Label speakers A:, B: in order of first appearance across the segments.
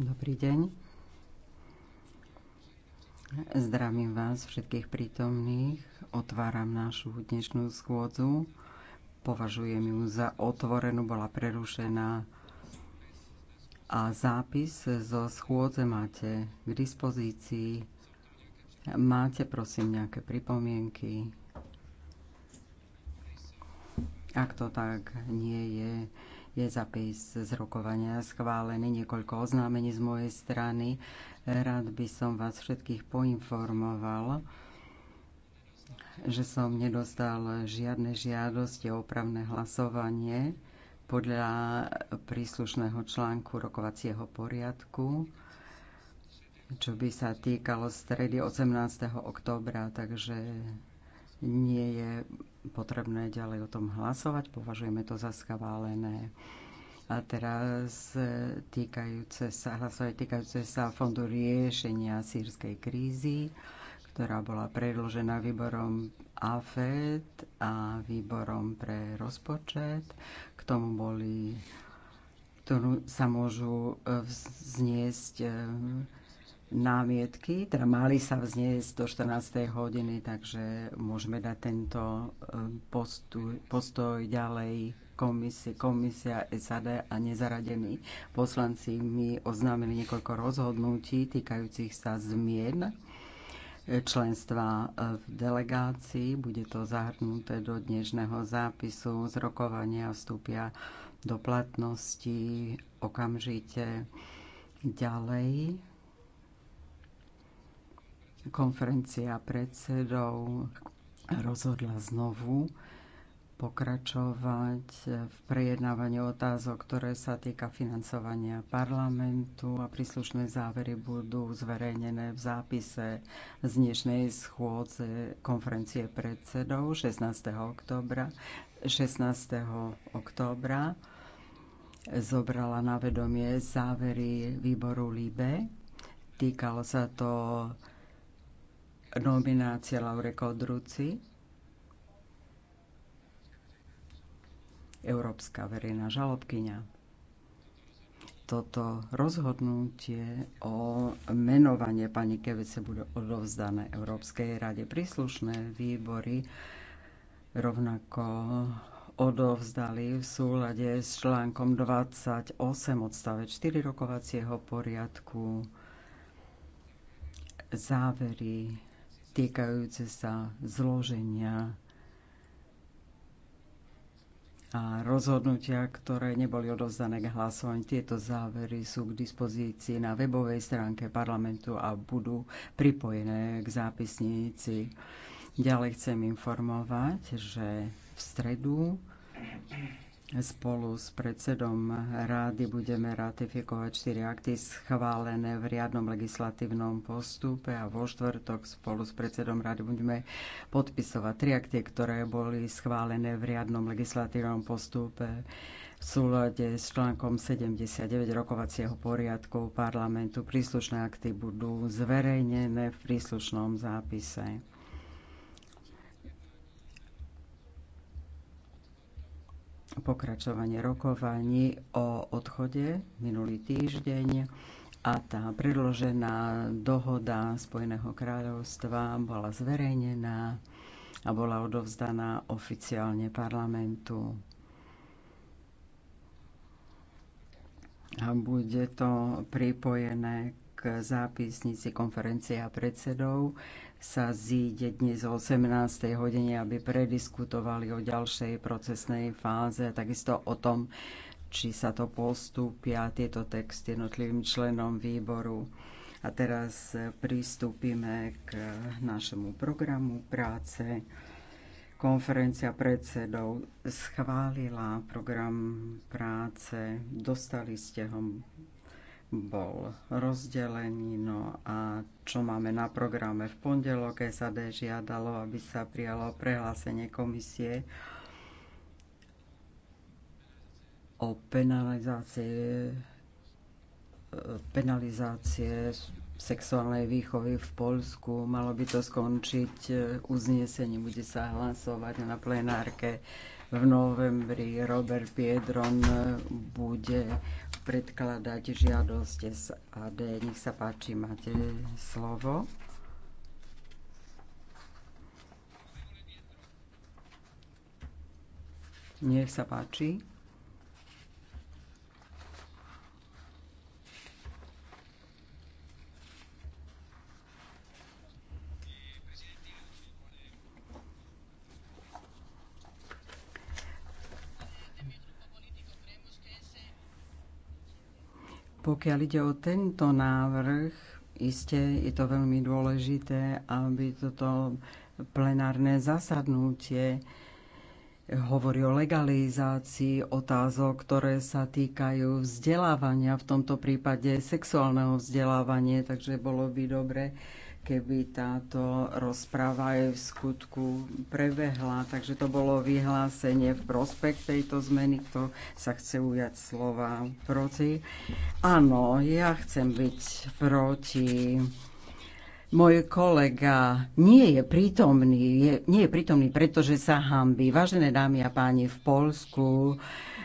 A: Dobrý deň. Zdravím vás všetkých prítomných. Otváram našu dnešnú schôdzu. Považujem ju za otvorenú, bola prerušená. A zápis zo schôdze máte k dispozícii. Máte prosím nejaké pripomienky? Ak to tak nie je, je zapis z rokovania schválený, niekoľko oznámení z mojej strany. Rád by som vás všetkých poinformoval, že som nedostal žiadne žiadosti o opravné hlasovanie podľa príslušného článku rokovacieho poriadku, čo by sa týkalo stredy 18. októbra, takže nie je potrebné ďalej o tom hlasovať. Považujeme to za schválené. A teraz e, týkajúce sa, hlasovať týkajúce sa fondu riešenia sírskej krízy, ktorá bola predložená výborom AFED a výborom pre rozpočet. K tomu boli, ktorú sa môžu e, vzniesť e, námietky, teda mali sa vzniesť do 14. hodiny, takže môžeme dať tento eh, postoj, postoj ďalej komisie, komisia SAD a nezaradení poslanci mi oznámili niekoľko rozhodnutí týkajúcich sa zmien eh, členstva eh, v delegácii. Bude to zahrnuté do dnešného zápisu. Z rokovania vstúpia do platnosti okamžite ďalej konferencia predsedov rozhodla znovu pokračovať v prejednávaní otázok, ktoré sa týka financovania parlamentu a príslušné závery budú zverejnené v zápise z dnešnej schôdze konferencie predsedov 16. oktobra. 16. oktobra zobrala na vedomie závery výboru LIBE. Týkalo sa to nominácia Laure Kodruci, Európska verejná žalobkyňa toto rozhodnutie o menovanie pani Kevice bude odovzdané Európskej rade. Príslušné výbory rovnako odovzdali v súlade s článkom 28 odstave 4 rokovacieho poriadku závery týkajúce sa zloženia a rozhodnutia, ktoré neboli odovzdané k hlasovaniu. Tieto závery sú k dispozícii na webovej stránke parlamentu a budú pripojené k zápisníci. Ďalej chcem informovať, že v stredu Spolu s predsedom rády budeme ratifikovať štyri akty schválené v riadnom legislatívnom postupe a vo štvrtok spolu s predsedom rády budeme podpisovať tri akty, ktoré boli schválené v riadnom legislatívnom postupe v súlade s článkom 79 rokovacieho poriadku parlamentu. Príslušné akty budú zverejnené v príslušnom zápise. pokračovanie rokovaní o odchode minulý týždeň a tá predložená dohoda Spojeného kráľovstva bola zverejnená a bola odovzdaná oficiálne parlamentu. A bude to pripojené k zápisnici konferencia predsedov sa zíde dnes o 18. hodine, aby prediskutovali o ďalšej procesnej fáze a takisto o tom, či sa to postúpia tieto texty jednotlivým členom výboru. A teraz pristúpime k našemu programu práce. Konferencia predsedov schválila program práce, dostali ste ho bol rozdelený. No a čo máme na programe v pondelok, SAD žiadalo, aby sa prijalo prehlásenie komisie o penalizácie, penalizácie sexuálnej výchovy v Polsku. Malo by to skončiť e, uznesením, bude sa hlasovať na plenárke v novembri Robert Piedron bude predkladať žiadosť SAD. Nech sa páči, máte slovo. Nech sa páči. Pokiaľ ide o tento návrh, iste je to veľmi dôležité, aby toto plenárne zasadnutie hovorí o legalizácii otázok, ktoré sa týkajú vzdelávania, v tomto prípade sexuálneho vzdelávania, takže bolo by dobre, keby táto rozpráva aj v skutku prebehla. Takže to bolo vyhlásenie v prospekt tejto zmeny, kto sa chce ujať slova proti. Áno, ja chcem byť proti. Môj kolega nie je prítomný, je, nie je prítomný, pretože sa hambí. Vážené dámy a páni, v Polsku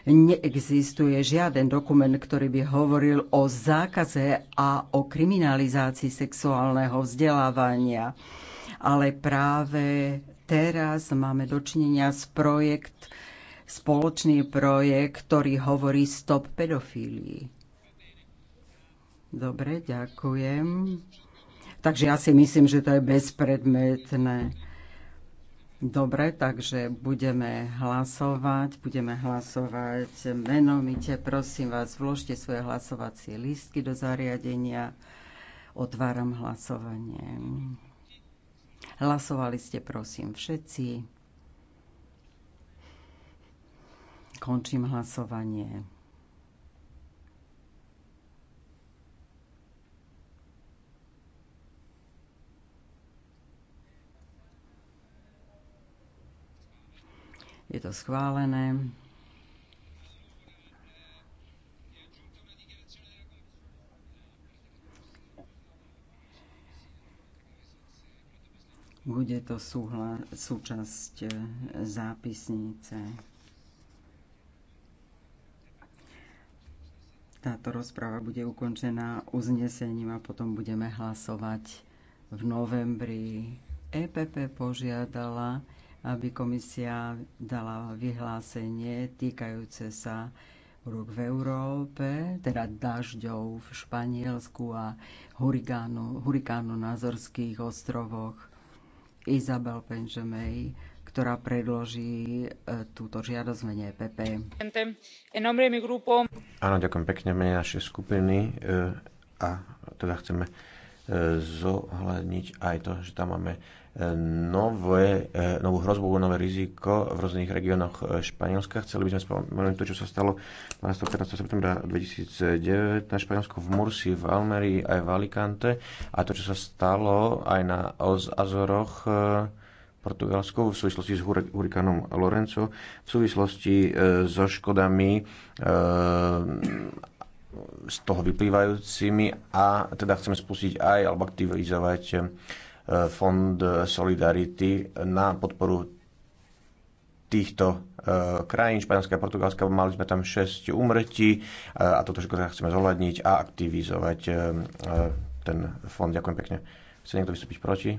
A: Neexistuje žiaden dokument, ktorý by hovoril o zákaze a o kriminalizácii sexuálneho vzdelávania. Ale práve teraz máme dočinenia s projekt, spoločný projekt, ktorý hovorí Stop pedofílii. Dobre, ďakujem. Takže ja si myslím, že to je bezpredmetné. Dobre, takže budeme hlasovať, budeme hlasovať menomite. Prosím vás, vložte svoje hlasovacie lístky do zariadenia. Otváram hlasovanie. Hlasovali ste, prosím, všetci. Končím hlasovanie. Je to schválené. Bude to súhla, súčasť e, zápisnice. Táto rozpráva bude ukončená uznesením a potom budeme hlasovať v novembri. EPP požiadala aby komisia dala vyhlásenie týkajúce sa rúk v Európe, teda dažďov v Španielsku a hurikánu, hurikánu na Zorských ostrovoch. Isabel Penžemej, ktorá predloží e, túto žiadosť menej e PP.
B: Áno, ďakujem pekne menej mene našej skupiny e, a teda chceme zohľadniť aj to, že tam máme nové, e, novú hrozbu, nové riziko v rôznych regiónoch e, Španielska. Chceli by sme spomenúť to, čo sa stalo 12. 15. septembra 2009 na Španielsku v Mursi, v Almerii aj v Alicante a to, čo sa stalo aj na Azoroch e, Portugalsku v súvislosti s hurikánom Lorenzo, v súvislosti so škodami z toho vyplývajúcimi a teda chceme spustiť aj alebo aktivizovať Fond Solidarity na podporu týchto e, krajín, Španielska a Portugalska, mali sme tam 6 umrtí e, a toto všetko teda chceme zohľadniť a aktivizovať e, ten fond. Ďakujem pekne. Chce niekto vystúpiť proti?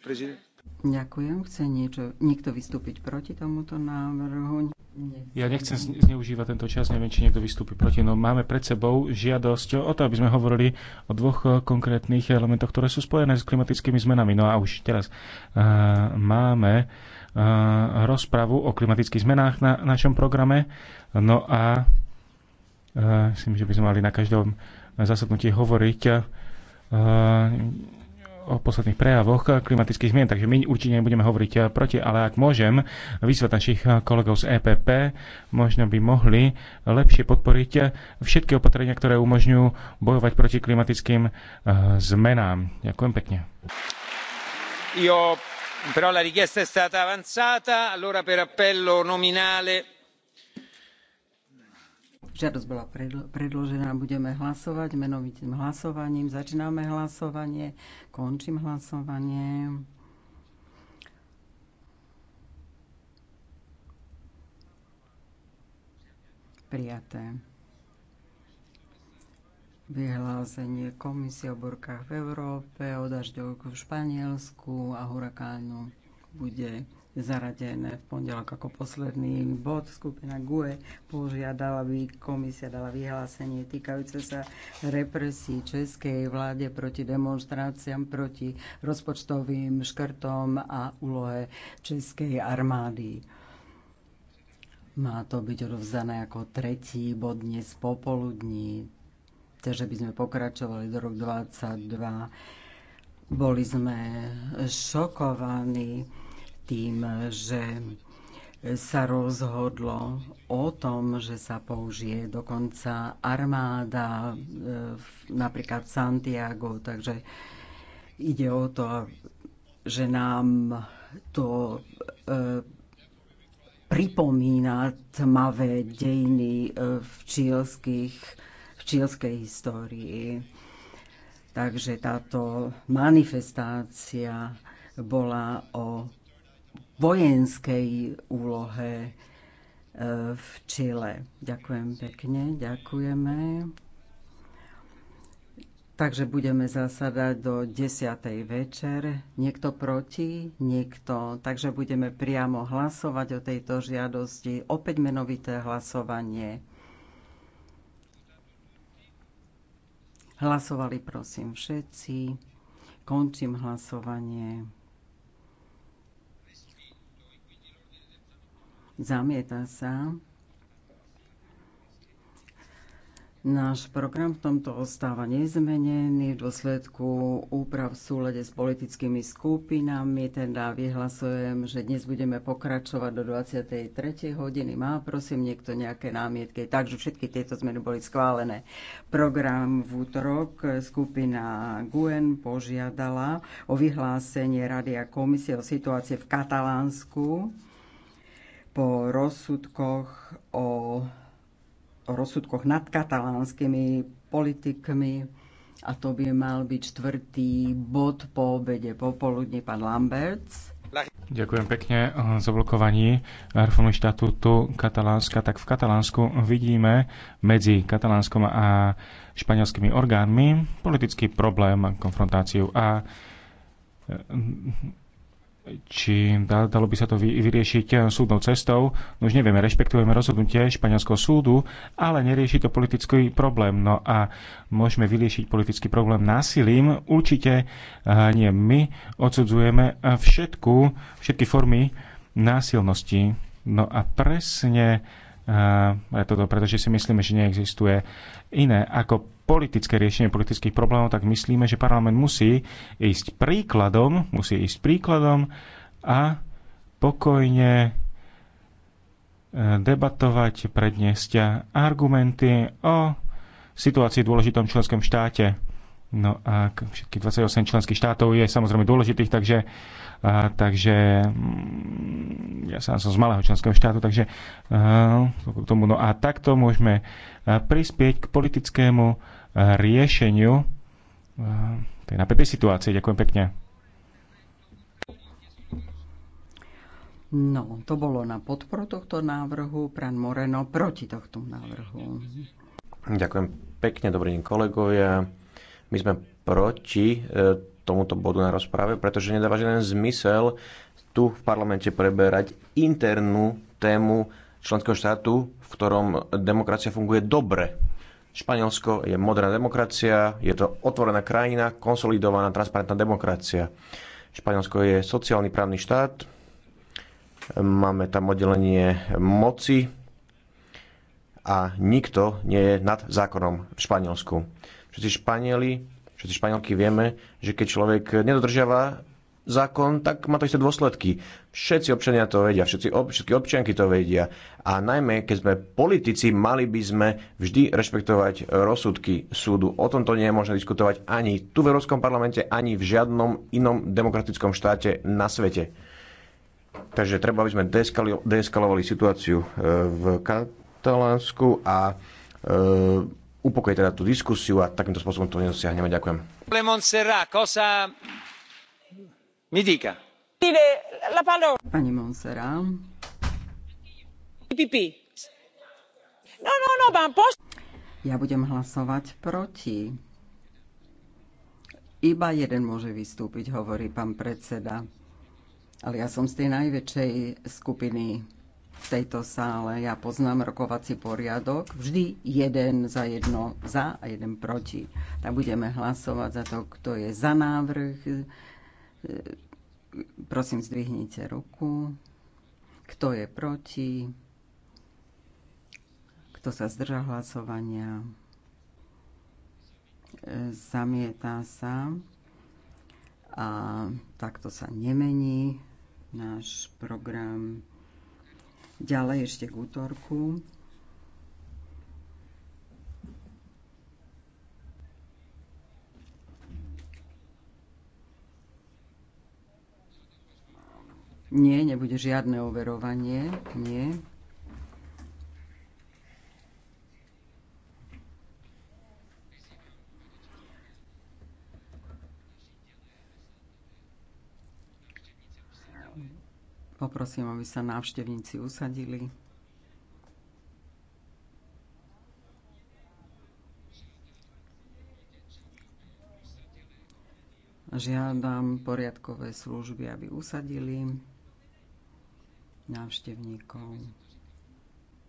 A: Prezident. Ďakujem. Chce niečo, niekto vystúpiť proti tomuto návrhu? Nechcem.
C: Ja nechcem zneužívať tento čas, neviem, či niekto vystúpi proti. No máme pred sebou žiadosť o to, aby sme hovorili o dvoch eh, konkrétnych elementoch, ktoré sú spojené s klimatickými zmenami. No a už teraz uh, máme uh, rozpravu o klimatických zmenách na našom programe. No a uh, myslím, že by sme mali na každom zasadnutí hovoriť uh, o posledných prejavoch klimatických zmien, takže my určite nebudeme hovoriť eh, proti, ale ak môžem vyzvať našich eh, kolegov z EPP, možno by mohli lepšie podporiť eh, všetky opatrenia, ktoré umožňujú bojovať proti klimatickým zmenám. Ďakujem pekne.
D: Io, però la richiesta è stata avanzata, allora per appello nominale
A: Žiadosť bola predložená, budeme hlasovať menovitým hlasovaním. Začíname hlasovanie, končím hlasovanie. Prijaté. Vyhlásenie komisie o burkách v Európe, o dažďovku v Španielsku a hurakánu bude zaradené v pondelok ako posledný bod. Skupina GUE požiadala, aby komisia dala vyhlásenie týkajúce sa represí českej vláde proti demonstráciám, proti rozpočtovým škrtom a úlohe českej armády. Má to byť odovzdané ako tretí bod dnes popoludní, takže by sme pokračovali do roku 22. Boli sme šokovaní tým, že sa rozhodlo o tom, že sa použije dokonca armáda, e, napríklad Santiago, takže ide o to, že nám to e, pripomína tmavé dejiny e, v, v čílskej histórii. Takže táto manifestácia bola o vojenskej úlohe e, v Čile. Ďakujem pekne, ďakujeme. Takže budeme zasadať do 10. večer. Niekto proti? Niekto. Takže budeme priamo hlasovať o tejto žiadosti. Opäť menovité hlasovanie. Hlasovali prosím všetci. Končím hlasovanie. Zamieta sa. Náš program v tomto ostáva nezmenený v dôsledku úprav v súlede s politickými skupinami. Teda vyhlasujem, že dnes budeme pokračovať do 23. hodiny. Má prosím niekto nejaké námietky? Takže všetky tieto zmeny boli schválené. Program v útorok skupina GUEN požiadala o vyhlásenie Rady a komisie o situácie v Katalánsku po rozsudkoch o, o rozsudkoch nad katalánskymi politikmi a to by mal byť čtvrtý bod po obede popoludne pán Lamberts.
C: Ďakujem pekne eh, za blokovaní reformy štatútu Katalánska. Tak v Katalánsku vidíme medzi Katalánskom a španielskými orgánmi politický problém, konfrontáciu a eh, či dá, dalo by sa to vyriešiť eh, súdnou cestou. No už nevieme, rešpektujeme rozhodnutie španielského súdu, ale nerieši to politický problém. No a môžeme vyriešiť politický problém násilím. Určite eh, nie my odsudzujeme eh, všetku, všetky formy násilnosti. No a presne aj eh, toto, pretože si myslíme, že neexistuje iné ako politické riešenie politických problémov, tak myslíme, že parlament musí ísť príkladom, musí ísť príkladom a pokojne eh, debatovať, predniesť argumenty o situácii v dôležitom členskom štáte. No a všetkých 28 členských štátov je samozrejme dôležitých, takže Uh, takže mm, ja sám som z malého členského štátu, takže a, eh, k tomu, no a takto môžeme eh, prispieť k politickému eh, riešeniu uh, tej napätej situácie. Ďakujem pekne.
A: No, to bolo na podporu tohto návrhu, Pran Moreno proti tohto návrhu.
B: Ďakujem pekne, dobrý deň kolegovia. My sme proti tomuto bodu na rozprave, pretože nedáva žiaden zmysel tu v parlamente preberať internú tému členského štátu, v ktorom demokracia funguje dobre. Španielsko je moderná demokracia, je to otvorená krajina, konsolidovaná, transparentná demokracia. Španielsko je sociálny právny štát, máme tam oddelenie moci a nikto nie je nad zákonom v Španielsku. Všetci Španieli všetci Španielky vieme, že keď človek nedodržiava zákon, tak má to isté dôsledky. Všetci občania to vedia, všetci ob, všetky občianky to vedia. A najmä, keď sme politici, mali by sme vždy rešpektovať rozsudky súdu. O tomto nie je možné diskutovať ani tu v Európskom parlamente, ani v žiadnom inom demokratickom štáte na svete. Takže treba, aby sme deeskalovali situáciu e, v Katalánsku a e, upokojiť teda tú diskusiu a takýmto spôsobom to nedosiahneme. Ďakujem.
A: Pani Monserrat. No, no, no, ja budem hlasovať proti. Iba jeden môže vystúpiť, hovorí pán predseda. Ale ja som z tej najväčšej skupiny v tejto sále. Ja poznám rokovací poriadok. Vždy jeden za jedno za a jeden proti. Tak budeme hlasovať za to, kto je za návrh. Prosím, zdvihnite ruku. Kto je proti? Kto sa zdržal hlasovania? Zamietá sa. A takto sa nemení náš program. Ďalej ešte k útorku. Nie, nebude žiadne overovanie. Nie. Poprosím, aby sa návštevníci usadili. Žiadam poriadkové služby, aby usadili návštevníkov.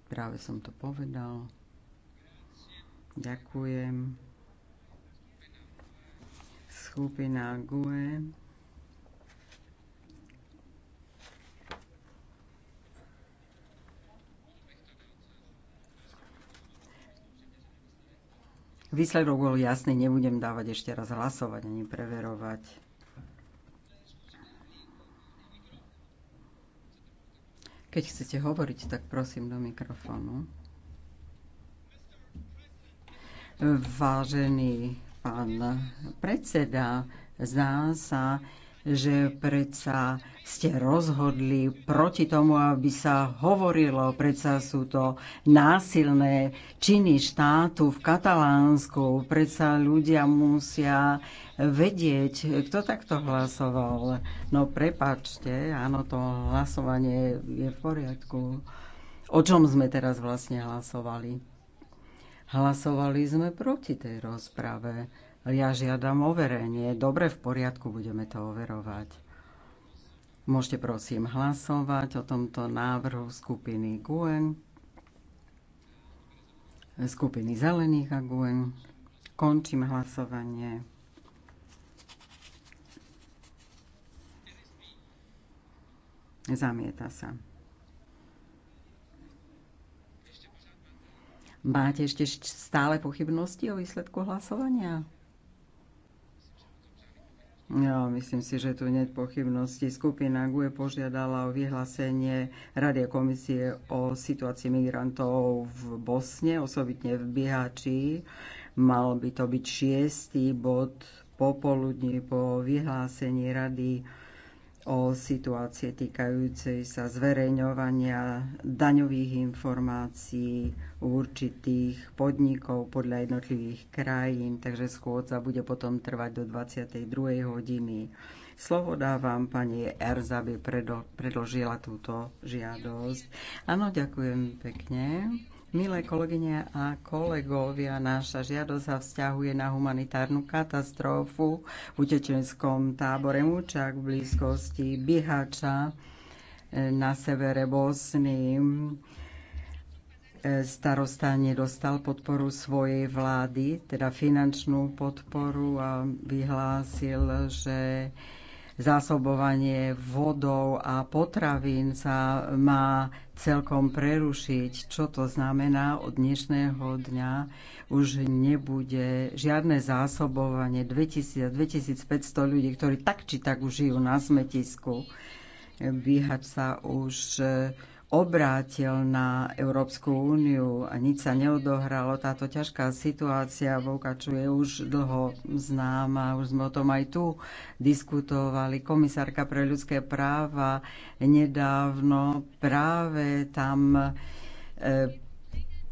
A: Práve som to povedal. Ďakujem. Skupina GUE. Výsledok bol jasný, nebudem dávať ešte raz hlasovať ani preverovať. Keď chcete hovoriť, tak prosím do mikrofónu. Vážený pán predseda, zdá sa, že predsa ste rozhodli proti tomu, aby sa hovorilo, predsa sú to násilné činy štátu v Katalánsku, predsa ľudia musia vedieť, kto takto hlasoval. No prepačte, áno, to hlasovanie je v poriadku. O čom sme teraz vlastne hlasovali? Hlasovali sme proti tej rozprave ja žiadam overenie. Dobre, v poriadku, budeme to overovať. Môžete prosím hlasovať o tomto návrhu skupiny GUEN, skupiny Zelených a GUEN. Končím hlasovanie. Zamieta sa. Máte ešte stále pochybnosti o výsledku hlasovania? Ja, myslím si, že tu hneď pochybnosti. Skupina GUE požiadala o vyhlásenie Rady komisie o situácii migrantov v Bosne, osobitne v Bihači. Mal by to byť šiestý bod popoludní po vyhlásení Rady o situácie týkajúcej sa zverejňovania daňových informácií určitých podnikov podľa jednotlivých krajín, takže schôdza bude potom trvať do 22. hodiny. Slovo dávam pani Erza, aby predložila túto žiadosť. Áno, ďakujem pekne. Milé kolegyne a kolegovia, naša žiadosť sa vzťahuje na humanitárnu katastrofu v utečenskom tábore Mučak v blízkosti Bihača e, na severe Bosny. E, starosta nedostal podporu svojej vlády, teda finančnú podporu a vyhlásil, že zásobovanie vodou a potravín sa má celkom prerušiť, čo to znamená od dnešného dňa už nebude žiadne zásobovanie 2000-2500 ľudí, ktorí tak či tak už žijú na smetisku. Bíhať sa už obrátil na Európsku úniu a nič sa neodohralo. Táto ťažká situácia v Okaču je už dlho známa, už sme o tom aj tu diskutovali. Komisárka pre ľudské práva nedávno práve tam e,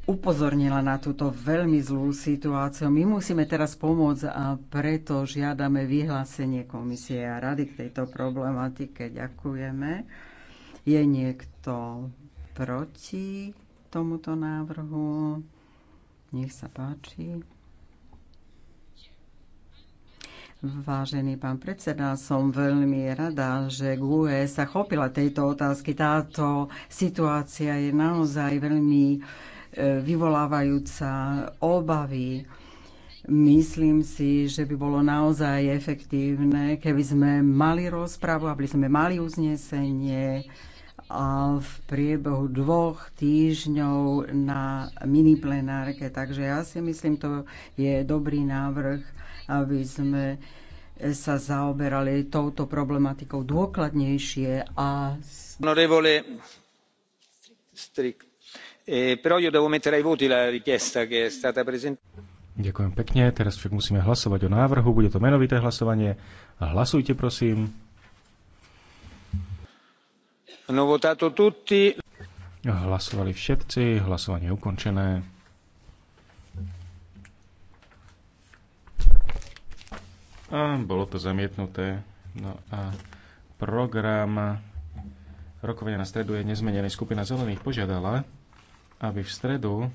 A: upozornila na túto veľmi zlú situáciu. My musíme teraz pomôcť a preto žiadame vyhlásenie komisie a rady k tejto problematike. Ďakujeme. Je niekto proti tomuto návrhu? Nech sa páči. Vážený pán predseda, som veľmi rada, že GUE sa chopila tejto otázky. Táto situácia je naozaj veľmi e, vyvolávajúca obavy. Myslím si, že by bolo naozaj efektívne, keby sme mali rozpravu, aby sme mali uznesenie, a v priebehu dvoch týždňov na mini plenárke. Takže ja si myslím, to je dobrý návrh, aby sme sa zaoberali touto problematikou dôkladnejšie a...
E: Honorevole Strick, eh, però io devo mettere ai voti la richiesta che è stata
D: presentata.
C: Ďakujem pekne, teraz však musíme hlasovať o návrhu, bude to menovité hlasovanie. Hlasujte prosím.
D: Hlasovali
C: všetci, hlasovanie je ukončené. A bolo to zamietnuté. No a program rokovania na stredu je nezmenený. Skupina zelených požiadala, aby v stredu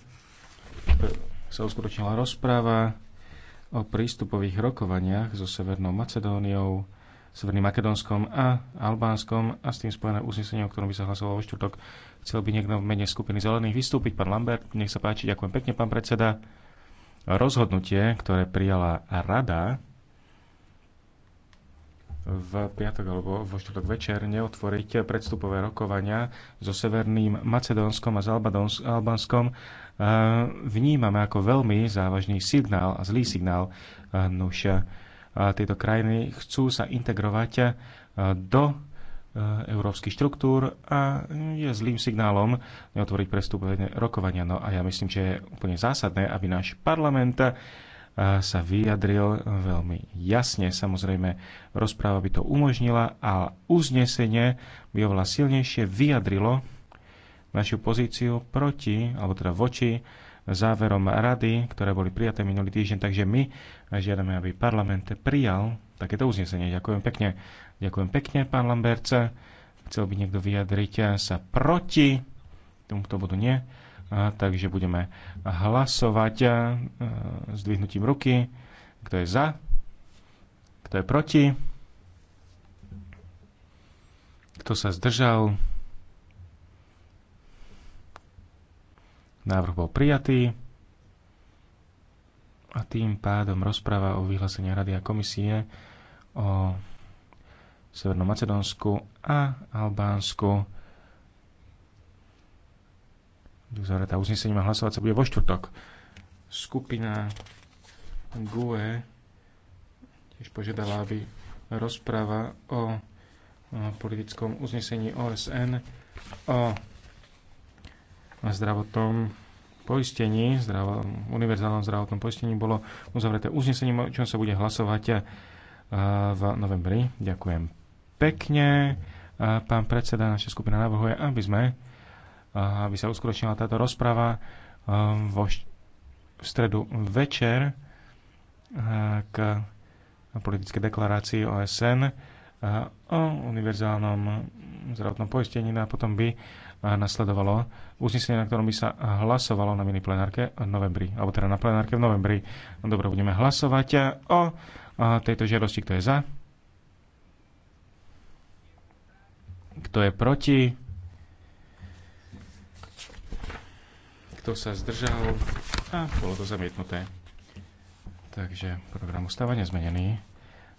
C: sa uskutočnila rozpráva o prístupových rokovaniach so Severnou Macedóniou Severným Makedónskom a Albánskom a s tým spojené uznesenie, o ktorom by sa hlasovalo vo štvrtok. Chcel by niekto v mene skupiny zelených vystúpiť, pán Lambert, nech sa páči, ďakujem pekne, pán predseda. Rozhodnutie, ktoré prijala rada v piatok alebo vo štvrtok večer neotvoriť predstupové rokovania so Severným Macedónskom a s Albánskom, eh, vnímame ako veľmi závažný signál a zlý signál. Eh, Nuša eh, tieto krajiny chcú sa integrovať e, do e, európskych štruktúr a je zlým signálom neotvoriť prestúpenie rokovania. No a ja myslím, že je úplne zásadné, aby náš parlament e, sa vyjadril veľmi jasne. Samozrejme, rozpráva by to umožnila a uznesenie by oveľa silnejšie vyjadrilo našu pozíciu proti, alebo teda voči záverom rady, ktoré boli prijaté minulý týždeň, takže my žiadame, aby parlament prijal takéto uznesenie. Ďakujem pekne. Ďakujem pekne, pán Lamberce. Chcel by niekto vyjadriť sa proti tomuto bodu nie. A, takže budeme hlasovať a, e, a, dvihnutím ruky. Kto je za? Kto je proti? Kto sa zdržal? Návrh bol prijatý a tým pádom rozpráva o vyhlásení Rady a komisie o Severnom Macedónsku a Albánsku uzavretá uznesením a hlasovať sa bude vo štvrtok. Skupina GUE tiež požiadala, aby rozpráva o, o politickom uznesení OSN o zdravotnom poistení, zdravo, univerzálnom zdravotnom poistení bolo uzavreté uznesenie, o čom sa bude hlasovať eh, v novembri. Ďakujem pekne. Eh, pán predseda, naša skupina navrhuje, aby sme, eh, aby sa uskutočnila táto rozprava vo v stredu večer k politickej deklarácii OSN o univerzálnom zdravotnom poistení no a potom by nasledovalo uznesenie, na ktorom by sa hlasovalo na mini plenárke v novembri, alebo teda na plenárke v novembri. Dobre, budeme hlasovať o tejto žiadosti, kto je za, kto je proti, kto sa zdržal a bolo to zamietnuté. Takže program ustáva nezmenený.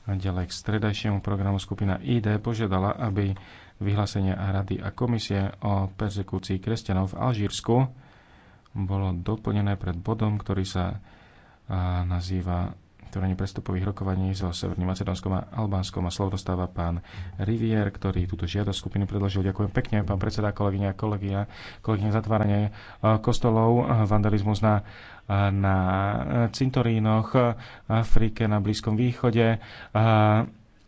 C: Ďalej k stredajšiemu programu skupina ID požiadala, aby vyhlásenia Rady a komisie o persekúcii kresťanov v Alžírsku bolo doplnené pred bodom, ktorý sa nazýva ktoré prestupových rokovaní so Severným Macedónskom a Albánskom a slovo dostáva pán Rivier, ktorý túto žiadosť skupiny predložil. Ďakujem pekne, pán predseda, kolegyňa a kolegyňa, kolegyňa zatváranie kostolov, vandalizmus na, na cintorínoch, Afrike, na Blízkom východe,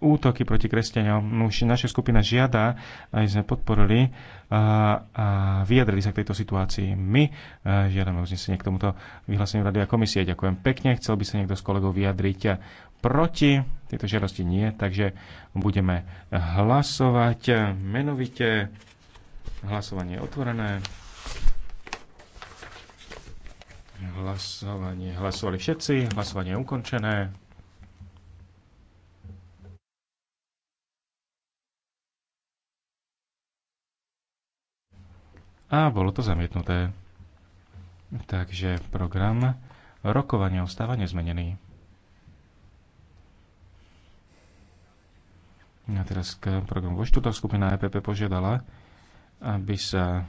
C: útoky proti kresťanom. No už naša skupina žiada, aby sme podporili a, a vyjadrili sa k tejto situácii. My žiadame uznesenie k tomuto vyhláseniu Rady a komisie. Ďakujem pekne. Chcel by sa niekto z kolegov vyjadriť proti tejto žiadosti? Nie. Takže budeme hlasovať menovite. Hlasovanie je otvorené. Hlasovanie. Hlasovali všetci. Hlasovanie je ukončené. a bolo to zamietnuté. Takže program rokovania ostáva nezmenený. A teraz k programu vo štúdach skupina EPP požiadala, aby sa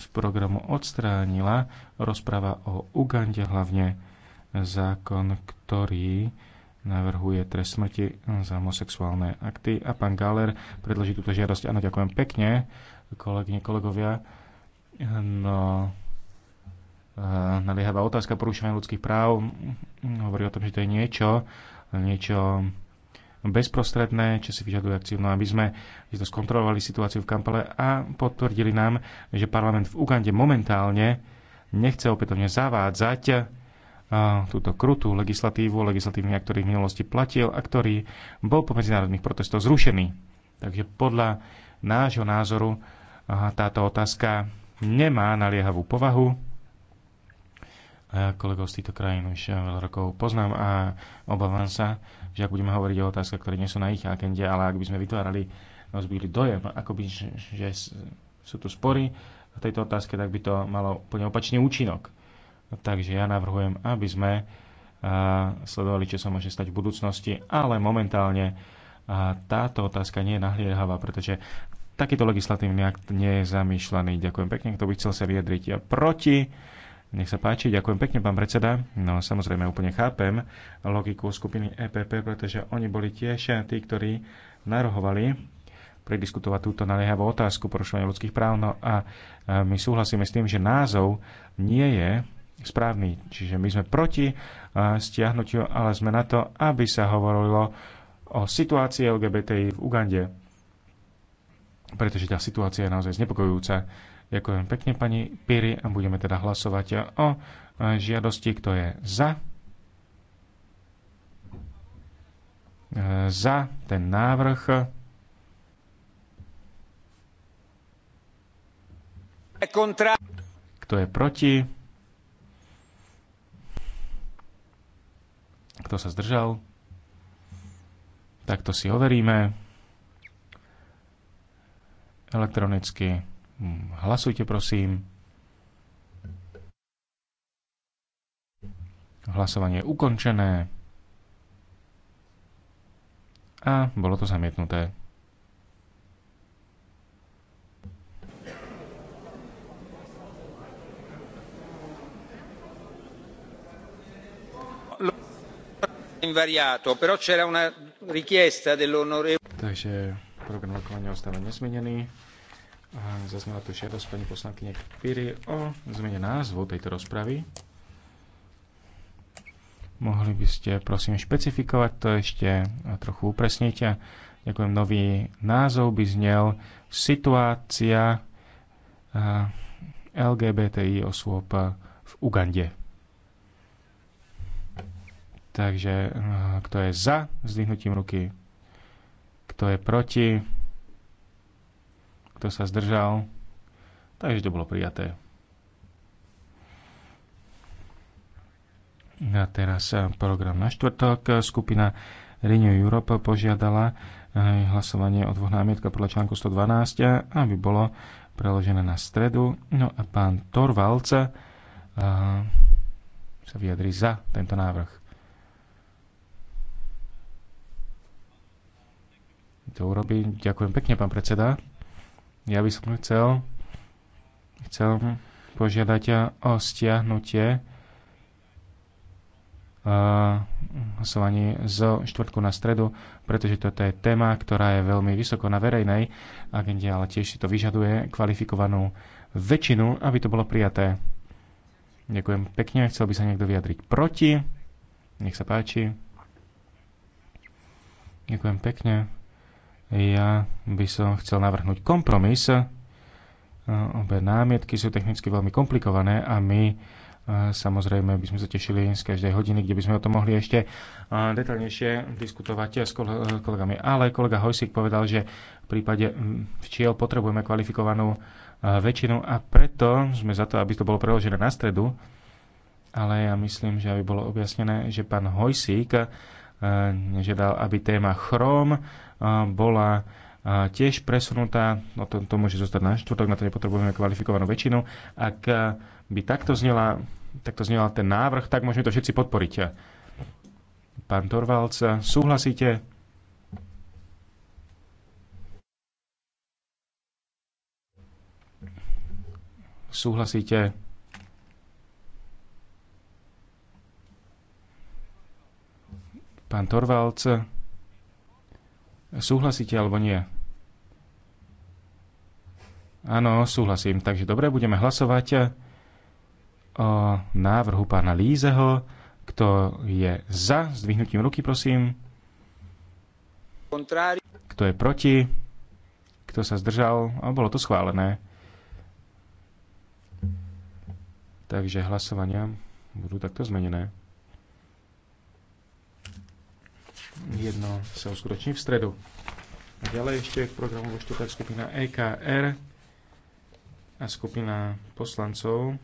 C: z programu odstránila rozpráva o Ugande, hlavne zákon, ktorý navrhuje trest smrti za homosexuálne akty. A pán Galer predloží túto žiadosť. Áno, ďakujem pekne kolegyne, kolegovia. No, eh, naliehavá otázka porušovania ľudských práv hovorí o tom, že to je niečo, niečo bezprostredné, čo si vyžaduje akciu, no, aby sme že to skontrolovali situáciu v Kampale a potvrdili nám, že parlament v Ugande momentálne nechce opätovne zavádzať eh, túto krutú legislatívu, legislatívny akt, ktorý v minulosti platil a ktorý bol po medzinárodných protestoch zrušený. Takže podľa nášho názoru táto otázka nemá naliehavú povahu. ja kolegov z týchto krajín už veľa rokov poznám a obávam sa, že ak budeme hovoriť o otázkach, ktoré nie sú na ich agende, ale ak by sme vytvárali, zbili dojem, ako by, že sú tu spory v tejto otázke, tak by to malo úplne opačný účinok. Takže ja navrhujem, aby sme sledovali, čo sa môže stať v budúcnosti, ale momentálne táto otázka nie je nahliehavá, pretože Takýto legislatívny akt nie je zamýšľaný. Ďakujem pekne, kto by chcel sa vyjadriť proti. Nech sa páči, ďakujem pekne, pán predseda. No samozrejme, úplne chápem logiku skupiny EPP, pretože oni boli tiež tí, ktorí narohovali prediskutovať túto naliehavú otázku porušovania ľudských práv. No a e, my súhlasíme s tým, že názov nie je správny. Čiže my sme proti e, stiahnutiu, ale sme na to, aby sa hovorilo o situácii LGBTI v Ugande pretože tá situácia je naozaj znepokojujúca. Ďakujem pekne, pani Piri, a budeme teda hlasovať o žiadosti, kto je za. Za ten návrh. Kto je proti? Kto sa zdržal? Tak to si overíme elektronicky. Mm, hlasujte prosím. Hlasovanie je ukončené. A bolo to zamietnuté.
D: invariato però c'era una richiesta dell'onorevole
C: Program rokovania ostáva nezmenený. Zaznala tu žiadosť pani poslankyne Píry o zmene názvu tejto rozpravy. Mohli by ste prosím špecifikovať to ešte a trochu upresniť. Ďakujem, nový názov by znel Situácia LGBTI osôb v Ugande. Takže kto je za zdvihnutím ruky kto je proti? Kto sa zdržal? Takže to bolo prijaté. A teraz eh, program na štvrtok. Skupina Renew Europe požiadala eh, hlasovanie o dvoch námietka podľa článku 112, eh, aby bolo preložené na stredu. No a pán Torvalca sa vyjadri za tento návrh. to urobí. Ďakujem pekne, pán predseda. Ja by som chcel, chcel požiadať o stiahnutie hlasovaní z štvrtku na stredu, pretože toto je téma, ktorá je veľmi vysoko na verejnej agende, ale tiež si to vyžaduje kvalifikovanú väčšinu, aby to bolo prijaté. Ďakujem pekne. Chcel by sa niekto vyjadriť proti. Nech sa páči. Ďakujem pekne. Ja by som chcel navrhnúť kompromis. E, obe námietky sú technicky veľmi komplikované a my e, Samozrejme by sme sa tešili z každej hodiny, kde by sme o tom mohli ešte e, detaľnejšie diskutovať s kolegami. Ale kolega Hojsik povedal, že v prípade včiel potrebujeme kvalifikovanú väčšinu a preto sme za to, aby to bolo preložené na stredu. Ale ja myslím, že aby bolo objasnené, že pán Hojsík nežiadal, aby téma chrom bola tiež presunutá, no to, to môže zostať na štvrtok, na to nepotrebujeme kvalifikovanú väčšinu. Ak by takto znela, takto znela ten návrh, tak môžeme to všetci podporiť. Pán Torvalc, súhlasíte? Súhlasíte Pán Torvalc, súhlasíte alebo nie? Áno, súhlasím. Takže dobre, budeme hlasovať o návrhu pána Lízeho. Kto je za, zdvihnutím ruky, prosím. Kto je proti? Kto sa zdržal? A bolo to schválené. Takže hlasovania budú takto zmenené. jedno sa uskutoční v stredu. A ďalej ešte v programu vo štvrtok skupina EKR a skupina poslancov,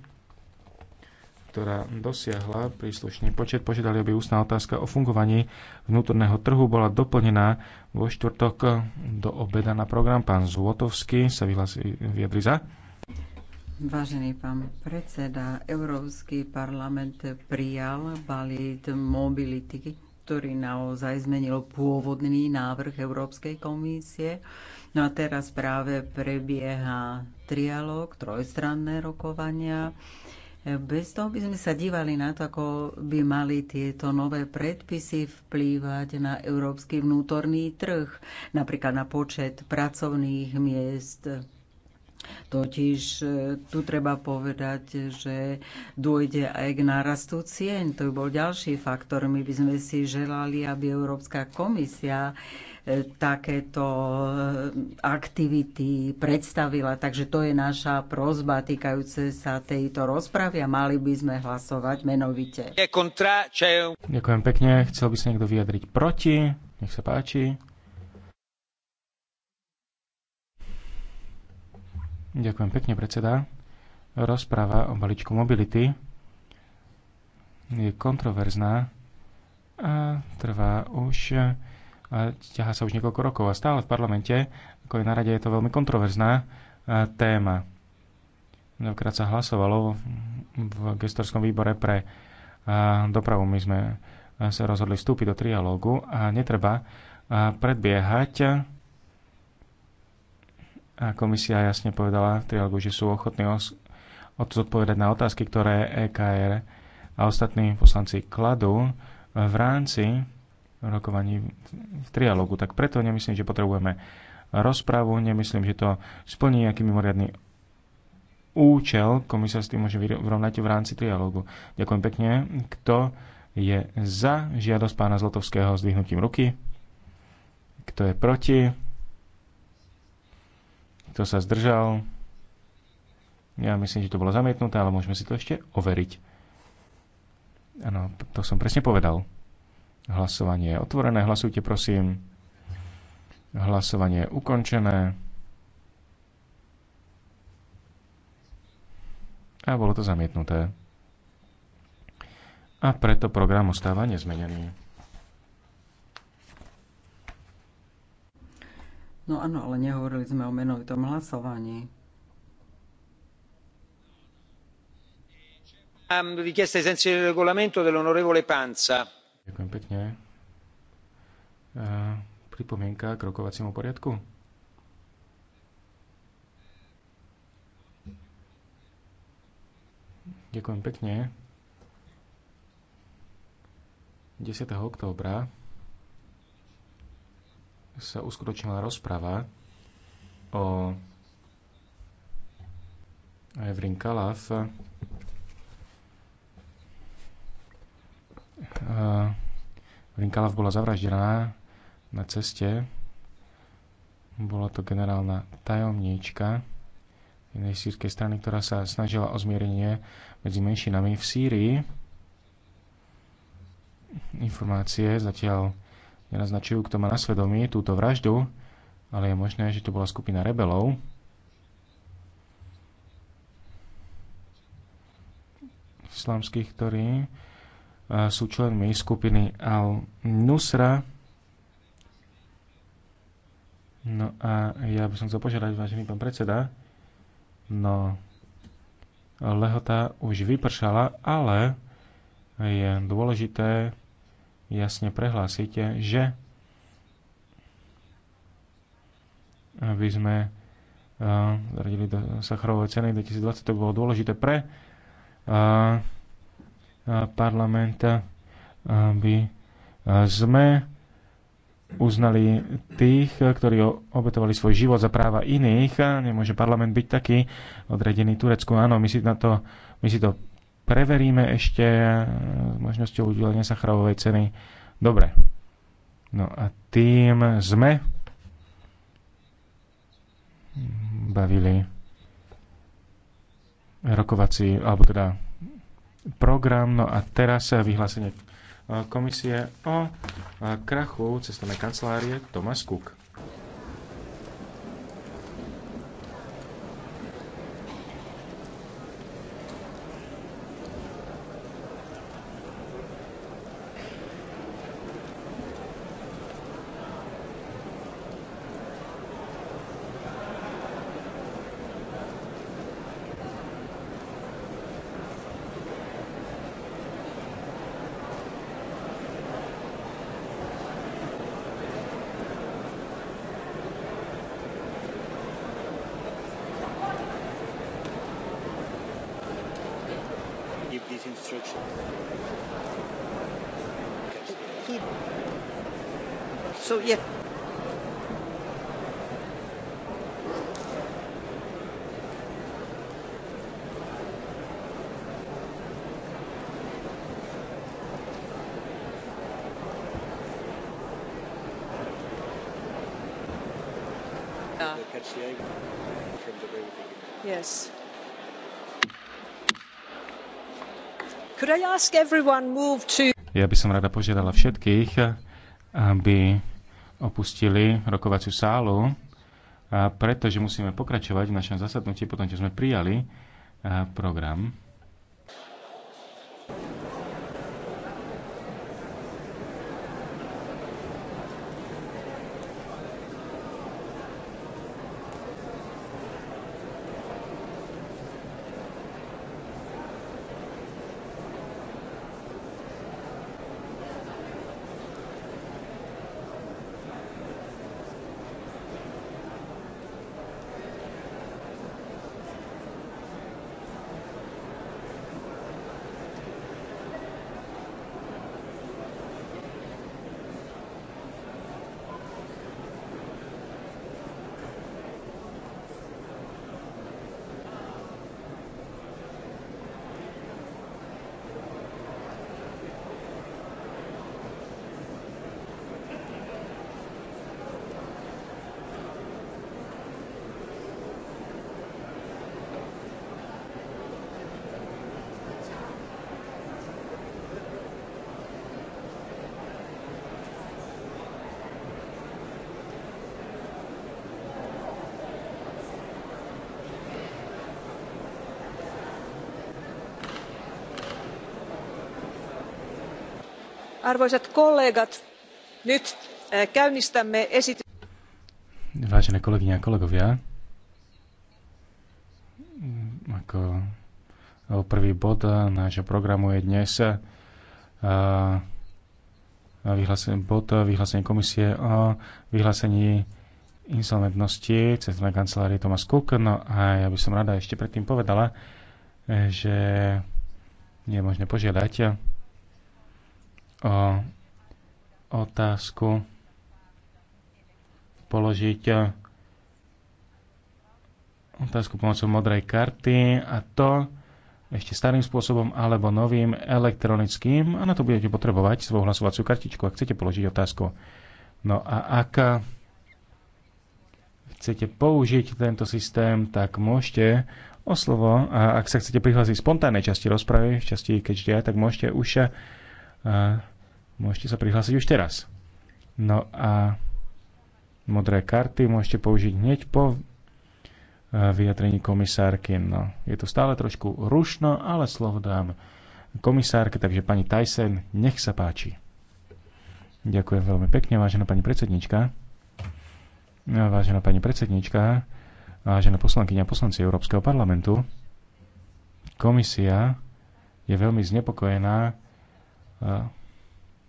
C: ktorá dosiahla príslušný počet, požiadali, aby ústna otázka o fungovaní vnútorného trhu bola doplnená vo štvrtok do obeda na program. Pán Zlotovský sa vyhlasí, vyjadri za.
A: Vážený pán predseda, Európsky parlament prijal balík mobility ktorý naozaj zmenil pôvodný návrh Európskej komisie. No a teraz práve prebieha trialog, trojstranné rokovania. Bez toho by sme sa dívali na to, ako by mali tieto nové predpisy vplývať na európsky vnútorný trh, napríklad na počet pracovných miest, Totiž e, tu treba povedať, že dôjde aj k nárastu cien. To by bol ďalší faktor. My by sme si želali, aby Európska komisia e, takéto e, aktivity predstavila. Takže to je naša prozba týkajúce sa tejto rozpravy a mali by sme hlasovať menovite. Ďakujem
C: pekne. Chcel by sa niekto vyjadriť proti. Nech sa páči. Ďakujem pekne, predseda. Rozpráva o balíčku mobility je kontroverzná a trvá už a ťaha sa už niekoľko rokov a stále v parlamente, ako je na rade, je to veľmi kontroverzná téma. Mnohokrát sa hlasovalo v gestorskom výbore pre dopravu. My sme sa rozhodli vstúpiť do trialógu a netreba predbiehať a komisia jasne povedala v trialogu, že sú ochotní odpovedať na otázky, ktoré EKR a ostatní poslanci kladú v rámci rokovaní v trialogu. Tak preto nemyslím, že potrebujeme rozpravu, nemyslím, že to splní nejaký mimoriadný účel. Komisia s tým môže vyrovnať v rámci trialogu. Ďakujem pekne. Kto je za žiadosť pána Zlotovského zdvihnutím ruky? Kto je proti? Kto sa zdržal? Ja myslím, že to bolo zamietnuté, ale môžeme si to ešte overiť. Áno, to som presne povedal. Hlasovanie je otvorené, hlasujte prosím. Hlasovanie je ukončené. A bolo to zamietnuté. A preto program ostáva nezmenený.
A: No áno, ale nehovorili sme o menovitom hlasovaní.
E: richiesta
D: del regolamento dell'onorevole Panza.
C: Ďakujem pekne. Uh, pripomienka k rokovaciemu poriadku. Ďakujem pekne. 10. októbra sa uskutočnila rozprava o Evrin Kalaf Evrin Kalaf bola zavraždená na ceste bola to generálna tajomníčka jednej sírskej strany, ktorá sa snažila o zmierenie medzi menšinami v Sýrii. Informácie zatiaľ nenaznačujú, kto má na svedomí túto vraždu, ale je možné, že to bola skupina rebelov. Islamských, ktorí e, sú členmi skupiny Al-Nusra. No a ja by som chcel požiadať, vážený pán predseda, no lehota už vypršala, ale je dôležité jasne prehlásite, že aby sme eh, zaradili do Sacharovej ceny 2020, to bolo dôležité pre eh, eh, parlament, aby sme uznali tých, ktorí obetovali svoj život za práva iných. Nemôže parlament byť taký odredený Turecku. Áno, my si, na to, my si to preveríme ešte e, s možnosťou udelenia chravovej ceny. Dobre. No a tým sme bavili rokovací, alebo teda program. No a teraz vyhlásenie e, komisie o e, krachu cestovnej kancelárie Tomas Cook. Ja by som rada požiadala všetkých, aby opustili rokovaciu sálu, pretože musíme pokračovať v našom zasadnutí, potom čo sme prijali program.
F: Arvoisat kollegat, nyt eh, käynnistämme esity...
C: Vážené kolegyne a kolegovia, ako prvý bod eh, nášho programu je dnes eh, vyhlásenie, bod vyhlásenie komisie o vyhlásení insolventnosti Centrálnej kancelárie Thomas Cook. No a ja by som rada ešte predtým povedala, že je možné požiadať o otázku položiť e, otázku pomocou modrej karty a to ešte starým spôsobom alebo novým elektronickým a na to budete potrebovať svoju hlasovaciu kartičku, ak chcete položiť otázku. No a ak chcete použiť tento systém, tak môžete o slovo a ak sa chcete prihlásiť v spontánnej časti rozpravy, v časti keď ja, tak môžete už e, Môžete sa prihlásiť už teraz. No a modré karty môžete použiť hneď po e, vyjadrení komisárky. No, je to stále trošku rušno, ale slovo dám komisárke, takže pani Tyson, nech sa páči. Ďakujem veľmi pekne, vážená pani predsednička. No, vážená pani predsednička, vážená poslankyňa a poslanci Európskeho parlamentu, komisia je veľmi znepokojená e,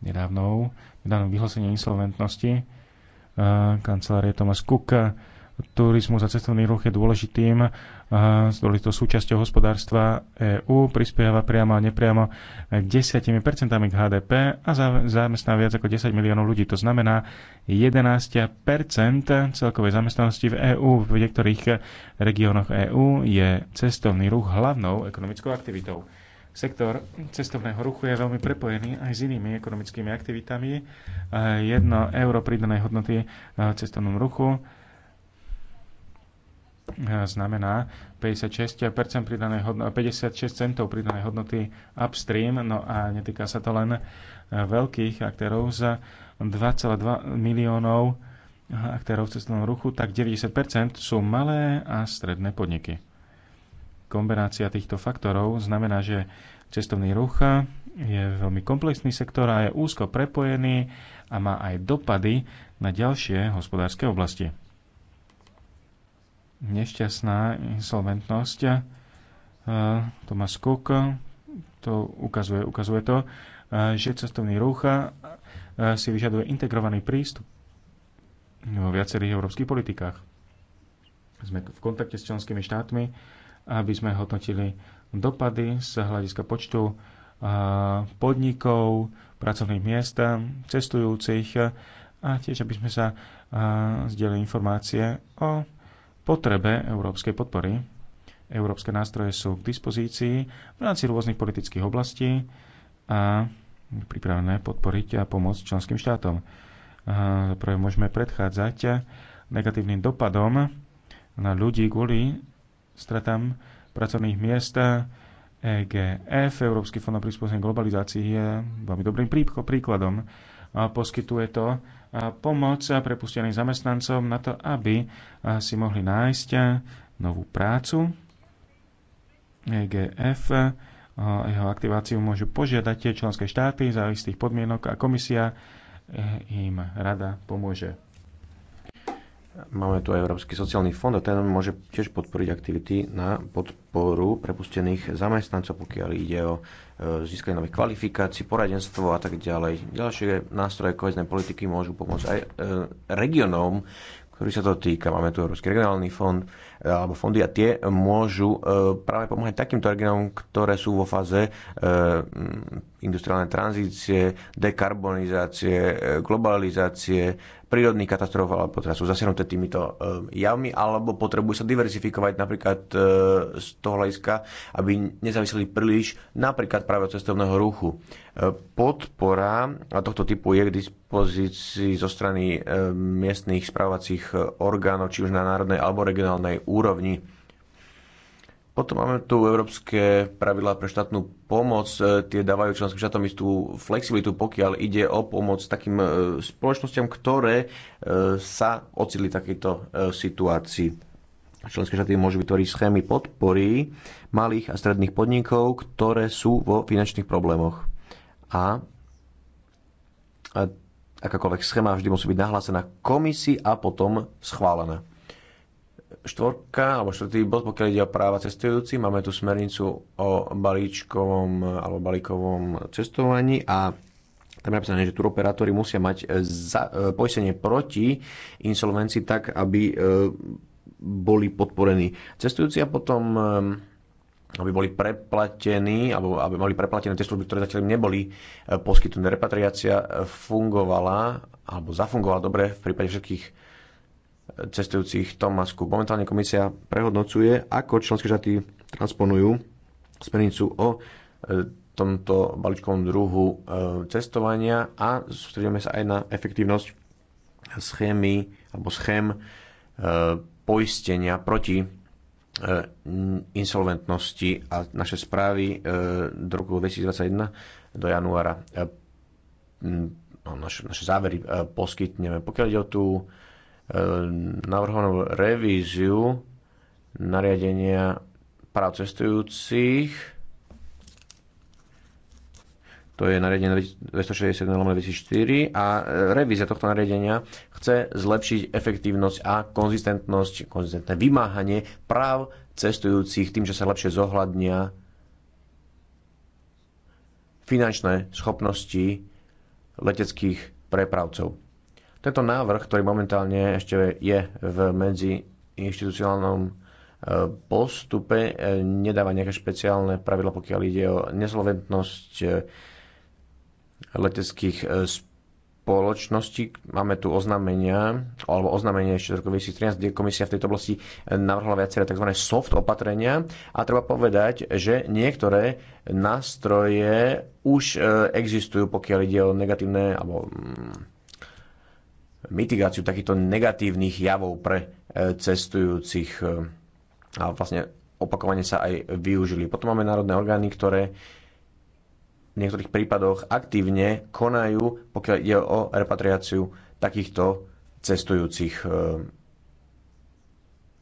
C: nedávnou, nedávnou vyhlásení insolventnosti kancelárie Thomas Cook. Turizmus a cestovný ruch je dôležitým, dôležitou súčasťou hospodárstva EÚ, prispieva priamo a nepriamo k 10% k HDP a zamestná viac ako 10 miliónov ľudí. To znamená 11% celkovej zamestnanosti v EÚ. V niektorých regiónoch EÚ je cestovný ruch hlavnou ekonomickou aktivitou. Sektor cestovného ruchu je veľmi prepojený aj s inými ekonomickými aktivitami. Jedno euro pridanej hodnoty v cestovnom ruchu znamená 56, pridanej, 56 centov pridanej hodnoty upstream, no a netýka sa to len e, veľkých aktérov za 2,2 miliónov aktérov v cestovnom ruchu, tak 90% sú malé a stredné podniky. Kombinácia týchto faktorov znamená, že cestovný ruch je veľmi komplexný sektor a je úzko prepojený a má aj dopady na ďalšie hospodárske oblasti. Nešťastná insolventnosť eh, Thomas Cook to ukazuje, ukazuje to, eh, že cestovný ruch eh, si vyžaduje integrovaný prístup vo viacerých európskych politikách. Sme v kontakte s členskými štátmi, aby sme hodnotili dopady z hľadiska počtu podnikov, pracovných miest, cestujúcich a tiež, aby sme sa zdieľali informácie o potrebe európskej podpory. Európske nástroje sú k dispozícii v rámci rôznych politických oblastí a pripravené podporiť a pomôcť členským štátom. Prvé môžeme predchádzať negatívnym dopadom na ľudí kvôli stratám pracovných miest. EGF, Európsky fond na prispôsobenie globalizácii, je veľmi dobrým príkladom. Poskytuje to pomoc prepusteným zamestnancom na to, aby si mohli nájsť novú prácu. EGF a jeho aktiváciu môžu požiadať tie členské štáty za istých podmienok a komisia e, im rada pomôže.
B: Máme tu aj Európsky sociálny fond a ten môže tiež podporiť aktivity na podporu prepustených zamestnancov, pokiaľ ide o e, získanie nových kvalifikácií, poradenstvo a tak ďalej. Ďalšie nástroje kohezné politiky môžu pomôcť aj e, regionom, ktorý sa to týka. Máme tu Európsky regionálny fond e, alebo fondy a tie môžu práve pomáhať takýmto regionom, ktoré sú vo fáze industriálnej tranzície, dekarbonizácie, globalizácie, prírodných katastrof, alebo teda sú zasiahnuté týmito ehm, javmi, alebo potrebujú sa diverzifikovať napríklad ehm, z toho hľadiska, aby nezáviseli príliš napríklad práve od cestovného ruchu. Ehm, podpora tohto typu je k dispozícii zo strany miestných správacích orgánov, či už na národnej alebo regionálnej úrovni potom máme tu európske pravidlá pre štátnu pomoc. E, tie dávajú členským štátom istú flexibilitu, pokiaľ ide o pomoc takým e, spoločnosťam, ktoré e, sa ocitli v takejto situácii. Členské štáty môžu vytvoriť schémy podpory malých a stredných podnikov, ktoré sú vo finančných problémoch. A, a akákoľvek schéma vždy musí byť nahlásená komisii a potom schválená štvorka alebo štvrtý bod, pokiaľ ide o práva cestujúci. Máme tu smernicu o balíčkovom alebo balíkovom cestovaní a tam je napísané, že turoperátori musia mať e, za, e, poistenie proti insolvencii tak, aby e, boli podporení cestujúci a potom aby boli preplatení, alebo aby mali preplatené tie služby, ktoré zatiaľ neboli poskytnuté. Repatriácia fungovala, alebo zafungovala dobre v prípade všetkých cestujúcich Tomasku. Momentálne komisia prehodnocuje, ako členské štáty transponujú smernicu o e, tomto balíčkovom druhu e, cestovania a sústredíme sa aj na efektívnosť schémy alebo schém e, poistenia proti insolventnosti a naše správy do roku 2021 do januára no, naše, naše závery poskytneme. Pokiaľ ide o tú E, navrhovanú revíziu nariadenia práv cestujúcich. To je nariadenie 261 2004 a e, revízia tohto nariadenia chce zlepšiť efektívnosť a konzistentnosť, konzistentné vymáhanie práv cestujúcich tým, že sa lepšie zohľadnia finančné schopnosti leteckých prepravcov. Tento návrh, ktorý momentálne ešte je v medzi inštitucionálnom e, postupe, e, nedáva nejaké špeciálne pravidla, pokiaľ ide o nezloventnosť e, leteckých spoločností. Máme tu oznámenia, alebo oznámenie ešte z roku 2013, kde komisia v tejto oblasti navrhla viaceré tzv. soft opatrenia. A treba povedať, že niektoré nástroje už existujú, pokiaľ ide o negatívne alebo mm, mitigáciu takýchto negatívnych javov pre e, cestujúcich e, a vlastne opakovane sa aj využili. Potom máme národné orgány, ktoré v niektorých prípadoch aktívne konajú, pokiaľ ide o repatriáciu takýchto cestujúcich. E,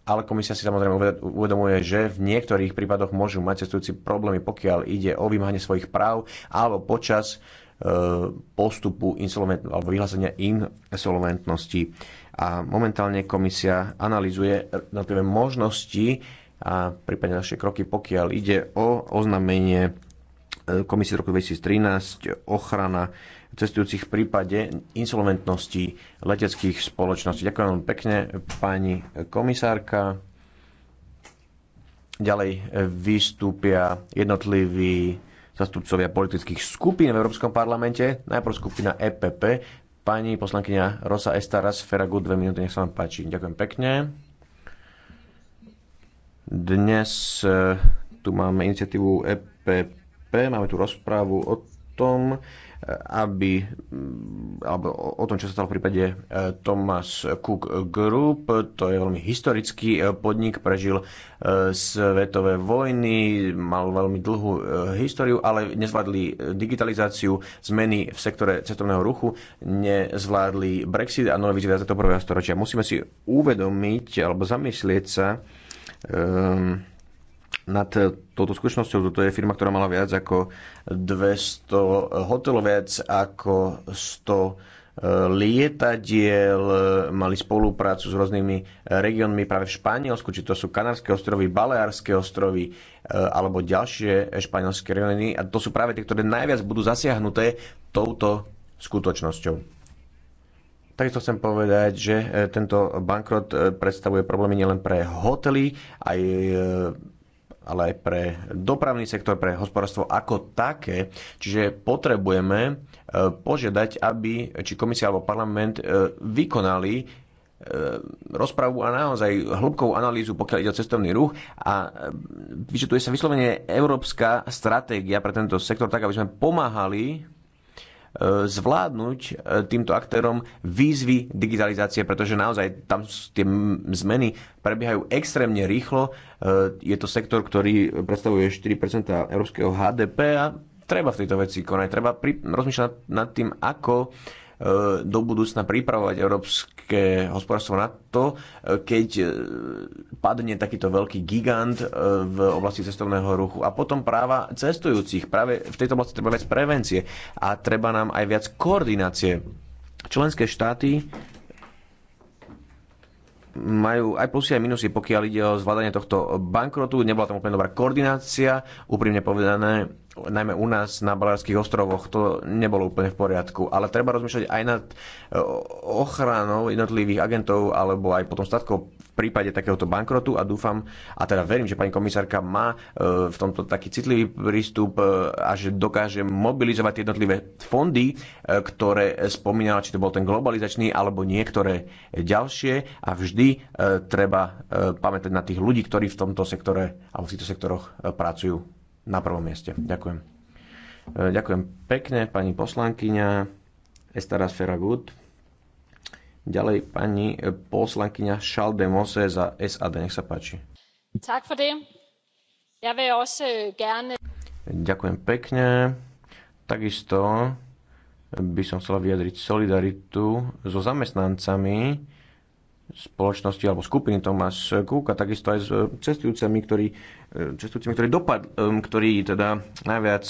B: ale komisia si samozrejme uvedomuje, že v niektorých prípadoch môžu mať cestujúci problémy, pokiaľ ide o vymáhanie svojich práv alebo počas postupu alebo vyhlásenia insolventnosti. A momentálne komisia analizuje jednotlivé možnosti a prípadne naše kroky, pokiaľ ide o oznámenie e, komisie z roku 2013 ochrana cestujúcich v prípade insolventnosti leteckých spoločností. Ďakujem veľmi pekne, pani komisárka. Ďalej vystúpia jednotliví zastupcovia politických skupín v Európskom parlamente. Najprv skupina EPP. Pani poslankyňa Rosa Estaras Feragu, dve minúty, nech sa vám páči. Ďakujem pekne. Dnes e, tu máme iniciatívu EPP, máme tu rozprávu o tom, aby, mm, alebo o tom, čo sa stalo v prípade e, Thomas Cook Group. To je veľmi historický e, podnik, prežil e, svetové vojny, mal veľmi dlhú históriu, ale nezvládli digitalizáciu, zmeny v sektore cestovného ruchu, nezvládli Brexit a nové výzvy 21. storočia. Musíme si uvedomiť alebo zamyslieť sa, um, nad e, touto skutočnosťou. Toto je firma, ktorá mala viac ako 200 hotelov, viac ako 100 e, lietadiel, e, mali spoluprácu s rôznymi regiónmi práve v Španielsku, či to sú Kanárske ostrovy, Baleárske ostrovy alebo ďalšie španielské regióny. A to sú práve tie, ktoré najviac budú zasiahnuté touto skutočnosťou. Takisto chcem povedať, že tento bankrot predstavuje problémy nielen pre hotely, aj ale aj pre dopravný sektor, pre hospodárstvo ako také. Čiže potrebujeme e, požiadať, aby či komisia alebo parlament e, vykonali e, rozpravu a naozaj hĺbkovú analýzu, pokiaľ ide o cestovný ruch a vyčetuje sa vyslovene európska stratégia pre tento sektor, tak aby sme pomáhali zvládnuť e, týmto aktérom výzvy digitalizácie, pretože naozaj tam tie zmeny prebiehajú extrémne rýchlo. E, je to sektor, ktorý predstavuje 4% európskeho HDP a treba v tejto veci konať. Treba pri, rozmýšľať nad tým, ako do budúcna pripravovať európske hospodárstvo na to, keď e, padne takýto veľký gigant e, v oblasti cestovného ruchu. A potom práva cestujúcich. Práve v tejto oblasti treba viac prevencie a treba nám aj viac koordinácie. Členské štáty majú aj plusy aj minusy, pokiaľ ide o zvládanie tohto bankrotu. Nebola tam úplne dobrá koordinácia, úprimne povedané najmä u nás na Balárských ostrovoch, to nebolo úplne v poriadku. Ale treba rozmýšľať aj nad e, ochranou jednotlivých agentov alebo aj potom statkov v prípade takéhoto bankrotu a dúfam, a teda verím, že pani komisárka má e, v tomto taký citlivý prístup e, a že dokáže mobilizovať jednotlivé fondy, ktoré spomínala, či to bol ten globalizačný alebo niektoré ďalšie a vždy treba pamätať na tých ľudí, ktorí v tomto sektore alebo v týchto sektoroch pracujú na prvom mieste. Ďakujem. E, ďakujem pekne, pani poslankyňa Estara Sferagut. Ďalej pani poslankyňa Mose za SAD. Nech sa páči.
G: Tak for det. Ja vil også øh, gerne...
B: Ďakujem pekne. Takisto by som chcela vyjadriť solidaritu so zamestnancami, spoločnosti alebo skupiny Cook a takisto aj s eh, cestujúcimi, ktorí, eh, cestujúcimi, ktorí, dopad, eh, ktorí teda najviac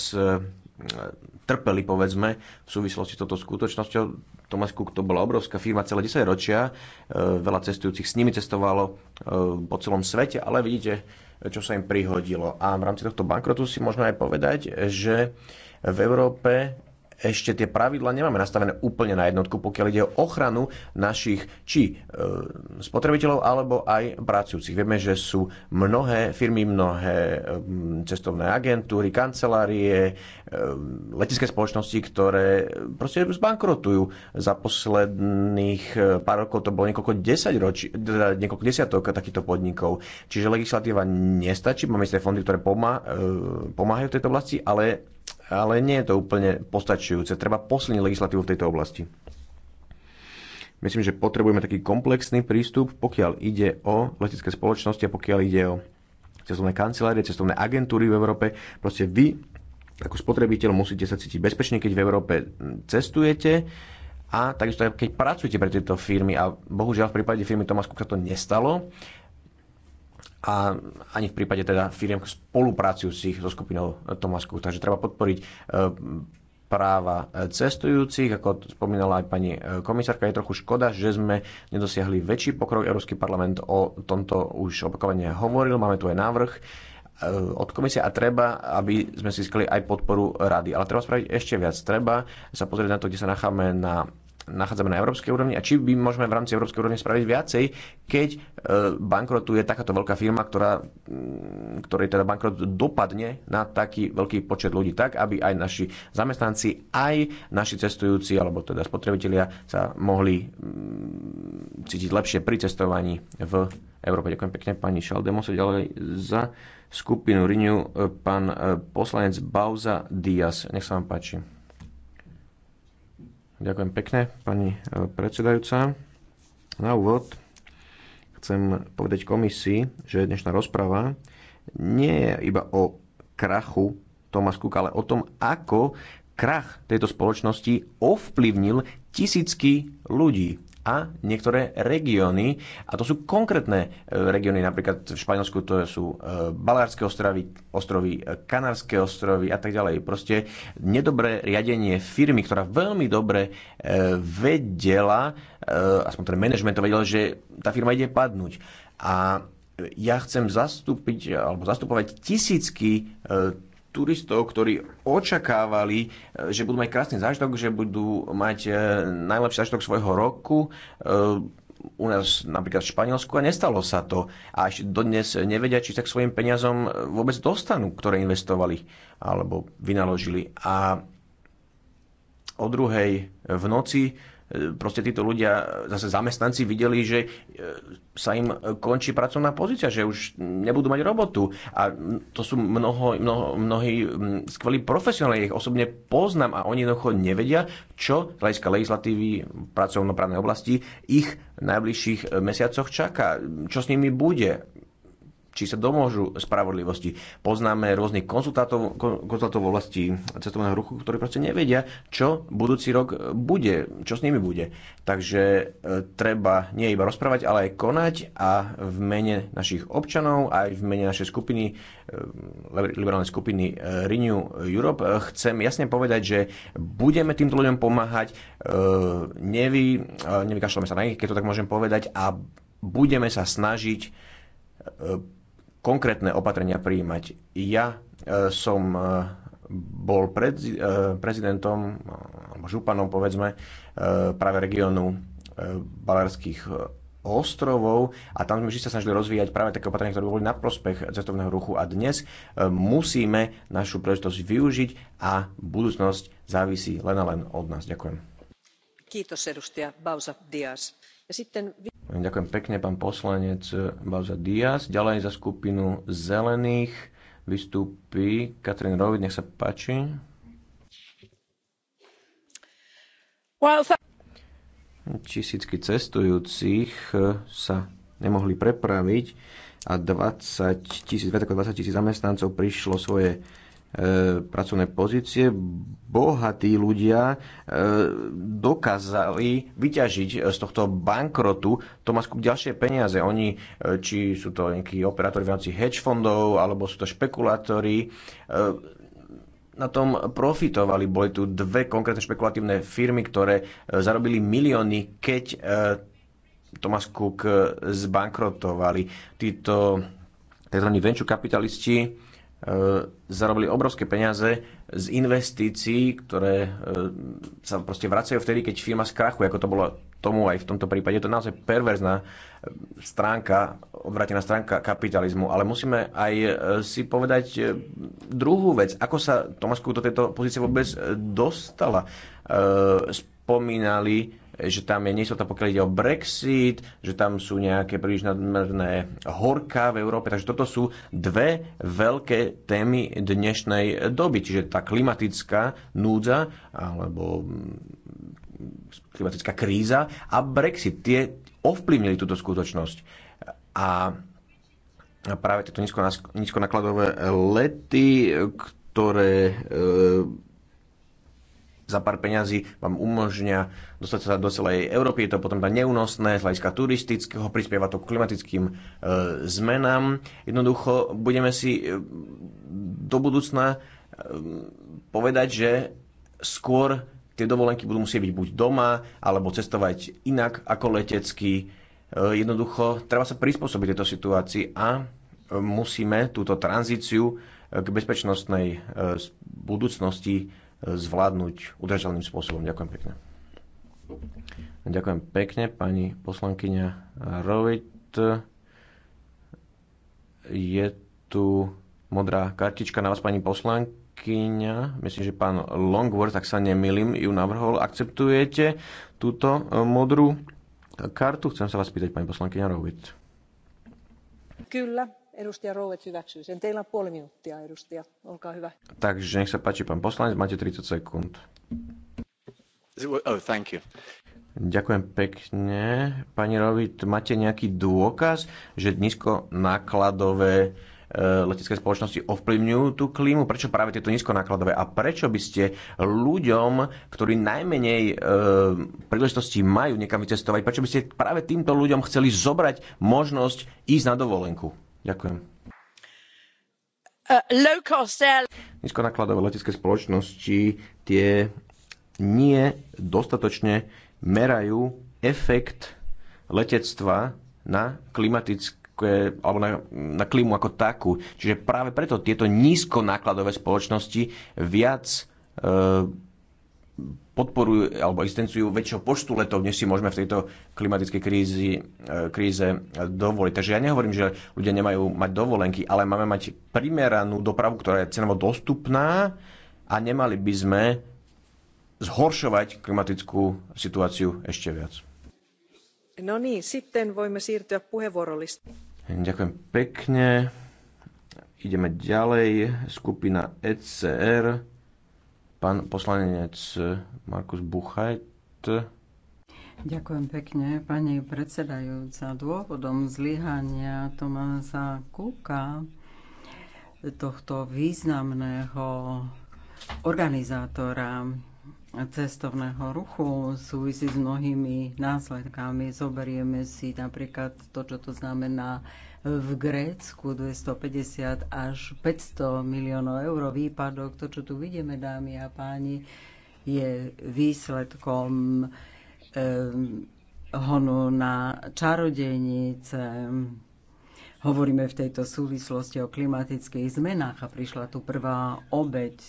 B: trpeli, povedzme, v súvislosti s touto skutočnosťou. Tomáš Cook to bola obrovská firma celé 10 ročia, veľa cestujúcich s nimi cestovalo po celom svete, ale vidíte, čo sa im prihodilo. A v rámci tohto bankrotu si možno aj povedať, že v Európe ešte tie pravidla nemáme nastavené úplne na jednotku, pokiaľ ide o ochranu našich či e, spotrebiteľov alebo aj pracujúcich. Vieme, že sú mnohé firmy, mnohé mm, cestovné agentúry, kancelárie, e, letecké spoločnosti, ktoré e, proste zbankrotujú. Za posledných pár rokov to bolo niekoľko, desať ročí, teda niekoľko desiatok takýchto podnikov. Čiže legislatíva nestačí, máme isté fondy, ktoré pomá, pomáhajú v tejto oblasti, ale ale nie je to úplne postačujúce. Treba posilniť legislatívu v tejto oblasti. Myslím, že potrebujeme taký komplexný prístup, pokiaľ ide o letecké spoločnosti a pokiaľ ide o cestovné kancelárie, cestovné agentúry v Európe. Proste vy ako spotrebiteľ musíte sa cítiť bezpečne, keď v Európe cestujete a takisto aj keď pracujete pre tieto firmy a bohužiaľ v prípade firmy Thomas Cook sa to nestalo a ani v prípade teda firiem spolupráciu s ich so skupinou Thomas Cook. Takže treba podporiť e, práva e, cestujúcich, ako spomínala aj pani e, komisárka, je trochu škoda, že sme nedosiahli väčší pokrok. Európsky parlament o tomto už opakovane hovoril, máme tu aj návrh od komisie a treba, aby sme získali aj podporu rady. Ale treba spraviť ešte viac. Treba sa pozrieť na to, kde sa nachádzame na nachádzame na európskej úrovni a či by môžeme v rámci európskej úrovne spraviť viacej, keď e, bankrotuje takáto veľká firma, ktorá, mm, ktorej teda bankrot dopadne na taký veľký počet ľudí, tak aby aj naši zamestnanci, aj naši cestujúci alebo teda spotrebitelia sa mohli mm, cítiť lepšie pri cestovaní v Európe. Ďakujem pekne pani Šaldemose ďalej za skupinu Riniu e, pán e, poslanec Bauza Dias. Nech sa vám páči. Ďakujem pekne, pani e, predsedajúca. Na úvod chcem povedať komisii, že dnešná rozprava nie je iba o krachu Thomas Cook, ale o tom, ako krach tejto spoločnosti ovplyvnil tisícky ľudí a niektoré regióny. A to sú konkrétne e, regióny, napríklad v Španielsku to sú e, Balárske ostrovy, ostrovy e, Kanárske ostrovy a tak ďalej. Proste nedobré riadenie firmy, ktorá veľmi dobre vedela, aspoň ten management to vedel, že tá firma ide padnúť. A ja chcem zastúpiť alebo zastupovať tisícky turistov, ktorí očakávali, e, že budú mať krásny zážitok, že budú mať e, najlepší zážitok svojho roku. E, u nás napríklad v Španielsku a nestalo sa to. A až dodnes nevedia, či sa k svojim peniazom vôbec dostanú, ktoré investovali alebo vynaložili. A o druhej v noci proste títo ľudia, zase zamestnanci, videli, že e, sa im končí pracovná pozícia, že už nebudú mať robotu. A to sú mnoho, mnoho, mnohí skvelí profesionáli, ich osobne poznám a oni jednoducho nevedia, čo z hľadiska legislatívy v pracovnoprávnej oblasti ich najbližších e, mesiacoch čaká, čo s nimi bude či sa domôžu spravodlivosti. Poznáme rôznych konzultátov, konzultátov v oblasti cestovného ruchu, ktorí proste nevedia, čo budúci rok bude, čo s nimi bude. Takže e, treba nie iba rozprávať, ale aj konať a v mene našich občanov, aj v mene našej skupiny, e, liberálnej skupiny e, Renew Europe, chcem jasne povedať, že budeme týmto ľuďom pomáhať, nevy, nevykašľame sa na nich, keď to tak môžem povedať, a budeme sa snažiť konkrétne opatrenia prijímať. Ja e, som e, bol e, prezidentom, alebo županom povedzme, práve regiónu Balárských ostrovov a tam sme vždy sa snažili rozvíjať práve také opatrenia, ktoré boli na prospech cestovného ruchu a dnes musíme našu príležitosť využiť a budúcnosť závisí len a len od nás. Ďakujem.
A: Kiitos, edustaja Bausa Diaz. Ja sitten
B: Ďakujem pekne, pán poslanec Bauza Díaz. Ďalej za skupinu zelených vystúpi Katrin Rovid, nech sa páči. Well, Tisícky cestujúcich sa nemohli prepraviť a 20 tisíc, 20 tisíc zamestnancov prišlo svoje E, pracovné pozície, bohatí ľudia e, dokázali vyťažiť e, z tohto bankrotu Tomasku ďalšie peniaze. Oni, či sú to nejakí operátori v rámci hedge fondov, alebo sú to špekulátori, na tom profitovali. Boli tu dve konkrétne špekulatívne firmy, ktoré zarobili milióny, keď Thomas Cook zbankrotovali. Títo tzv. venture kapitalisti E, zarobili obrovské peniaze z investícií, ktoré e, sa proste vracajú vtedy, keď firma skrachuje, ako to bolo tomu aj v tomto prípade. Je to naozaj perverzná e, stránka, odvratená stránka kapitalizmu. Ale musíme aj si povedať druhú vec. Ako sa Tomáš do tejto pozície vôbec dostala? Spomínali E, že tam je neistota, pokiaľ ide o Brexit, že tam sú nejaké príliš nadmerné horka v Európe. Takže toto sú dve veľké témy dnešnej doby. Čiže tá klimatická núdza alebo mm, klimatická kríza a Brexit. Tie ovplyvnili túto skutočnosť. A práve tieto nízkonakladové lety, ktoré e, za pár peňazí vám umožňa dostať sa do celej Európy. Je to potom tá teda neúnosné z hľadiska turistického, prispieva to k klimatickým e, zmenám. Jednoducho budeme si e, do budúcna e, povedať, že skôr tie dovolenky budú musieť byť buď doma, alebo cestovať inak ako letecky. E, jednoducho treba sa prispôsobiť tejto situácii a e, musíme túto tranzíciu e, k bezpečnostnej e, budúcnosti zvládnuť udržateľným spôsobom. Ďakujem pekne. Ďakujem pekne, pani poslankyňa Rovit. Je tu modrá kartička na vás, pani poslankyňa. Myslím, že pán Longworth, ak sa nemýlim, ju navrhol. Akceptujete túto modrú kartu? Chcem sa vás pýtať, pani poslankyňa Rovit. Kyllä, Takže nech sa páči, pán poslanec, máte 30 sekúnd.
E: Oh, thank you.
B: Ďakujem pekne. Pani Rovit, máte nejaký dôkaz, že nízkonákladové e, letecké spoločnosti ovplyvňujú tú klímu? Prečo práve tieto nízkonákladové? A prečo by ste ľuďom, ktorí najmenej e, majú niekam vycestovať, prečo by ste práve týmto ľuďom chceli zobrať možnosť ísť na dovolenku? Ďakujem.
A: Uh,
B: nízkonákladové letecké spoločnosti tie nie dostatočne merajú efekt letectva na klimatické alebo na, na klímu ako takú. Čiže práve preto tieto nízkonákladové spoločnosti viac uh, podporujú alebo existenciu väčšieho počtu letov, než si môžeme v tejto klimatickej krízi, e, kríze e, dovoliť. Takže ja nehovorím, že ľudia nemajú mať dovolenky, ale máme mať primeranú dopravu, ktorá je cenovo dostupná a nemali by sme zhoršovať klimatickú situáciu ešte viac.
H: No
I: niin, sitten voime siirtyä puheenvuorolistaan.
B: Ďakujem pekne. Ideme ďalej. Skupina ECR. Pán poslanec Markus Buchajt.
A: Ďakujem pekne, pani predsedajúca. Dôvodom zlyhania Tomáza Kuka, tohto významného organizátora cestovného ruchu súvisí s mnohými následkami. Zoberieme si napríklad to, čo to znamená v Grécku 250 až 500 miliónov eur výpadok. To, čo tu vidíme, dámy a páni, je výsledkom eh, honu na čarodejnice. Hovoríme v tejto súvislosti o klimatických zmenách a prišla tu prvá obeď.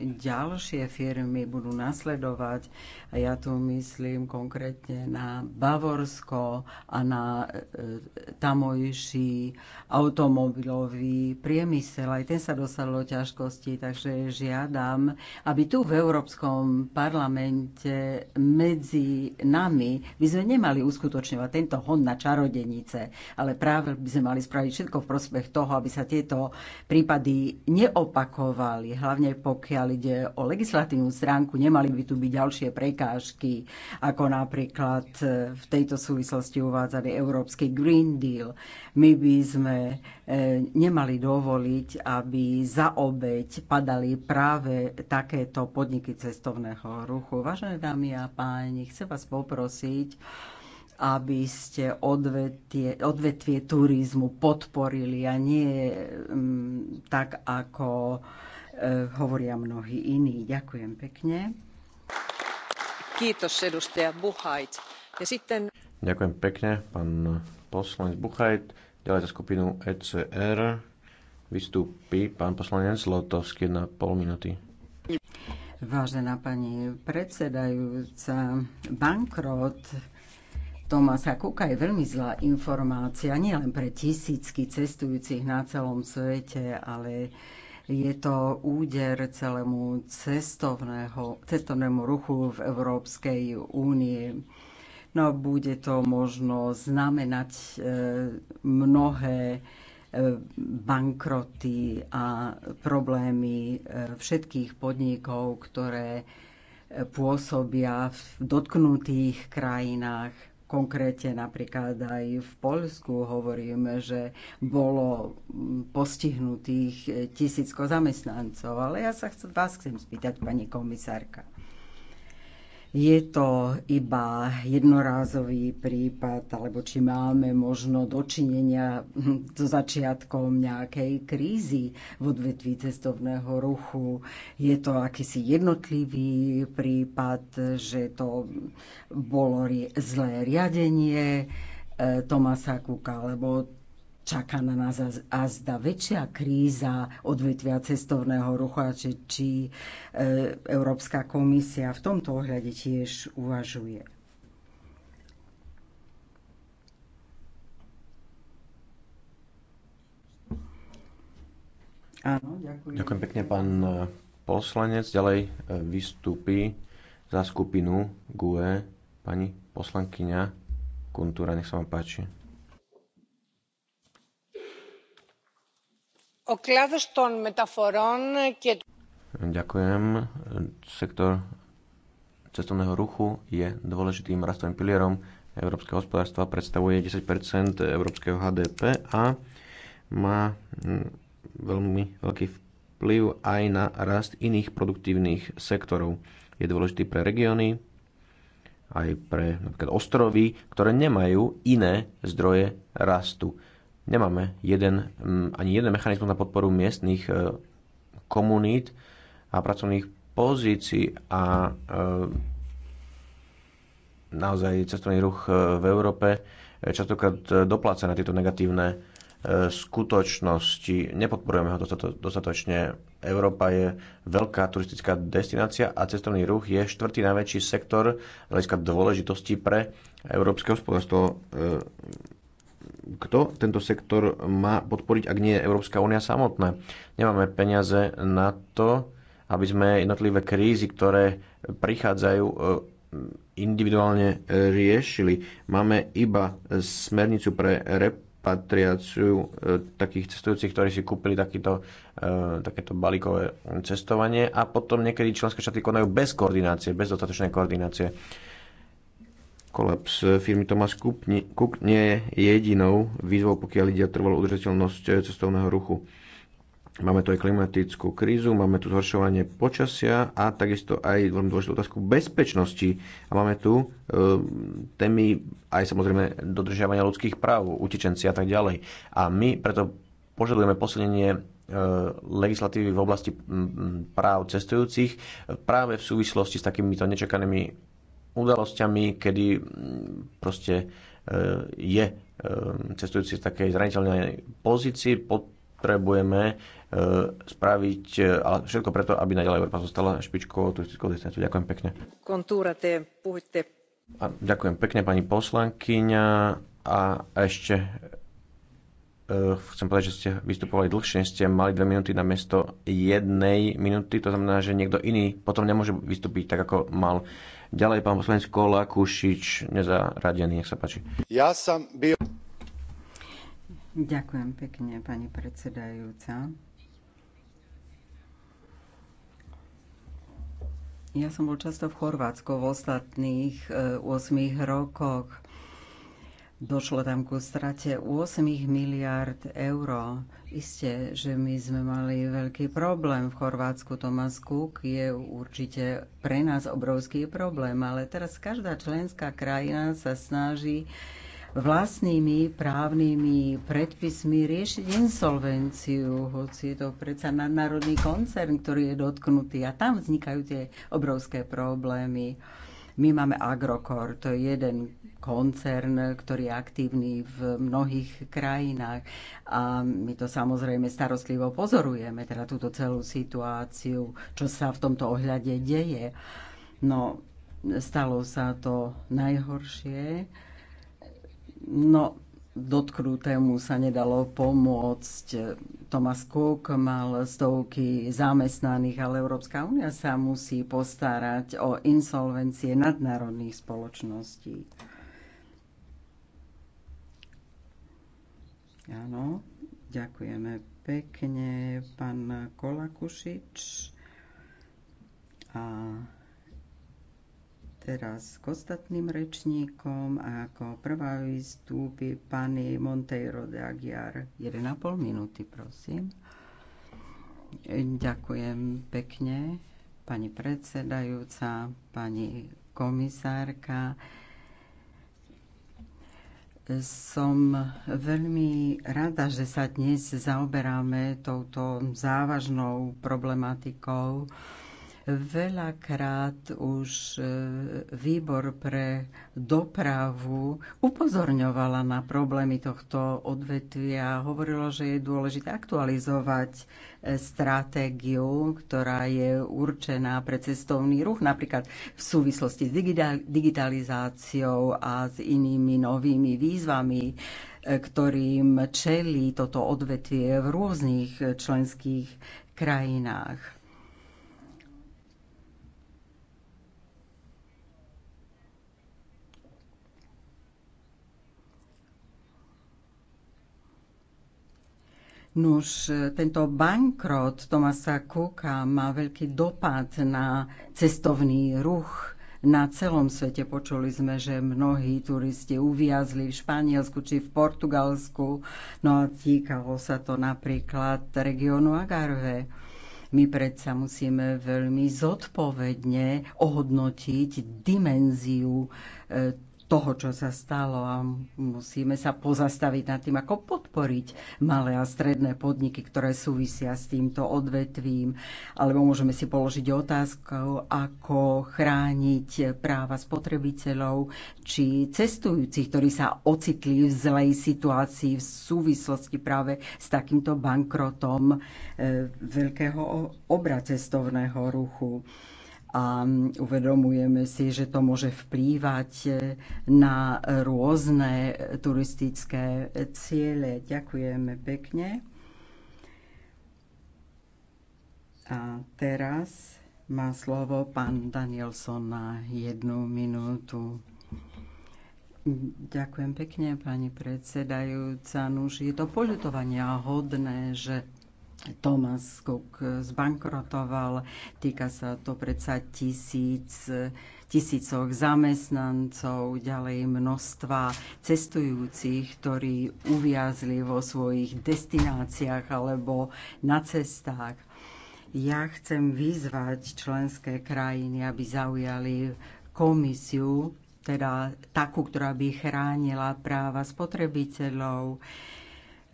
A: Ďalšie firmy budú nasledovať a ja tu myslím konkrétne na Bavorsko a na e, e, tamojší automobilový priemysel. Aj ten sa dostal do ťažkosti, takže žiadam, aby tu v Európskom parlamente medzi nami by sme nemali uskutočňovať tento hon na čarodenice, ale práve by sme mali spraviť všetko v prospech toho, aby sa tieto prípady neopakovali, hlavne pokiaľ ide o legislatívnu stránku, nemali by tu byť ďalšie prekážky prekážky, ako napríklad e, v tejto súvislosti uvádzali Európsky Green Deal. My by sme e, nemali dovoliť, aby za obeď padali práve takéto podniky cestovného ruchu. Vážené dámy a páni, chcem vás poprosiť, aby ste odvetie, odvetvie turizmu podporili a nie um, tak, ako uh, hovoria mnohí iní. Ďakujem pekne.
B: Ďakujem pekne, pán poslanec Buchajt. Ďalej za skupinu ECR vystúpi pán poslanec Lotovský na pol minúty.
A: Vážená pani predsedajúca, bankrot Tomasa Kuka je veľmi zlá informácia, nielen pre tisícky cestujúcich na celom svete, ale je to úder celému cestovného, cestovnému ruchu v Európskej únii. No bude to možno znamenať e, mnohé e, bankroty a problémy e, všetkých podnikov, ktoré pôsobia v dotknutých krajinách. Konkrétne napríklad aj v Poľsku hovoríme, že bolo postihnutých tisícko zamestnancov. Ale ja sa chcem, vás chcem spýtať, pani komisárka je to iba jednorázový prípad, alebo či máme možno dočinenia so začiatkom nejakej krízy v odvetví cestovného ruchu. Je to akýsi jednotlivý prípad, že to bolo zlé riadenie e, Tomasa Kuka, alebo čaká na nás a, väčšia kríza odvetvia cestovného ruchu a či, či e, Európska komisia v tomto ohľade tiež uvažuje. Áno, ďakujem. Ďakujem
B: pekne, pán e, poslanec. Ďalej e, vystúpi za skupinu GUE pani poslankyňa Kuntúra. Nech sa vám páči.
I: Ďakujem.
B: Sektor cestovného ruchu je dôležitým rastovým pilierom európskeho hospodárstva, predstavuje 10 európskeho HDP a má mm, veľmi veľký vplyv aj na rast iných produktívnych sektorov. Je dôležitý pre regióny, aj pre napríklad ostrovy, ktoré nemajú iné zdroje rastu nemáme jeden, ani jeden mechanizmus na podporu miestných e, komunít a pracovných pozícií a e, naozaj cestovný ruch e, v Európe častokrát dopláca na tieto negatívne skutočnosti. Nepodporujeme ho dostatočne. Európa je veľká turistická destinácia a cestovný ruch je štvrtý najväčší sektor hľadiska dôležitosti pre európske hospodárstvo kto tento sektor má podporiť, ak nie je Európska únia samotná. Nemáme peniaze na to, aby sme jednotlivé krízy, ktoré prichádzajú, e, individuálne e, riešili. Máme iba smernicu pre repatriáciu e, takých cestujúcich, ktorí si kúpili takýto, takéto balíkové cestovanie a potom niekedy členské štáty konajú bez koordinácie, bez dostatočnej koordinácie. Kolaps firmy Thomas Cook nie je jedinou výzvou, pokiaľ ide o trvalú udržateľnosť eh, cestovného ruchu. Máme tu aj klimatickú krízu, máme tu zhoršovanie počasia a takisto aj veľmi dôležitú otázku bezpečnosti. A máme tu e, témy aj samozrejme dodržiavania ľudských práv, utečenci a tak ďalej. A my preto požadujeme posilnenie eh, legislatívy v oblasti mm, mm, práv cestujúcich práve v súvislosti s takýmito nečakanými udalosťami, kedy mm, proste e, je e, cestujúci v takej zraniteľnej pozícii, potrebujeme e, spraviť ale všetko preto, aby naďalej Európa zostala špičkou turistického destináciou. Ďakujem pekne.
J: Kontúra, te, te.
B: A ďakujem pekne pani poslankyňa a ešte chcem povedať, že ste vystupovali dlhšie, ste mali dve minúty na miesto jednej minúty, to znamená, že niekto iný potom nemôže vystúpiť tak, ako mal Ďalej pán poslanec Kola Kušič, nezaradený, nech sa páči. Ja
A: som bio... Ďakujem pekne, pani predsedajúca. Ja som bol často v Chorvátsku v ostatných 8 eh, rokoch Došlo tam ku strate 8 miliard eur. Isté, že my sme mali veľký problém v Chorvátsku. Tomás Cook je určite pre nás obrovský problém, ale teraz každá členská krajina sa snaží vlastnými právnymi predpismi riešiť insolvenciu, hoci je to predsa nadnárodný koncern, ktorý je dotknutý a tam vznikajú tie obrovské problémy. My máme Agrokor, to je jeden koncern, ktorý je aktívny v mnohých krajinách a my to samozrejme starostlivo pozorujeme, teda túto celú situáciu, čo sa v tomto ohľade deje. No, stalo sa to najhoršie. No, dotknutému sa nedalo pomôcť. Thomas Cook mal stovky zamestnaných, ale Európska únia sa musí postarať o insolvencie nadnárodných spoločností. Áno, ďakujeme pekne, pán Kolakušič. A teraz k ostatným rečníkom a ako prvá vystúpi pani Monteiro de Aguiar. 1,5 minúty, prosím. Ďakujem pekne, pani predsedajúca, pani komisárka. Som veľmi rada, že sa dnes zaoberáme touto závažnou problematikou Veľakrát už e, výbor pre dopravu upozorňovala na problémy tohto odvetvia a hovorila, že je dôležité aktualizovať e, stratégiu, ktorá je určená pre cestovný ruch, napríklad v súvislosti s digitalizáciou a s inými novými výzvami e, ktorým čelí toto odvetvie v rôznych členských krajinách. Nuž, tento bankrot Tomasa Cooka má veľký dopad na cestovný ruch na celom svete. Počuli sme, že mnohí turisti uviazli v Španielsku či v Portugalsku. No a týkalo sa to napríklad regiónu Agarve. My predsa musíme veľmi zodpovedne ohodnotiť dimenziu e, toho, čo sa stalo a musíme sa pozastaviť nad tým, ako podporiť malé a stredné podniky, ktoré súvisia s týmto odvetvím. Alebo môžeme si položiť otázku, ako chrániť práva spotrebiteľov či cestujúcich, ktorí sa ocitli v zlej situácii v súvislosti práve s takýmto bankrotom eh, veľkého obra cestovného ruchu a uvedomujeme si, že to môže vplývať na rôzne turistické ciele. Ďakujeme pekne. A teraz má slovo pán Danielson na jednu minútu. Ďakujem pekne, pani predsedajúca. Nuž je to poľutovania hodné, že Thomas Cook zbankrotoval. Týka sa to predsa tisíc, tisícoch zamestnancov, ďalej množstva cestujúcich, ktorí uviazli vo svojich destináciách alebo na cestách. Ja chcem vyzvať členské krajiny, aby zaujali komisiu, teda takú, ktorá by chránila práva spotrebiteľov,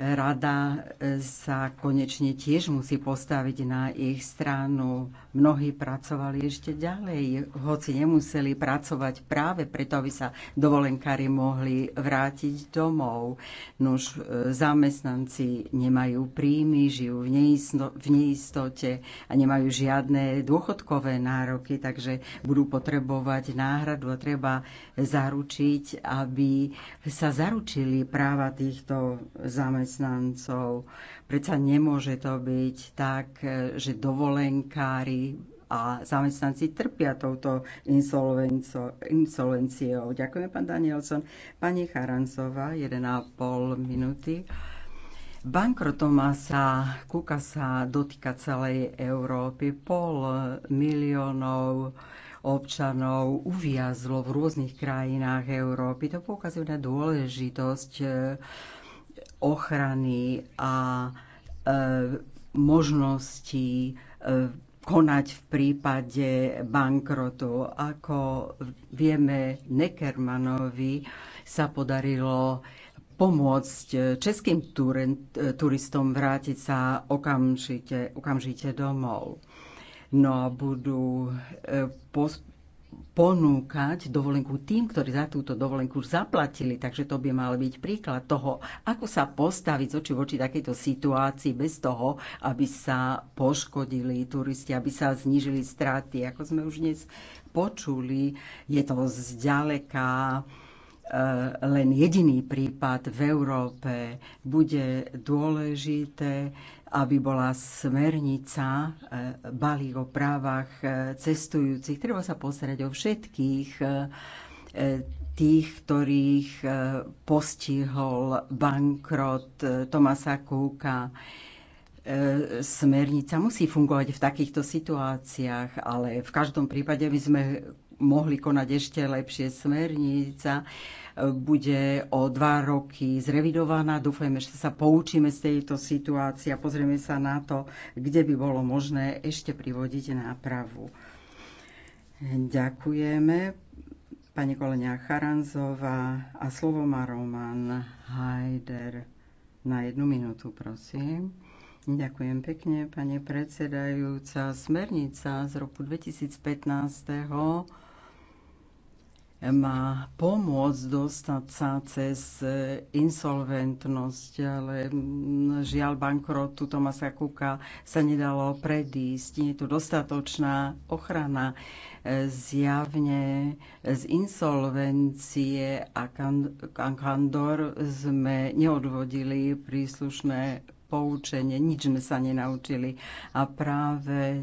A: Rada e, sa konečne tiež musí postaviť na ich stranu. Mnohí pracovali ešte ďalej, hoci nemuseli pracovať práve preto, aby sa dovolenkári mohli vrátiť domov. Nuž e, zamestnanci nemajú príjmy, žijú v, neisto- v neistote a nemajú žiadne dôchodkové nároky, takže budú potrebovať náhradu a treba zaručiť, aby sa zaručili práva týchto zamestnancov zamestnancov. Predsa nemôže to byť tak, e, že dovolenkári a zamestnanci trpia touto insolvenciou. Ďakujem, pán Danielson. Pani Charancová, 1,5 minúty. Bankrotom sa, kúka sa, dotýka celej Európy. Pol miliónov občanov uviazlo v rôznych krajinách Európy. To poukazuje na dôležitosť e, ochrany a e, možnosti e, konať v prípade bankrotu. Ako vieme, Neckermanovi sa podarilo pomôcť českým turistom vrátiť sa okamžite, okamžite domov. No a budú e, ponúkať dovolenku tým, ktorí za túto dovolenku už zaplatili. Takže to by mal byť príklad toho, ako sa postaviť z oči voči takejto situácii bez toho, aby sa poškodili turisti, aby sa znížili straty. Ako sme už dnes počuli, je to zďaleka Eh, len jediný prípad v Európe. Bude dôležité, aby bola smernica eh, balí o právach eh, cestujúcich. Treba sa pozrieť o všetkých tých, ktorých postihol bankrot Tomasa Kúka smernica musí fungovať v takýchto situáciách, ale v každom prípade by sme mohli konať ešte lepšie. Smernica e, bude o dva roky zrevidovaná. Dúfajme, že sa poučíme z tejto situácie a pozrieme sa na to, kde by bolo možné ešte privodiť nápravu. Ďakujeme pani kolenia Charanzová a slovo má Roman Hajder. Na jednu minútu, prosím. Ďakujem pekne, pani predsedajúca. Smernica z roku 2015 má pomôcť dostať sa cez e, insolventnosť, ale žiaľ bankrotu Tomasa Kuka sa nedalo predísť. Nie je tu dostatočná ochrana e, zjavne e, z insolvencie a Kandor sme neodvodili príslušné poučenie, nič sme sa nenaučili. A práve e,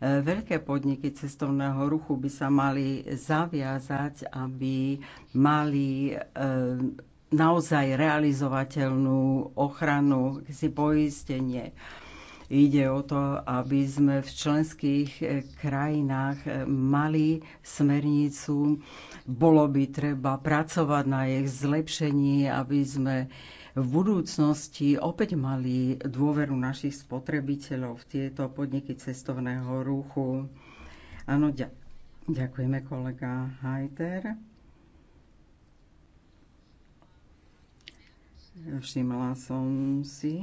A: veľké podniky cestovného ruchu by sa mali zaviazať, aby mali e, naozaj realizovateľnú ochranu, si poistenie. Ide o to, aby sme v členských e, krajinách mali smernicu. Bolo by treba pracovať na ich zlepšení, aby sme v budúcnosti opäť mali dôveru našich spotrebiteľov v tieto podniky cestovného ruchu. Áno, ďakujeme kolega Hajter. Všimla som si,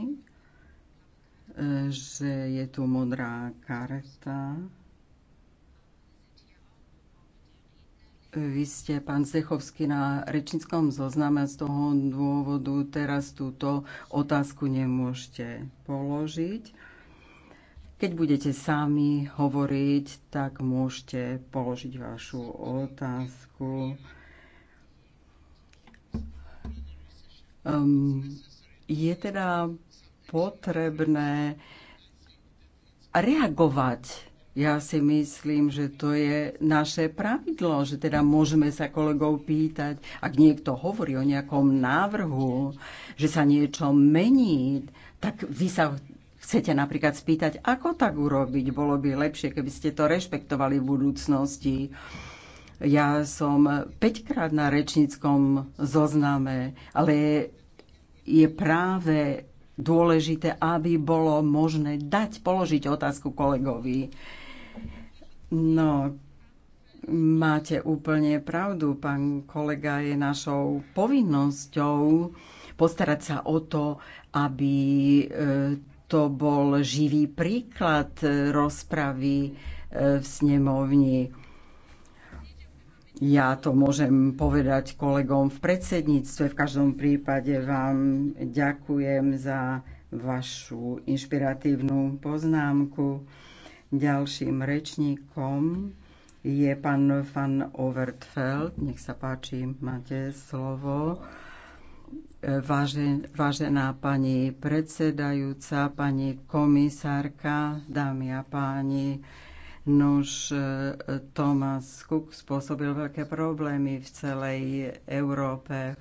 A: e, že je tu modrá karta Vy ste, pán Zdechovský, na rečníckom zozname z toho dôvodu teraz túto otázku nemôžete položiť. Keď budete sami hovoriť, tak môžete položiť vašu otázku. Um, je teda potrebné reagovať ja si myslím, že to je naše pravidlo, že teda môžeme sa kolegov pýtať, ak niekto hovorí o nejakom návrhu, že sa niečo mení, tak vy sa chcete napríklad spýtať, ako tak urobiť. Bolo by lepšie, keby ste to rešpektovali v budúcnosti. Ja som 5-krát na rečníckom zozname, ale je práve dôležité, aby bolo možné dať položiť otázku kolegovi. No, máte úplne pravdu, pán kolega, je našou povinnosťou postarať sa o to, aby e, to bol živý príklad e, rozpravy e, v snemovni. Ja to môžem povedať kolegom v predsedníctve. V každom prípade vám ďakujem za vašu inšpiratívnu poznámku. Ďalším rečníkom je pán Van Overtfeld. Nech sa páči, máte slovo. Vážená pani predsedajúca, pani komisárka, dámy a páni, nož e, Thomas Cook spôsobil veľké problémy v celej Európe.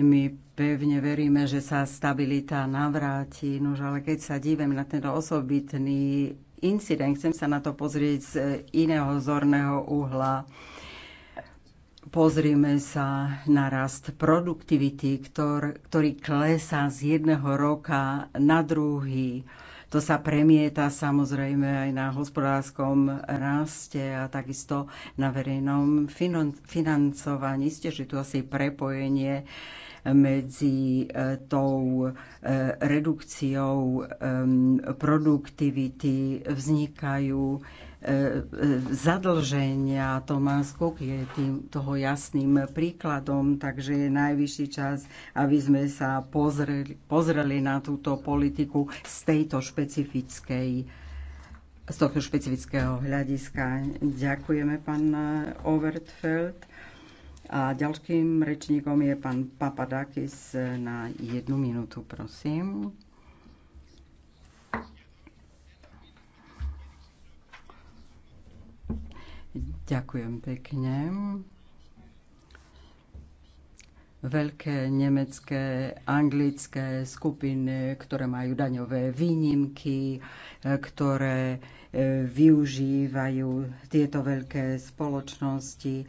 A: My pevne veríme, že sa stabilita navráti. Nož ale keď sa dívem na ten osobitný incident, chcem sa na to pozrieť z iného zorného uhla. Pozrime sa na rast produktivity, ktor, ktorý klesá z jedného roka na druhý. To sa premieta samozrejme aj na hospodárskom raste a takisto na verejnom financovaní. Ste, že tu asi prepojenie medzi e, tou e, redukciou e, produktivity, vznikajú zadlženia. Tomás Kuk je tým, toho jasným príkladom, takže je najvyšší čas, aby sme sa pozreli, pozreli na túto politiku z tejto špecifickej z tohto špecifického hľadiska. Ďakujeme, pán Overtfeld. A ďalším rečníkom je pán Papadakis na jednu minútu, prosím. Ďakujem pekne. Veľké nemecké, anglické skupiny, ktoré majú daňové výnimky, ktoré e, využívajú tieto veľké spoločnosti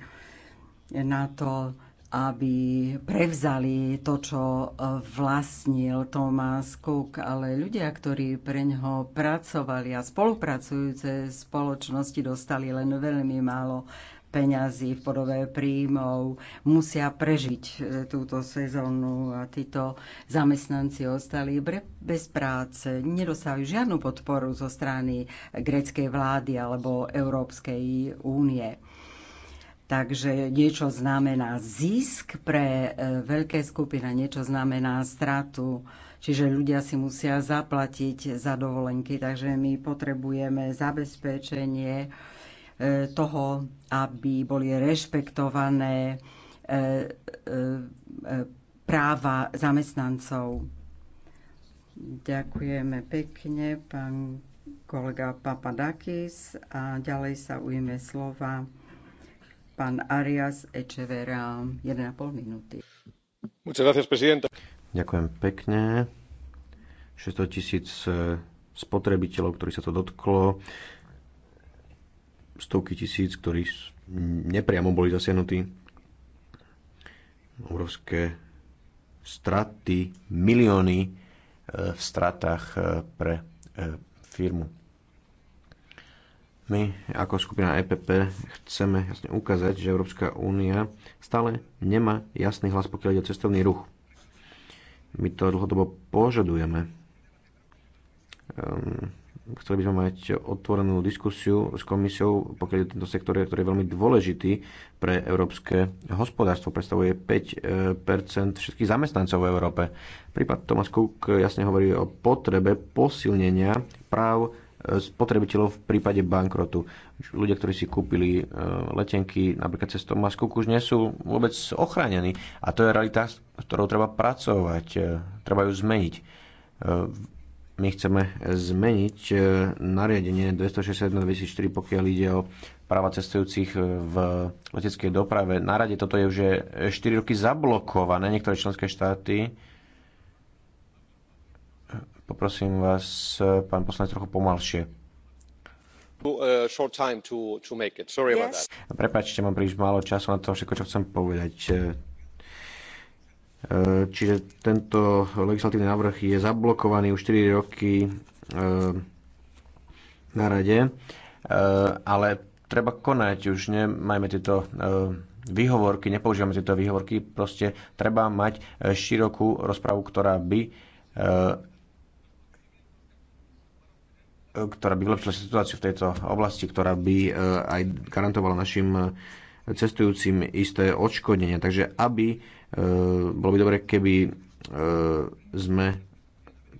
A: na to, aby prevzali to, čo e, vlastnil Thomas Cook, ale ľudia, ktorí pre ňoho pracovali a spolupracujúce spoločnosti dostali len veľmi málo peňazí v podobe príjmov, musia prežiť e, túto sezónu a títo zamestnanci ostali bez práce, nedostávajú žiadnu podporu zo strany greckej vlády alebo Európskej únie. Takže niečo znamená zisk pre e, veľké skupiny, niečo znamená stratu. Čiže ľudia si musia zaplatiť za dovolenky, takže my potrebujeme zabezpečenie e, toho, aby boli rešpektované e, práva zamestnancov. Ďakujeme pekne, pán kolega Papadakis. A ďalej sa ujme slova pán Arias Echevera, 1,5 minúty.
B: Ďakujem pekne. 600 tisíc eh, spotrebiteľov, ktorí sa to dotklo, stovky tisíc, ktorí nepriamo boli zasiahnutí, obrovské straty, milióny eh, v stratách eh, pre firmu. My ako skupina EPP chceme jasne ukázať, že Európska únia stále nemá jasný hlas, pokiaľ ide o cestovný ruch. My to dlhodobo požadujeme. Um, chceli by sme mať otvorenú diskusiu s komisiou, pokiaľ je tento sektor, ktorý je veľmi dôležitý pre európske hospodárstvo. Predstavuje 5 e, všetkých zamestnancov v Európe. Prípad Thomas Cook jasne hovorí o potrebe posilnenia práv E, spotrebiteľov v prípade bankrotu. Ľudia, ktorí si kúpili e, letenky napríklad cez Thomas Cook, už nie sú vôbec ochránení. A to je realita, s ktorou treba pracovať, e, treba ju zmeniť. My chceme zmeniť nariadenie 261-2004, pokiaľ ide o práva cestujúcich v leteckej doprave. Na rade toto je už 4 roky zablokované. Niektoré členské štáty Poprosím vás, eh, pán poslanec, trochu pomalšie. Uh, Prepačte, mám príliš málo času na to všetko, čo chcem povedať. Eh, eh, čiže tento legislatívny návrh je zablokovaný už 4 roky na rade, ale treba konať, už nemajme tieto výhovorky, nepoužívame tieto výhovorky, proste treba mať širokú rozpravu, ktorá by ktorá by vylepšila situáciu v tejto oblasti, ktorá by e, aj garantovala našim e, cestujúcim isté odškodnenia. Takže aby, e, bolo by dobre, keby sme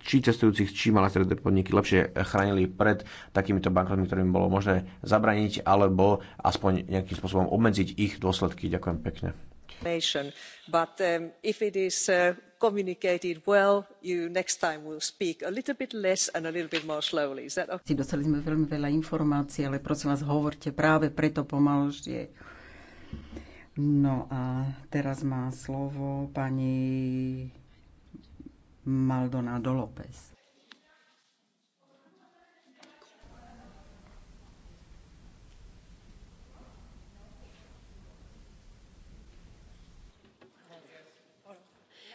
B: či cestujúcich, či malé stredné podniky lepšie chránili pred takýmito bankrotmi, ktorým bolo možné zabraniť, alebo aspoň nejakým spôsobom obmedziť ich dôsledky. Ďakujem pekne
J: information but um, if it is uh, communicated well you next time will speak a little bit less and a little bit more slowly. Is that okay?
A: Dostali sme veľmi veľa informácií, ale prosím vás, hovorte práve preto pomalšie. No a teraz má slovo pani Maldonado López.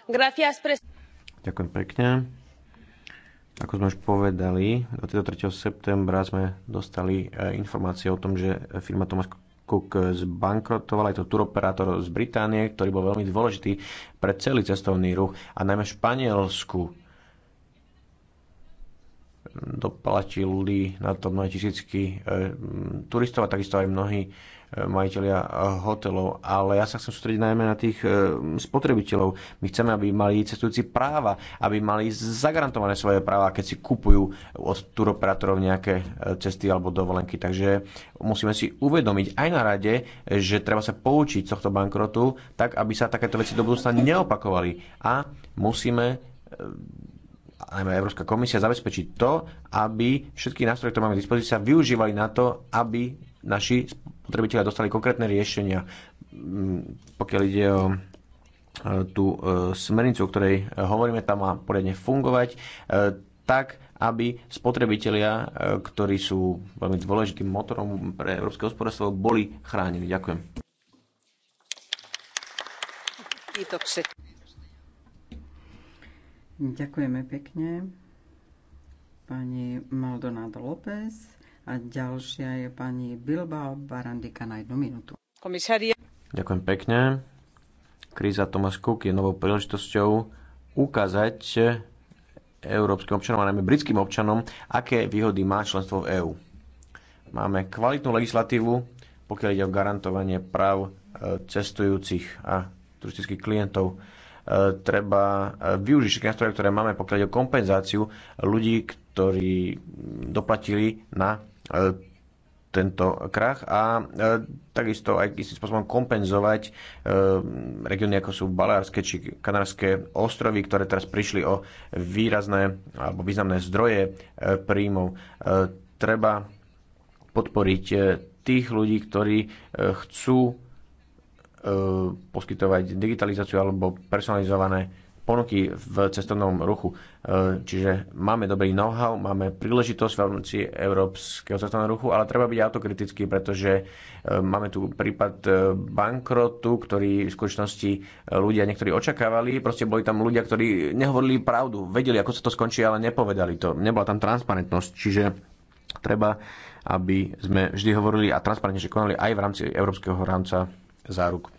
E: Ďakujem
B: pekne. Ako sme už povedali, do 3. septembra sme dostali e, informácie o tom, že firma Thomas Cook zbankrotoval, aj to turoperátor z Británie, ktorý bol veľmi dôležitý pre celý cestovný ruch a najmä v Španielsku. Doplatili na to mnohé tisícky e, turistov a takisto aj mnohí majiteľia eh, hotelov, ale ja sa chcem sústrediť najmä na tých eh, spotrebiteľov. My chceme, aby mali cestujúci práva, aby mali zagarantované svoje práva, keď si kupujú od turoperátorov nejaké eh, cesty alebo dovolenky. Takže musíme si uvedomiť aj na rade, že treba sa poučiť z tohto bankrotu, tak aby sa takéto veci do budúcna neopakovali. A musíme najmä Európska komisia zabezpečiť to, aby všetky nástroje, ktoré máme k dispozícii, sa využívali na to, aby naši spotrebitelia dostali konkrétne riešenia, mm, pokiaľ ide o e, tú e, smernicu, o ktorej e, hovoríme, tam má poriadne fungovať tak, aby spotrebitelia, ktorí sú veľmi dôležitým motorom pre európske hospodárstvo, boli chránení. Ďakujem.
A: Ďakujeme pekne. Pani Maldonado López. A ďalšia je pani Bilbao Barandika na jednu minútu.
G: Komisária.
B: Ďakujem pekne. Kríza Thomas Cook je novou príležitosťou ukázať európskym občanom a najmä britským občanom, aké výhody má členstvo v EÚ. Máme kvalitnú legislatívu, pokiaľ ide o garantovanie práv e, cestujúcich a turistických klientov. E, treba e, využiť všetky nástroje, ktoré máme, pokiaľ ide o kompenzáciu ľudí, ktorí doplatili na E, tento krach a e, takisto aj istým spôsobom kompenzovať e, regióny ako sú Balárske či Kanárske ostrovy, ktoré teraz prišli o výrazné alebo významné zdroje e, príjmov. E, treba podporiť e, tých ľudí, ktorí e, chcú e, poskytovať digitalizáciu alebo personalizované ponuky v cestovnom ruchu. E, čiže máme dobrý know-how, máme príležitosť v rámci európskeho cestovného ruchu, ale treba byť autokritický, pretože e, máme tu prípad e, bankrotu, ktorý v skutočnosti ľudia niektorí očakávali. Proste boli tam ľudia, ktorí nehovorili pravdu, vedeli, ako sa to skončí, ale nepovedali to. Nebola tam transparentnosť, čiže treba, aby sme vždy hovorili a transparentne konali aj v rámci európskeho rámca záruk.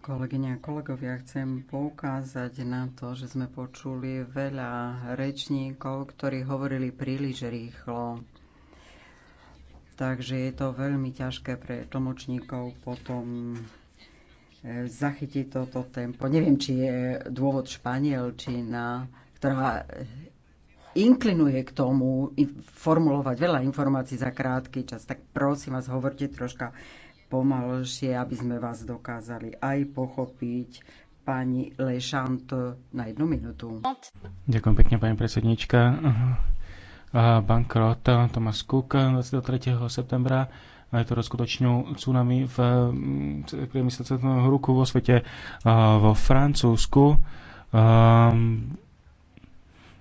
A: Kolegyne a kolegovia, chcem poukázať na to, že sme počuli veľa rečníkov, ktorí hovorili príliš rýchlo. Takže je to veľmi ťažké pre tlmočníkov potom e, zachytiť toto tempo. Neviem, či je dôvod španielčina, ktorá inklinuje k tomu formulovať veľa informácií za krátky čas, tak prosím vás, hovorte troška pomalšie, aby sme vás dokázali aj pochopiť. Pani Lešant na jednu minútu.
C: Ďakujem pekne, pani predsednička. Bankrot Thomas Cook 23. septembra aj to skutočnú tsunami v mm, priemyselcetnom ruku vo svete vo Francúzsku. Um,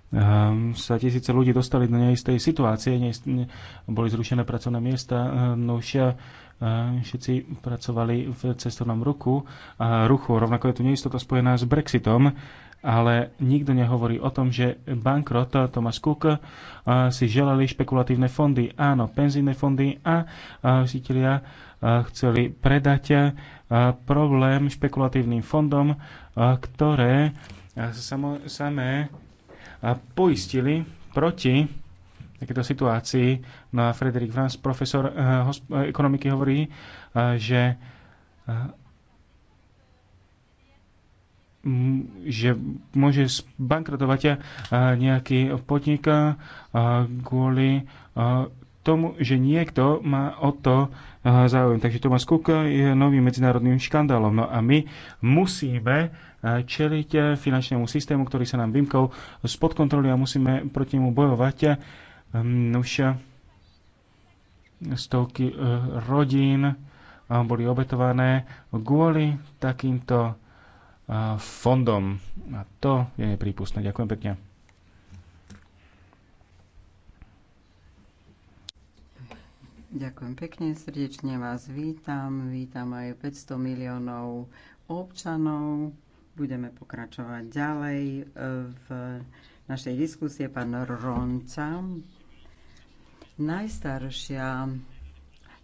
C: um, sa tisíce ľudí dostali do neistej situácie, neist, ne, boli zrušené pracovné miesta, no už Eh, všetci pracovali v cestovnom ruku, ruchu. Rovnako je tu neistota spojená s Brexitom, ale nikto nehovorí o tom, že bankrot Thomas Cook eh, si želali špekulatívne fondy. Áno, penzíne fondy a sítilia eh, chceli predať problém špekulatívnym fondom, ktoré samé poistili proti takéto situácii. No a Frederik Franz, profesor eh, eh, ekonomiky, hovorí, eh, že že môže bankrotovať nejaký podnik kvôli tomu, že niekto má o to záujem. Takže Thomas Cook je novým medzinárodným škandálom. No a my musíme čeliť finančnému systému, ktorý sa nám vymkol spod kontroly a musíme proti nemu bojovať Ehm, Nuž stovky eh, rodín eh, boli obetované kvôli takýmto eh, fondom. A to je neprípustné. Ďakujem pekne.
A: Ďakujem pekne, srdečne vás vítam. Vítam aj 500 miliónov občanov. Budeme pokračovať ďalej v našej diskusie. Pán Ronca, Najstaršia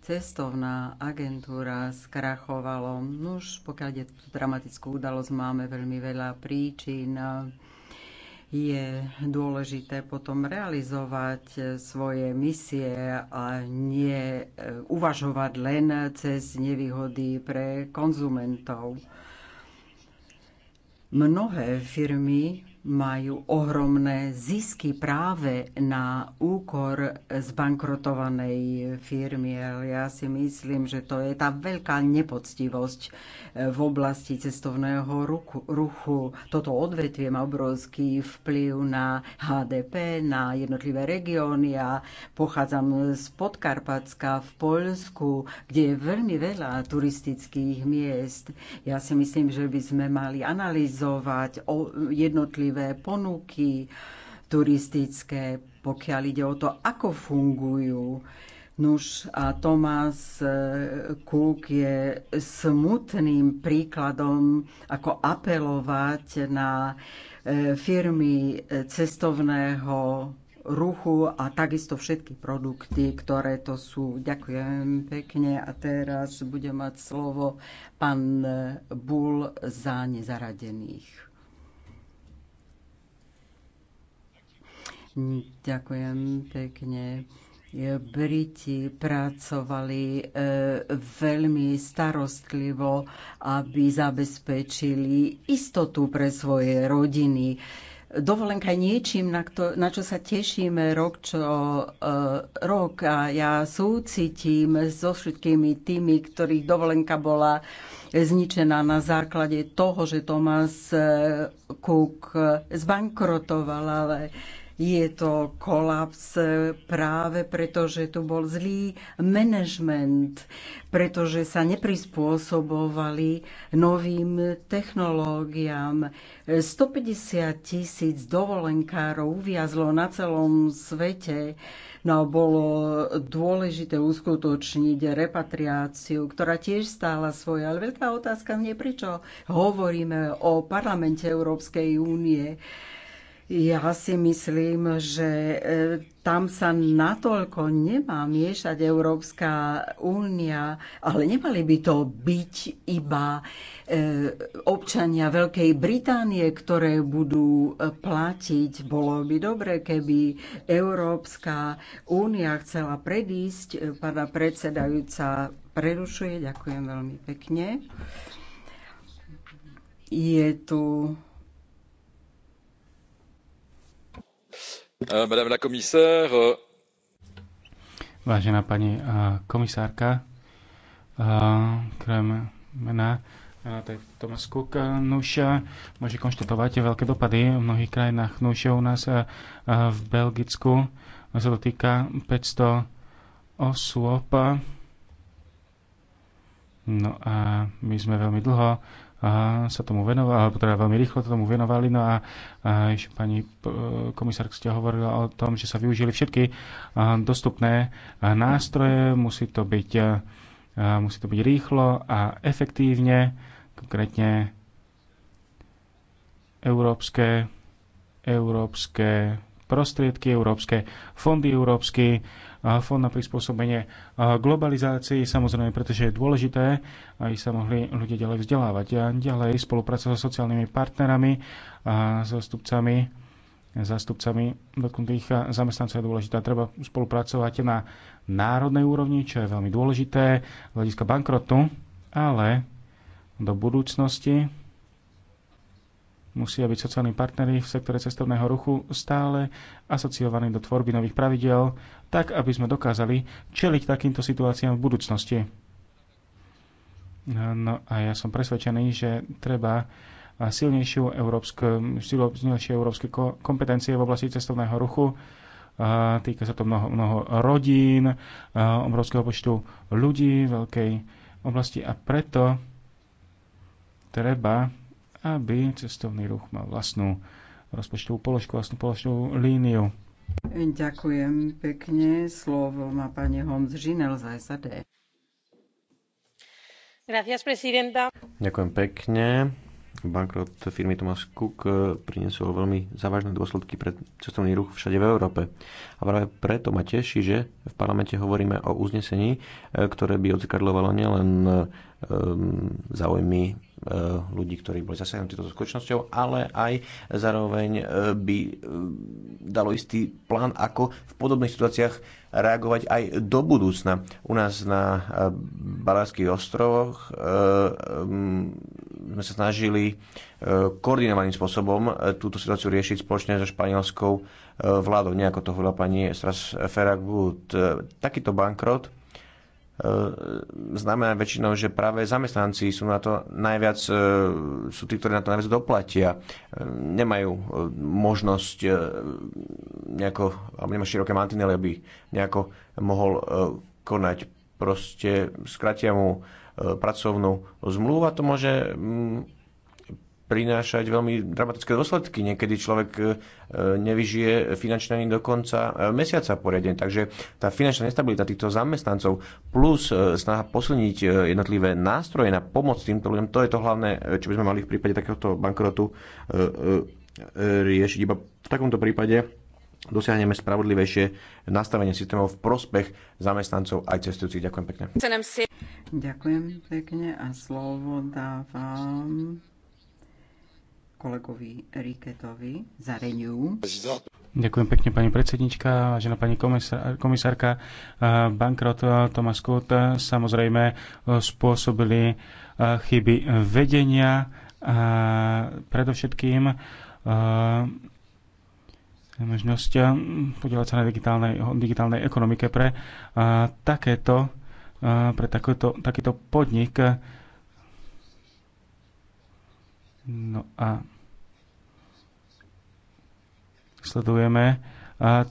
A: cestovná agentúra skrachovalo. No už pokiaľ je tú dramatickú udalosť, máme veľmi veľa príčin. Je dôležité potom realizovať svoje misie a nie e, uvažovať len cez nevýhody pre konzumentov. Mnohé firmy majú ohromné zisky práve na úkor zbankrotovanej firmy. ja si myslím, že to je tá veľká nepoctivosť eh, v oblasti cestovného ruchu. Toto odvetvie má obrovský vplyv na HDP, na jednotlivé regióny. Ja pochádzam z Podkarpacka v Poľsku, kde je veľmi veľa turistických miest. Ja si myslím, že by sme mali analyzovať jednotlivé jednotlivé ponuky turistické, pokiaľ ide o to, ako fungujú. Nuž a Tomás Cook e, je smutným príkladom, ako apelovať na e, firmy cestovného ruchu a takisto všetky produkty, ktoré to sú. Ďakujem pekne a teraz bude mať slovo pán Bul za nezaradených. Ďakujem pekne. Briti pracovali e, veľmi starostlivo, aby zabezpečili istotu pre svoje rodiny. Dovolenka je niečím, na, kto, na čo sa tešíme rok čo e, rok a ja súcitím so všetkými tými, ktorých dovolenka bola zničená na základe toho, že Thomas e, Cook e, zbankrotoval, ale e, je to kolaps e, práve preto, že tu bol zlý manažment, pretože sa neprispôsobovali novým technológiám. 150 tisíc dovolenkárov uviazlo na celom svete. No bolo dôležité uskutočniť repatriáciu, ktorá tiež stála svoje. Ale veľká otázka mne, prečo hovoríme o parlamente Európskej únie. Ja si myslím, že e, tam sa natoľko nemá miešať Európska únia, ale nemali by to byť iba e, občania Veľkej Británie, ktoré budú e, platiť. Bolo by dobre, keby Európska únia chcela predísť. Pána predsedajúca prerušuje. Ďakujem veľmi pekne. Je tu
G: Euh, Madame la commissaire. Euh,
C: Vážená pani uh, komisárka, uh, krem mena tak Thomas Cook nuž uh, môže konštatovať veľké dopady v mnohých krajinách. Nuž u nás v Belgicku sa to týka 500 osôb. No a my sme veľmi dlho sa tomu venovali, alebo teda veľmi rýchlo tomu venovali. No a, a ešte pani e, komisár ste hovorila o tom, že sa využili všetky e, dostupné e, nástroje. Musí to byť, musí to byť rýchlo a efektívne, konkrétne európske, európske prostriedky, európske fondy, európsky fond na prispôsobenie globalizácii, samozrejme, pretože je dôležité, aby sa mohli ľudia ďalej vzdelávať. A ďalej spolupráca so sociálnymi partnerami a zástupcami zástupcami dotknutých zamestnancov je dôležité. Treba spolupracovať na národnej úrovni, čo je veľmi dôležité, z hľadiska bankrotu, ale do budúcnosti Musia byť sociálni partnery v sektore cestovného ruchu stále asociovaní do tvorby nových pravidel, tak aby sme dokázali čeliť takýmto situáciám v budúcnosti. No a ja som presvedčený, že treba silnejšie európske, silnejšie európske kompetencie v oblasti cestovného ruchu. Týka sa to mnoho, mnoho rodín, obrovského počtu ľudí, veľkej oblasti a preto treba aby cestovný ruch mal vlastnú rozpočtovú položku, vlastnú položkovú líniu.
A: Ďakujem pekne. Slovo má pani Holmes Žinel za SAD.
G: Gracias, presidenta.
B: Ďakujem pekne. Bankrot firmy Thomas Cook eh, priniesol veľmi závažné dôsledky pre cestovný ruch všade v Európe. A práve preto ma teší, že v parlamente hovoríme o uznesení, eh, ktoré by odzrkadľovalo nielen eh, záujmy Eh, ľudí, ktorí boli zasiahnutí touto skutočnosťou, ale aj zároveň eh, by eh, dalo istý plán, ako v podobných situáciách reagovať aj do budúcna. U nás na Balárských ostrovoch mm, sme sa snažili koordinovaným spôsobom túto situáciu riešiť spoločne so španielskou vládou, nejako to hovorila pani Stras Ferragut. Takýto bankrot E, znamená väčšinou, že práve zamestnanci sú na to najviac, e, sú tí, ktorí na to najviac doplatia. E, nemajú možnosť nejako, alebo nemajú široké mantinely, aby nejako mohol konať. Proste skratia mu pracovnú zmluvu a to môže mm, prinášať veľmi dramatické dôsledky. Niekedy človek e, nevyžije finančne ani do konca e, mesiaca poriadne. Takže tá finančná nestabilita týchto zamestnancov plus e, snaha posilniť jednotlivé nástroje na pomoc týmto ľuďom, to je to hlavné, čo by sme mali v prípade takéhoto bankrotu riešiť. Iba v takomto prípade dosiahneme spravodlivejšie nastavenie systémov v prospech zamestnancov aj cestujúcich. Ďakujem pekne.
A: Ďakujem pekne a slovo dávam kolegovi Riketovi za Renew.
C: Ďakujem pekne pani predsednička, vážená pani komisár, komisárka. E, bankrot e, Thomas Kut e, samozrejme spôsobili chyby vedenia a predovšetkým možnosť podielať sa na digitálnej, digitálnej ekonomike pre takéto pre takýto, takýto podnik. No a sledujeme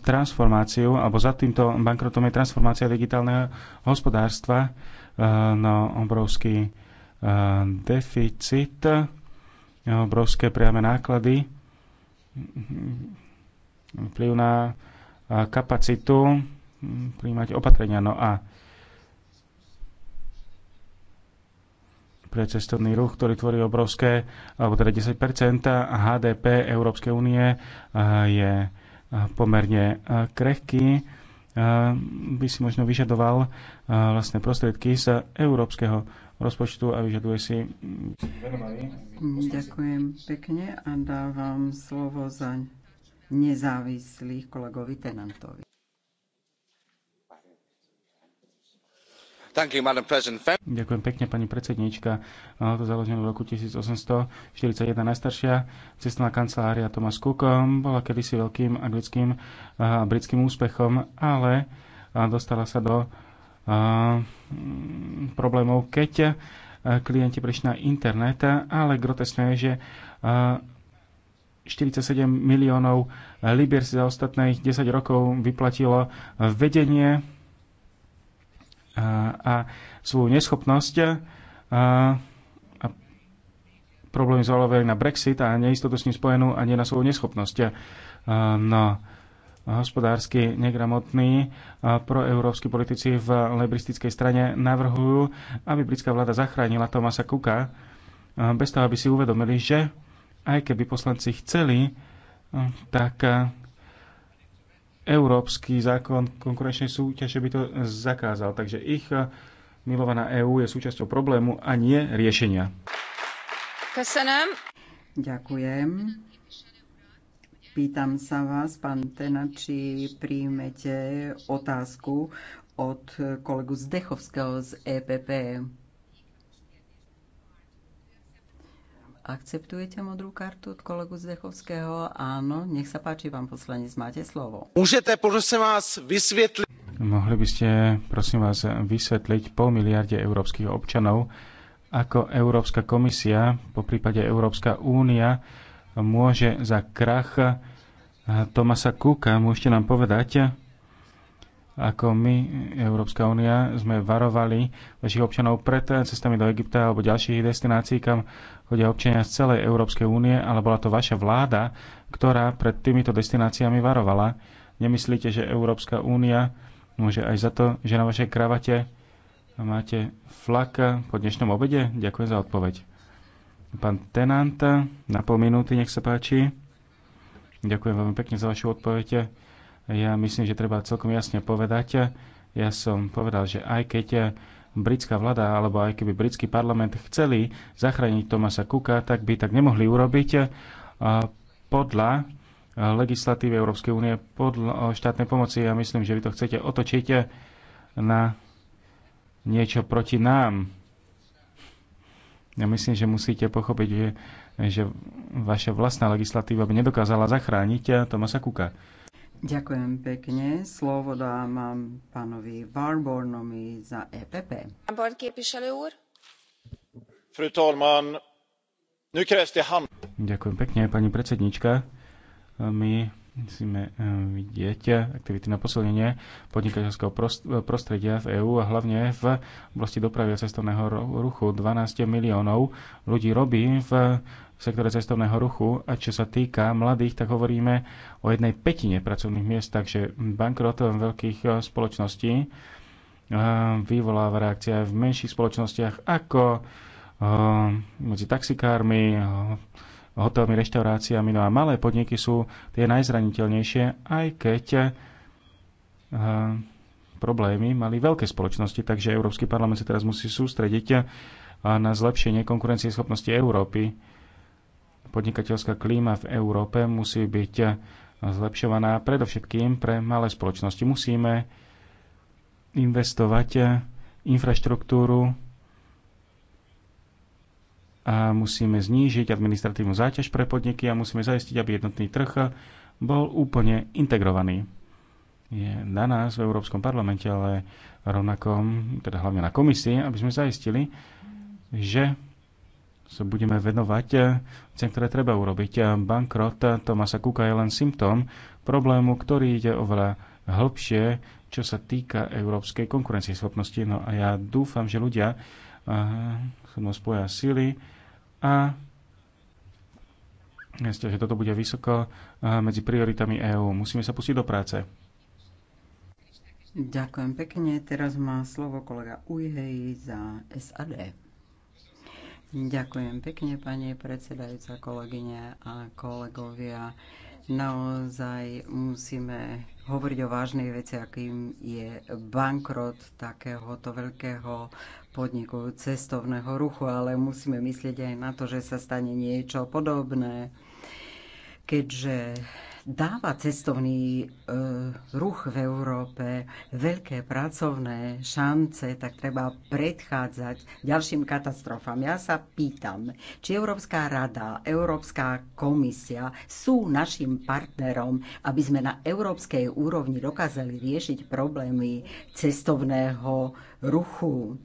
C: transformáciu, alebo za týmto bankrotom je transformácia digitálneho hospodárstva, no obrovský deficit, obrovské priame náklady, vplyv na kapacitu príjmať opatrenia. No a pre cestovný ruch, ktorý tvorí obrovské, alebo teda 10 HDP Európskej únie eh, je eh, pomerne eh, krehký, by si možno vyžadoval vlastné prostriedky z európskeho rozpočtu a vyžaduje si
A: Ďakujem pekne a dávam slovo za nezávislých kolegovi Tenantovi.
E: Ďakujem
C: pekne, pani predsedníčka. Ono to založené v roku 1841 najstaršia cestná kancelária Thomas Cook um, bola kedysi veľkým anglickým uh, a britským úspechom, ale uh, dostala sa do uh, problémov, keď klienti prišli na internet, ale grotesné je, že 47 miliónov libier si za ostatných 10 rokov vyplatilo vedenie a, a svoju neschopnosť a, a problémy zvalovali na Brexit a neistotu s ním spojenú a nie na svoju neschopnosť. A, no, hospodársky negramotní proeurópsky politici v lebristickej strane navrhujú, aby britská vláda zachránila Tomasa Kuka bez toho, aby si uvedomili, že aj keby poslanci chceli, tak európsky zákon konkurenčnej súťaže by to zakázal. Takže ich eh, milovaná EÚ je súčasťou problému a nie riešenia.
A: Ďakujem. Pýtam sa vás, pán Tena, či príjmete otázku od kolegu Zdechovského z EPP. Akceptujete modrú kartu od kolegu Zdechovského? Áno, nech sa páči, pán poslanec, máte slovo.
H: Môžete, prosím vás, vysvetliť...
C: Mohli by ste, prosím vás, vysvetliť pol miliarde európskych občanov, ako Európska komisia, po prípade Európska únia, môže za krach Tomasa Kuka, môžete nám povedať, ako my, Európska únia, sme varovali našich občanov pred cestami do Egypta alebo ďalších destinácií, kam chodia občania z celej Európskej únie, ale bola to vaša vláda, ktorá pred týmito destináciami varovala. Nemyslíte, že Európska únia môže aj za to, že na vašej kravate máte flak po dnešnom obede? Ďakujem za odpoveď. Pán Tenant, na pol minúty, nech sa páči. Ďakujem veľmi pekne za vašu odpoveď ja myslím, že treba celkom jasne povedať, ja som povedal, že aj keď britská vláda alebo aj keby britský parlament chceli zachrániť Tomasa Kuka, tak by tak nemohli urobiť podľa legislatívy Európskej únie, podľa štátnej pomoci. Ja myslím, že vy to chcete otočiť na niečo proti nám. Ja myslím, že musíte pochopiť, že, že vaša vlastná legislatíva by nedokázala zachrániť Tomasa Kuka.
A: Ďakujem pekne. Slovo dávam pánovi Warbornovi za EPP.
C: Ďakujem pekne, pani predsednička. My musíme eh, vidieť aktivity na posilnenie podnikateľského eh, prostredia v EÚ a hlavne v oblasti dopravy a cestovného ruchu. 12 miliónov ľudí robí v sektore cestovného ruchu a čo sa týka mladých, tak hovoríme o jednej petine pracovných miest, takže bankrot veľkých eh, spoločností vyvoláva reakcia v menších spoločnostiach ako medzi taxikármi, hotelmi, reštauráciami. No a malé podniky sú tie najzraniteľnejšie, aj keď uh, problémy mali veľké spoločnosti, takže Európsky parlament sa teraz musí sústrediť eh, na zlepšenie konkurencieschopnosti Európy. Podnikateľská klíma v Európe musí byť eh, zlepšovaná predovšetkým pre malé spoločnosti. Musíme investovať infraštruktúru a musíme znížiť administratívnu záťaž pre podniky a musíme zaistiť, aby jednotný trh bol úplne integrovaný. Je na nás v Európskom parlamente, ale rovnako, teda hlavne na komisii, aby sme zaistili, že sa budeme venovať veciam, ktoré treba urobiť. Bankrot Tomasa Kuka je len symptóm problému, ktorý ide oveľa hĺbšie, čo sa týka európskej konkurencieschopnosti. No a ja dúfam, že ľudia eh, sa mnou spoja sily a Jasne, že toto bude vysoko medzi prioritami EÚ. Musíme sa pustiť do
A: práce. Ďakujem pekne. Teraz má slovo kolega Ujhej za SAD. Ďakujem pekne, pani predsedajúca, kolegyne a kolegovia. Naozaj musíme hovoriť o vážnej veci, akým je bankrot takéhoto veľkého podnikov cestovného ruchu, ale musíme myslieť aj na to, že sa stane niečo podobné, keďže dáva cestovný e, ruch v Európe veľké pracovné šance, tak treba predchádzať ďalším katastrofám. Ja sa pýtam, či Európska rada, Európska komisia sú našim partnerom, aby sme na európskej úrovni dokázali riešiť problémy cestovného ruchu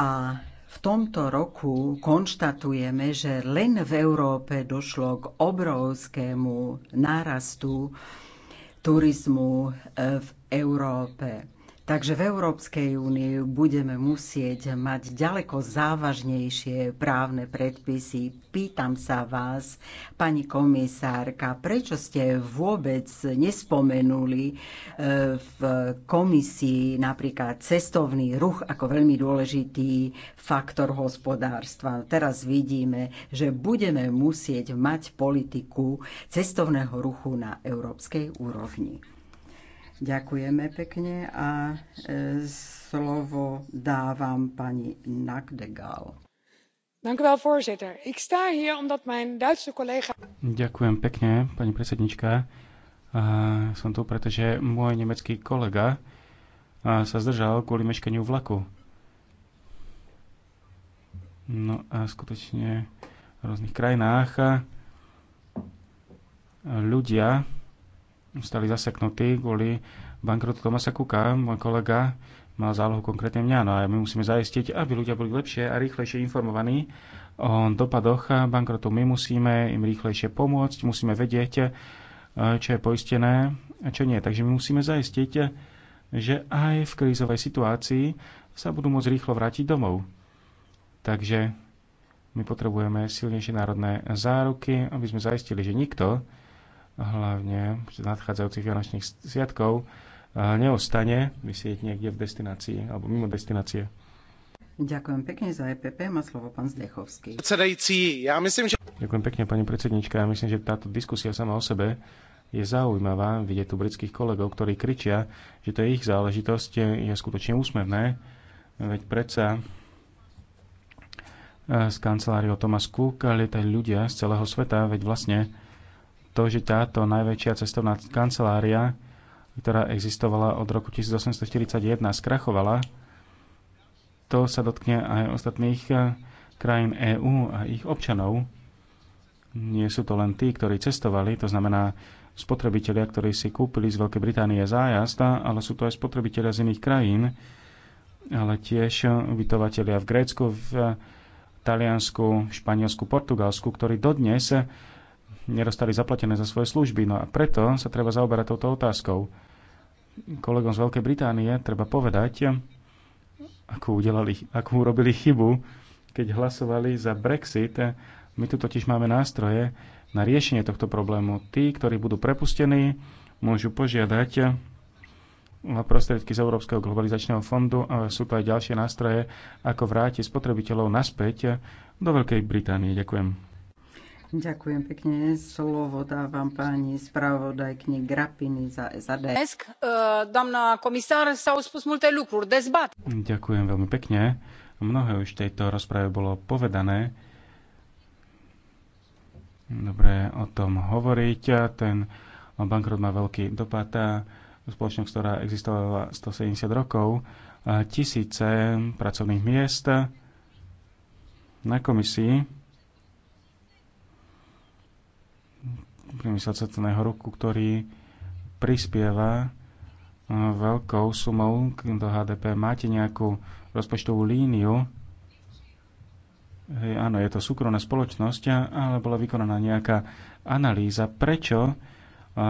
A: a v tomto roku konštatujeme, že len v Európe došlo k obrovskému nárastu turizmu e, v Európe. Takže v Európskej únii budeme musieť mať ďaleko závažnejšie právne predpisy. Pýtam sa vás, pani komisárka, prečo ste vôbec nespomenuli e, v komisii napríklad cestovný ruch ako veľmi dôležitý faktor hospodárstva. Teraz vidíme, že budeme musieť mať politiku cestovného ruchu na európskej úrovni. Ďakujeme pekne a e, slovo dávam pani Nakdegal.
C: Ďakujem pekne, pani predsednička. som tu, pretože môj nemecký kolega sa zdržal kvôli meškaniu vlaku. No a skutočne v rôznych krajinách ľudia stali zaseknutí kvôli bankrotu Tomasa Kuka. Môj kolega má zálohu konkrétne mňa. No a my musíme zaistiť, aby ľudia boli lepšie a rýchlejšie informovaní o dopadoch bankrotu. My musíme im rýchlejšie pomôcť, musíme vedieť, eh, čo je poistené a čo nie. Takže my musíme zaistiť, že aj v krízovej situácii sa budú môcť rýchlo vrátiť domov. Takže my potrebujeme silnejšie národné záruky, aby sme zaistili, že nikto hlavne z nadchádzajúcich vianočných sviatkov, eh, neostane vysieť niekde v destinácii alebo mimo destinácie.
A: Ďakujem pekne za EPP. Má slovo pán Zdechovský.
C: Predsedajúci, ja myslím, že... Ďakujem pekne, pani predsednička. Ja myslím, že táto diskusia sama o sebe je zaujímavá. Vidieť tu britských kolegov, ktorí kričia, že to je ich záležitosť, je skutočne úsmevné. Veď predsa eh, z kanceláriou Thomas Cook lietajú ľudia z celého sveta, veď vlastne to, že táto najväčšia cestovná kancelária, ktorá existovala od roku 1841, skrachovala, to sa dotkne aj ostatných eh, krajín EÚ a ich občanov. Nie sú to len tí, ktorí cestovali, to znamená spotrebitelia, ktorí si kúpili z Veľkej Británie zájazd, ale sú to aj spotrebitelia z iných krajín, ale tiež ubytovatelia v Grécku, v eh, Taliansku, Španielsku, Portugalsku, ktorí dodnes eh, nedostali zaplatené za svoje služby. No a preto sa treba zaoberať touto otázkou. Kolegom z Veľkej Británie treba povedať, akú, udelali, akú urobili chybu, keď hlasovali za Brexit. My tu totiž máme nástroje na riešenie tohto problému. Tí, ktorí budú prepustení, môžu požiadať prostriedky z Európskeho globalizačného fondu, a sú to aj ďalšie nástroje, ako vrátiť spotrebiteľov naspäť do Veľkej Británie.
A: Ďakujem. Ďakujem pekne. Slovo dávam pani spravodajkni Grapini za SAD. Uh, doamna komisár, spus multe lucruri. Dezbat.
C: Ďakujem veľmi pekne. Mnohé už v tejto rozprave bolo povedané. Dobre o tom hovoriť. Ten bankrot má veľký dopad. Spoločnosť, ktorá existovala 170 rokov, tisíce pracovných miest na komisii priemysel roku, ktorý prispieva e, veľkou sumou do HDP. Máte nejakú rozpočtovú líniu? Hej, áno, je to súkromná spoločnosť, ale bola vykonaná nejaká analýza, prečo e,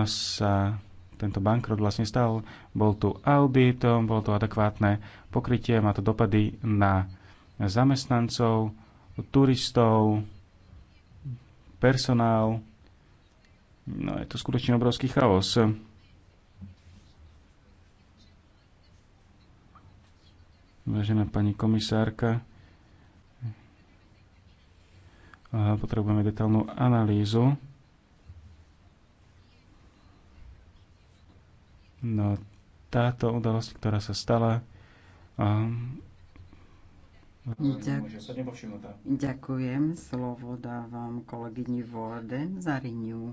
C: sa tento bankrot vlastne stal. Bol tu audit, bolo tu adekvátne pokrytie, má to dopady na zamestnancov, turistov, personál, No je to skutočne obrovský chaos. Vážená pani komisárka, potrebujeme detálnu analýzu. No, táto udalosť, ktorá sa stala,
A: Ďak... Ďakujem. Slovo dávam kolegyni Vorden za Riniu.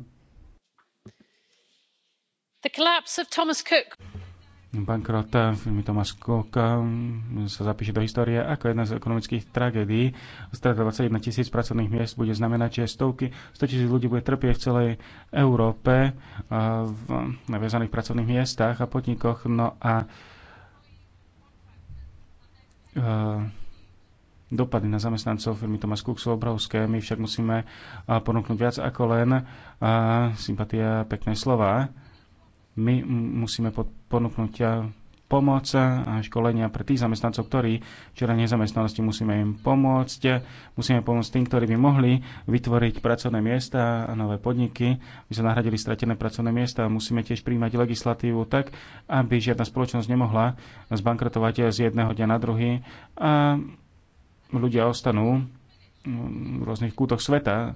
C: Bankrot firmy Thomas Cook um, sa zapíše do histórie ako jedna z ekonomických tragédií. Strata 21 tisíc pracovných miest bude znamenať, že stovky, 100 tisíc ľudí bude trpieť v celej Európe uh, v naviazaných pracovných miestach a podnikoch. No a uh, Dopady na zamestnancov firmy Thomas Cook sú obrovské, my však musíme uh, ponúknuť viac ako len sympatia a pekné slova. My musíme ponúknuť e, pomoc a školenia pre tých zamestnancov, ktorí včera nezamestnanosti musíme im pomôcť. Musíme pomôcť tým, ktorí by mohli vytvoriť pracovné miesta a nové podniky, aby sa nahradili stratené pracovné miesta. Musíme tiež príjmať legislatívu tak, aby žiadna spoločnosť nemohla zbankrotovať z jedného dňa na druhý a ľudia ostanú v rôznych kútoch sveta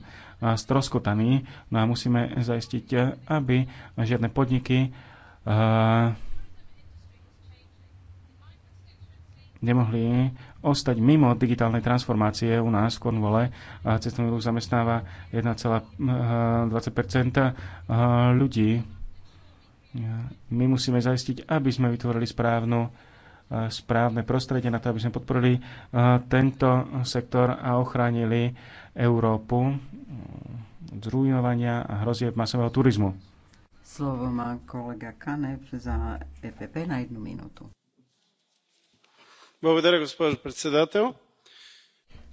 C: stroskotaní. No a musíme zaistiť, eh, aby žiadne podniky eh, nemohli ostať mimo digitálnej transformácie u nás v Cornwole. Cestovný ruch zamestnáva 1,20 eh, ľudí. My musíme zaistiť, aby sme vytvorili správnu E, správne prostredie na to, aby sme podporili e, tento sektor a ochránili Európu e, od zrujnovania a hrozieb masového turizmu.
A: Slovo má kolega Kanev za EPP na jednu minútu.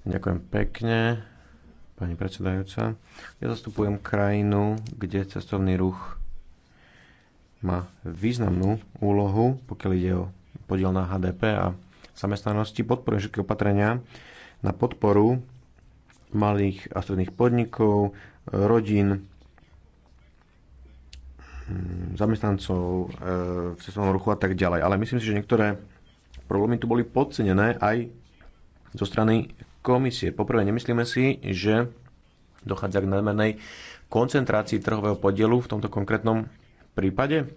B: Ďakujem pekne, pani predsedajúca. Ja zastupujem krajinu, kde cestovný ruch má významnú úlohu, pokiaľ ide o podiel na HDP a zamestnanosti. Podporujem všetky opatrenia na podporu malých a stredných podnikov, rodín, hm, zamestnancov e, v cestovnom ruchu a tak ďalej. Ale myslím si, že niektoré problémy tu boli podcenené aj zo strany komisie. Poprvé, nemyslíme si, že dochádza k nadmernej koncentrácii trhového podielu v tomto konkrétnom prípade.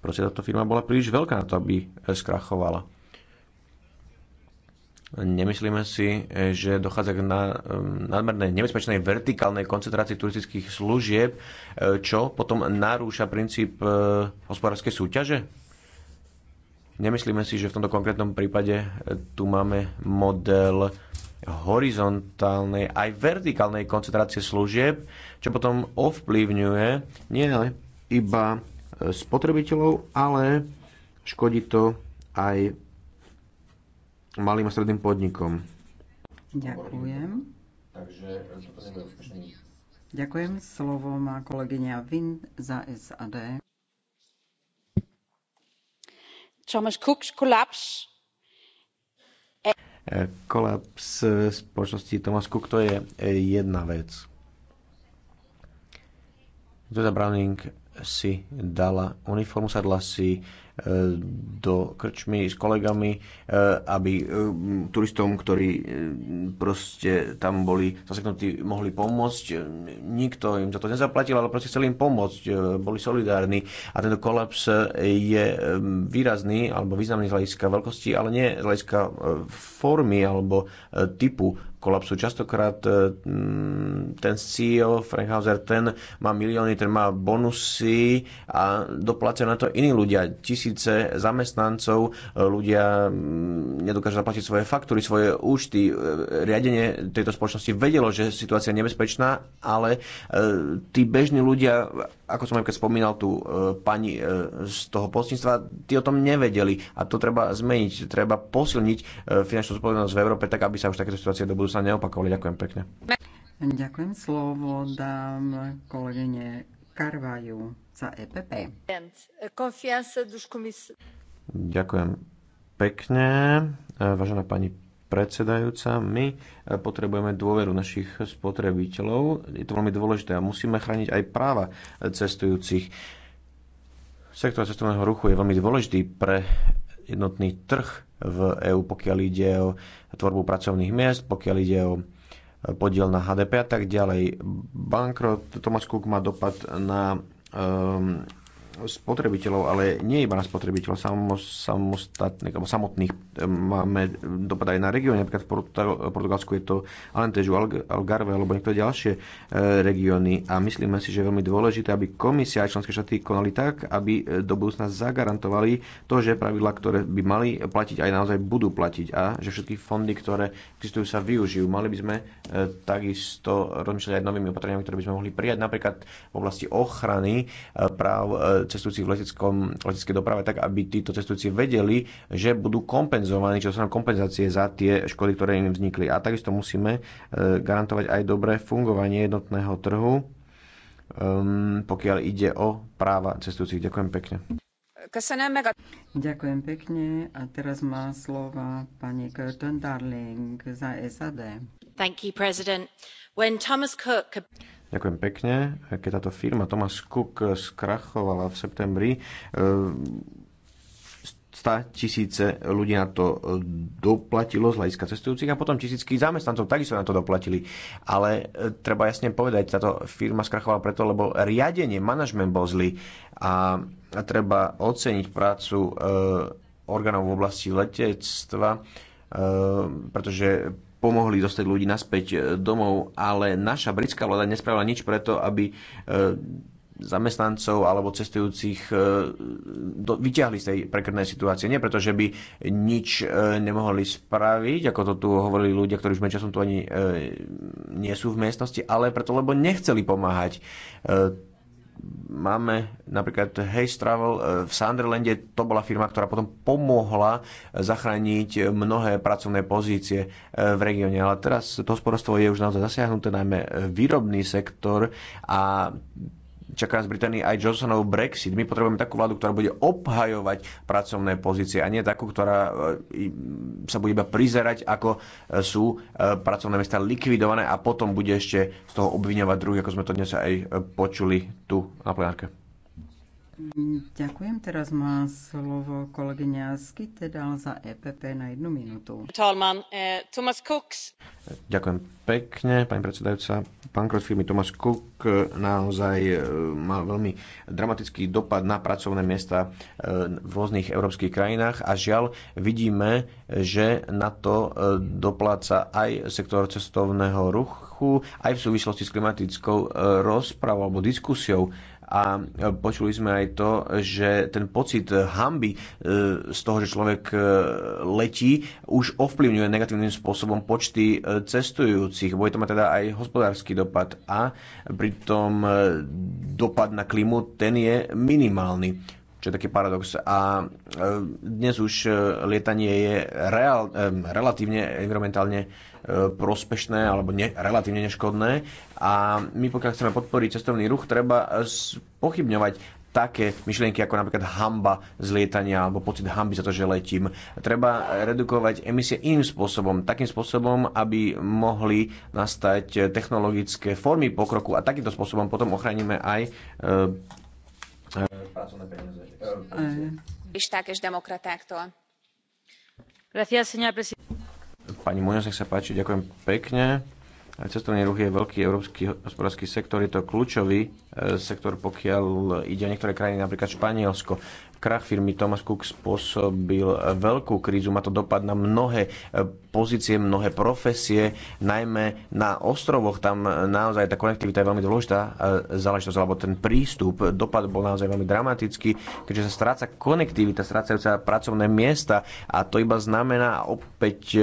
B: Proste táto firma bola príliš veľká na to, aby e, skrachovala. Nemyslíme si, e, že dochádza k nadmernej nebezpečnej vertikálnej koncentrácii turistických služieb, e, čo potom narúša princíp hospodárskej súťaže? Nemyslíme si, že v tomto konkrétnom prípade tu máme model horizontálnej aj vertikálnej koncentrácie služieb, čo potom ovplyvňuje nie iba E, spotrebiteľov, ale škodí to aj malým a stredným podnikom.
A: Ďakujem.
B: E,
A: Ďakujem. Slovo má kolegyňa Vin za SAD. Thomas Cooks kolaps
B: e, kolaps spoločnosti Thomas Cook to je jedna vec. Teda Browning si dala uniformu, sadla si E, do krčmy s kolegami, e, aby e, turistom, ktorí proste tam boli zaseknutí, mohli pomôcť. Nikto im za to nezaplatil, ale proste chceli im pomôcť, boli solidárni. A tento kolaps je výrazný alebo významný z hľadiska veľkosti, ale nie z hľadiska formy alebo typu kolapsu. Častokrát ten CEO, Frank Hauser, ten má milióny, ten má bonusy a doplácajú na to iní ľudia. Tisíc tisíce zamestnancov, ľudia mm, nedokážu zaplatiť svoje faktúry, svoje účty. E, riadenie tejto spoločnosti vedelo, že situácia je nebezpečná, ale e, tí bežní ľudia, ako som aj keď spomínal tú e, pani z toho postníctva, tí o tom nevedeli a to treba zmeniť. Treba posilniť finančnú spoločnosť v Európe tak, aby sa už takéto situácie do budúcna neopakovali. Ďakujem pekne.
A: Ďakujem. Slovo dám kolegyne Karvaju za EPP.
B: Ďakujem pekne, e, vážená pani predsedajúca. My e, potrebujeme dôveru našich spotrebiteľov. Je to veľmi dôležité a musíme chrániť aj práva e, cestujúcich. Sektor cestovného ruchu je veľmi dôležitý pre jednotný trh v EÚ, pokiaľ ide o tvorbu pracovných miest, pokiaľ ide o podiel na HDP a tak ďalej. Bankrot Tomáš Cook má dopad na um, spotrebiteľov, ale nie iba na spotrebiteľov, samostatných alebo samotných. Eh, máme dopad aj na regióny, napríklad v Portugalsku je to Alentejo, Algarve alebo niektoré ďalšie eh, regióny a myslíme si, že je veľmi dôležité, aby komisia a členské štáty konali tak, aby eh, do budúcna zagarantovali to, že pravidlá, ktoré by mali platiť, aj naozaj budú platiť a že všetky fondy, ktoré existujú, sa využijú. Mali by sme takisto rozmýšľať aj novými opatreniami, ktoré by sme mohli prijať, napríklad v oblasti ochrany práv cestujúcich v leteckom, leteckej doprave tak, aby títo cestujúci vedeli, že budú kompenzovaní, čo sú nám kompenzácie za tie škody, ktoré im vznikli. A takisto musíme e, garantovať aj dobré fungovanie jednotného trhu, e, pokiaľ ide o práva cestujúcich. Ďakujem pekne.
A: Ďakujem pekne. A teraz má slova pani Curtin Darling za SAD.
G: Thank you, President. When Thomas Cook
B: Ďakujem pekne. Keď táto firma Thomas Cook skrachovala v septembri, 100 eh, tisíce ľudí na to doplatilo z hľadiska cestujúcich a potom tisícky zamestnancov takisto na to doplatili. Ale eh, treba jasne povedať, táto firma skrachovala preto, lebo riadenie, manažment bol zlý a treba oceniť prácu eh, orgánov v oblasti letectva, pretože pomohli dostať ľudí naspäť e, domov, ale naša britská vláda nespravila nič preto, aby e, zamestnancov alebo cestujúcich e, do, vyťahli z tej prekrnej situácie. Nie preto, že by nič nemohli spraviť, ako to tu hovorili ľudia, ktorí už časom tu ani e, nie sú v miestnosti, ale preto, lebo nechceli pomáhať. E, máme napríklad Hays Travel e, v Sunderlande, to bola firma, ktorá potom pomohla zachrániť mnohé pracovné pozície e, v regióne. Ale teraz to hospodárstvo je už naozaj zasiahnuté, najmä výrobný sektor a čaká nás Británii aj Johnsonov Brexit. My potrebujeme takú vládu, ktorá bude obhajovať pracovné pozície a nie takú, ktorá e, sa bude iba prizerať, ako e, sú e, pracovné miesta likvidované a potom bude ešte z toho obviňovať druhý, ako sme to dnes aj počuli tu na plenárke.
A: Mm, ďakujem. Teraz má slovo kolegyňa Skytedal za EPP na jednu minútu. Eh,
B: ďakujem pekne, pani predsedajúca. Pán Krot firmy Thomas Cook eh, naozaj eh, mal veľmi dramatický dopad na pracovné miesta v rôznych európskych krajinách a žiaľ vidíme, že na to dopláca aj sektor cestovného ruchu, aj v súvislosti s klimatickou rozprávou alebo diskusiou a počuli sme aj to, že ten pocit hamby e, z toho, že človek e, letí, už ovplyvňuje negatívnym spôsobom počty e, cestujúcich. Bude to mať teda aj hospodársky dopad a pritom dopad na klimu ten je minimálny čo je taký paradox. A dnes už lietanie je reál, relatívne environmentálne prospešné alebo ne, relatívne neškodné. A my pokiaľ chceme podporiť cestovný ruch, treba pochybňovať také myšlienky ako napríklad hamba z lietania alebo pocit hamby za to, že letím. Treba redukovať emisie iným spôsobom, takým spôsobom, aby mohli nastať technologické formy pokroku a takýmto spôsobom potom ochránime aj e, e, pracovné
F: peniaze.
G: Gracias, señora presidenta.
B: Pani Muňa, sa páči, ďakujem pekne. Cestovný ruch je veľký európsky hospodársky sektor, je to kľúčový E, sektor, pokiaľ ide o niektoré krajiny, napríklad Španielsko. Krach firmy Thomas Cook spôsobil veľkú krízu, má to dopad na mnohé e, pozície, mnohé profesie, najmä na ostrovoch, tam naozaj tá konektivita je veľmi dôležitá e, záležitosť, alebo ten prístup, dopad bol naozaj veľmi dramatický, keďže sa stráca konektivita, strácajú sa pracovné miesta a to iba znamená, opäť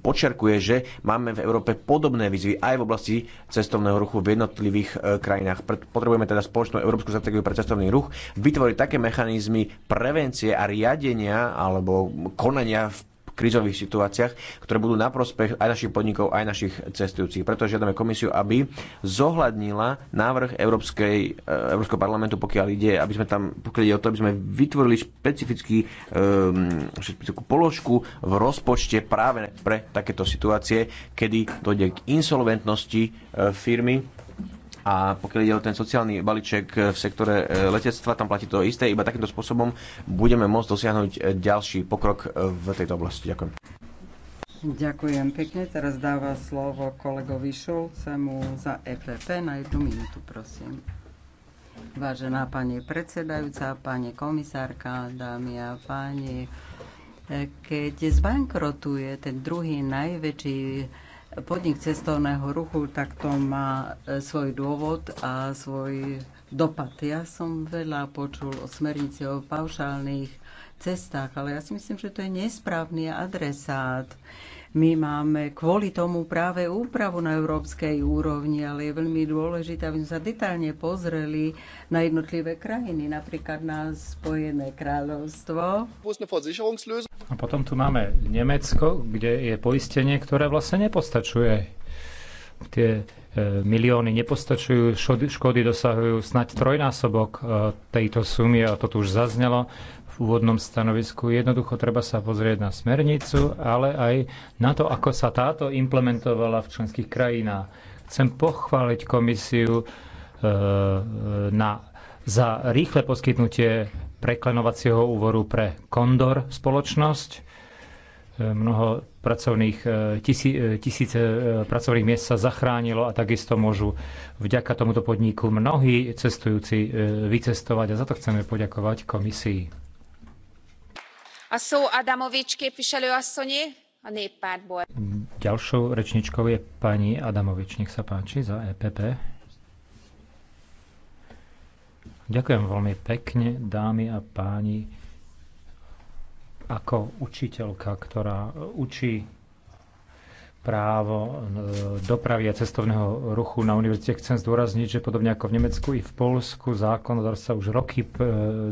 B: počerkuje, že máme v Európe podobné výzvy aj v oblasti cestovného ruchu v jednotlivých krajinách potrebujeme teda spoločnú európsku stratégiu pre cestovný ruch, vytvoriť také mechanizmy prevencie a riadenia alebo konania v krízových situáciách, ktoré budú na prospech aj našich podnikov, aj našich cestujúcich. Preto žiadame komisiu, aby zohľadnila návrh Európskej, eh, Európskeho parlamentu, pokiaľ ide, aby sme tam, pokiaľ ide o to, aby sme vytvorili špecifický, um, špecifickú položku v rozpočte práve pre takéto situácie, kedy dojde k insolventnosti eh, firmy a pokiaľ ide o ten sociálny balíček eh, v sektore eh, letectva, tam platí to isté. Iba takýmto spôsobom budeme môcť dosiahnuť eh, ďalší pokrok v tejto oblasti. Ďakujem.
A: Ďakujem pekne. Teraz dáva slovo kolegovi Šulcemu za EPP. Na jednu minútu, prosím. Vážená pani predsedajúca, pani komisárka, dámy a páni, keď zbankrotuje ten druhý najväčší podnik cestovného ruchu, tak to má e, svoj dôvod a svoj dopad. Ja som veľa počul o smernici o paušálnych cestách, ale ja si myslím, že to je nesprávny adresát. My máme kvôli tomu práve úpravu na európskej úrovni, ale je veľmi dôležité, aby sme sa detálne pozreli na jednotlivé krajiny, napríklad na Spojené kráľovstvo.
D: A potom tu máme Nemecko, kde je poistenie, ktoré vlastne nepostačuje. Tie e, milióny nepostačujú, škody dosahujú snať trojnásobok e, tejto sumy a to tu už zaznelo úvodnom stanovisku. Jednoducho treba sa pozrieť na smernicu, ale aj na to, ako sa táto implementovala v členských krajinách. Chcem pochváliť komisiu e, e na, za rýchle poskytnutie preklenovacieho úvoru pre Kondor spoločnosť. E, mnoho pracovných, e, tisí, tisíce pracovných miest sa zachránilo a takisto môžu vďaka tomuto podniku mnohí cestujúci vycestovať a za to chceme poďakovať komisii. Ďalšou rečníčkou je pani Adamovič, nech sa páči, za EPP. Ďakujem veľmi pekne, dámy a páni. Ako učiteľka, ktorá učí právo e, dopravy a cestovného ruchu na univerzite. Chcem zdôrazniť, že podobne ako v Nemecku i v Polsku zákonodárca už roky e,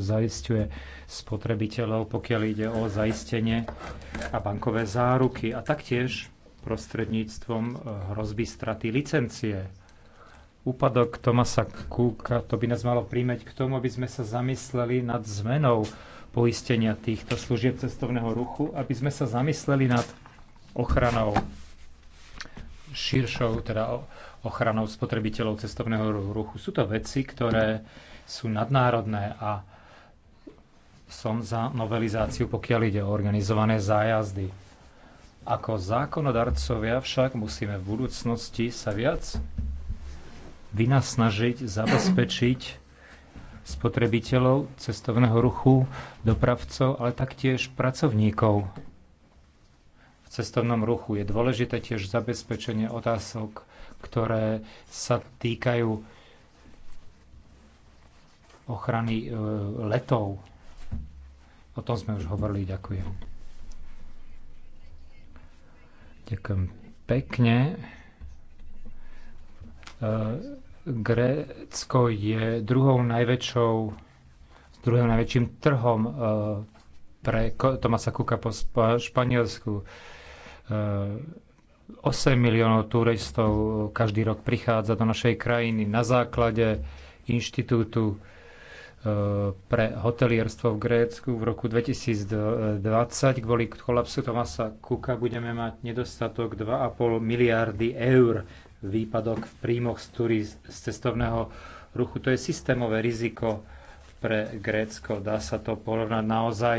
D: zaistuje spotrebiteľov, pokiaľ ide o zaistenie a bankové záruky a taktiež prostredníctvom e, hrozby straty licencie. Úpadok Tomasa Kúka to by nás malo príjmeť k tomu, aby sme sa zamysleli nad zmenou poistenia týchto služieb cestovného ruchu, aby sme sa zamysleli nad ochranou širšou teda ochranou spotrebiteľov cestovného ruchu. Sú to veci, ktoré sú nadnárodné a som za novelizáciu, pokiaľ ide o organizované zájazdy. Ako zákonodarcovia však musíme v budúcnosti sa viac vynasnažiť zabezpečiť spotrebiteľov cestovného ruchu, dopravcov, ale taktiež pracovníkov cestovnom ruchu. Je dôležité tiež zabezpečenie otázok, ktoré sa týkajú ochrany e, letov. O tom sme už hovorili. Ďakujem. Ďakujem pekne. E, Grécko je druhou najväčšou, druhým najväčším trhom e, pre Tomasa Kuka po Španielsku. 8 e, miliónov turistov každý rok prichádza do našej krajiny na základe inštitútu e, pre hotelierstvo v Grécku v roku 2020. Kvôli kolapsu Tomasa Kuka budeme mať nedostatok 2,5 miliardy eur výpadok v príjmoch z, turiz- z cestovného ruchu. To je systémové riziko pre Grécko. Dá sa to porovnať naozaj,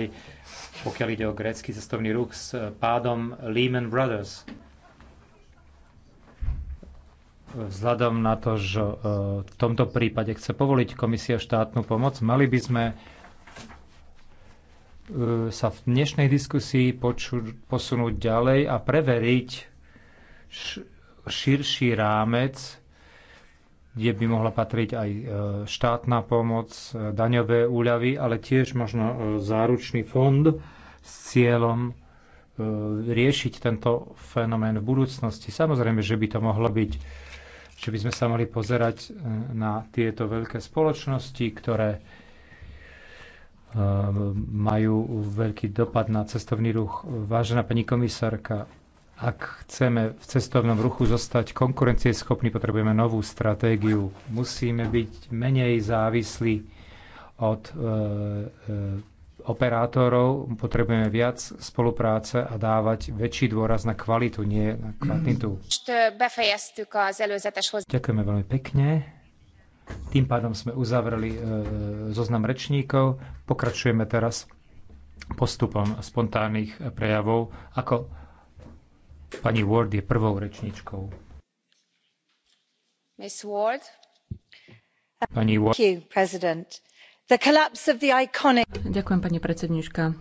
D: pokiaľ ide o grécky cestovný ruch, s pádom Lehman Brothers. Vzhľadom na to, že e, v tomto prípade chce povoliť komisia štátnu pomoc, mali by sme e, sa v dnešnej diskusii posunúť ďalej a preveriť širší rámec kde by mohla patriť aj e, štátna pomoc, e, daňové úľavy, ale tiež možno e, záručný fond s cieľom riešiť tento fenomén v budúcnosti. Samozrejme, že by to mohlo byť, že by sme sa mali pozerať na tieto veľké spoločnosti, ktoré majú veľký dopad na cestovný ruch. Vážená pani komisárka, ak chceme v cestovnom ruchu zostať konkurencieschopní, potrebujeme novú stratégiu. Musíme byť menej závislí od e, e, operátorov, potrebujeme viac spolupráce a dávať väčší dôraz na kvalitu, nie na kvantitu. E, Ďakujeme veľmi pekne. Tým pádom sme uzavreli e, zoznam rečníkov. Pokračujeme teraz postupom spontánnych prejavov. Ako Pani Ward je prvou rečničkou.
F: Miss Ward. Pani Ward. Thank you, President. The collapse of the iconic... Ďakujem, pani predsedníčka.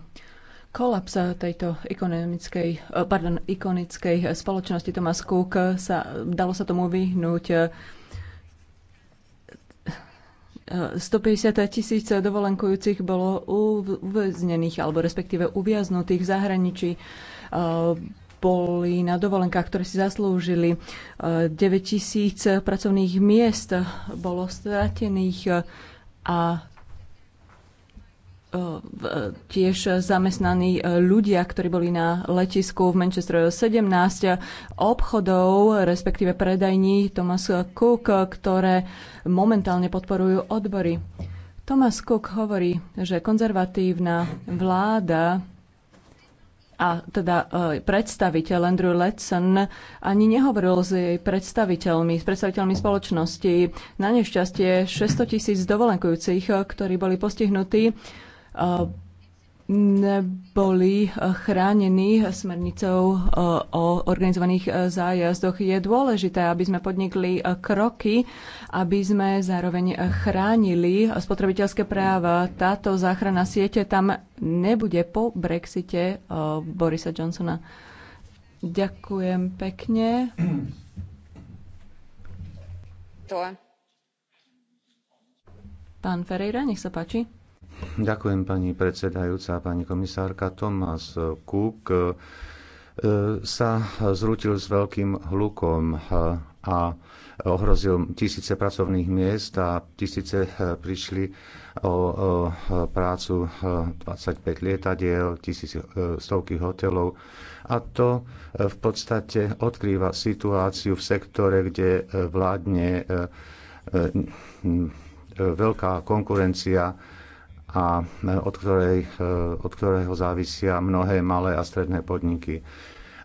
F: Kolaps tejto ekonomickej, pardon, ikonickej spoločnosti Thomas Cook sa, dalo sa tomu vyhnúť 150 tisíc dovolenkujúcich bolo uväznených alebo respektíve uviaznutých v zahraničí boli na dovolenkách, ktoré si zaslúžili. 9 tisíc pracovných miest bolo stratených a e, tiež zamestnaní ľudia, ktorí boli na letisku v Manchester 17 obchodov, respektíve predajní Thomas Cook, ktoré momentálne podporujú odbory. Thomas Cook hovorí, že konzervatívna vláda a teda e, predstaviteľ Andrew Letson ani nehovoril s jej predstaviteľmi, s predstaviteľmi spoločnosti. Na nešťastie 600 tisíc dovolenkujúcich, ktorí boli postihnutí, e, Neboli chránení smernicou e, o organizovaných e, zájazdoch. Je dôležité, aby sme podnikli e, kroky, aby sme zároveň chránili spotrebiteľské práva. Táto záchrana siete tam nebude po Brexite Borisa Johnsona. Ďakujem pekne. Pán Ferreira, nech sa páči.
K: Ďakujem pani predsedajúca, pani komisárka. Tomás Cook e, sa zrútil s veľkým hlukom e, a ohrozil tisíce pracovných miest a tisíce e, prišli o, prácu 25 lietadiel, tisíc, stovky hotelov. A to v podstate odkrýva situáciu v sektore, kde vládne veľká konkurencia a e, od, ktorej, e, od ktorého závisia mnohé malé a stredné podniky.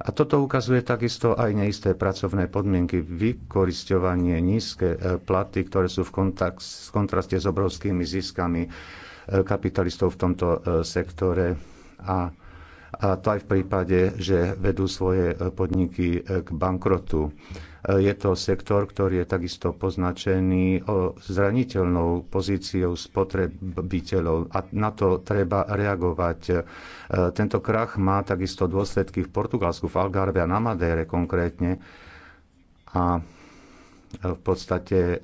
K: A toto ukazuje takisto aj neisté pracovné podmienky, vykoristovanie, nízke e, platy, ktoré sú v kontakt, v kontraste s obrovskými ziskami kapitalistov v tomto sektore. A a to aj v prípade, že vedú svoje e, podniky e, k bankrotu. E, je to sektor, ktorý je takisto poznačený o zraniteľnou pozíciou spotrebiteľov a na to treba reagovať. Tento krach má takisto dôsledky v Portugalsku, v Algarve a na Madére konkrétne. A v podstate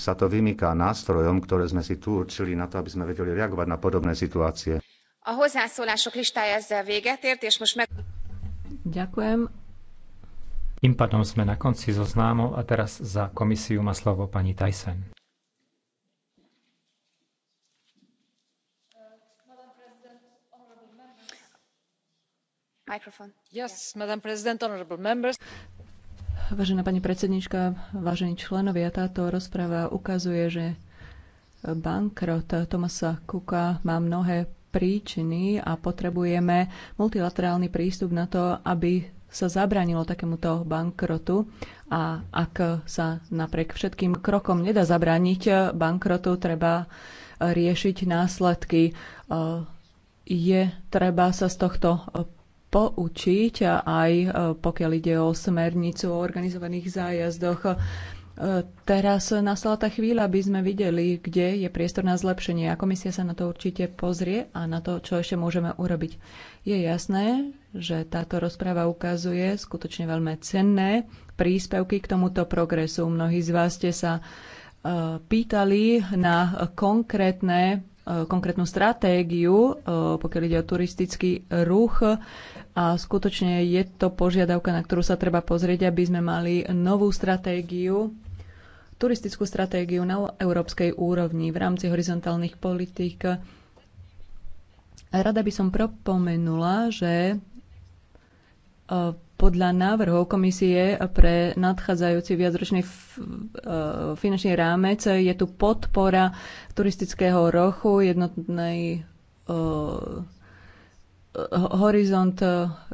K: sa to vymýka nástrojom, ktoré sme si tu určili na to, aby sme vedeli reagovať na podobné situácie.
G: A hozzászólások listája ezzel véget ért, és most meg...
F: Ďakujem.
D: Tým pádom sme na konci zoznámo a teraz za komisiu má slovo pani Tyson.
A: Yes,
F: Vážená pani predsednička, vážení členovia, táto rozpráva ukazuje, že bankrot Tomasa Kuka má mnohé príčiny a potrebujeme multilaterálny prístup na to, aby sa zabránilo takémuto bankrotu a ak sa napriek všetkým krokom nedá zabrániť bankrotu, treba riešiť následky. E, je treba sa z tohto poučiť, aj e, pokiaľ ide o smernicu o organizovaných zájazdoch. Teraz nastala tá chvíľa, aby sme videli, kde je priestor na zlepšenie a komisia sa na to určite pozrie a na to, čo ešte môžeme urobiť. Je jasné, že táto rozpráva ukazuje skutočne veľmi cenné príspevky k tomuto progresu. Mnohí z vás ste sa e, pýtali na konkrétne e, konkrétnu stratégiu, e, pokiaľ ide o turistický ruch. A skutočne je to požiadavka, na ktorú sa treba pozrieť, aby sme mali novú stratégiu turistickú stratégiu na európskej úrovni v rámci horizontálnych politík. Rada by som propomenula, že e, podľa návrhov komisie pre nadchádzajúci viacročný e, finančný rámec je tu podpora turistického rochu, jednotnej e, Horizont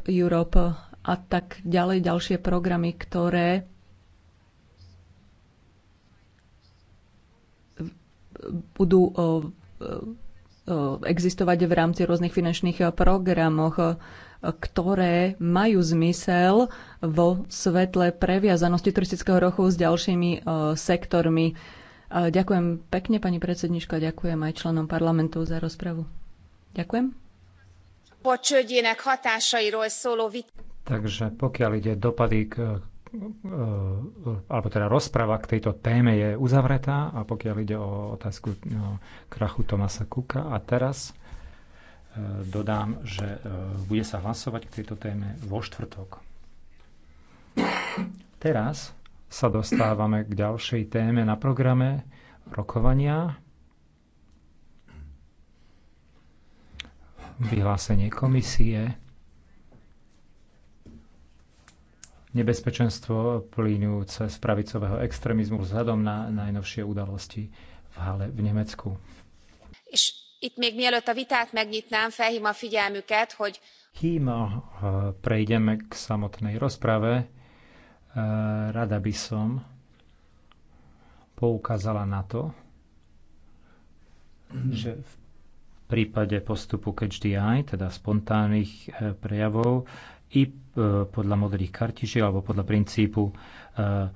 F: Europe a tak ďalej, ďalšie programy, ktoré budú eh, eh, existovať v rámci rôznych finančných eh, programoch, ktoré majú zmysel vo svetle previazanosti turistického rochu s ďalšími sektormi. Ďakujem pekne, pani predsednička, ďakujem aj členom parlamentu za rozpravu. Ďakujem.
D: Takže pokiaľ ide dopady Ehm, alebo teda rozpráva k tejto téme je uzavretá a pokiaľ ide o otázku no, krachu Tomasa Kuka a teraz e, dodám, že e, bude sa hlasovať k tejto téme vo štvrtok. Teraz sa dostávame k ďalšej téme na programe rokovania. Vyhlásenie komisie nebezpečenstvo plínujúce z pravicového extrémizmu vzhľadom na najnovšie udalosti v Hale v Nemecku.
I: Itt még mielőtt a vitát megnyitnám, felhívom a figyelmüket, hogy...
D: Kým eh, prejdeme k samotnej rozprave, eh, rada by som poukázala na to, že v prípade postupu catch the eye, teda spontánnych eh, prejavov, i Eh, podľa modrých kartičiek alebo podľa princípu eh, eh,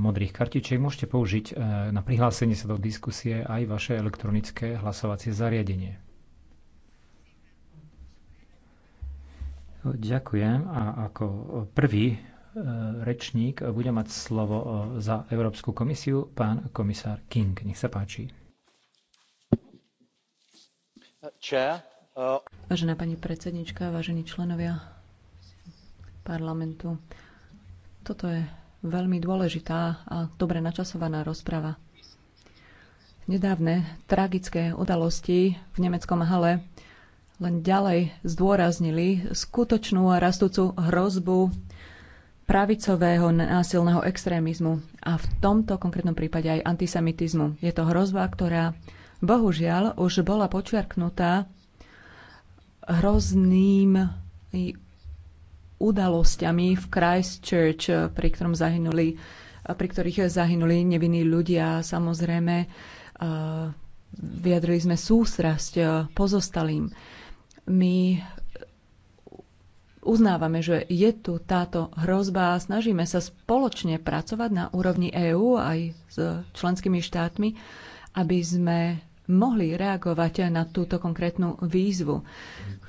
D: modrých kartičiek môžete použiť na prihlásenie sa do diskusie aj vaše elektronické hlasovacie zariadenie. Ďakujem a ako prvý rečník bude mať slovo za Európsku komisiu pán komisár King. Nech sa páči.
F: Vážená pani predsednička, vážení členovia parlamentu. Toto je veľmi dôležitá a dobre načasovaná rozprava. Nedávne tragické udalosti v nemeckom hale len ďalej zdôraznili skutočnú a rastúcu hrozbu pravicového násilného extrémizmu a v tomto konkrétnom prípade aj antisemitizmu. Je to hrozba, ktorá bohužiaľ už bola počiarknutá hrozným udalosťami v Christchurch, pri, ktorom zahynuli, pri ktorých zahynuli nevinní ľudia. Samozrejme, eh, vyjadrili sme sústrasť eh, pozostalým. My uznávame, že je tu táto hrozba a snažíme sa spoločne pracovať na úrovni EÚ aj s členskými štátmi, aby sme mohli reagovať na túto konkrétnu výzvu.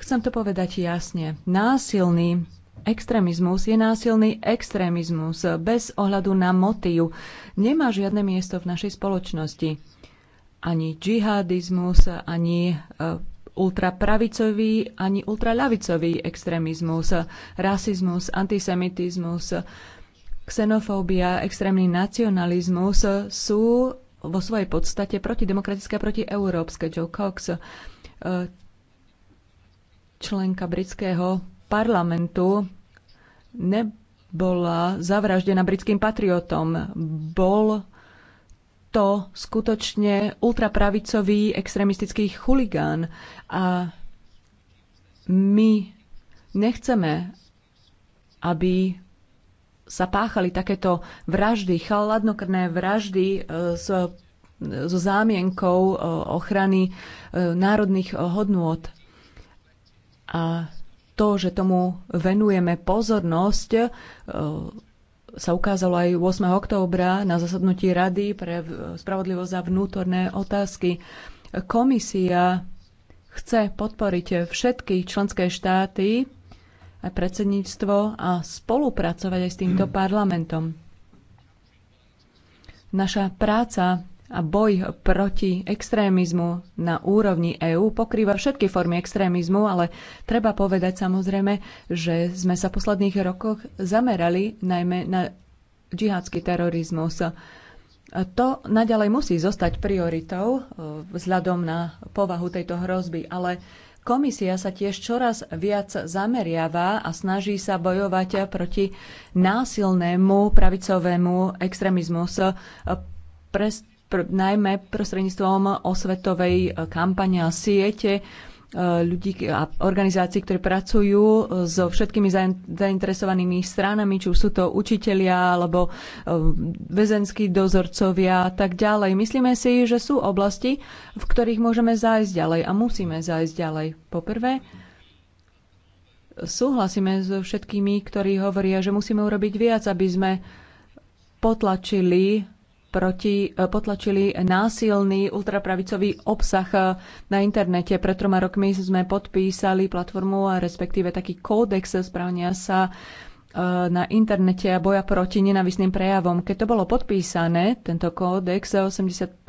F: Chcem to povedať jasne. Násilný Extrémizmus je násilný extrémizmus bez ohľadu na motív. Nemá žiadne miesto v našej spoločnosti. Ani džihadizmus, ani eh, ultrapravicový, ani ultraľavicový extrémizmus, rasizmus, antisemitizmus, xenofóbia, extrémny nacionalizmus sú vo svojej podstate protidemokratické a protieurópske. Joe Cox, eh, členka britského parlamentu nebola zavraždená britským patriotom. Bol to skutočne ultrapravicový extremistický chuligán a my nechceme, aby sa páchali takéto vraždy, chladnokrné vraždy e, s, so zámienkou e, ochrany e, národných hodnôt. A to, že tomu venujeme pozornosť, e, sa ukázalo aj 8. októbra na zasadnutí Rady pre spravodlivosť a vnútorné otázky. Komisia chce podporiť všetky členské štáty aj predsedníctvo a spolupracovať aj s týmto parlamentom. Naša práca a boj proti extrémizmu na úrovni EÚ pokrýva všetky formy extrémizmu, ale treba povedať samozrejme, že sme sa v posledných rokoch zamerali najmä na džihadský terorizmus. To naďalej musí zostať prioritou e, vzhľadom na povahu tejto hrozby, ale Komisia sa tiež čoraz viac zameriava a snaží sa bojovať proti násilnému pravicovému extrémizmu. E, pr- najmä prostredníctvom osvetovej e, kampane a siete e, ľudí a organizácií, ktoré pracujú e, so všetkými zainteresovanými stranami, či už sú to učitelia alebo väzenskí dozorcovia a tak ďalej. Myslíme si, že sú oblasti, v ktorých môžeme zájsť ďalej a musíme zájsť ďalej. Poprvé, súhlasíme so všetkými, ktorí hovoria, že musíme urobiť viac, aby sme potlačili proti e, potlačili násilný ultrapravicový obsah e, na internete. Pred troma rokmi sme podpísali platformu a respektíve taký kódex správania sa e, na internete a boja proti nenavisným prejavom. Keď to bolo podpísané, tento kódex, 85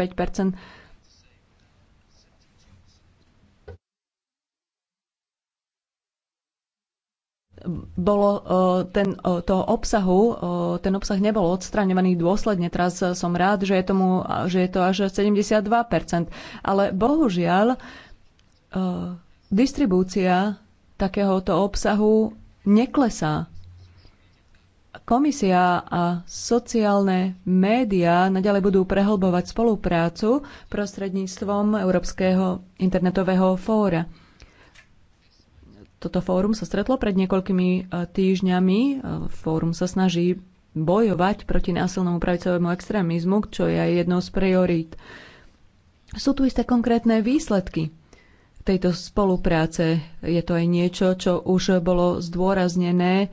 F: bolo e, ten, e, toho obsahu, e, ten obsah nebol odstraňovaný dôsledne. Teraz som rád, že je, tomu, že je to až 72%. Ale bohužiaľ, distribúcia takéhoto obsahu neklesá. Komisia a sociálne médiá naďalej budú prehlbovať spoluprácu prostredníctvom Európskeho internetového fóra. Toto fórum sa stretlo pred niekoľkými e, týždňami. E, fórum sa snaží bojovať proti násilnému pravicovému extrémizmu, čo je aj jednou z priorít. Sú tu isté konkrétne výsledky tejto spolupráce. Je to aj niečo, čo už bolo zdôraznené e,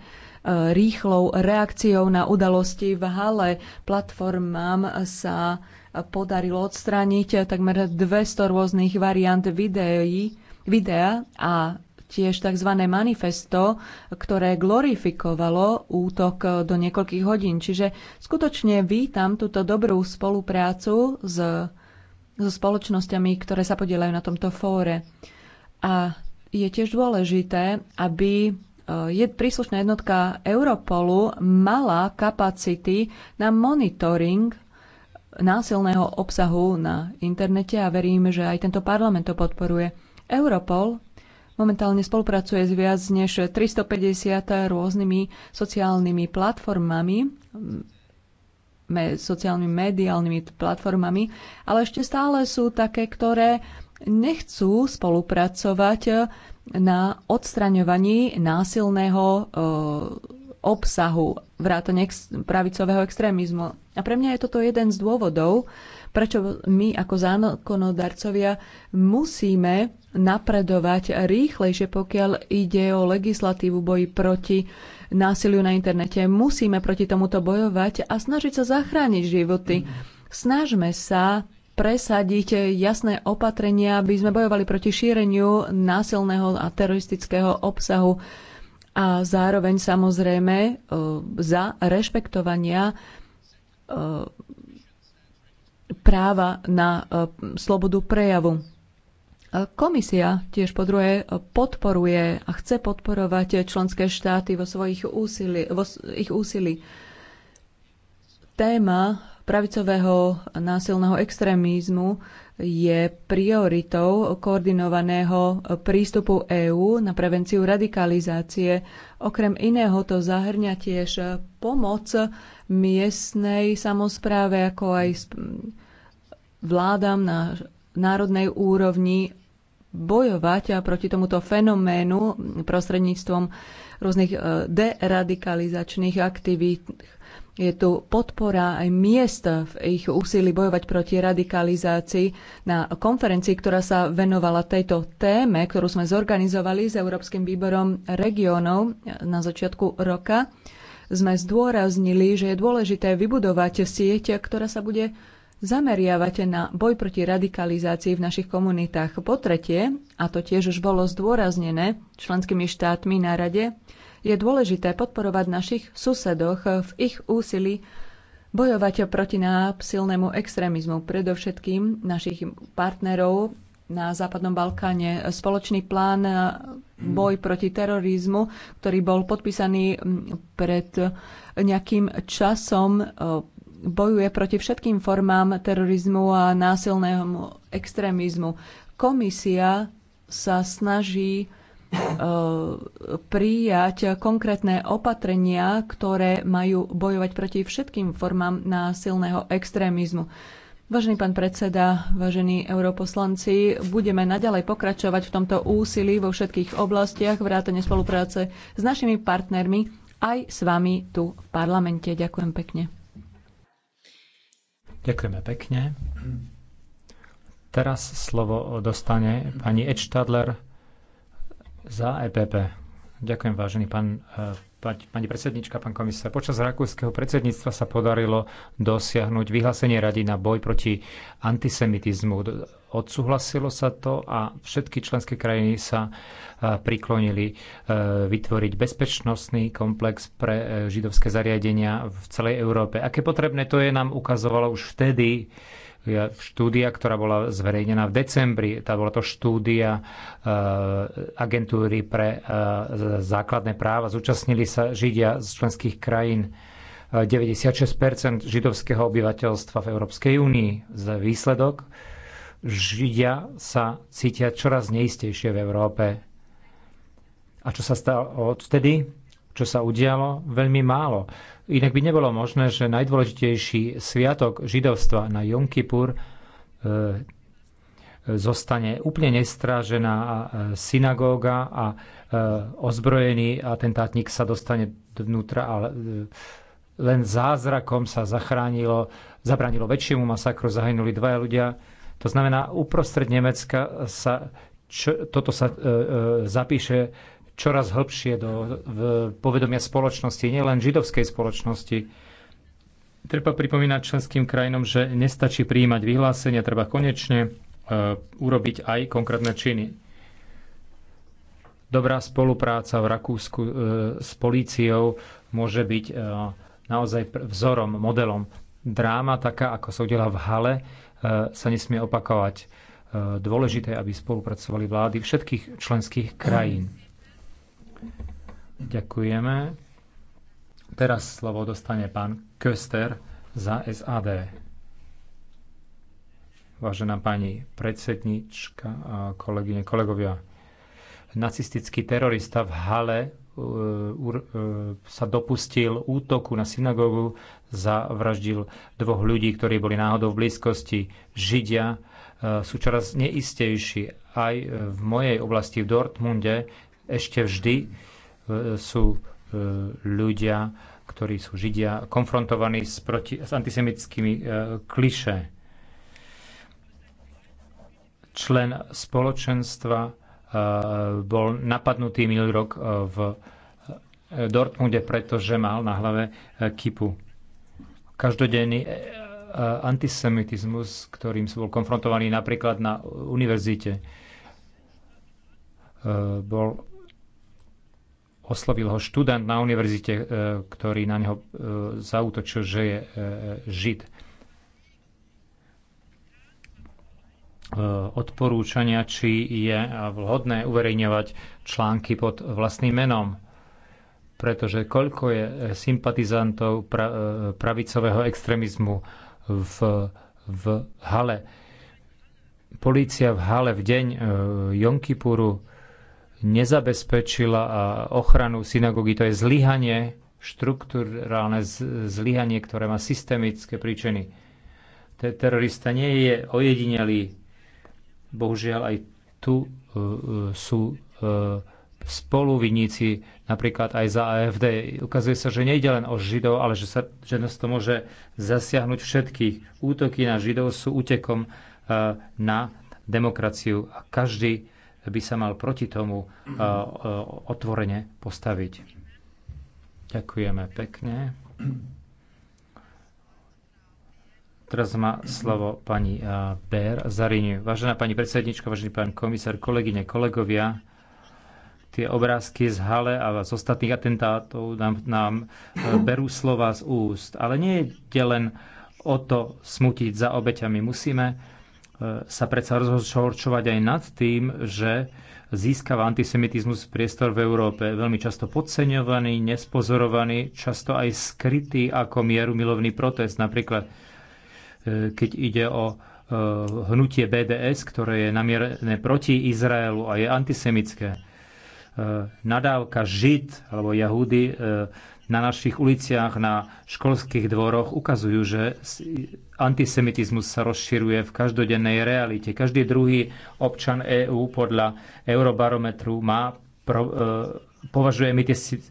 F: rýchlou reakciou na udalosti v hale. Platformám sa podarilo odstrániť takmer 200 rôznych variant videí, videa a tiež tzv. manifesto, ktoré glorifikovalo útok eh, do niekoľkých hodín. Čiže skutočne vítam túto dobrú spoluprácu s, so spoločnosťami, ktoré sa podielajú na tomto fóre. A je tiež dôležité, aby eh, je príslušná jednotka Europolu mala kapacity na monitoring násilného obsahu na internete a verím, že aj tento parlament to podporuje. Europol momentálne spolupracuje s viac než 350 rôznymi sociálnymi platformami, sociálnymi mediálnymi platformami, ale ešte stále sú také, ktoré nechcú spolupracovať na odstraňovaní násilného eh, obsahu vrátane pravicového extrémizmu. A pre mňa je toto jeden z dôvodov, prečo my ako zákonodarcovia musíme napredovať rýchlejšie, pokiaľ ide o legislatívu boji proti násiliu na internete. Musíme proti tomuto bojovať a snažiť sa zachrániť životy. Snažme sa presadiť jasné opatrenia, aby sme bojovali proti šíreniu násilného a teroristického obsahu a zároveň samozrejme e, za rešpektovania e, práva na e, slobodu prejavu. Komisia tiež po druhé podporuje a chce podporovať členské štáty vo svojich úsilí, vo ich úsilí. Téma pravicového násilného extrémizmu je prioritou koordinovaného prístupu EÚ na prevenciu radikalizácie. Okrem iného to zahrňa tiež pomoc miestnej samozpráve, ako aj vládam na národnej úrovni bojovať proti tomuto fenoménu prostredníctvom rôznych e, deradikalizačných aktivít. Je tu podpora aj miest v ich úsilí bojovať proti radikalizácii. Na konferencii, ktorá sa venovala tejto téme, ktorú sme zorganizovali s Európskym výborom regiónov na začiatku roka, sme zdôraznili, že je dôležité vybudovať sieť, ktorá sa bude zameriavate na boj proti radikalizácii v našich komunitách. Po tretie, a to tiež už bolo zdôraznené členskými štátmi na rade, je dôležité podporovať našich susedoch v ich úsilí bojovať proti násilnému extrémizmu, predovšetkým našich partnerov na Západnom Balkáne. Spoločný plán eh, boj proti terorizmu, ktorý bol podpísaný mm, pred nejakým časom eh, bojuje proti všetkým formám terorizmu a násilnému extrémizmu. Komisia sa snaží e, prijať konkrétne opatrenia, ktoré majú bojovať proti všetkým formám násilného extrémizmu. Vážený pán predseda, vážení europoslanci, budeme naďalej pokračovať v tomto úsilí vo všetkých oblastiach vrátane spolupráce s našimi partnermi aj s vami tu v parlamente. Ďakujem pekne.
D: Ďakujeme pekne. Teraz slovo dostane pani Edštadler za EPP. Ďakujem, vážený pán, e, pani predsednička, pán komisár. Počas rakúskeho predsedníctva sa podarilo dosiahnuť vyhlásenie rady na boj proti antisemitizmu odsúhlasilo sa to a všetky členské krajiny sa e, priklonili e, vytvoriť bezpečnostný komplex pre e, židovské zariadenia v celej Európe. Aké potrebné to je, nám ukazovalo už vtedy štúdia, ktorá bola zverejnená v decembri. Tá bola to štúdia agentúry pre základné práva. Zúčastnili sa Židia z členských krajín 96 židovského obyvateľstva v Európskej únii. Za výsledok Židia sa cítia čoraz neistejšie v Európe. A čo sa stalo odvtedy? Čo sa udialo? Veľmi málo. Inak by nebolo možné, že najdôležitejší sviatok židovstva na Jom Kippur e, zostane úplne nestrážená e, synagóga a e, ozbrojený atentátnik sa dostane dovnútra a e, len zázrakom sa zachránilo, zabránilo väčšiemu masakru, zahynuli dvaja ľudia. To znamená, uprostred Nemecka sa čo, toto sa e, e, zapíše čoraz hlbšie do v, povedomia spoločnosti, nielen židovskej spoločnosti. Treba pripomínať členským krajinom, že nestačí prijímať vyhlásenia, treba konečne e, urobiť aj konkrétne činy. Dobrá spolupráca v Rakúsku e, s políciou môže byť e, naozaj vzorom, modelom. Dráma taká, ako sa udela v Hale, E, sa nesmie opakovať. E, dôležité, aby spolupracovali vlády všetkých členských krajín. Ďakujeme. Teraz slovo dostane pán Köster za SAD. Vážená pani predsednička a kolegyne, kolegovia, nacistický terorista v Hale e, sa dopustil útoku na synagógu zavraždil dvoch ľudí, ktorí boli náhodou v blízkosti. Židia e, sú čoraz neistejší. Aj v mojej oblasti v Dortmunde ešte vždy e, sú e, ľudia, ktorí sú Židia, konfrontovaní s, proti, s antisemickými kliše člen spoločenstva bol napadnutý minulý rok v Dortmunde, pretože mal na hlave kipu každodenný e, e, antisemitizmus, ktorým som bol konfrontovaný napríklad na univerzite. E, bol, oslovil ho študent na univerzite, ktorý na neho zautočil, že je žid. Odporúčania, či je vhodné uverejňovať články pod vlastným menom pretože koľko je e, sympatizantov pra, e, pravicového extrémizmu v, v Hale. Polícia v Hale v deň e, Jonkipuru nezabezpečila ochranu synagógy. To je zlyhanie, štruktúrálne zlyhanie, ktoré má systemické príčiny. Terorista nie je ojedinelý. Bohužiaľ aj tu sú uh, spoluviníci napríklad aj za AFD. Ukazuje sa, že nejde len o Židov, ale že, sa, že nás to môže zasiahnuť všetkých. Útoky na Židov sú útekom e, na demokraciu a každý by sa mal proti tomu e, e, otvorene postaviť. Ďakujeme pekne. Teraz má slovo pani Bér Zariniu. Vážená pani predsednička, vážený pán komisár, kolegyne, kolegovia, tie obrázky z Hale a z ostatných atentátov nám, nám e, berú slova z úst. Ale nie je len o to smutiť za obeťami. Musíme e, sa predsa rozhorčovať aj nad tým, že získava antisemitizmus priestor v Európe. Veľmi často podceňovaný, nespozorovaný, často aj skrytý ako mieru milovný protest. Napríklad, e, keď ide o hnutie BDS, ktoré je namierené proti Izraelu a je antisemické E, nadávka Žid alebo Jahudy e, na našich uliciach, na školských dvoroch ukazujú, že antisemitizmus sa rozširuje v každodennej realite. Každý druhý občan EÚ EU podľa Eurobarometru má, pro, e, považuje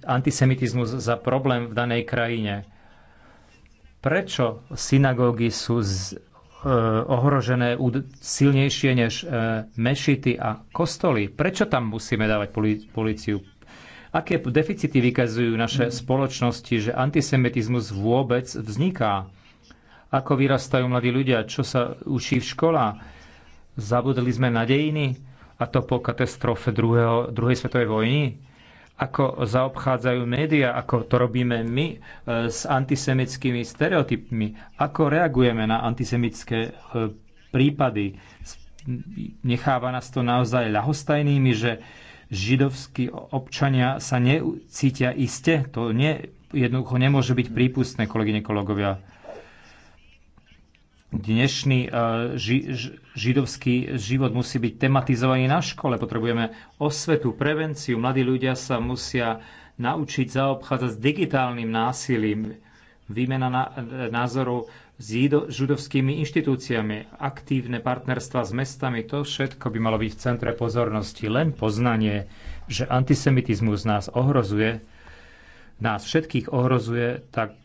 D: antisemitizmus za problém v danej krajine. Prečo synagógy sú Eh, ohrožené silnejšie než eh, mešity a kostoly. Prečo tam musíme dávať policiu? Aké deficity vykazujú naše mm. spoločnosti, že antisemitizmus vôbec vzniká? Ako vyrastajú mladí ľudia? Čo sa učí v školách? Zabudli sme na dejiny? A to po katastrofe druhého, druhej svetovej vojny? ako zaobchádzajú médiá, ako to robíme my e, s antisemickými stereotypmi, ako reagujeme na antisemické e, prípady. Necháva nás to naozaj ľahostajnými, že židovskí občania sa necítia iste. To nie, jednoducho nemôže byť prípustné, kolegyne, kolegovia dnešný e, ži, židovský život musí byť tematizovaný na škole. Potrebujeme osvetu, prevenciu. Mladí ľudia sa musia naučiť zaobchádzať s digitálnym násilím, výmena názorov s židovskými inštitúciami, aktívne partnerstva s mestami, to všetko by malo byť v centre pozornosti. Len poznanie, že antisemitizmus nás ohrozuje, nás všetkých ohrozuje, tak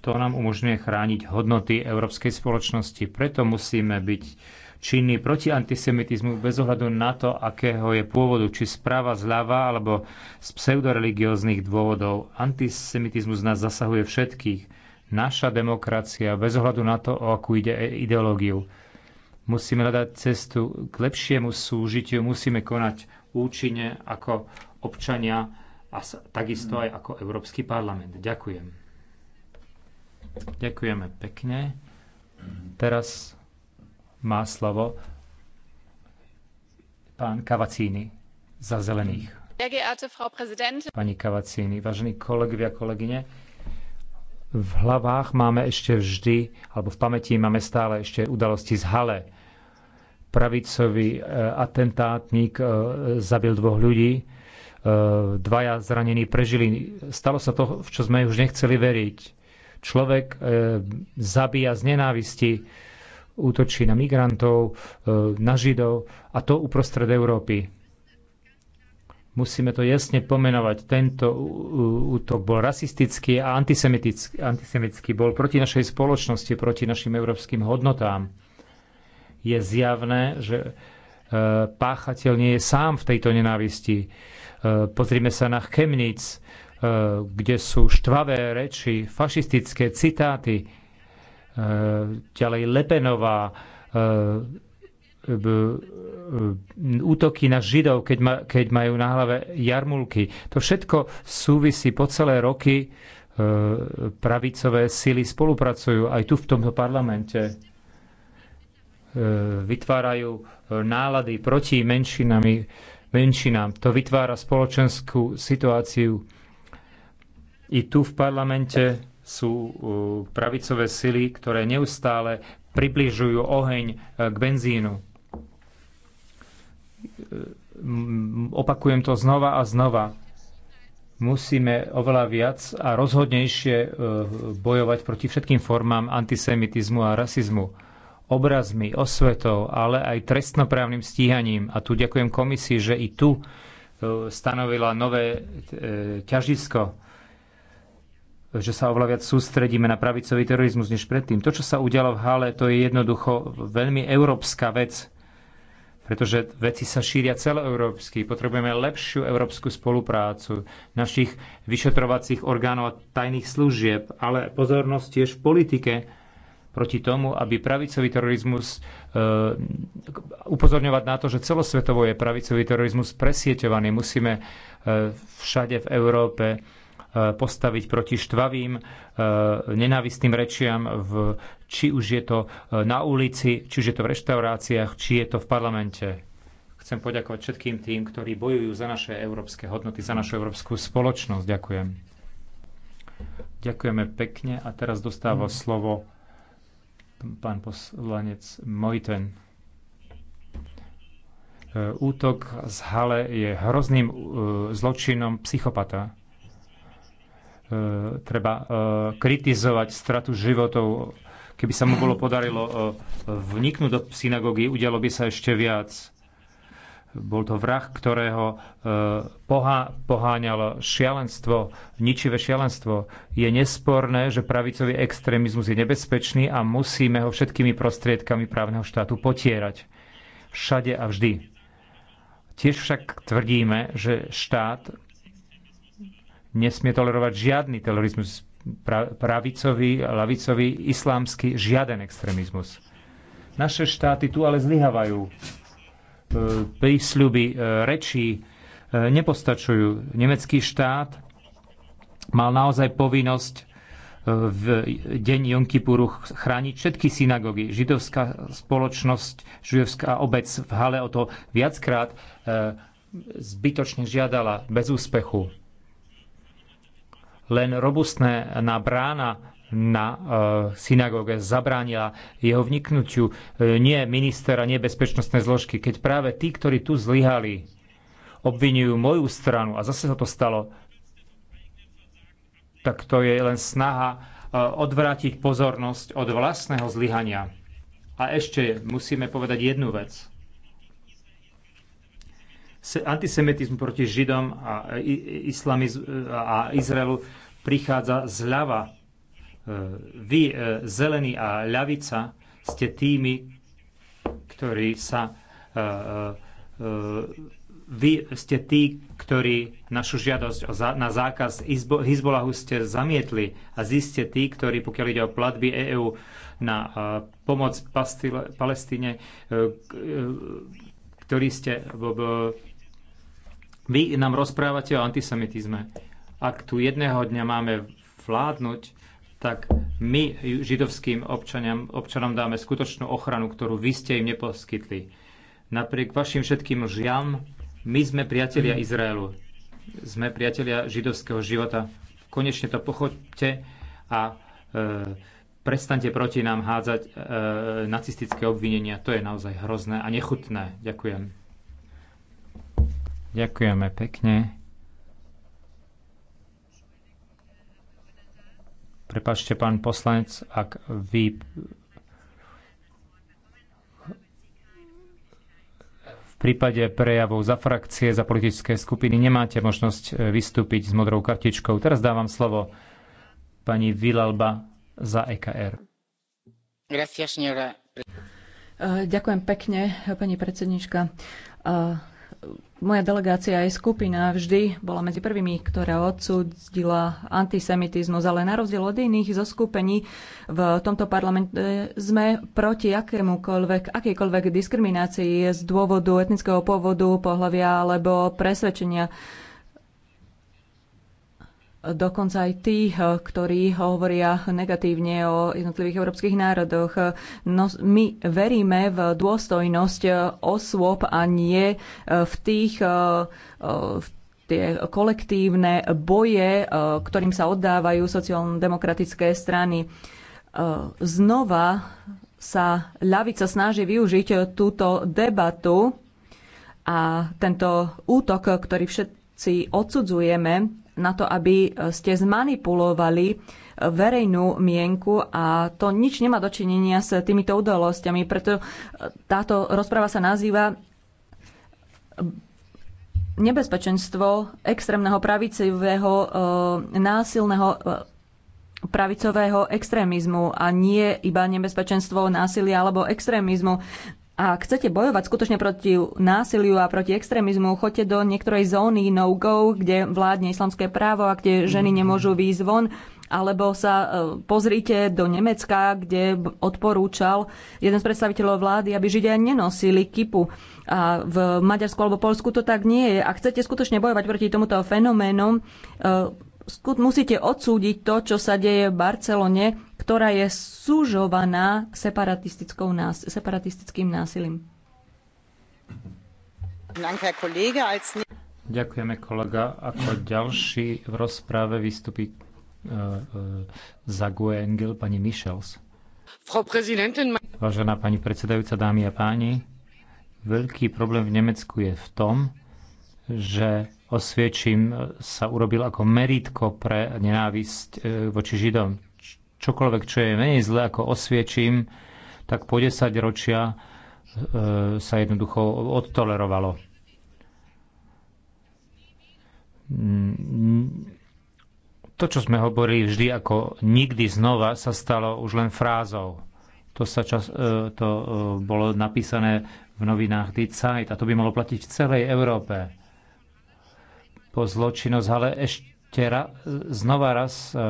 D: to nám umožňuje chrániť hodnoty európskej spoločnosti. Preto musíme byť činní proti antisemitizmu bez ohľadu na to, akého je pôvodu, či správa zľava alebo z pseudoreligióznych dôvodov. Antisemitizmus nás zasahuje všetkých. Naša demokracia, bez ohľadu na to, o akú ide ideológiu. Musíme hľadať cestu k lepšiemu súžitiu, musíme konať účinne ako občania a takisto aj ako Európsky parlament. Ďakujem. Ďakujeme pekne. Teraz má slovo pán Kavacíny za zelených. Pani Kavacíny, vážení kolegovia, kolegyne, v hlavách máme ešte vždy, alebo v pamäti máme stále ešte udalosti z Hale. Pravicový e, atentátnik e, zabil dvoch ľudí, e, dvaja zranení prežili. Stalo sa to, v čo sme už nechceli veriť Človek e, zabíja z nenávisti, útočí na migrantov, e, na Židov a to uprostred Európy. Musíme to jasne pomenovať. Tento útok bol rasistický a antisemitický, antisemitický. Bol proti našej spoločnosti, proti našim európskym hodnotám. Je zjavné, že e, páchateľ nie je sám v tejto nenávisti. Pozrime sa na Chemnic, E, kde sú štvavé reči, fašistické citáty, e, ďalej Lepenová, e, útoky na Židov, keď, ma, keď majú na hlave jarmulky. To všetko súvisí po celé roky, pravicové sily spolupracujú aj tu v tomto parlamente. Vytvárajú nálady proti menšinami, menšinám. To vytvára spoločenskú situáciu, i tu v parlamente sú uh, pravicové sily, ktoré neustále približujú oheň uh, k benzínu. Uh, opakujem to znova a znova. Musíme oveľa viac a rozhodnejšie bojovať proti všetkým formám antisemitizmu a rasizmu. Obrazmi, osvetou, ale aj trestnoprávnym stíhaním. A tu ďakujem komisii, že i tu stanovila nové e, ťažisko že sa oveľa viac sústredíme na pravicový terorizmus než predtým. To, čo sa udialo v Hale, to je jednoducho veľmi európska vec, pretože veci sa šíria celoeurópsky. Potrebujeme lepšiu európsku spoluprácu našich vyšetrovacích orgánov a tajných služieb, ale pozornosť tiež v politike proti tomu, aby pravicový terorizmus uh, upozorňovať na to, že celosvetovo je pravicový terorizmus presieťovaný. Musíme uh, všade v Európe uh, postaviť proti štvavým e, nenávistným rečiam, v, či už je to e, na ulici, či už je to v reštauráciách, či je to v parlamente. Chcem poďakovať všetkým tým, ktorí bojujú za naše európske hodnoty, za našu európsku spoločnosť. Ďakujem. Ďakujeme pekne a teraz dostáva mm. slovo pán poslanec Mojten. E, útok z Hale je hrozným zločinom psychopata E, treba e, kritizovať stratu životov. Keby sa mu bolo podarilo e, vniknúť do synagógy, udialo by sa ešte viac. Bol to vrah, ktorého pohá, poháňalo šialenstvo, ničivé šialenstvo. Je nesporné, že pravicový extrémizmus je nebezpečný a musíme ho všetkými prostriedkami právneho štátu potierať. Všade a vždy. Tiež však tvrdíme, že štát nesmie tolerovať žiadny terorizmus, pravicový, lavicový, islámsky, žiaden extrémizmus. Naše štáty tu ale zlyhavajú. E, prísľuby, e, rečí e, nepostačujú. Nemecký štát mal naozaj povinnosť v deň Jom Kipuru chrániť všetky synagógy. Židovská spoločnosť, židovská obec v Hale o to viackrát zbytočne žiadala bez úspechu len robustné na brána na e, synagóge zabránila jeho vniknutiu. E, nie minister a nie bezpečnostné zložky. Keď práve tí, ktorí tu zlyhali, obvinujú moju stranu a zase sa to stalo, tak to je len snaha e, odvrátiť pozornosť od vlastného zlyhania. A ešte musíme povedať jednu vec – antisemitizmu proti Židom a, e, e, islamiz- e, a Izraelu prichádza zľava. Vy, zelení a ľavica, ste tými, ktorí sa vy ste tí, ktorí našu žiadosť na zákaz Hizbolahu ste zamietli a vy ste tí, ktorí, pokiaľ ide o platby EÚ na pomoc Palestíne, ktorí ste vy nám rozprávate o antisemitizme. Ak tu jedného dňa máme vládnuť, tak my židovským občaniam, občanom dáme skutočnú ochranu, ktorú vy ste im neposkytli. Napriek vašim všetkým žiam, my sme priatelia Izraelu. Sme priatelia židovského života. Konečne to pochopte a e, prestante proti nám hádzať e, nacistické obvinenia. To je naozaj hrozné a nechutné. Ďakujem. Ďakujeme pekne. Prepačte, pán poslanec, ak vy v prípade prejavov za frakcie, za politické skupiny nemáte možnosť e, vystúpiť s modrou kartičkou. Teraz dávam slovo pani Vilalba za EKR.
G: E,
F: ďakujem pekne, pani predsednička. E, moja delegácia aj skupina vždy bola medzi prvými, ktorá odsúdila antisemitizmus, ale na rozdiel od iných zo skupení v tomto parlamente sme proti akémukoľvek, akejkoľvek diskriminácii z dôvodu etnického pôvodu, pohľavia alebo presvedčenia dokonca aj tí, eh, ktorí hovoria negatívne o jednotlivých európskych národoch. No, my veríme v dôstojnosť eh, osôb a nie eh, v tých v tie kolektívne boje, ktorým sa oddávajú sociálno-demokratické strany. Znova sa ľavica snaží využiť túto debatu a tento útok, ktorý všetci odsudzujeme, na to, aby e, ste zmanipulovali e, verejnú mienku a to nič nemá dočinenia s týmito udalosťami, preto e, táto rozpráva sa nazýva nebezpečenstvo extrémneho pravicového násilného pravicového extrémizmu a nie iba nebezpečenstvo násilia alebo extrémizmu a chcete bojovať skutočne proti násiliu a proti extrémizmu, choďte do niektorej zóny no-go, kde vládne islamské právo a kde ženy nemôžu výjsť von, alebo sa e, pozrite do Nemecka, kde odporúčal jeden z predstaviteľov vlády, aby Židia nenosili kipu. A v Maďarsku alebo Polsku to tak nie je. Ak chcete skutočne bojovať proti tomuto fenoménu, e, Skut musíte odsúdiť to, čo sa deje v Barcelone, ktorá je súžovaná separatistickým násilím.
D: Ďakujeme, kolega. Ako ďalší v rozpráve vystupí e, e, za GUE Engel pani Michels. Vážená pani predsedajúca, dámy a páni, veľký problém v Nemecku je v tom, že osviečím e, sa urobil ako meritko pre nenávisť e, voči Židom. Čokoľvek, čo je menej zle ako osviečím, tak po 10 ročia e, sa jednoducho odtolerovalo. Mm, to, čo sme hovorili vždy ako nikdy znova, sa stalo už len frázou. To, sa čas, to bolo napísané v novinách Die Zeit a to by malo platiť v celej Európe po zločinnosť, ale ešte ra, znova raz e, e,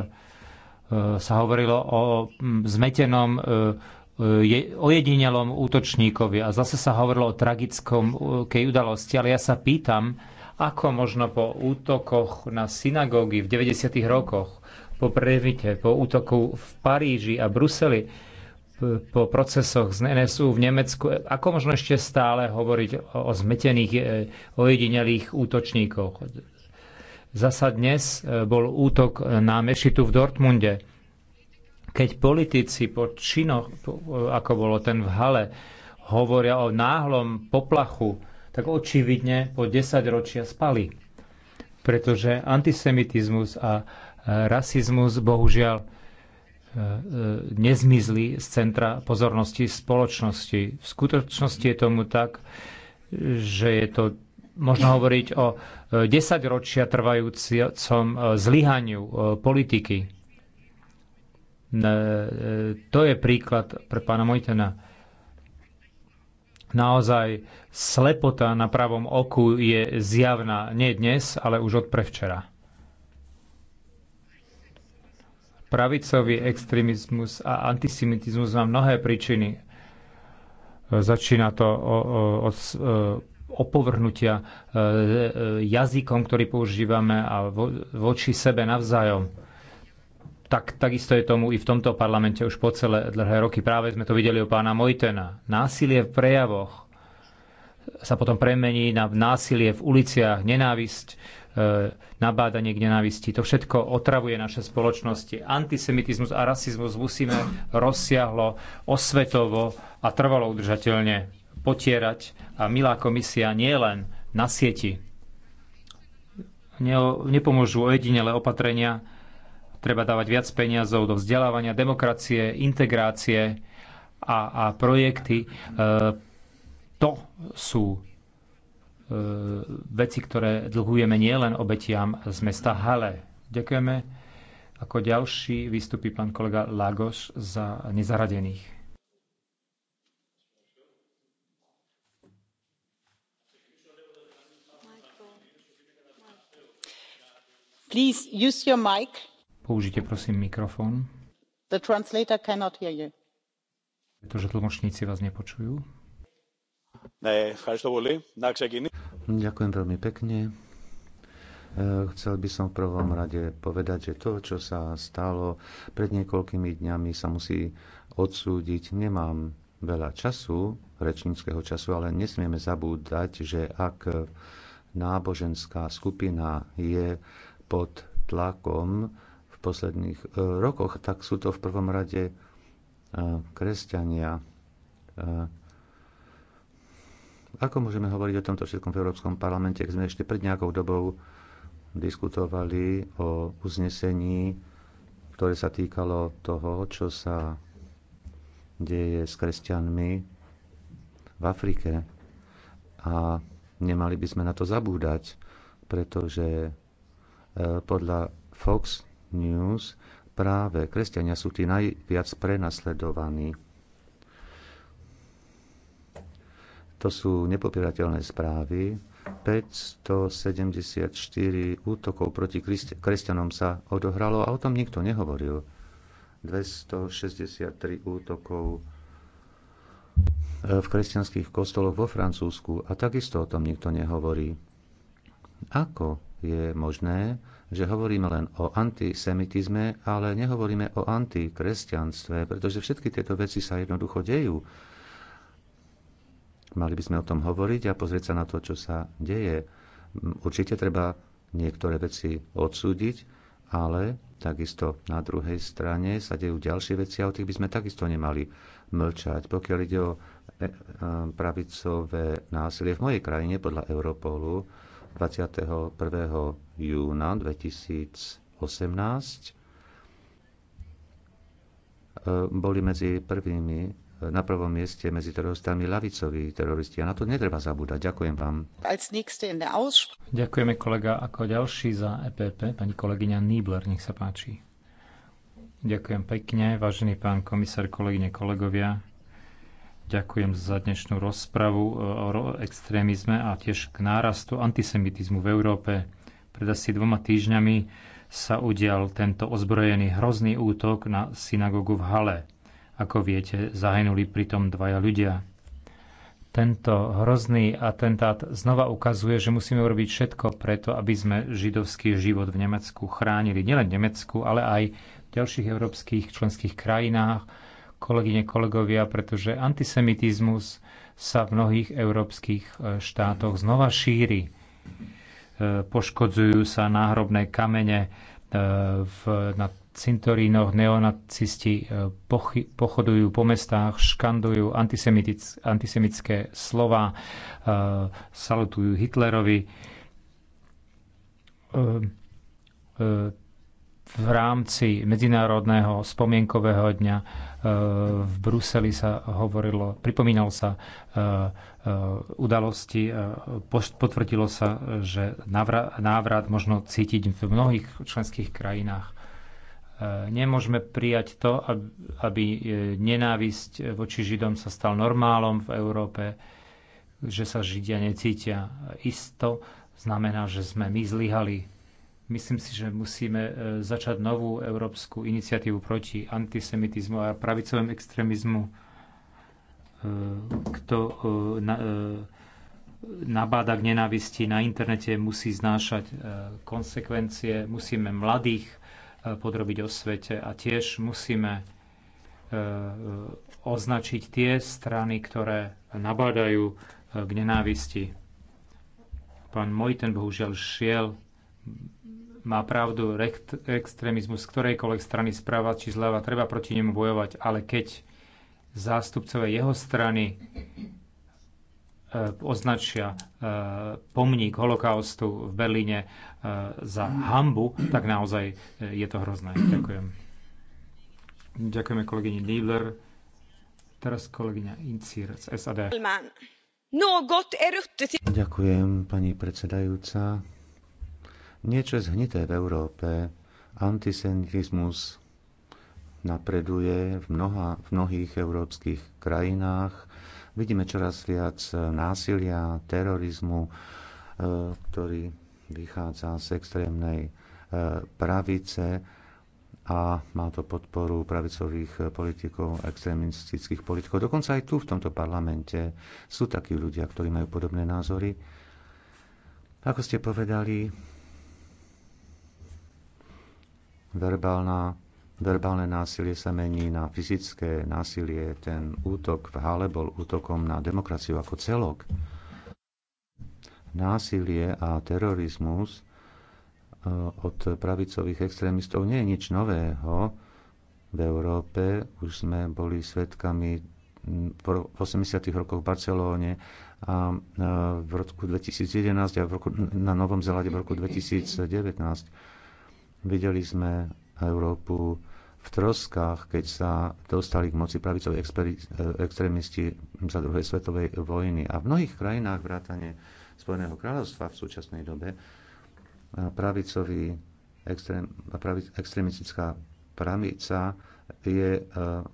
D: sa hovorilo o zmetenom e, ojedinelom útočníkovi a zase sa hovorilo o tragickom kej udalosti, ale ja sa pýtam, ako možno po útokoch na synagógy v 90. rokoch, po previte, po útoku v Paríži a Bruseli, po procesoch z NSU v Nemecku, ako možno ešte stále hovoriť o zmetených, ojedinelých útočníkoch? Zasa dnes e, bol útok e, na mešitu v Dortmunde. Keď politici po činoch, e, ako bolo ten v Hale, hovoria o náhlom poplachu, tak očividne po 10 ročia spali. Pretože antisemitizmus a rasizmus bohužiaľ nezmizli z centra pozornosti spoločnosti. V skutočnosti je tomu tak, že je to možno hovoriť o e, desaťročia trvajúcom e, zlyhaniu e, politiky. To je príklad pre pána Mojtena. Naozaj slepota na pravom oku je zjavná nie dnes, ale už od prevčera. Pravicový extrémizmus a antisemitizmus má mnohé príčiny. Začína to od opovrhnutia e, e, jazykom, ktorý používame a voči sebe navzájom. Tak, takisto je tomu i v tomto parlamente už po celé dlhé roky. Práve sme to videli u pána Mojtena. Násilie v prejavoch sa potom premení na násilie v uliciach, nenávisť, e, nabádanie k nenávisti. To všetko otravuje naše spoločnosti. Antisemitizmus a rasizmus musíme rozsiahlo, osvetovo a trvalo udržateľne potierať a milá komisia nie len na sieti. Nepomôžu ojedinele opatrenia, treba dávať viac peniazov do vzdelávania, demokracie, integrácie a, a projekty. E, to sú e, veci, ktoré dlhujeme nielen obetiam z mesta Hale. Ďakujeme. Ako ďalší vystupí pán kolega Lagos za nezaradených.
G: Please use your mic.
D: Použite prosím mikrofón.
G: The translator cannot hear you.
D: Pretože
K: tlmočníci vás nepočujú. Ďakujem veľmi pekne. E, chcel by som v prvom rade povedať, že to, čo sa stalo pred niekoľkými dňami, sa musí odsúdiť. Nemám veľa času, rečníckého času, ale nesmieme zabúdať, že ak náboženská skupina je pod tlakom v posledných e, rokoch, tak sú to v prvom rade e, kresťania. E, ako môžeme hovoriť o tomto všetkom v Európskom parlamente, keď sme ešte pred nejakou dobou diskutovali o uznesení, ktoré sa týkalo toho, čo sa deje s kresťanmi v Afrike. A nemali by sme na to zabúdať, pretože podľa Fox News práve kresťania sú tí najviac prenasledovaní. To sú nepopierateľné správy. 574 útokov proti kresťanom sa odohralo a o tom nikto nehovoril. 263 útokov eh, v kresťanských kostoloch vo Francúzsku a takisto o tom nikto nehovorí. Ako je možné, že hovoríme len o antisemitizme, ale nehovoríme o antikresťanstve, pretože všetky tieto veci sa jednoducho dejú. Mali by sme o tom hovoriť a pozrieť sa na to, čo sa deje. Určite treba niektoré veci odsúdiť, ale takisto na druhej strane sa dejú ďalšie veci a o tých by sme takisto nemali mlčať. Pokiaľ ide o e, e, pravicové násilie v mojej krajine podľa Europolu, 21. júna 2018 e, boli medzi prvými e, na prvom mieste medzi teroristami lavicoví teroristi. A na to netreba zabúdať. Ďakujem vám.
D: Ďakujeme kolega ako ďalší za EPP, pani kolegyňa Niebler, nech sa páči. Ďakujem pekne, vážený pán komisár, kolegyne, kolegovia. Ďakujem za dnešnú rozpravu e, o extrémizme a tiež k nárastu antisemitizmu v Európe. Pred asi dvoma týždňami sa udial tento ozbrojený hrozný útok na synagogu v Hale. Ako viete, zahynuli pritom dvaja ľudia. Tento hrozný atentát znova ukazuje, že musíme urobiť všetko preto, aby sme židovský život v Nemecku chránili. Nielen v Nemecku, ale aj v ďalších európskych členských krajinách, kolegyne, kolegovia, pretože antisemitizmus sa v mnohých európskych e, štátoch znova šíri. E, poškodzujú sa náhrobné kamene e, v, na cintorínoch, neonacisti pochy, pochodujú po mestách, škandujú antisemické slova, salutujú Hitlerovi v rámci Medzinárodného spomienkového dňa v Bruseli sa hovorilo, pripomínal sa e, e, udalosti, e, potvrdilo sa, že návrat, možno cítiť v mnohých členských krajinách. Nemôžeme prijať to, aby nenávisť voči Židom sa stal normálom v Európe, že sa Židia necítia isto, znamená, že sme my zlyhali Myslím si, že musíme e, začať novú európsku iniciatívu proti antisemitizmu a pravicovému extrémizmu, e, kto e, nabáda k nenávisti na internete, musí znášať konsekvencie. Musíme mladých podrobiť o svete a tiež musíme označiť tie strany, ktoré nabádajú k nenávisti. Pán Mojten bohužiaľ šiel má pravdu, rekt, extrémizmus z ktorejkoľvek strany správa či zľava, treba proti nemu bojovať, ale keď zástupcové jeho strany e, označia e, pomník holokaustu v Berlíne e, za hambu, tak naozaj je to hrozné. Ďakujem. Ďakujeme kolegyni Liebler. Teraz kolegyňa Incir z
K: SAD. Ďakujem, pani predsedajúca Niečo je zhnité v Európe. Antisemitizmus napreduje v, mnoha, v mnohých európskych krajinách. Vidíme čoraz viac násilia, terorizmu, e, ktorý vychádza z extrémnej e, pravice a má to podporu pravicových politikov, extrémistických politikov. Dokonca aj tu v tomto parlamente sú takí ľudia, ktorí majú podobné názory. Ako ste povedali, Verbálna, verbálne násilie sa mení na fyzické násilie. Ten útok v Hale bol útokom na demokraciu ako celok. Násilie a terorizmus e, od pravicových extrémistov nie je nič nového. V Európe už sme boli svetkami v 80. rokoch v Barcelóne a e, v roku 2011 a v roku, na Novom Zelade v roku 2019 Videli sme Európu v troskách, keď sa dostali k moci pravicoví eh, extrémisti za druhej svetovej vojny. A v mnohých krajinách vrátane Spojeného kráľovstva v súčasnej dobe eh, pravicový extrém, pravic, extrémistická pravica je eh,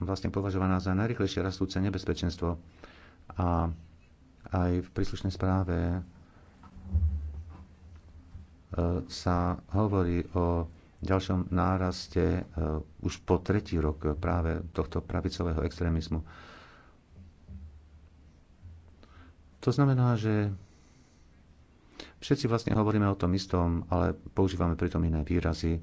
K: vlastne považovaná za najrychlejšie rastúce nebezpečenstvo. A aj v príslušnej správe sa hovorí o ďalšom náraste e, už po tretí rok e, práve tohto pravicového extrémizmu. To znamená, že všetci vlastne hovoríme o tom istom, ale používame pritom iné výrazy.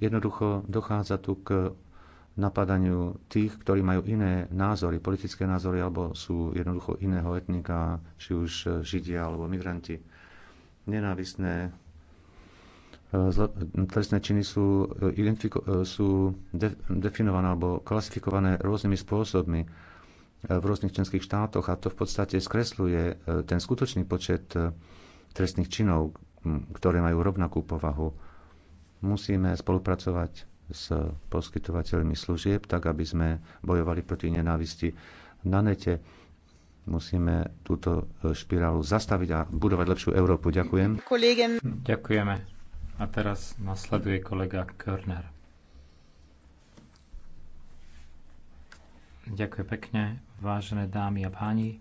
K: Jednoducho dochádza tu k napadaniu tých, ktorí majú iné názory, politické názory, alebo sú jednoducho iného etnika, či už e, Židia alebo migranti. Nenávisné trestné činy sú, e, e, sú definované alebo klasifikované rôznymi spôsobmi e, v rôznych členských štátoch a to v podstate skresľuje ten skutočný počet trestných činov, ktoré majú rovnakú povahu. Musíme spolupracovať s poskytovateľmi služieb, tak aby sme bojovali proti nenávisti na nete. Musíme túto špirálu zastaviť a budovať lepšiu Európu. Ďakujem. Kolegen. Ďakujeme a
G: teraz
D: nasleduje kolega Körner. Ďakujem pekne, vážené dámy a páni.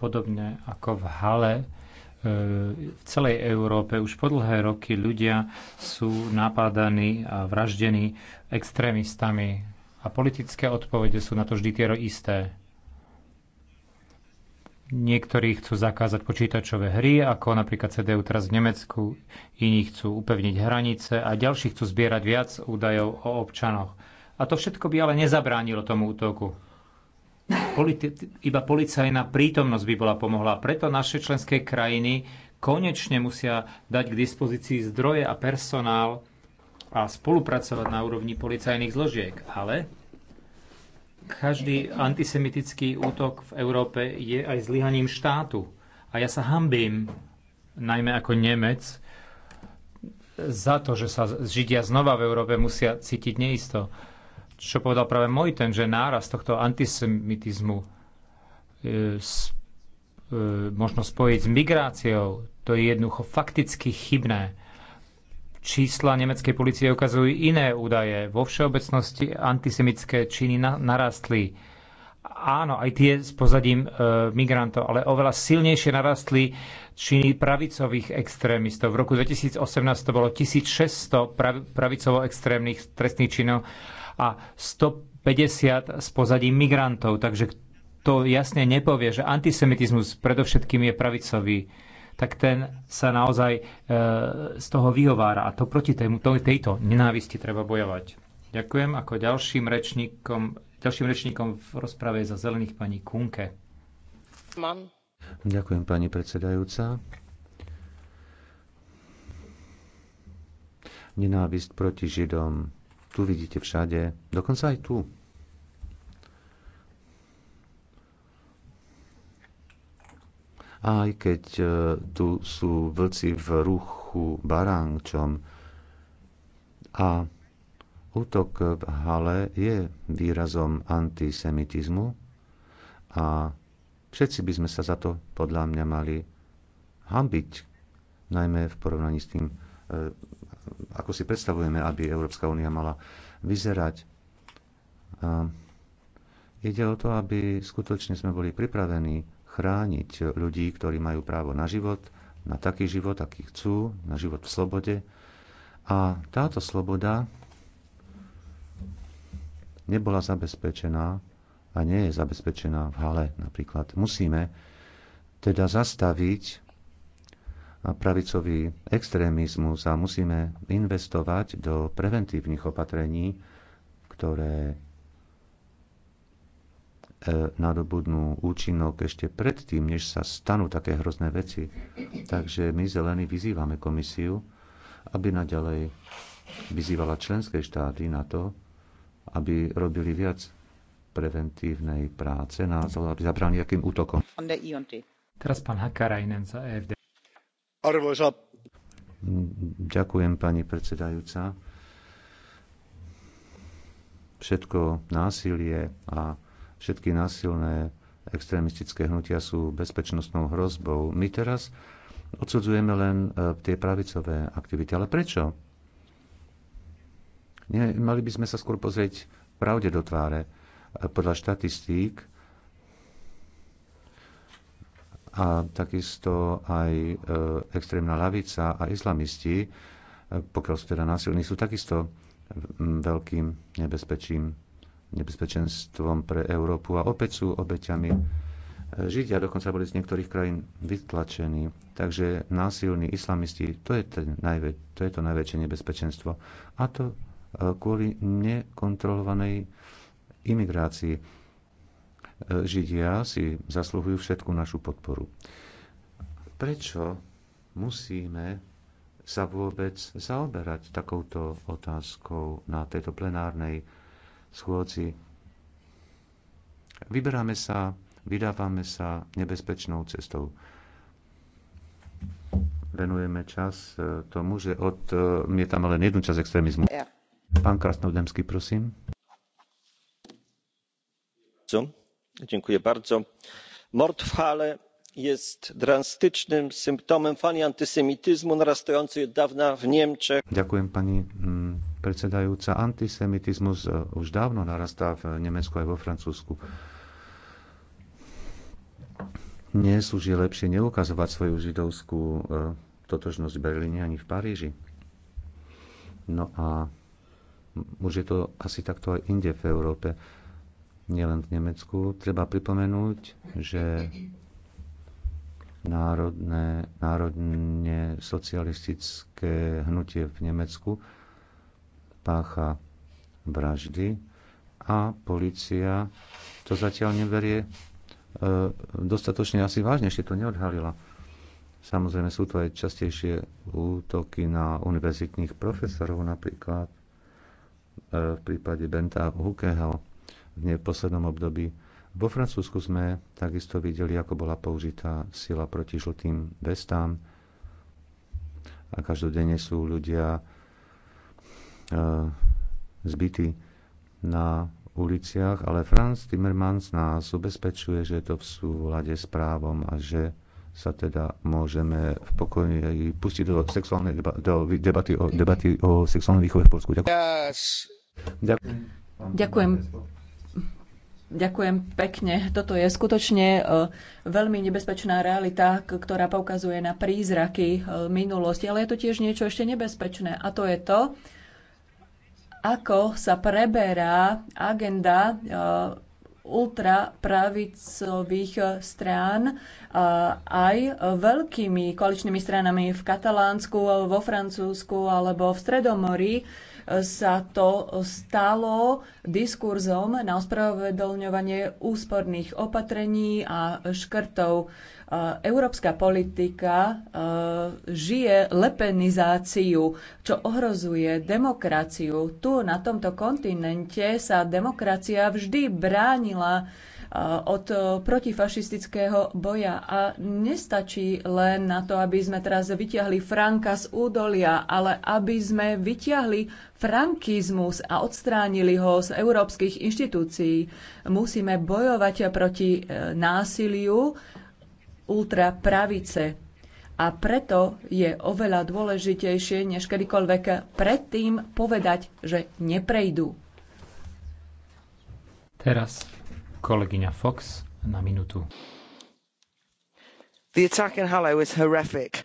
D: Podobne ako v Hale, e, v celej Európe už po dlhé roky ľudia sú napádaní a vraždení extrémistami a politické odpovede sú na to vždy tie isté Niektorí chcú zakázať počítačové hry, ako napríklad CDU teraz v Nemecku, iní chcú upevniť hranice a ďalší chcú zbierať viac údajov o občanoch. A to všetko by ale nezabránilo tomu útoku. Politi- iba policajná prítomnosť by bola pomohla. Preto naše členské krajiny konečne musia dať k dispozícii zdroje a personál a spolupracovať na úrovni policajných zložiek. Ale každý antisemitický útok v Európe je aj zlyhaním štátu. A ja sa hambím, najmä ako Nemec, za to, že sa Židia znova v Európe musia cítiť neisto. Čo povedal práve môj ten, že náraz tohto antisemitizmu e, s, e, možno spojiť s migráciou, to je jednoducho fakticky chybné. Čísla nemeckej policie ukazujú iné údaje. Vo všeobecnosti antisemické činy na, narastli. Áno, aj tie s pozadím e, migrantov, ale oveľa silnejšie narastli činy pravicových extrémistov. V roku 2018 to bolo 1600 prav, pravicovo-extrémnych trestných činov a 150 s pozadím migrantov. Takže to jasne nepovie, že antisemitizmus predovšetkým je pravicový tak ten sa naozaj e, z toho vyhovára. A to proti tému, tejto nenávisti treba bojovať. Ďakujem ako ďalším rečníkom, ďalším rečníkom v rozprave za zelených pani Kunke.
L: Mám.
K: Ďakujem pani predsedajúca. Nenávist proti Židom. Tu vidíte všade, dokonca aj tu, aj keď e, tu sú vlci v ruchu baránčom. A útok v Hale je výrazom antisemitizmu a všetci by sme sa za to podľa mňa mali hambiť, najmä v porovnaní s tým, e, ako si predstavujeme, aby Európska únia mala vyzerať. A ide o to, aby skutočne sme boli pripravení chrániť ľudí, ktorí majú právo na život, na taký život, aký chcú, na život v slobode. A táto sloboda nebola zabezpečená a nie je zabezpečená v hale napríklad. Musíme teda zastaviť pravicový extrémizmus a musíme investovať do preventívnych opatrení, ktoré nadobudnú účinok ešte predtým, než sa stanú také hrozné veci. Takže my zelení vyzývame komisiu, aby naďalej vyzývala členské štáty na to, aby robili viac preventívnej práce na to, aby zabrali nejakým útokom.
D: Teraz pán Hakarajnen za EFD.
E: Arvoisa.
K: Ďakujem, pani predsedajúca. Všetko násilie a Všetky násilné extrémistické hnutia sú bezpečnostnou hrozbou. My teraz odsudzujeme len e, tie pravicové aktivity. Ale prečo? Nie, mali by sme sa skôr pozrieť pravde do tváre. E, podľa štatistík a takisto aj e, extrémna lavica a islamisti, pokiaľ sú teda násilní, sú takisto veľkým nebezpečím nebezpečenstvom pre Európu a opäť sú obeťami. E, Židia dokonca boli z niektorých krajín vytlačení, takže násilní islamisti, to je, ten najvä, to, je to najväčšie nebezpečenstvo. A to e, kvôli nekontrolovanej imigrácii. E, Židia si zasluhujú všetku našu podporu. Prečo musíme sa vôbec zaoberať takouto otázkou na tejto plenárnej schôdzi. Vyberáme sa, vydávame sa nebezpečnou cestou. Venujeme čas e, tomu, že od, e, je tam len jednu čas extrémizmu. Ja. Pán Krasnodemský, prosím.
M: Dziękuję bardzo. Mord w Hale jest drastycznym symptomem fali antysemityzmu narastającej od dawna w Niemczech.
K: Dziękuję pani mm, predsedajúca. Antisemitizmus e, už dávno narastá v Nemecku aj vo Francúzsku. Dnes už lepšie neukazovať svoju židovskú e, totožnosť v Berlíne ani v Paríži. No a už je to asi takto aj inde v Európe, nielen v Nemecku. Treba pripomenúť, že národné, národne socialistické hnutie v Nemecku pácha vraždy a policia to zatiaľ neberie e, dostatočne asi vážne, ešte to neodhalila. Samozrejme sú to aj častejšie útoky na univerzitných profesorov, napríklad e, v prípade Benta Hukeho v neposlednom období. Vo Francúzsku sme takisto videli, ako bola použitá sila proti žltým vestám a každodenne sú ľudia E, zbytí na uliciach, ale Franz Timmermans nás ubezpečuje, že je to v súlade s právom a že sa teda môžeme v pokoji pustiť do, sexuálnej deba- do debaty, o, debaty o sexuálnej výchove v Polsku. Ďakujem. Yes. Ďakujem.
F: Ďakujem. Ďakujem pekne. Toto je skutočne e, veľmi nebezpečná realita, ktorá poukazuje na prízraky e, minulosti, ale je to tiež niečo ešte nebezpečné a to je to, ako sa preberá agenda e, ultrapravicových strán e, aj veľkými koaličnými stranami v Katalánsku, vo Francúzsku alebo v Stredomorí sa to stalo diskurzom na ospravedlňovanie úsporných opatrení a škrtov. Európska politika žije lepenizáciu, čo ohrozuje demokraciu. Tu na tomto kontinente sa demokracia vždy bránila Eh, od protifašistického boja. A nestačí len na to, aby sme teraz vyťahli Franka z údolia, ale aby sme vyťahli frankizmus a odstránili ho z európskych inštitúcií. Musíme bojovať proti eh, násiliu ultrapravice. A preto je oveľa dôležitejšie než kedykoľvek predtým povedať, že neprejdú.
D: Teraz Kolegyňa Fox na minútu.
A: The attack in Halle was horrific.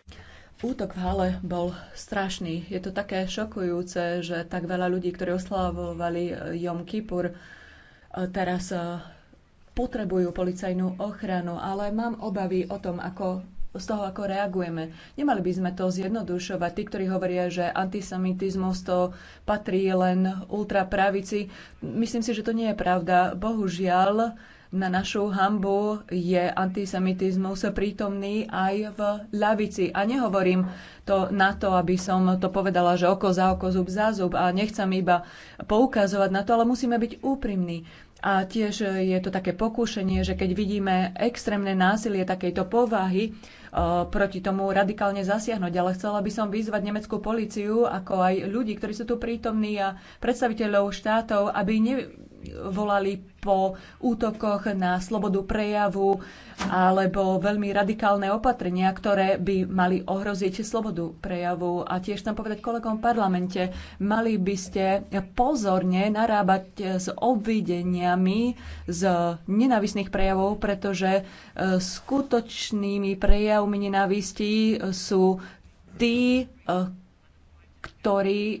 F: Útok v Hale bol strašný. Je to také šokujúce, že tak veľa ľudí, ktorí oslavovali e, Jom Kippur, e, teraz e, potrebujú policajnú ochranu, ale mám obavy o tom, ako z toho, ako reagujeme. Nemali by sme to zjednodušovať. Tí, ktorí hovoria, že antisemitizmus to patrí len ultrapravici, myslím si, že to nie je pravda. Bohužiaľ, na našu hambu je antisemitizmus prítomný aj v ľavici. A nehovorím to na to, aby som to povedala, že oko za oko, zub za zub a nechcem iba poukazovať na to, ale musíme byť úprimní. A tiež je to také pokúšanie, že keď vidíme extrémne násilie takejto povahy, Eh, proti tomu radikálne zasiahnuť, ale chcela by som vyzvať nemeckú policiu, ako aj ľudí, ktorí sú tu prítomní a predstaviteľov štátov, aby ne volali po útokoch na slobodu prejavu alebo veľmi radikálne opatrenia, ktoré by mali ohroziť slobodu prejavu. A tiež tam povedať kolegom v parlamente, mali by ste pozorne narábať s obvideniami z nenávisných prejavov, pretože e, skutočnými prejavmi nenávistí sú tí, e, ktorí e,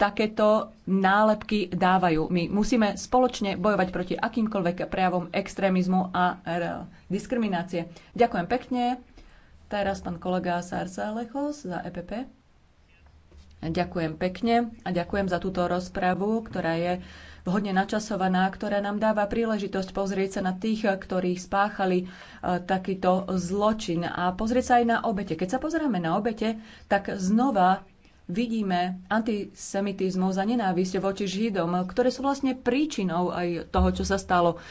F: takéto nálepky dávajú. My musíme spoločne bojovať proti akýmkoľvek prejavom extrémizmu a diskriminácie. Ďakujem pekne. Teraz pán kolega Sarsa Lechos za EPP. Ďakujem pekne a ďakujem za túto rozpravu, ktorá je vhodne načasovaná, ktorá nám dáva príležitosť pozrieť sa na tých, ktorí spáchali e, takýto zločin a pozrieť sa aj na obete. Keď sa pozeráme na obete, tak znova vidíme antisemitizmus a nenávisť voči Židom, ktoré sú vlastne príčinou aj toho, čo sa stalo.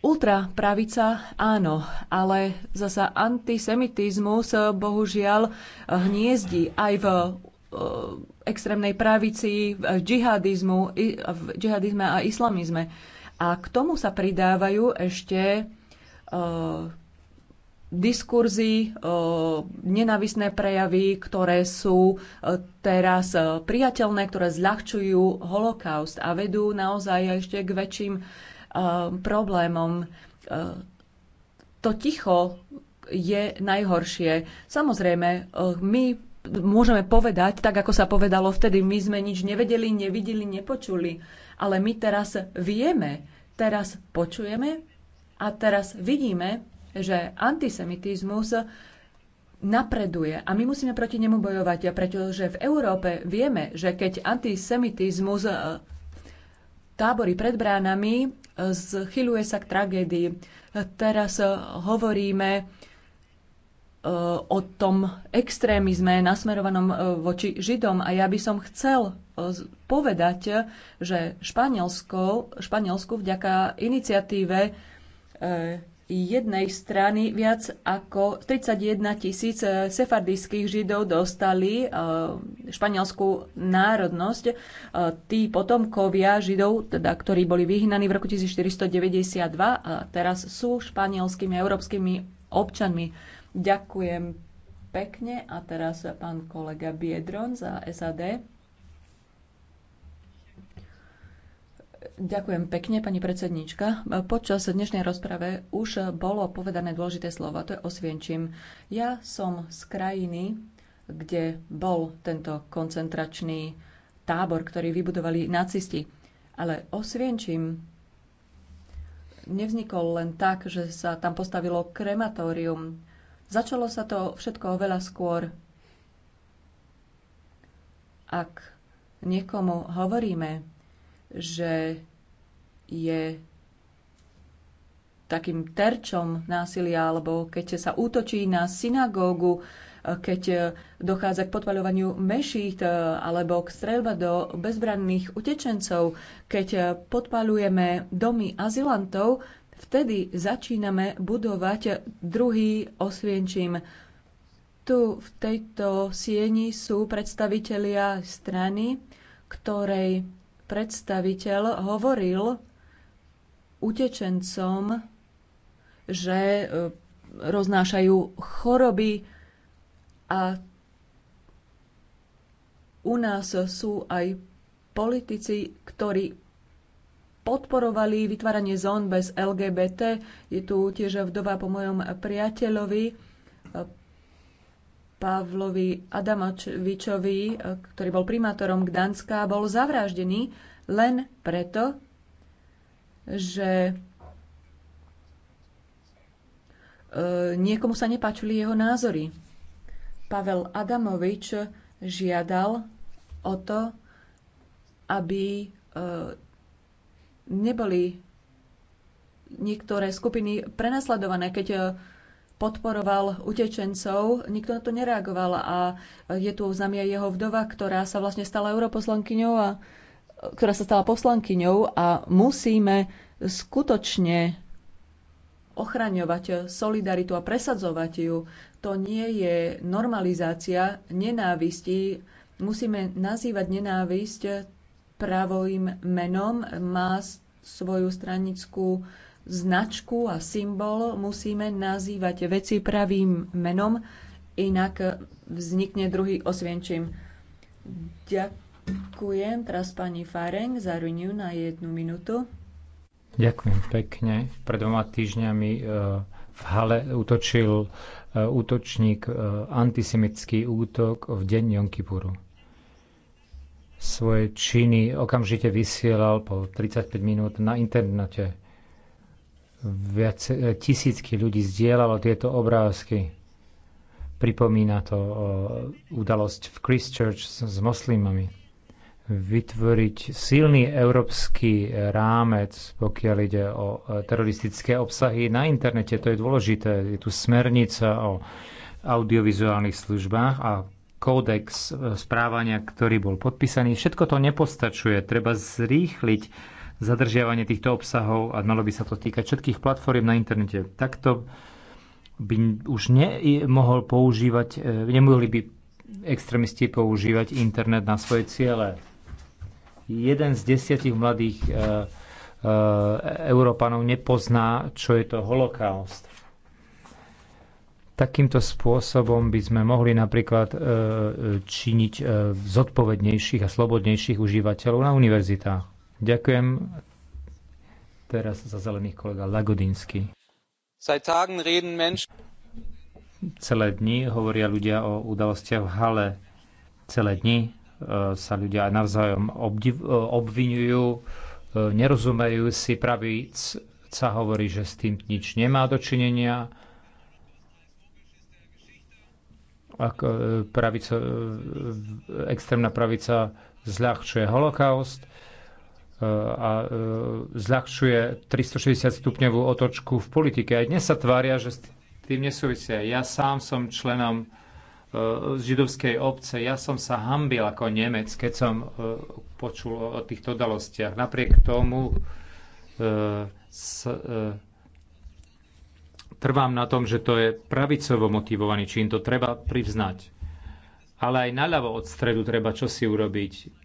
F: Ultrapravica áno, ale zasa antisemitizmus eh, bohužiaľ eh, hniezdi aj v eh, extrémnej pravici, v, džihadizmu, v džihadizme a islamizme. A k tomu sa pridávajú ešte uh, diskurzy, e, nenavisné prejavy, ktoré sú e, teraz e, priateľné, ktoré zľahčujú holokaust a vedú naozaj ešte k väčším problémom. To ticho je najhoršie. Samozrejme, my môžeme povedať, tak ako sa povedalo vtedy, my sme nič nevedeli, nevideli, nepočuli, ale my teraz vieme, teraz počujeme a teraz vidíme, že antisemitizmus napreduje a my musíme proti nemu bojovať, pretože v Európe vieme, že keď antisemitizmus e, tábory pred bránami, schyluje e, sa k tragédii. Teraz e, hovoríme o tom extrémizme nasmerovanom voči Židom a ja by som chcel povedať, že Španielsko, Španielsku vďaka iniciatíve jednej strany viac ako 31 tisíc eh, sefardijských židov dostali eh, španielskú národnosť. Eh, tí potomkovia židov, teda, ktorí boli vyhnaní v roku 1492, a teraz sú španielskými a európskymi občanmi. Ďakujem pekne a teraz pán kolega Biedron za SAD. Ďakujem pekne, pani predsedníčka. Počas dnešnej rozprave už bolo povedané dôležité slovo, to je osvienčím. Ja som z krajiny, kde bol tento koncentračný tábor, ktorý vybudovali nacisti. Ale osvienčím nevznikol len tak, že sa tam postavilo krematórium. Začalo sa to všetko oveľa skôr. Ak niekomu hovoríme, že je takým terčom násilia, alebo keď sa útočí na synagógu, keď dochádza k podpaľovaniu mešít e, alebo k streľba do bezbranných utečencov, keď podpaľujeme domy azilantov, vtedy začíname budovať druhý osvienčím. Tu v tejto sieni sú predstavitelia strany, ktorej predstaviteľ hovoril utečencom, že e, roznášajú choroby a u nás sú aj politici, ktorí podporovali vytváranie zón bez LGBT. Je tu tiež vdova po mojom priateľovi, e, Pavlovi Adamovičovi, e, ktorý bol primátorom Gdanska, bol zavraždený len preto, že e, niekomu sa nepáčili jeho názory. Pavel Adamovič žiadal o to, aby e, neboli niektoré skupiny prenasledované, keď podporoval utečencov, nikto na to nereagoval a je tu z nami aj jeho vdova, ktorá sa vlastne stala europoslankyňou a ktorá sa stala poslankyňou a musíme skutočne ochraňovať solidaritu a presadzovať ju. To nie je normalizácia nenávisti. Musíme nazývať nenávisť pravým menom. Má svoju stranickú uh, značku a symbol musíme nazývať veci pravým menom, inak vznikne druhý osvienčím. Ďakujem teraz pani Fareng za ruňu na jednu minútu.
D: Ďakujem pekne. Pred dvoma týždňami e, v Hale utočil e, útočník e, antisemický útok v deň Jom Kipuru. Svoje činy okamžite vysielal po 35 minút na internete Viac e, tisícky ľudí zdieľalo tieto obrázky. Pripomína to e, udalosť v Christchurch s moslimami. Vytvoriť silný európsky rámec, pokiaľ ide o e, teroristické obsahy na internete, to je dôležité. Je tu smernica o audiovizuálnych službách a kódex správania, ktorý bol podpísaný. Všetko to nepostačuje. Treba zrýchliť zadržiavanie týchto obsahov a malo by sa to týkať všetkých platform na internete. Takto by už ne, mohol používať, e, nemohli by extrémisti používať internet na svoje ciele. Jeden z desiatich mladých e, e, Európanov nepozná, čo je to holokaust. Takýmto spôsobom by sme mohli napríklad e, e činiť e, zodpovednejších a slobodnejších užívateľov na univerzitách. Ďakujem. Teraz za zelených kolega Lagodinsky. Celé dni hovoria ľudia o udalostiach v Hale. Celé dni e, sa ľudia navzájom obdiv, e, obvinujú, e, nerozumejú si, pravý sa hovorí, že s tým nič nemá dočinenia. Ak pravica, extrémna pravica zľahčuje holokaust. Eh, a eh, zľahčuje 360 stupňovú otočku v politike. Aj dnes sa tvária, že s tým nesúvisia. Ja sám som členom eh, židovskej obce. Ja som sa hambil ako Nemec, keď som počul o týchto udalostiach. Napriek tomu trvám na tom, že to je pravicovo motivovaný čin, to treba priznať. Ale aj naľavo od stredu treba čosi urobiť.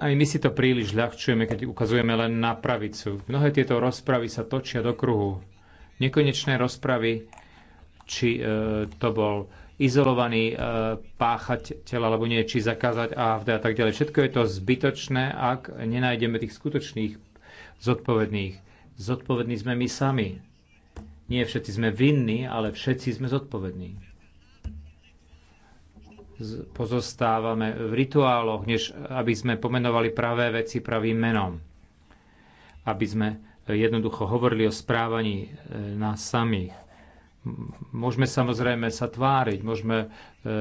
D: Aj my si to príliš ľahčujeme, keď ukazujeme len na pravicu. Mnohé tieto rozpravy sa točia do kruhu. Nekonečné rozpravy, či e, to bol izolovaný e, tela alebo nie, či zakázať AFD a tak ďalej. Všetko je to zbytočné, ak nenájdeme tých skutočných zodpovedných. Zodpovední sme my sami. Nie všetci sme vinní, ale všetci sme zodpovední pozostávame v rituáloch, než aby sme pomenovali pravé veci pravým menom. Aby sme jednoducho hovorili o správaní e, nás samých. Môžeme samozrejme sa tváriť, môžeme e, e,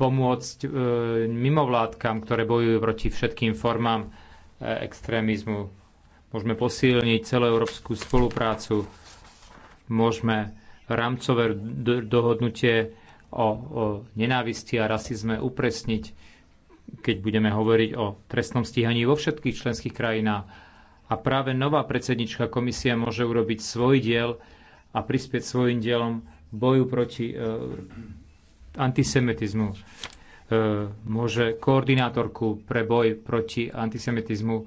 D: pomôcť mimovládkam, ktoré bojujú proti všetkým formám extrémizmu. Môžeme posilniť celoeurópsku spoluprácu, môžeme rámcové dohodnutie o, o nenávisti a rasizme upresniť, keď budeme hovoriť o trestnom stíhaní vo všetkých členských krajinách. A práve nová predsednička komisie môže urobiť svoj diel a prispieť svojim dielom boju proti e, antisemitizmu. E, môže koordinátorku pre boj proti antisemitizmu e,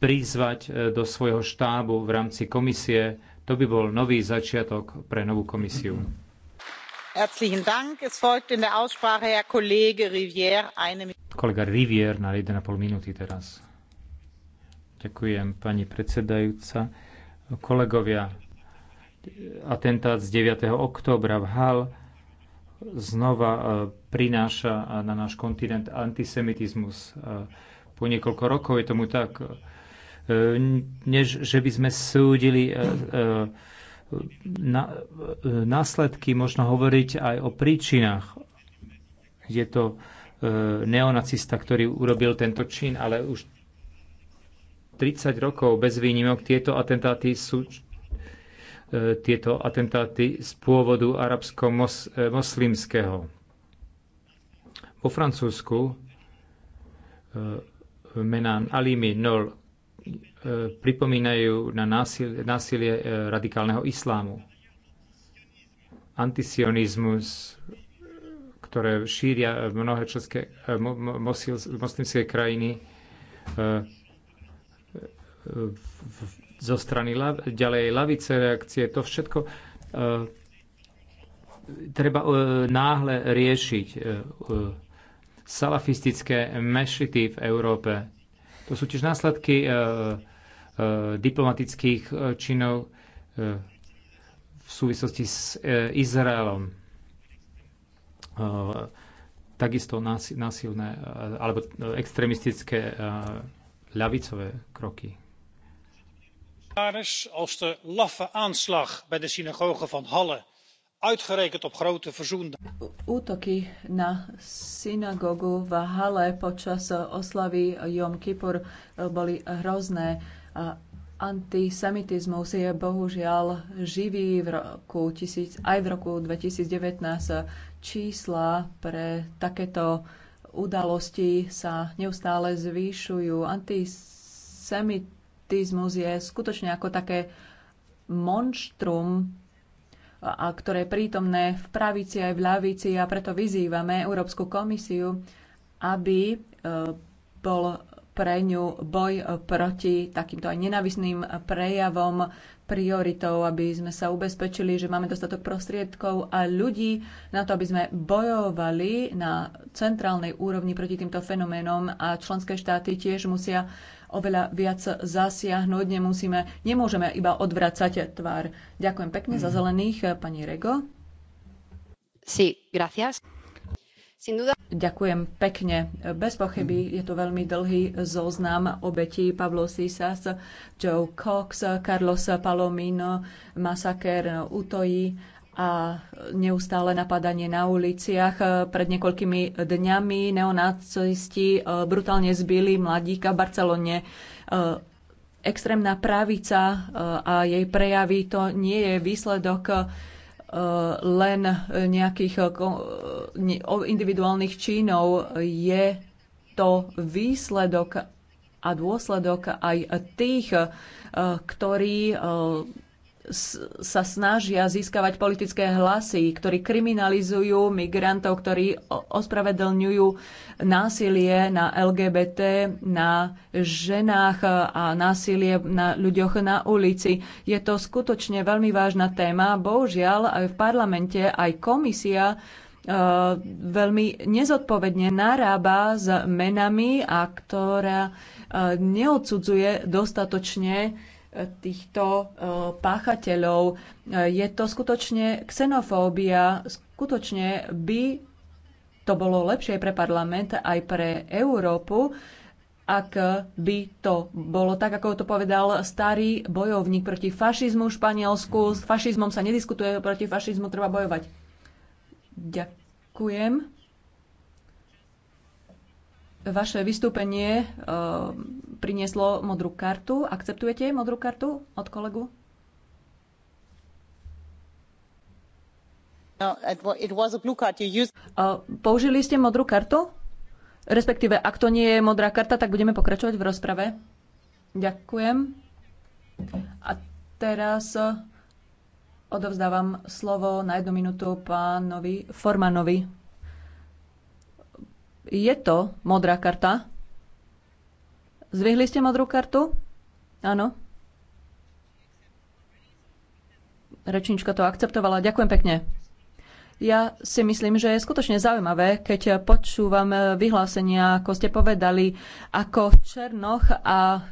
D: prizvať e, do svojho štábu v rámci komisie. To by bol nový začiatok pre novú komisiu. Kolega Rivier na 1,5 minúty teraz. Ďakujem, pani predsedajúca. Kolegovia, atentát z 9. októbra v Hal znova e, prináša na náš kontinent antisemitizmus. E, po niekoľko rokov je tomu tak, e, než že by sme súdili následky, možno hovoriť aj o príčinách. Je to e, neonacista, ktorý urobil tento čin, ale už 30 rokov bez výnimok tieto atentáty sú e, tieto atentáty z pôvodu arabsko-moslimského. E, po Francúzsku menan Alimi Nol pripomínajú na násilie, násilie radikálneho islámu. Antisionizmus, ktoré šíria mnohé české, e, moslimské krajiny e, e, zo strany ďalej lavice reakcie, to všetko treba náhle riešiť. Salafistické mešity v Európe to sú tiež následky e, e, diplomatických e, činov e, v súvislosti s e, Izraelom. E, Takisto násilné e, alebo e, extremistické ľavicové kroky.
E: Als de laffe aanslag bij de synagoge van Halle uitgerekend op grote verzoendag.
F: Útoky na synagogu v Hale počas oslavy Jom Kippur boli hrozné. Antisemitizmus je bohužiaľ živý v roku tisíc, aj v roku 2019. Čísla pre takéto udalosti sa neustále zvýšujú. Antisemitizmus je skutočne ako také monštrum a ktoré je prítomné v pravici aj v ľavici a preto vyzývame Európsku komisiu, aby e, bol pre ňu boj proti takýmto aj nenavisným prejavom prioritou, aby sme sa ubezpečili, že máme dostatok prostriedkov a ľudí na to, aby sme bojovali na centrálnej úrovni proti týmto fenoménom a členské štáty tiež musia oveľa viac zasiahnuť. Nemusíme, nemôžeme iba odvracať tvár. Ďakujem pekne za zelených, pani Rego. Sí, gracias. Ďakujem pekne. Bez pochyby je to veľmi dlhý zoznam obetí Pablo Sisas, Joe Cox, Carlos Palomino, masaker Utoji a neustále napadanie na uliciach. Pred niekoľkými dňami neonacisti e, brutálne zbili mladíka v Barcelone. E, extrémna pravica e, a jej prejavy to nie je výsledok len nejakých individuálnych činov. Je to výsledok a dôsledok aj tých, ktorí sa snažia získavať politické hlasy, ktorí kriminalizujú migrantov, ktorí ospravedlňujú násilie na LGBT, na ženách a násilie na ľuďoch na ulici. Je to skutočne veľmi vážna téma. Bohužiaľ, aj v parlamente, aj komisia e, veľmi nezodpovedne narába s menami a ktorá e, neodsudzuje dostatočne týchto e, páchateľov. E, je to skutočne xenofóbia, skutočne by to bolo lepšie pre parlament aj pre Európu, ak by to bolo tak, ako to povedal starý bojovník proti fašizmu v Španielsku. S fašizmom sa nediskutuje, proti fašizmu treba bojovať. Ďakujem. Vaše vystúpenie e, prinieslo modrú kartu. Akceptujete modrú kartu od kolegu?
G: No, card, used... Uh,
F: použili ste modrú kartu? Respektíve, ak to nie je modrá karta, tak budeme pokračovať v rozprave. Ďakujem. A teraz uh, odovzdávam slovo na jednu minútu pánovi Formanovi. Je to modrá karta? Zvihli ste modrú kartu? Áno. Rečnička to akceptovala. Ďakujem pekne. Ja si myslím, že je skutočne zaujímavé, keď počúvam vyhlásenia, ako ste povedali, ako Černoch a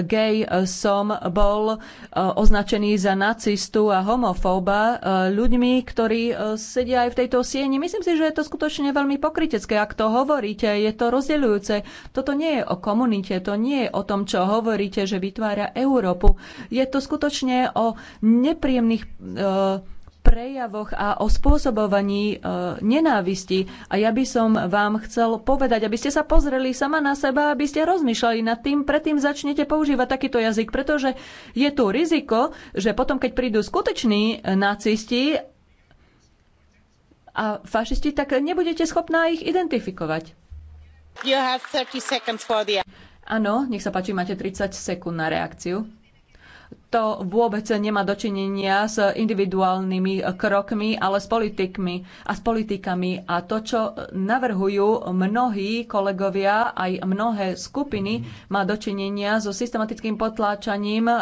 F: gej, eh, som bol eh, označený za nacistu a homofóba eh, ľuďmi, ktorí sedia aj v tejto sieni. Myslím si, že je to skutočne veľmi pokrytecké. Ak to hovoríte, je to rozdeľujúce. Toto nie je o komunite, to nie je o tom, čo hovoríte, že vytvára Európu. Je to skutočne o nepríjemných prejavoch a o spôsobovaní e, nenávisti. A ja by som vám chcel povedať, aby ste sa pozreli sama na seba, aby ste rozmýšľali nad tým, predtým začnete používať takýto jazyk, pretože je tu riziko, že potom, keď prídu skutoční e, nacisti a fašisti, tak nebudete schopná ich identifikovať. Áno, nech sa páči, máte 30 sekúnd na reakciu to vôbec nemá dočinenia s individuálnymi krokmi, ale s politikmi a s politikami. A to, čo navrhujú mnohí kolegovia, aj mnohé skupiny, má dočinenia so systematickým potláčaním e,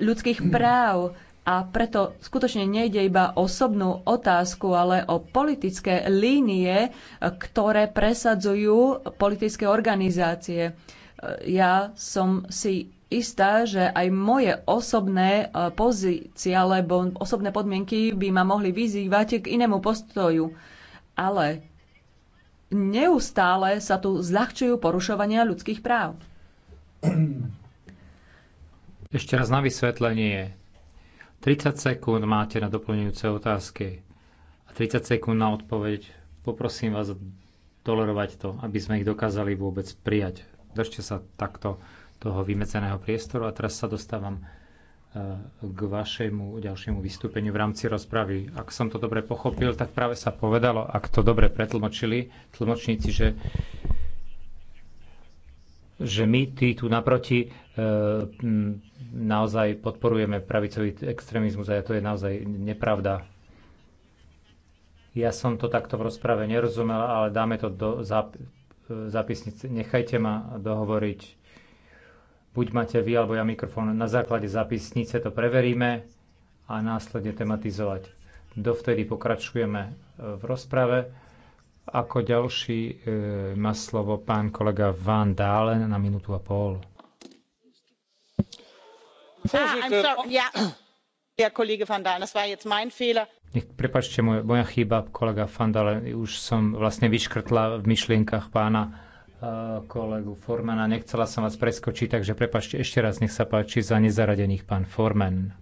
F: ľudských práv. A preto skutočne nejde iba o osobnú otázku, ale o politické línie, ktoré presadzujú politické organizácie ja som si istá, že aj moje osobné e, pozície alebo osobné podmienky by ma mohli vyzývať k inému postoju. Ale neustále sa tu zľahčujú porušovania ľudských práv.
D: Ešte raz na vysvetlenie. 30 sekúnd máte na doplňujúce otázky a 30 sekúnd na odpoveď. Poprosím vás tolerovať to, aby sme ich dokázali vôbec prijať. Držte sa takto toho vymedzeného priestoru. A teraz sa dostávam e, k vašemu ďalšiemu vystúpeniu v rámci rozpravy. Ak som to dobre pochopil, tak práve sa povedalo, ak to dobre pretlmočili tlmočníci, že že my tí tu naproti e, naozaj podporujeme pravicový extrémizmus a to je naozaj nepravda. Ja som to takto v rozprave nerozumel, ale dáme to do zap- zápisnice. Nechajte ma dohovoriť. Buď máte vy alebo ja mikrofón. Na základe zápisnice to preveríme a následne tematizovať. Dovtedy pokračujeme v rozprave. Ako ďalší e, má slovo pán kolega Van Dalen na minútu a pol.
G: Ah, sorry. Ja, ja, kolega Van Dalen, das war jetzt mein Fehler.
D: Nech, prepačte, moja, moja chyba, kolega Fandale, už som vlastne vyškrtla v myšlienkach pána uh, kolegu Formana. Nechcela som vás preskočiť, takže prepačte ešte raz, nech sa páči za nezaradených pán Forman.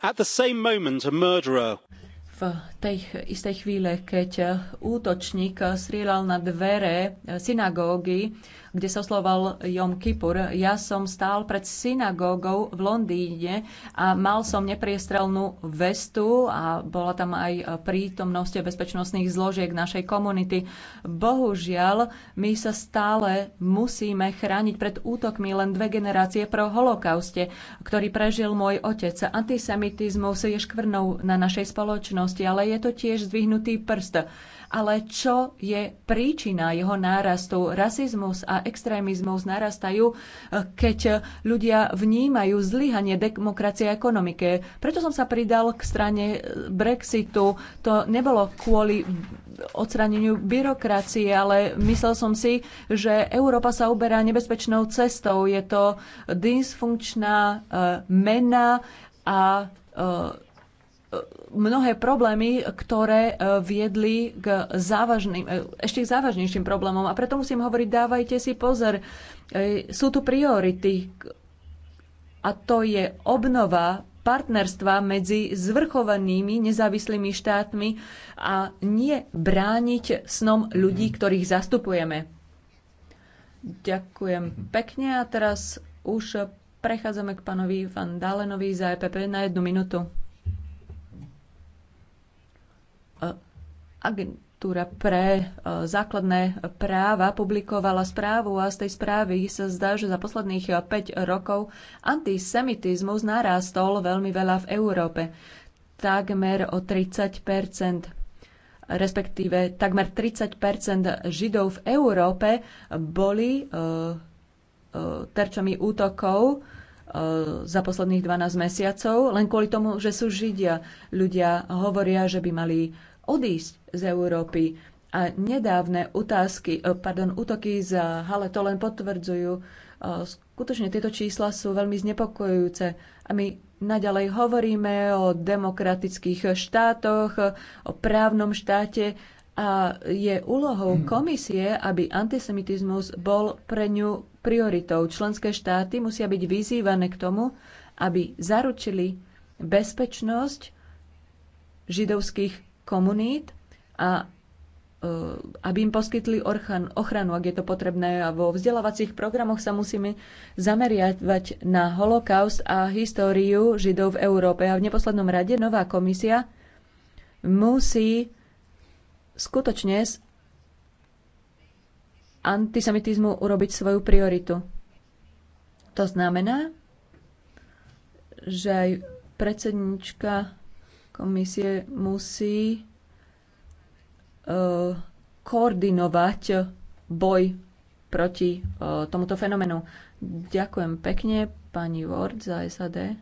H: At the same moment, a murderer
F: v tej istej chvíle, keď útočník strieľal na dvere e, synagógy, kde sa oslovoval Jom Kippur. Ja som stál pred synagógou v Londýne a mal som nepriestrelnú vestu a bola tam aj prítomnosť bezpečnostných zložiek našej komunity. Bohužiaľ, my sa stále musíme chrániť pred útokmi len dve generácie pro holokauste, ktorý prežil môj otec. Antisemitizmus je škvrnou na našej spoločnosti, ale je to tiež zdvihnutý prst ale čo je príčina jeho nárastu? Rasizmus a extrémizmus narastajú, eh, keď ľudia vnímajú zlyhanie demokracie a ekonomike. Preto som sa pridal k strane eh, Brexitu. To nebolo kvôli odstraneniu byrokracie, ale myslel som si, že Európa sa uberá nebezpečnou cestou. Je to dysfunkčná eh, mena a mnohé problémy, ktoré e, viedli k závažným, e, ešte k závažnejším problémom. A preto musím hovoriť, dávajte si pozor. E, sú tu priority a to je obnova partnerstva medzi zvrchovanými nezávislými štátmi a nie brániť snom ľudí, mhm. ktorých zastupujeme. Ďakujem mhm. pekne a teraz už prechádzame k pánovi Van Dalenovi za EPP na jednu minútu. agentúra pre e, základné práva publikovala správu a z tej správy sa zdá, že za posledných 5 e, rokov antisemitizmus narástol veľmi veľa v Európe. Takmer o 30 respektíve takmer 30 Židov v Európe boli e, terčami útokov za posledných 12 mesiacov, len kvôli tomu, že sú Židia. Ľudia hovoria, že by mali odísť z Európy. A nedávne utázky, eh, pardon, útoky za Hale to len potvrdzujú. Eh, skutočne tieto čísla sú veľmi znepokojujúce a my naďalej hovoríme o demokratických štátoch, o právnom štáte a je úlohou hmm. komisie, aby antisemitizmus bol pre ňu prioritou. Členské štáty musia byť vyzývané k tomu, aby zaručili bezpečnosť židovských komunít a e, aby im poskytli ochranu, ak je to potrebné. A vo vzdelávacích programoch sa musíme zameriavať na holokaust a históriu Židov v Európe. A v neposlednom rade nová komisia musí skutočne z antisemitizmu urobiť svoju prioritu. To znamená, že aj predsednička komisie musí e, koordinovať boj proti e, tomuto fenomenu. Ďakujem pekne pani Ward za SAD.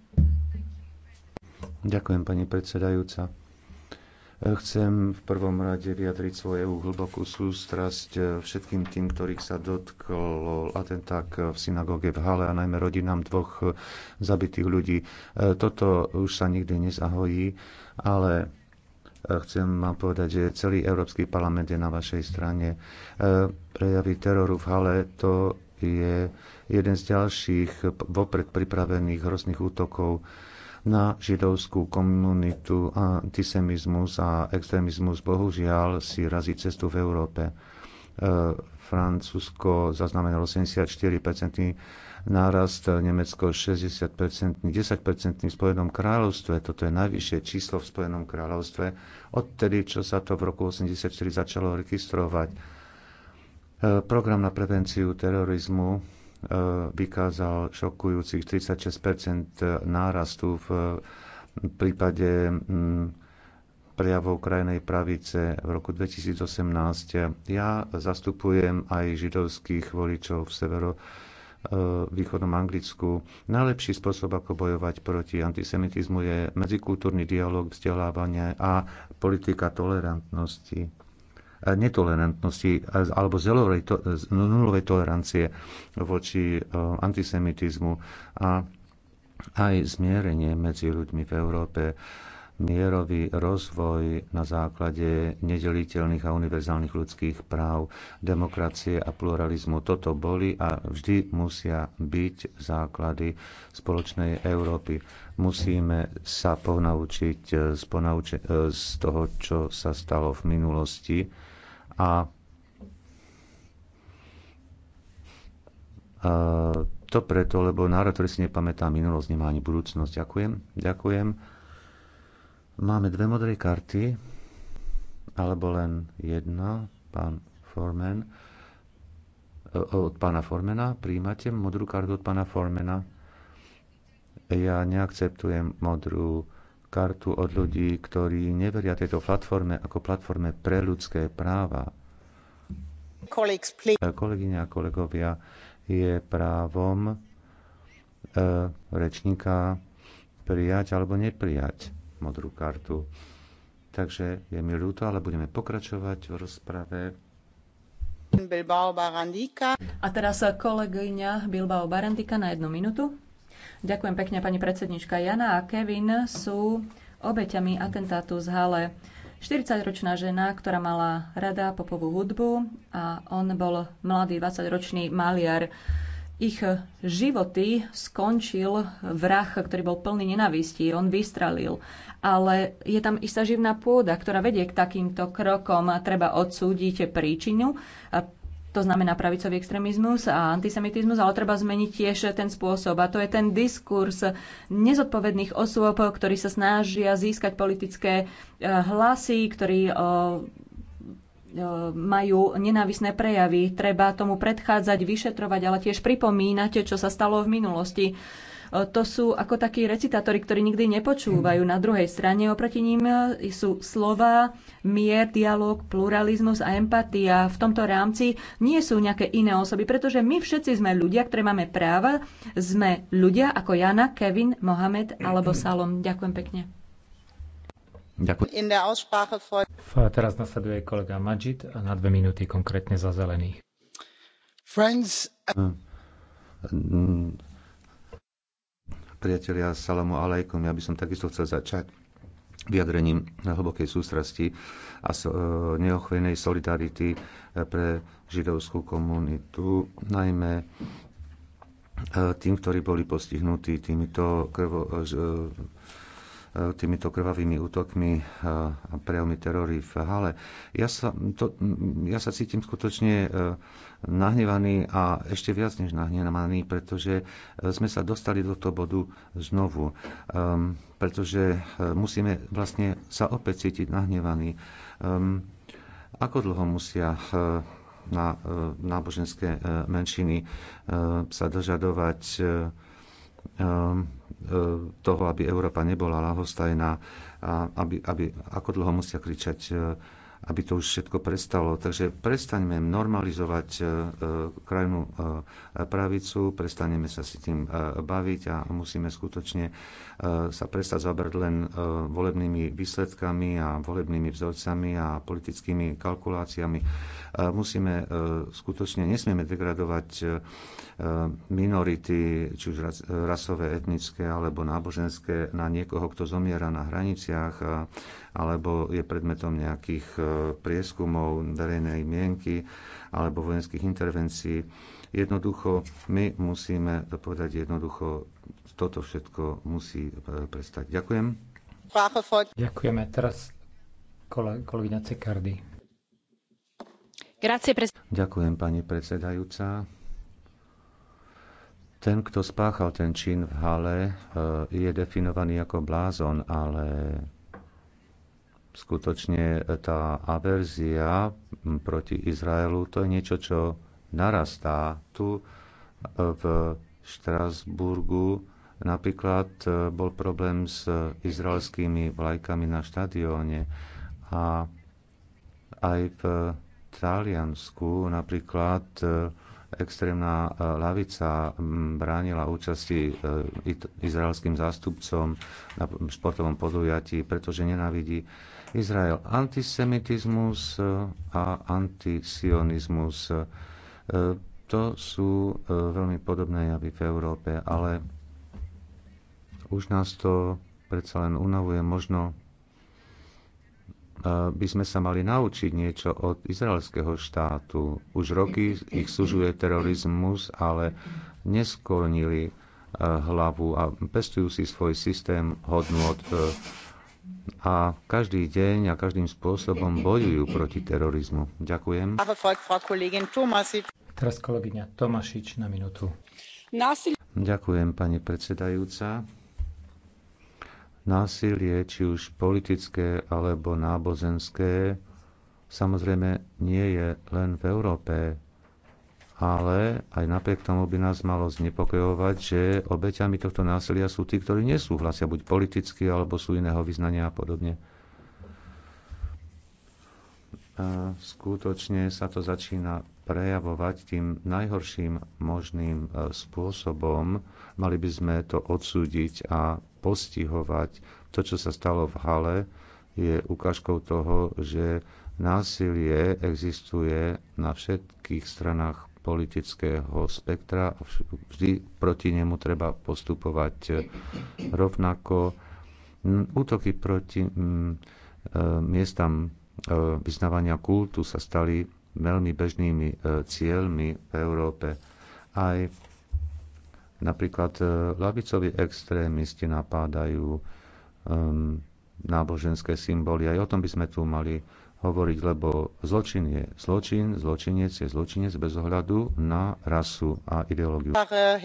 K: Ďakujem pani predsedajúca. E, chcem v prvom rade vyjadriť svoju hlbokú sústrasť všetkým tým, ktorých sa dotkol atentát v synagóge v Hale a najmä rodinám dvoch zabitých ľudí. Toto už sa nikdy nezahojí ale e, chcem vám povedať, že celý Európsky parlament je na vašej strane. E, prejavy teroru v Hale to je jeden z ďalších vopred pripravených hrozných útokov na židovskú komunitu. Antisemizmus a extrémizmus bohužiaľ si razí cestu v Európe. E, Francúzsko zaznamenalo 74% nárast eh, Nemecko 60%, 10% v Spojenom kráľovstve. Toto je najvyššie číslo v Spojenom kráľovstve odtedy, čo sa to v roku 1984 začalo registrovať. Eh, Program na prevenciu terorizmu eh, vykázal šokujúcich 36% nárastu v prípade mm, prejavov krajnej pravice v roku 2018. Ja zastupujem aj židovských voličov v severo východnom Anglicku. Najlepší spôsob, ako bojovať proti antisemitizmu, je medzikultúrny dialog, vzdelávanie a politika tolerantnosti netolerantnosti alebo nulovej tolerancie voči e, antisemitizmu a aj zmierenie medzi ľuďmi v Európe mierový rozvoj na základe nedeliteľných a univerzálnych ľudských práv, demokracie a pluralizmu. Toto boli a vždy musia byť základy spoločnej Európy. Musíme sa ponaučiť z, ponauči- e, z toho, čo sa stalo v minulosti a e, to preto, lebo národ, ktorý si nepamätá minulosť, nemá ani budúcnosť. Ďakujem. Ďakujem. Máme dve modré karty, alebo len jedna, pán Formen, od pána Formena. Príjmate modrú kartu od pána Formena? Ja neakceptujem modrú kartu od ľudí, ktorí neveria tejto platforme ako platforme pre ľudské práva.
G: E,
K: kolegyne a kolegovia, je právom e, rečníka prijať alebo neprijať modrú kartu. Takže je mi ľúto, ale budeme pokračovať v rozprave.
G: Bilbao
F: Barandika. A teraz kolegyňa Bilbao Barandika na jednu minútu. Ďakujem pekne, pani predsednička. Jana a Kevin sú obeťami atentátu z Hale. 40-ročná žena, ktorá mala rada popovú hudbu a on bol mladý 20-ročný maliar ich životy skončil vrah, ktorý bol plný nenavistí. On vystrelil. Ale je tam istá živná pôda, ktorá vedie k takýmto krokom. Treba odsúdiť príčinu, to znamená pravicový extrémizmus a antisemitizmus, ale treba zmeniť tiež ten spôsob. A to je ten diskurs nezodpovedných osôb, ktorí sa snažia získať politické eh, hlasy, ktorí eh, E, majú nenávisné prejavy. Treba tomu predchádzať, vyšetrovať, ale tiež pripomínať, čo sa stalo v minulosti. E, to sú ako takí recitátori, ktorí nikdy nepočúvajú. Na druhej strane oproti ním e, sú slova, mier, dialog, pluralizmus a empatia. V tomto rámci nie sú nejaké iné osoby, pretože my všetci sme ľudia, ktoré máme práva. Sme ľudia ako Jana, Kevin, Mohamed alebo Salom. Ďakujem pekne.
G: Ďakujem.
D: A teraz nasleduje kolega Majid a na dve minúty konkrétne za zelených.
G: Friends...
K: Priatelia, salamu alaikum. Ja by som takisto chcel začať vyjadrením hlbokej sústrasti a e, neochvejnej solidarity e, pre židovskú komunitu, najmä e, tým, ktorí boli postihnutí týmito krvo, E, týmito krvavými útokmi e, a prejavmi terory v Hale. Ja sa, to, ja sa cítim skutočne e, nahnevaný a ešte viac než nahnevaný, pretože sme sa dostali do toho bodu znovu. Um, pretože musíme vlastne sa opäť cítiť nahnevaní. Um, ako dlho musia na náboženské menšiny sa dožadovať E, toho, aby Európa nebola lahostajná, aby, aby, ako dlho musia kričať, e, aby to už všetko prestalo. Takže prestaňme normalizovať e, krajnú pravicu, prestaneme sa si tým baviť a musíme skutočne E, sa prestať zaoberať len e, volebnými výsledkami a volebnými vzorcami a politickými kalkuláciami. E, musíme skutočne, nesmieme degradovať minority, či už rasové, etnické alebo náboženské, na niekoho, kto zomiera na hraniciach alebo je predmetom nejakých prieskumov verejnej mienky alebo vojenských intervencií. Jednoducho, my musíme to povedať jednoducho, toto všetko musí e, prestať. Ďakujem. Ďakujeme. Teraz kolegyňa Cekardy. Ďakujem, pani predsedajúca. Ten, kto spáchal ten čin v hale, e, je definovaný ako blázon, ale skutočne tá averzia proti Izraelu, to je niečo, čo narastá. Tu e, v Štrasburgu Napríklad e, bol problém s izraelskými vlajkami na štadióne a aj v Taliansku napríklad e, extrémna e, lavica bránila účasti izraelským zástupcom na športovom podujatí, pretože nenávidí Izrael. Antisemitizmus a antisionizmus to sú veľmi podobné javy v Európe, ale už nás to predsa len unavuje. Možno eh, by sme sa mali naučiť niečo od izraelského štátu. Už roky ich sužuje terorizmus, ale neskolnili eh, hlavu a pestujú si svoj systém hodnot eh, a každý deň a každým spôsobom bojujú proti terorizmu. Ďakujem. Teraz kolegyňa Tomašič na minútu. Ďakujem, pani predsedajúca násilie, či už politické alebo náboženské, samozrejme nie je len v Európe, ale aj napriek tomu by nás malo znepokojovať, že obeťami tohto násilia sú tí, ktorí nesúhlasia buď politicky alebo sú iného vyznania a podobne skutočne sa to začína prejavovať tým najhorším možným e, spôsobom. Mali by sme to odsúdiť a postihovať. To, čo sa stalo v Hale, je ukážkou toho, že násilie existuje na všetkých stranách politického spektra a vždy proti nemu treba postupovať e, rovnako. Útoky proti e, miestam E, vyznávania kultu sa stali veľmi bežnými e, cieľmi v Európe. Aj napríklad lavicovi e, extrémisti napádajú náboženské symboly. Aj o tom by sme tu mali hovoriť, lebo zločin je zločin, zločinec je zločinec bez ohľadu na rasu a ideológiu.
G: Euh,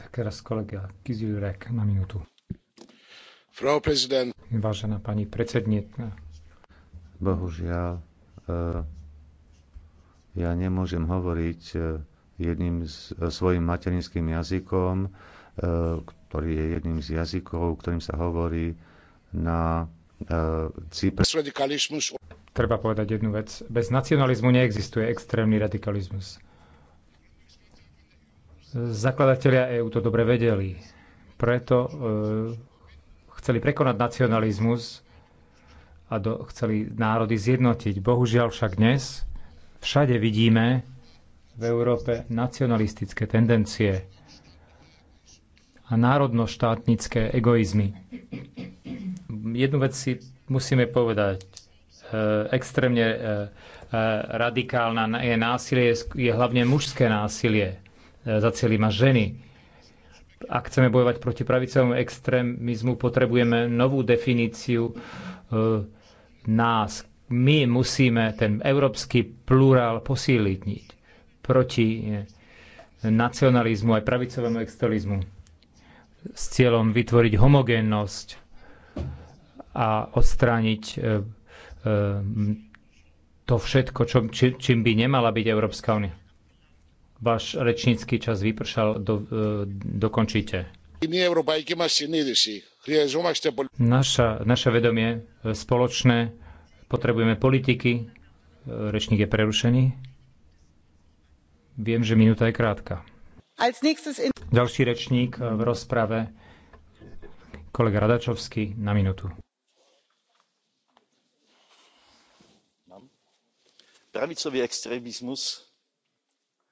G: tak teraz kolega
D: Kizilurek na minútu. Vážená pani predsednička
K: Bohužiaľ, e, ja nemôžem hovoriť e, jedným z, e, svojim materinským jazykom, ktorý je jedným z jazykov, ktorým sa hovorí na Cypre.
D: Treba povedať jednu vec. Bez nacionalizmu neexistuje extrémny radikalizmus. Zakladatelia EÚ to dobre vedeli. Preto e, chceli prekonať nacionalizmus a do, chceli národy zjednotiť. Bohužiaľ však dnes všade vidíme v Európe nacionalistické tendencie a národno-štátnické egoizmy. Jednu vec si musíme povedať. E, extrémne e, e radikálna je násilie, je hlavne mužské násilie. E, za cieľ má ženy ak chceme bojovať proti pravicovému extrémizmu, potrebujeme novú definíciu e, nás. My musíme ten európsky plurál posíliť proti e, nacionalizmu aj pravicovému extrémizmu s cieľom vytvoriť homogénnosť a odstrániť e, e, to všetko, čo, či, čím by nemala byť Európska únia. Váš rečnícky čas vypršal, do, e, dokončíte. Naša, naše vedomie e, spoločné, potrebujeme politiky, e, rečník je prerušený. Viem, že minúta je krátka. Ďalší rečník v rozprave, kolega Radačovský, na minútu.
H: Pravicový extrémizmus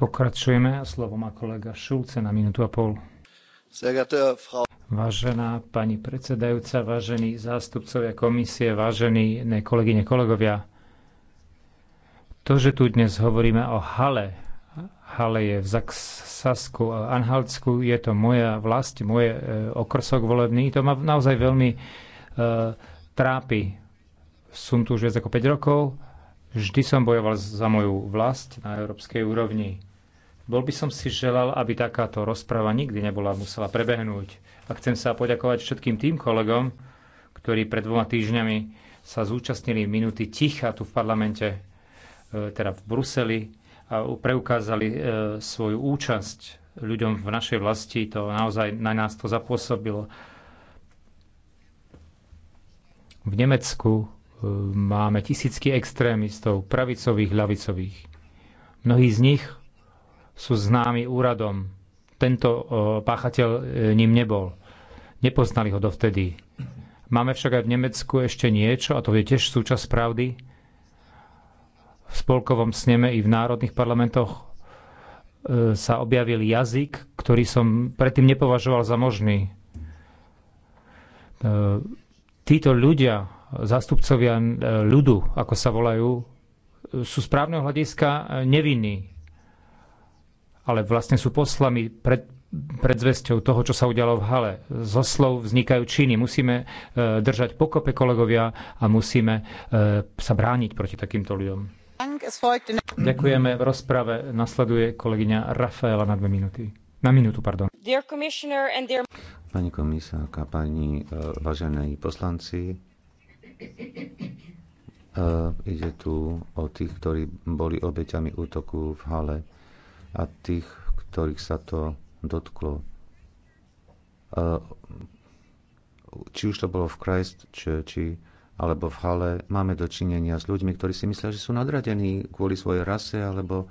D: Pokračujeme slovo má kolega Šulce na minútu a pol. Vážená pani predsedajúca, vážení zástupcovia komisie, vážení kolegyne, kolegovia, to, že tu dnes hovoríme o hale, hale je v Zaksasku a Anhaltsku, je to moja vlast, môj e, okrsok volebný, to ma naozaj veľmi e, trápi. Som tu už viac ako 5 rokov, vždy som bojoval za moju vlast na európskej úrovni bol by som si želal, aby takáto rozprava nikdy nebola musela prebehnúť. A chcem sa poďakovať všetkým tým kolegom, ktorí pred dvoma týždňami sa zúčastnili minuty ticha tu v parlamente, e, teda v Bruseli, a preukázali e, svoju účasť ľuďom v našej vlasti. To naozaj na nás to zapôsobilo. V Nemecku e, máme tisícky extrémistov, pravicových, ľavicových. Mnohí z nich sú známi úradom. Tento páchateľ e, ním nebol. Nepoznali ho dovtedy. Máme však aj v Nemecku ešte niečo, a to je tiež súčasť pravdy, v spolkovom sneme i v národných parlamentoch e, sa objavil jazyk, ktorý som predtým nepovažoval za možný. E, títo ľudia, zástupcovia ľudu, ako sa volajú, sú správneho hľadiska nevinní ale vlastne sú poslami pred, predzvesťou toho, čo sa udialo v Hale. Zo slov vznikajú činy. Musíme e, držať pokope kolegovia a musíme e, sa brániť proti takýmto ľuďom. Ďakujeme. V rozprave nasleduje kolegyňa Rafaela na dve minúty. Na minútu, pardon.
K: Pani komisárka, pani e, vážení poslanci, ide tu o tých, ktorí boli obeťami útoku v Hale a tých, ktorých sa to dotklo. Či už to bolo v Christchurchi alebo v Hale, máme dočinenia s ľuďmi, ktorí si myslia, že sú nadradení kvôli svojej rase alebo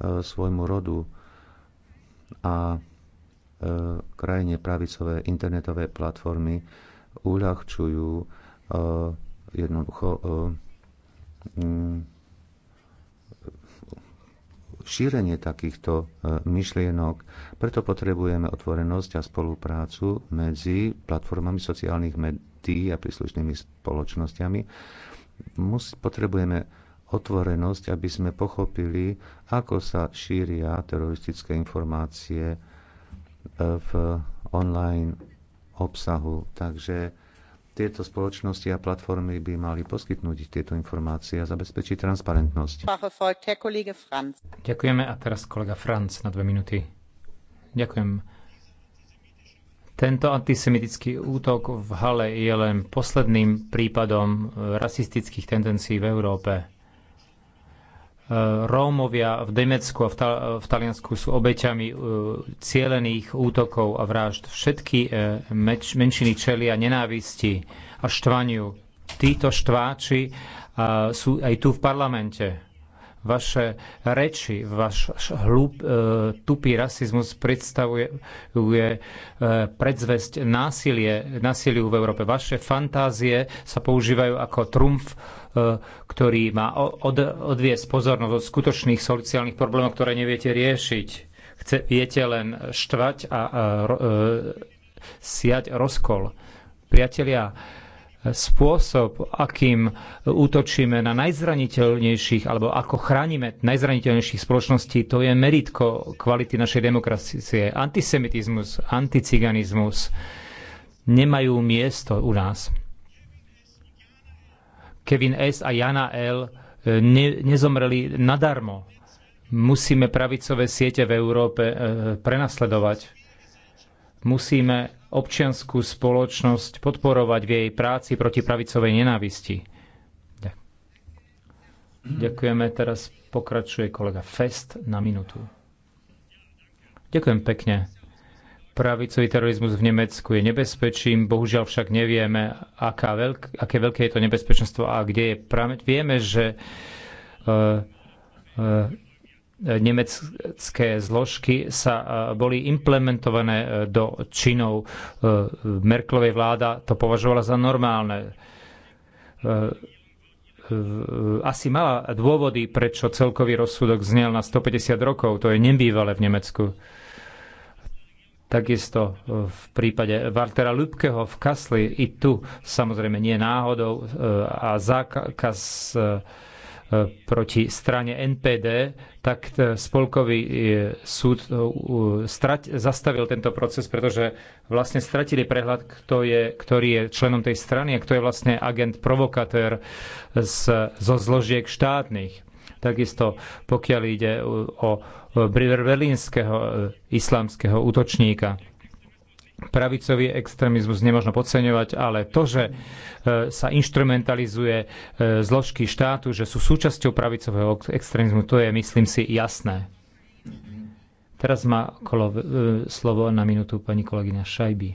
K: e, svojmu rodu. A e, krajine pravicové internetové platformy uľahčujú e, jednoducho šírenie takýchto e, myšlienok. Preto potrebujeme otvorenosť a spoluprácu medzi platformami sociálnych médií a príslušnými spoločnosťami. Mus, potrebujeme otvorenosť, aby sme pochopili, ako sa šíria teroristické informácie e, v online obsahu. Takže tieto spoločnosti a platformy by mali poskytnúť tieto informácie a zabezpečiť transparentnosť.
D: Ďakujeme a teraz kolega Franc na dve minúty. Ďakujem. Tento antisemitický útok v Hale je len posledným prípadom eh, rasistických tendencií v Európe. Eh, Rómovia v Nemecku a v, Taliansku sú obeťami eh, cielených útokov a vražd. Všetky eh, menšiny čelia nenávisti a štvaniu. Títo štváči sú aj tu v parlamente Vaše reči, váš hlup, e, tupý rasizmus predstavuje e, predzvesť násilie, násiliu v Európe. Vaše fantázie sa používajú ako trumf e, ktorý má od, odviesť pozornosť od skutočných sociálnych problémov, ktoré neviete riešiť. Chce, viete len štvať a, a, a siať rozkol. Priatelia, spôsob, akým útočíme na najzraniteľnejších, alebo ako chránime najzraniteľnejších spoločností, to je meritko kvality našej demokracie. Antisemitizmus, anticiganizmus nemajú miesto u nás. Kevin S. a Jana L. Ne, nezomreli nadarmo. Musíme pravicové siete v Európe e, prenasledovať. Musíme občianskú spoločnosť podporovať v jej práci proti pravicovej nenávisti. Ďakujeme. Teraz pokračuje kolega Fest na minútu. Ďakujem pekne. Pravicový terorizmus v Nemecku je nebezpečím, bohužiaľ však nevieme, aká veľk, aké veľké je to nebezpečenstvo a kde je práve. Vieme, že uh, uh, nemecké zložky sa e, boli implementované e, do činov e, Merklovej vláda to považovala za normálne. Asi mala dôvody, prečo celkový rozsudok znel na 150 rokov. To je nebývalé v Nemecku. Takisto v prípade Waltera Lübkeho v Kasli i tu samozrejme nie náhodou a zákaz proti strane NPD, tak e, spolkový e, súd e, strať, zastavil tento proces, pretože vlastne stratili prehľad, kto je, ktorý je členom tej strany a kto je vlastne agent provokatér z, zo zložiek štátnych. Takisto pokiaľ ide o, o berlínskeho islamského útočníka pravicový extrémizmus nemožno podceňovať, ale to, že e, sa instrumentalizuje e, zložky štátu, že sú súčasťou pravicového extrémizmu, to je, myslím si, jasné. Teraz má kolo, e, slovo na minútu pani kolegyňa Šajby.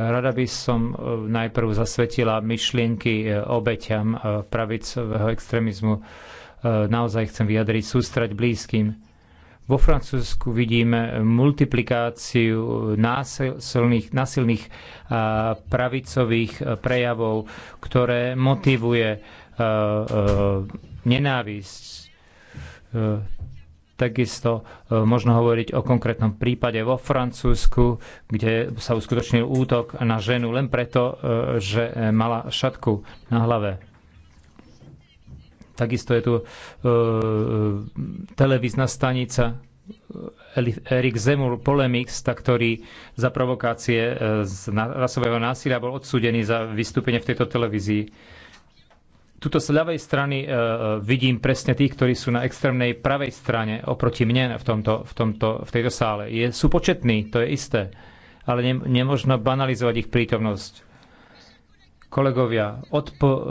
D: Rada by som najprv zasvetila myšlienky obeťam pravicového extrémizmu. Naozaj chcem vyjadriť sústrať blízkym vo Francúzsku vidíme multiplikáciu násilných, násilných pravicových e, prejavov, ktoré motivuje e, e, nenávisť. Takisto možno hovoriť o konkrétnom prípade vo Francúzsku, kde sa uskutočnil útok na ženu len preto, že mala šatku na hlave Takisto je tu e, e televízna stanica e, Erik Zemur polemista, ktorý za provokácie e, z rasového násilia bol odsúdený za vystúpenie v tejto televízii. Tuto z ľavej strany e, vidím presne tých, ktorí sú na extrémnej pravej strane oproti mne v, tomto, v, tomto, v tejto sále. Je, sú početní, to je isté, ale ne, nemožno banalizovať ich prítomnosť Kolegovia, odpo, eh,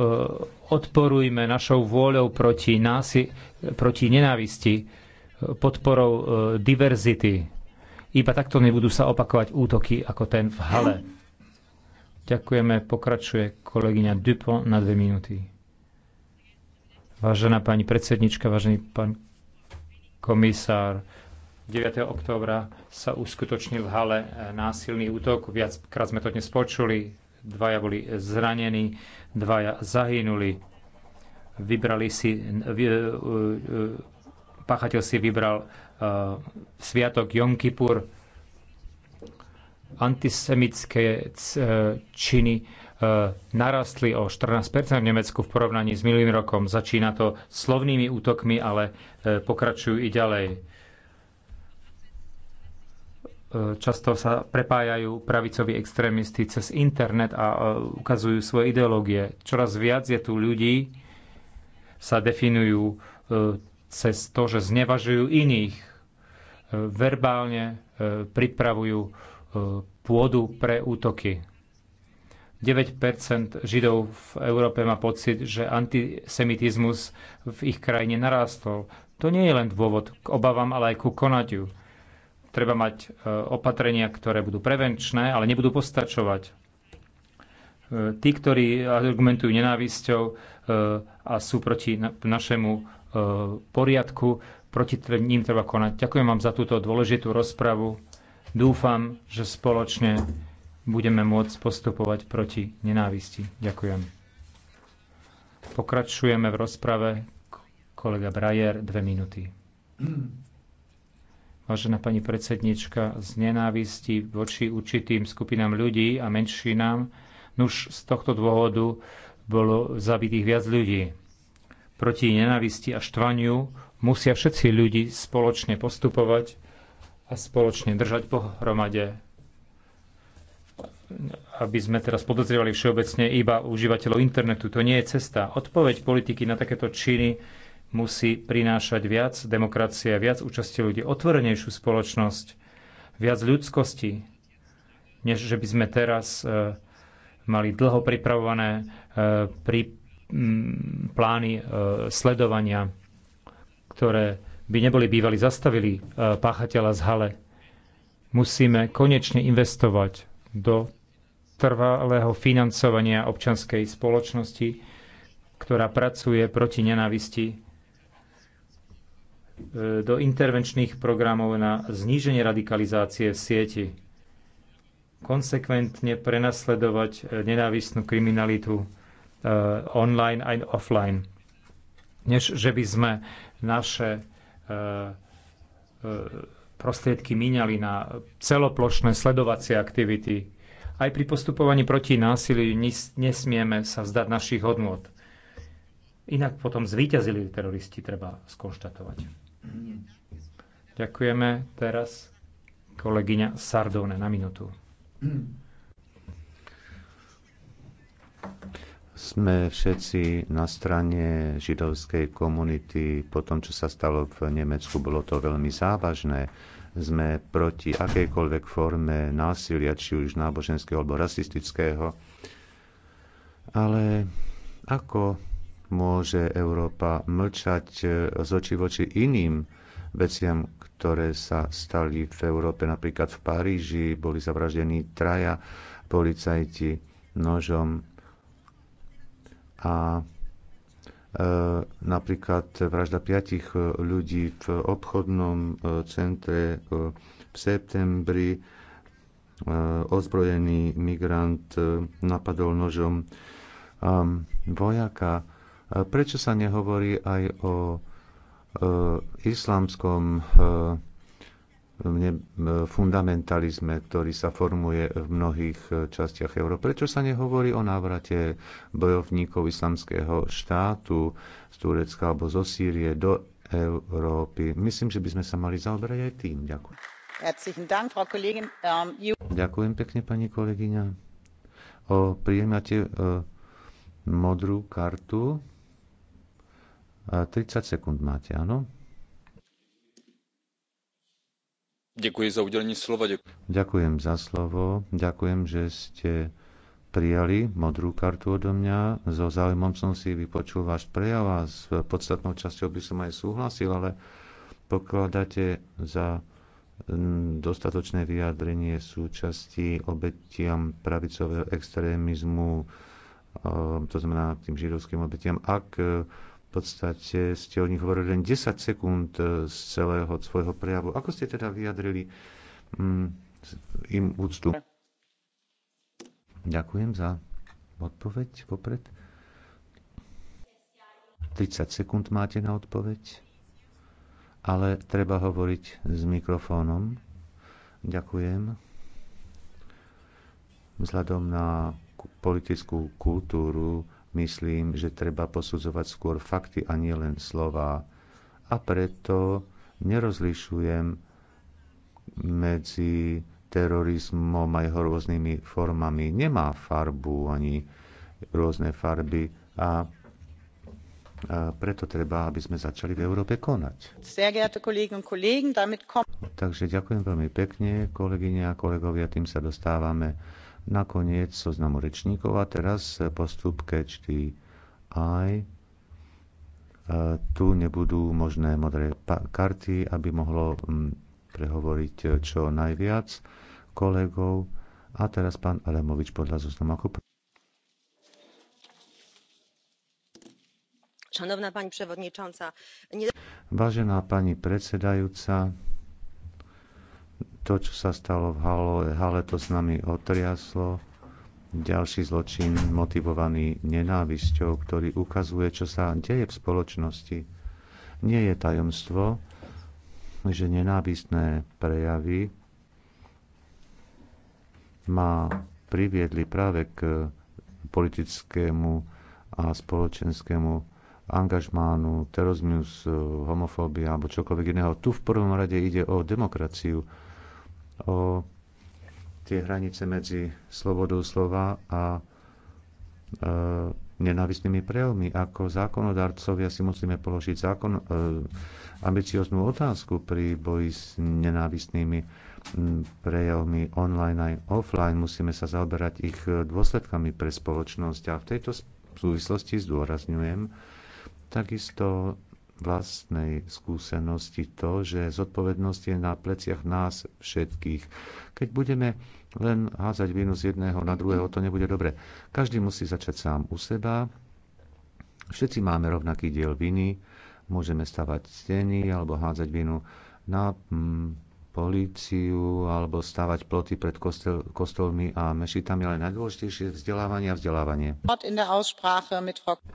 D: odporujme našou vôľou proti, násil, proti nenávisti, eh, podporou eh, diverzity. Iba takto nebudú sa opakovať útoky ako ten v Hale. Ďakujeme, pokračuje kolegyňa Dupont na dve minúty. Vážená pani predsednička, vážený pán komisár, 9. októbra sa uskutočnil v hale násilný útok. Viackrát sme to dnes počuli. Dvaja boli zranení, dvaja zahynuli. Vybrali si, e, e, pachateľ si vybral e, sviatok Jom Kippur. Antisemické činy narastli o 14% v Nemecku v porovnaní s minulým rokom. Začína to slovnými útokmi, ale pokračujú i ďalej často sa prepájajú pravicoví extrémisti cez internet a ukazujú svoje ideológie. Čoraz viac je tu ľudí, sa definujú e, cez to, že znevažujú iných, e, verbálne e, pripravujú pôdu pre útoky. 9 Židov v Európe má pocit, že antisemitizmus v ich krajine narástol. To nie je len dôvod k obavám, ale aj ku konatiu. Treba mať e, opatrenia, ktoré budú prevenčné, ale nebudú postačovať. E, tí, ktorí argumentujú nenávisťou e, a sú proti našemu poriadku, proti ním treba konať. Ďakujem vám za túto dôležitú rozpravu. Dúfam, že spoločne budeme môcť postupovať proti nenávisti. Ďakujem. Pokračujeme v rozprave. Kolega Brajer, dve minúty. vážená pani predsednička, z nenávisti voči určitým skupinám ľudí a menšinám. Nuž z tohto dôvodu bolo zabitých viac ľudí. Proti nenávisti a štvaniu musia všetci ľudí spoločne postupovať a spoločne držať pohromade aby sme teraz podozrievali všeobecne iba užívateľov internetu. To nie je cesta. Odpoveď politiky na takéto činy musí prinášať viac demokracie, viac účasti ľudí, otvorenejšiu spoločnosť, viac ľudskosti, než že by sme teraz e, mali dlho pripravované e, pri, m, plány e, sledovania, ktoré by neboli bývali zastavili e, páchateľa z hale. Musíme konečne investovať do trvalého financovania občanskej spoločnosti, ktorá pracuje proti nenávisti E, do intervenčných programov na zníženie radikalizácie v sieti, konsekventne prenasledovať e, nenávisnú kriminalitu e, online aj offline, než že by sme naše prostriedky míňali na celoplošné sledovacie aktivity. Aj pri postupovaní proti násiliu nesmieme sa vzdať našich hodnôt. Inak potom zvíťazili teroristi, treba skonštatovať. Ďakujeme. Teraz kolegyňa Sardone na minútu.
K: Sme všetci na strane židovskej komunity. Po tom, čo sa stalo v Nemecku, bolo to veľmi závažné. Sme proti akejkoľvek forme násilia, či už náboženského alebo rasistického. Ale ako môže Európa mlčať eh, z očí voči iným veciam, ktoré sa stali v Európe. Napríklad v Paríži boli zavraždení traja policajti nožom a eh, napríklad vražda piatich eh, ľudí v obchodnom centre v septembri. Ozbrojený migrant napadol nožom vojaka Prečo sa nehovorí aj o e, islamskom e, e fundamentalizme, ktorý sa formuje v mnohých e, častiach Európy. Prečo sa nehovorí o návrate bojovníkov islamského štátu z Turecka alebo zo Sýrie do Európy? Myslím, že by sme sa mali zaoberať aj tým. Ďakujem.
G: Ähm,
K: Ďakujem pekne, pani kolegyňa. O, prijímate e, modrú kartu 30 sekúnd máte, áno?
M: Ďakujem
C: za udelenie slova.
K: Ďakujem za slovo. Ďakujem, že ste prijali modrú kartu odo mňa. So záujmom som si vypočul váš prejav a s podstatnou časťou by som aj súhlasil, ale pokladáte za mm, dostatočné vyjadrenie súčasti obetiam pravicového extrémizmu, to znamená tým židovským obetiam, ak v podstate ste o nich hovorili len 10 sekúnd e, z celého svojho prejavu. Ako ste teda vyjadrili mm, im úctu? Ďakujem za odpoveď popred. 30 sekúnd máte na odpoveď, ale treba hovoriť s mikrofónom. Ďakujem. Vzhľadom na politickú kultúru Myslím, že treba posudzovať skôr fakty a nie len slova. A preto nerozlišujem medzi terorizmom a jeho rôznymi formami. Nemá farbu ani rôzne farby a a preto treba, aby sme začali v Európe konať. Takže ďakujem veľmi pekne, kolegyne a kolegovia, tým sa dostávame nakoniec zoznamu rečníkov a teraz postup catch the eye. E, tu nebudú možné modré karty, aby mohlo mm, prehovoriť e, čo najviac kolegov. A teraz pán Alemovič podľa zoznamu ako Vážená pani predsedajúca, to, čo sa stalo v Hale, Hale to s nami otriaslo. Ďalší zločin motivovaný nenávisťou, ktorý ukazuje, čo sa deje v spoločnosti. Nie je tajomstvo, že nenávistné prejavy ma priviedli práve k politickému a spoločenskému angažmánu, terorizmus, homofóbia alebo čokoľvek iného. Tu v prvom rade ide o demokraciu o tie hranice medzi slobodou slova a e, nenávistnými prejavmi. Ako zákonodarcovia si musíme položiť zákon, e, ambicioznú otázku pri boji s nenávistnými prejavmi online aj offline. Musíme sa zaoberať ich dôsledkami pre spoločnosť. A v tejto súvislosti zdôrazňujem takisto vlastnej skúsenosti to, že zodpovednosť je na pleciach nás všetkých. Keď budeme len házať vinu z jedného na druhého, to nebude dobre. Každý musí začať sám u seba. Všetci máme rovnaký diel viny. Môžeme stavať steny alebo hádzať vinu na mm, políciu alebo stavať ploty pred kostel, kostolmi a mešitami, ale najdôležitejšie vzdelávanie a vzdelávanie.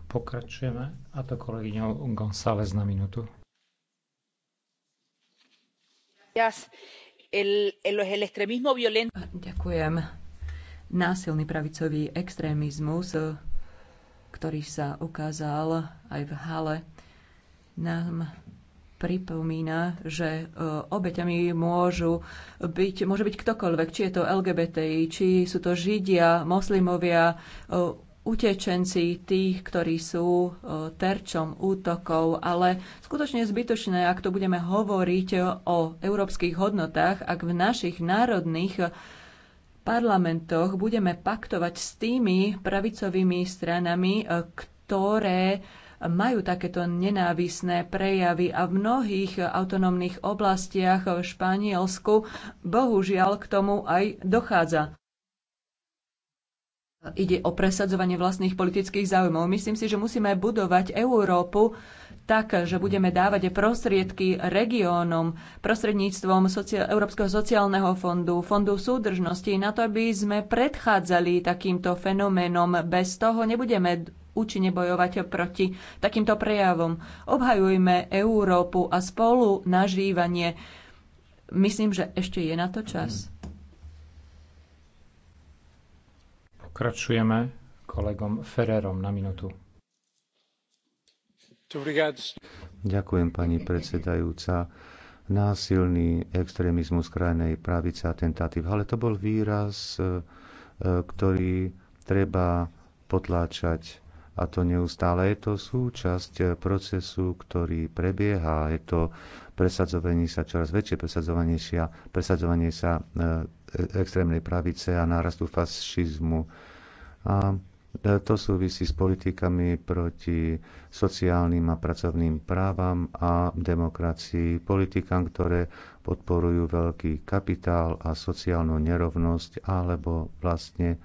K: Pokračujeme a to kolegyňou González
F: na minútu. Ďakujem. Násilný pravicový extrémizmus, ktorý sa ukázal aj v Hale, nám pripomína, že e, obeťami môžu byť, môže byť ktokoľvek, či je to LGBTI, či sú to Židia, moslimovia, e, utečenci tých, ktorí sú e, terčom útokov, ale skutočne zbytočné, ak to budeme hovoriť o európskych hodnotách, ak v našich národných parlamentoch budeme paktovať s tými pravicovými stranami, ktoré majú takéto nenávisné prejavy a v mnohých autonómnych oblastiach v Španielsku bohužiaľ k tomu aj dochádza. Ide o presadzovanie vlastných politických záujmov. Myslím si, že musíme budovať Európu tak, že budeme dávať prostriedky regiónom prostredníctvom socia- Európskeho sociálneho fondu, fondu súdržnosti, na to, aby sme predchádzali takýmto fenoménom. Bez toho nebudeme účinne bojovať proti takýmto prejavom. Obhajujme Európu a spolu nažívanie. Myslím, že ešte je na to čas.
D: Pokračujeme kolegom Ferrerom na minútu.
K: Ďakujem, pani predsedajúca násilný extrémizmus krajnej pravice atentatív. Ale to bol výraz, eh, eh, ktorý treba potláčať a to neustále. Je to súčasť procesu, ktorý prebieha. Je to presadzovanie sa čoraz väčšie presadzovanie sa, presadzovanie sa e, extrémnej pravice a nárastu fašizmu. A e, to súvisí s politikami proti sociálnym a pracovným právam a demokracii, politikám, ktoré podporujú veľký kapitál a sociálnu nerovnosť alebo vlastne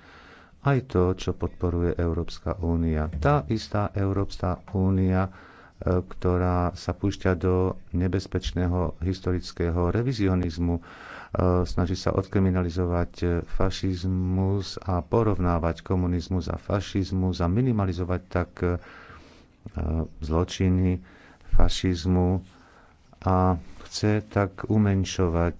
K: aj to, čo podporuje Európska únia. Tá istá Európska únia, e, ktorá sa púšťa do nebezpečného historického revizionizmu, e, snaží sa odkriminalizovať e, fašizmus a porovnávať komunizmus a fašizmus a minimalizovať tak zločiny fašizmu a chce tak umenšovať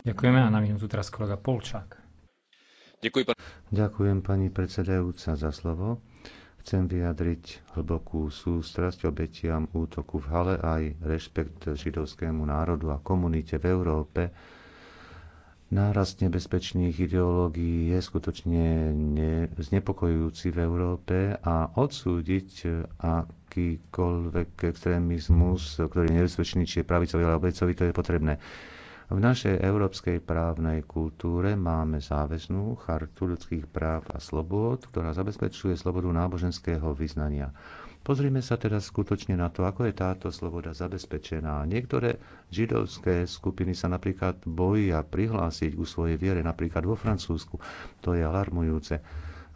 D: Ďakujeme a na minútu teraz kolega Polčák.
C: Ďakujem, pán...
K: Ďakujem pani predsedajúca za slovo. Chcem vyjadriť hlbokú sústrasť obetiam útoku v Hale aj rešpekt židovskému národu a komunite v Európe. Nárast nebezpečných ideológií je skutočne znepokojujúci v Európe a odsúdiť akýkoľvek extrémizmus, ktorý je nebezpečný, či je pravicový alebo obecový, to je potrebné. V našej európskej právnej kultúre máme záväznú chartu ľudských práv a slobod, ktorá zabezpečuje slobodu náboženského vyznania. Pozrime sa teda skutočne na to, ako je táto sloboda zabezpečená. Niektoré židovské skupiny sa napríklad boja prihlásiť u svojej viere, napríklad vo Francúzsku. To je alarmujúce.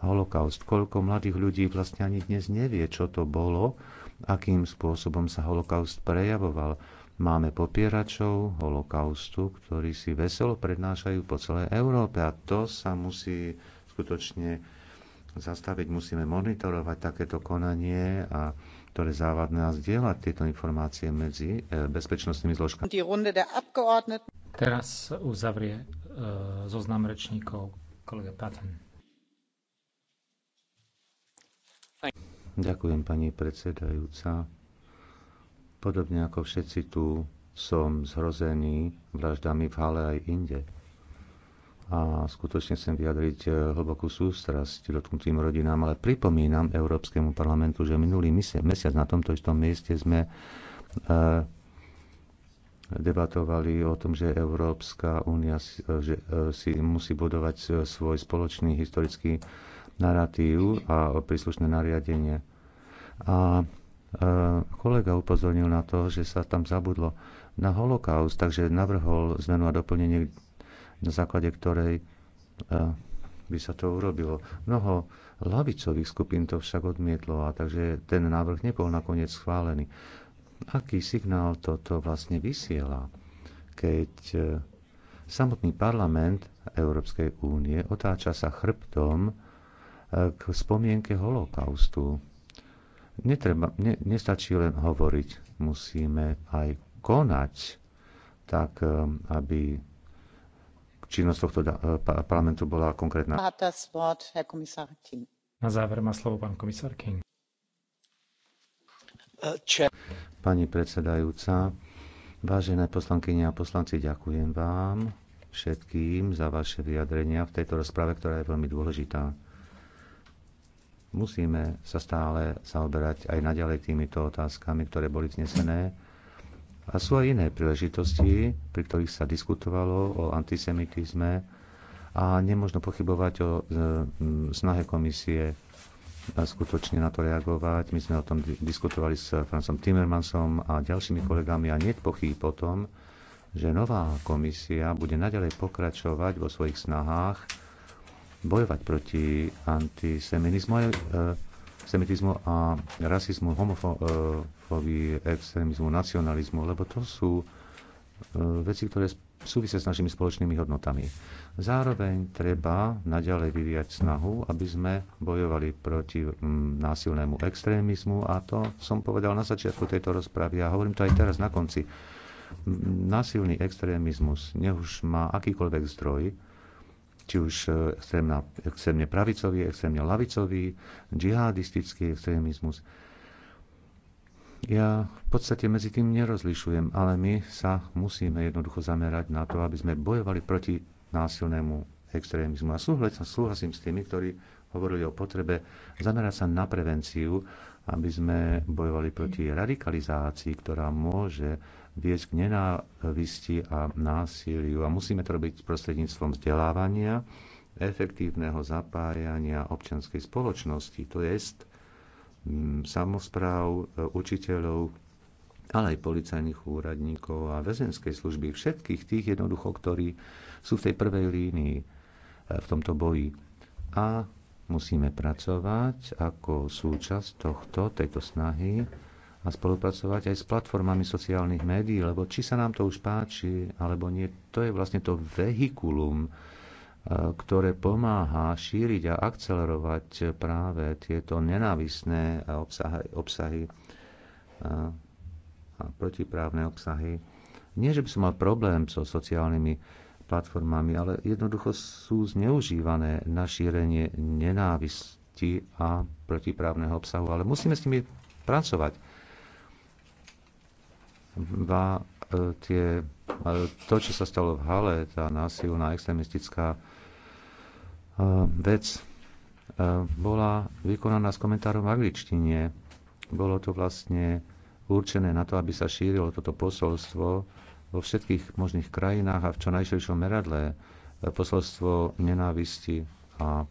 K: Holokaust. Koľko mladých ľudí vlastne ani dnes nevie, čo to bolo, akým spôsobom sa holokaust prejavoval Máme popieračov holokaustu, ktorí si veselo prednášajú po celej Európe a to sa musí skutočne zastaviť. Musíme monitorovať takéto konanie a ktoré závadné a zdieľať tieto informácie medzi e, bezpečnostnými zložkami.
D: Teraz uzavrie e, zoznam rečníkov kolega Patton.
K: Ďakujem, pani predsedajúca. Podobne ako všetci tu som zhrozený vraždami v Hale aj inde. A skutočne chcem vyjadriť eh, hlbokú sústrasť dotknutým rodinám, ale pripomínam Európskemu parlamentu, že minulý mesiac na tomto istom mieste sme eh, debatovali o tom, že Európska únia si eh, musí budovať svoj spoločný historický narratív a príslušné nariadenie. A kolega upozornil na to, že sa tam zabudlo na holokaust, takže navrhol zmenu a doplnenie, na základe ktorej by sa to urobilo. Mnoho lavicových skupín to však odmietlo, a takže ten návrh nebol nakoniec schválený. Aký signál toto vlastne vysiela, keď e, samotný parlament Európskej únie otáča sa chrbtom e, k spomienke holokaustu? Netreba, ne, nestačí len hovoriť, musíme aj konať tak, um, aby činnosť tohto uh, parlamentu bola konkrétna.
D: Na záver má slovo pán komisár King.
G: Uh,
K: Pani predsedajúca, vážené poslankyne a poslanci, ďakujem vám všetkým za vaše vyjadrenia v tejto rozprave, ktorá je veľmi dôležitá. Musíme sa stále zaoberať aj naďalej týmito otázkami, ktoré boli vznesené. A sú aj iné príležitosti, pri ktorých sa diskutovalo o antisemitizme a nemôžno pochybovať o e, snahe komisie e, skutočne na to reagovať. My sme o tom diskutovali s Francom Timmermansom a ďalšími kolegami a net pochýb o tom, že nová komisia bude naďalej pokračovať vo svojich snahách bojovať proti antisemitizmu, e, semitizmu a rasizmu, homofóbii, e, extrémizmu, nacionalizmu, lebo to sú e, veci, ktoré súvisia s našimi spoločnými hodnotami. Zároveň treba naďalej vyvíjať snahu, aby sme bojovali proti m, mm, násilnému extrémizmu a to som povedal na začiatku tejto rozpravy a hovorím to aj teraz na konci. Násilný extrémizmus, nech už má akýkoľvek zdroj, či už e, extrémna, extrémne pravicový, extrémne lavicový, džihadistický extrémizmus. Ja v podstate medzi tým nerozlišujem, ale my sa musíme jednoducho zamerať na to, aby sme bojovali proti násilnému extrémizmu. A súhlasím s tými, ktorí hovorili o potrebe zamerať sa na prevenciu, aby sme bojovali proti radikalizácii, ktorá môže viesť k nenávisti a násiliu. A musíme to robiť prostredníctvom vzdelávania, efektívneho zapájania občianskej spoločnosti, to je mm, samozpráv, e, učiteľov, ale aj policajných úradníkov a väzenskej služby, všetkých tých jednoducho, ktorí sú v tej prvej línii e, v tomto boji. A musíme pracovať ako súčasť tohto, tejto snahy a spolupracovať aj s platformami sociálnych médií, lebo či sa nám to už páči alebo nie, to je vlastne to vehikulum, e, ktoré pomáha šíriť a akcelerovať práve tieto nenávisné obsahy, obsahy e, a protiprávne obsahy. Nie, že by som mal problém so sociálnymi platformami, ale jednoducho sú zneužívané na šírenie nenávisti a protiprávneho obsahu, ale musíme s nimi pracovať ba, e, tie, e, to, čo sa stalo v Hale, tá násilná extremistická e, vec, bola vykonaná s komentárom v angličtine. Bolo to vlastne určené na to, aby sa šírilo toto posolstvo vo všetkých možných krajinách a v čo najširšom meradle posolstvo nenávisti a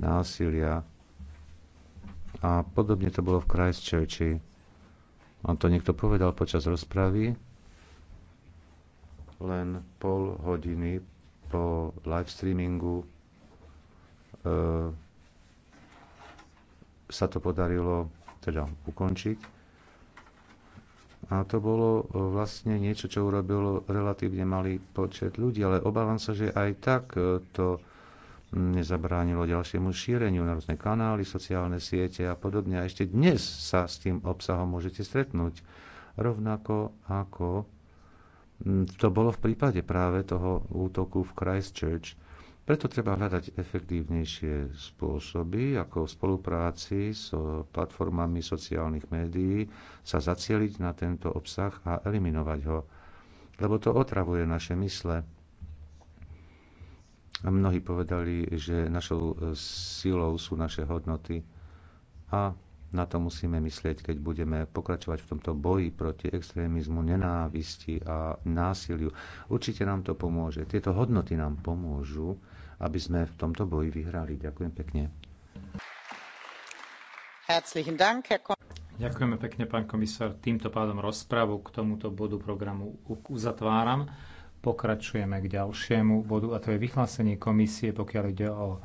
K: násilia. A podobne to bolo v Christchurchi on to niekto povedal počas rozpravy? Len pol hodiny po live streamingu e, sa to podarilo teda ukončiť. A to bolo eh, vlastne niečo, čo urobilo relatívne malý počet ľudí, ale obávam sa, že aj tak eh, to nezabránilo ďalšiemu šíreniu na rôzne kanály, sociálne siete a podobne. A ešte dnes sa s tým obsahom môžete stretnúť. Rovnako ako mm, to bolo v prípade práve toho útoku v Christchurch. Preto treba hľadať efektívnejšie spôsoby, ako v spolupráci s platformami sociálnych médií sa zacieliť na tento obsah a eliminovať ho, lebo to otravuje naše mysle Mnohí povedali, že našou e, silou sú naše hodnoty a na to musíme myslieť, keď budeme pokračovať v tomto boji proti extrémizmu, nenávisti a násiliu. Určite nám to pomôže. Tieto hodnoty nám pomôžu, aby sme v tomto boji vyhrali. Ďakujem pekne. Ďakujeme
D: pekne, pán komisár. Týmto pádom rozpravu k tomuto bodu programu uzatváram. Pokračujeme k ďalšiemu bodu a to je vyhlásenie komisie, pokiaľ ide o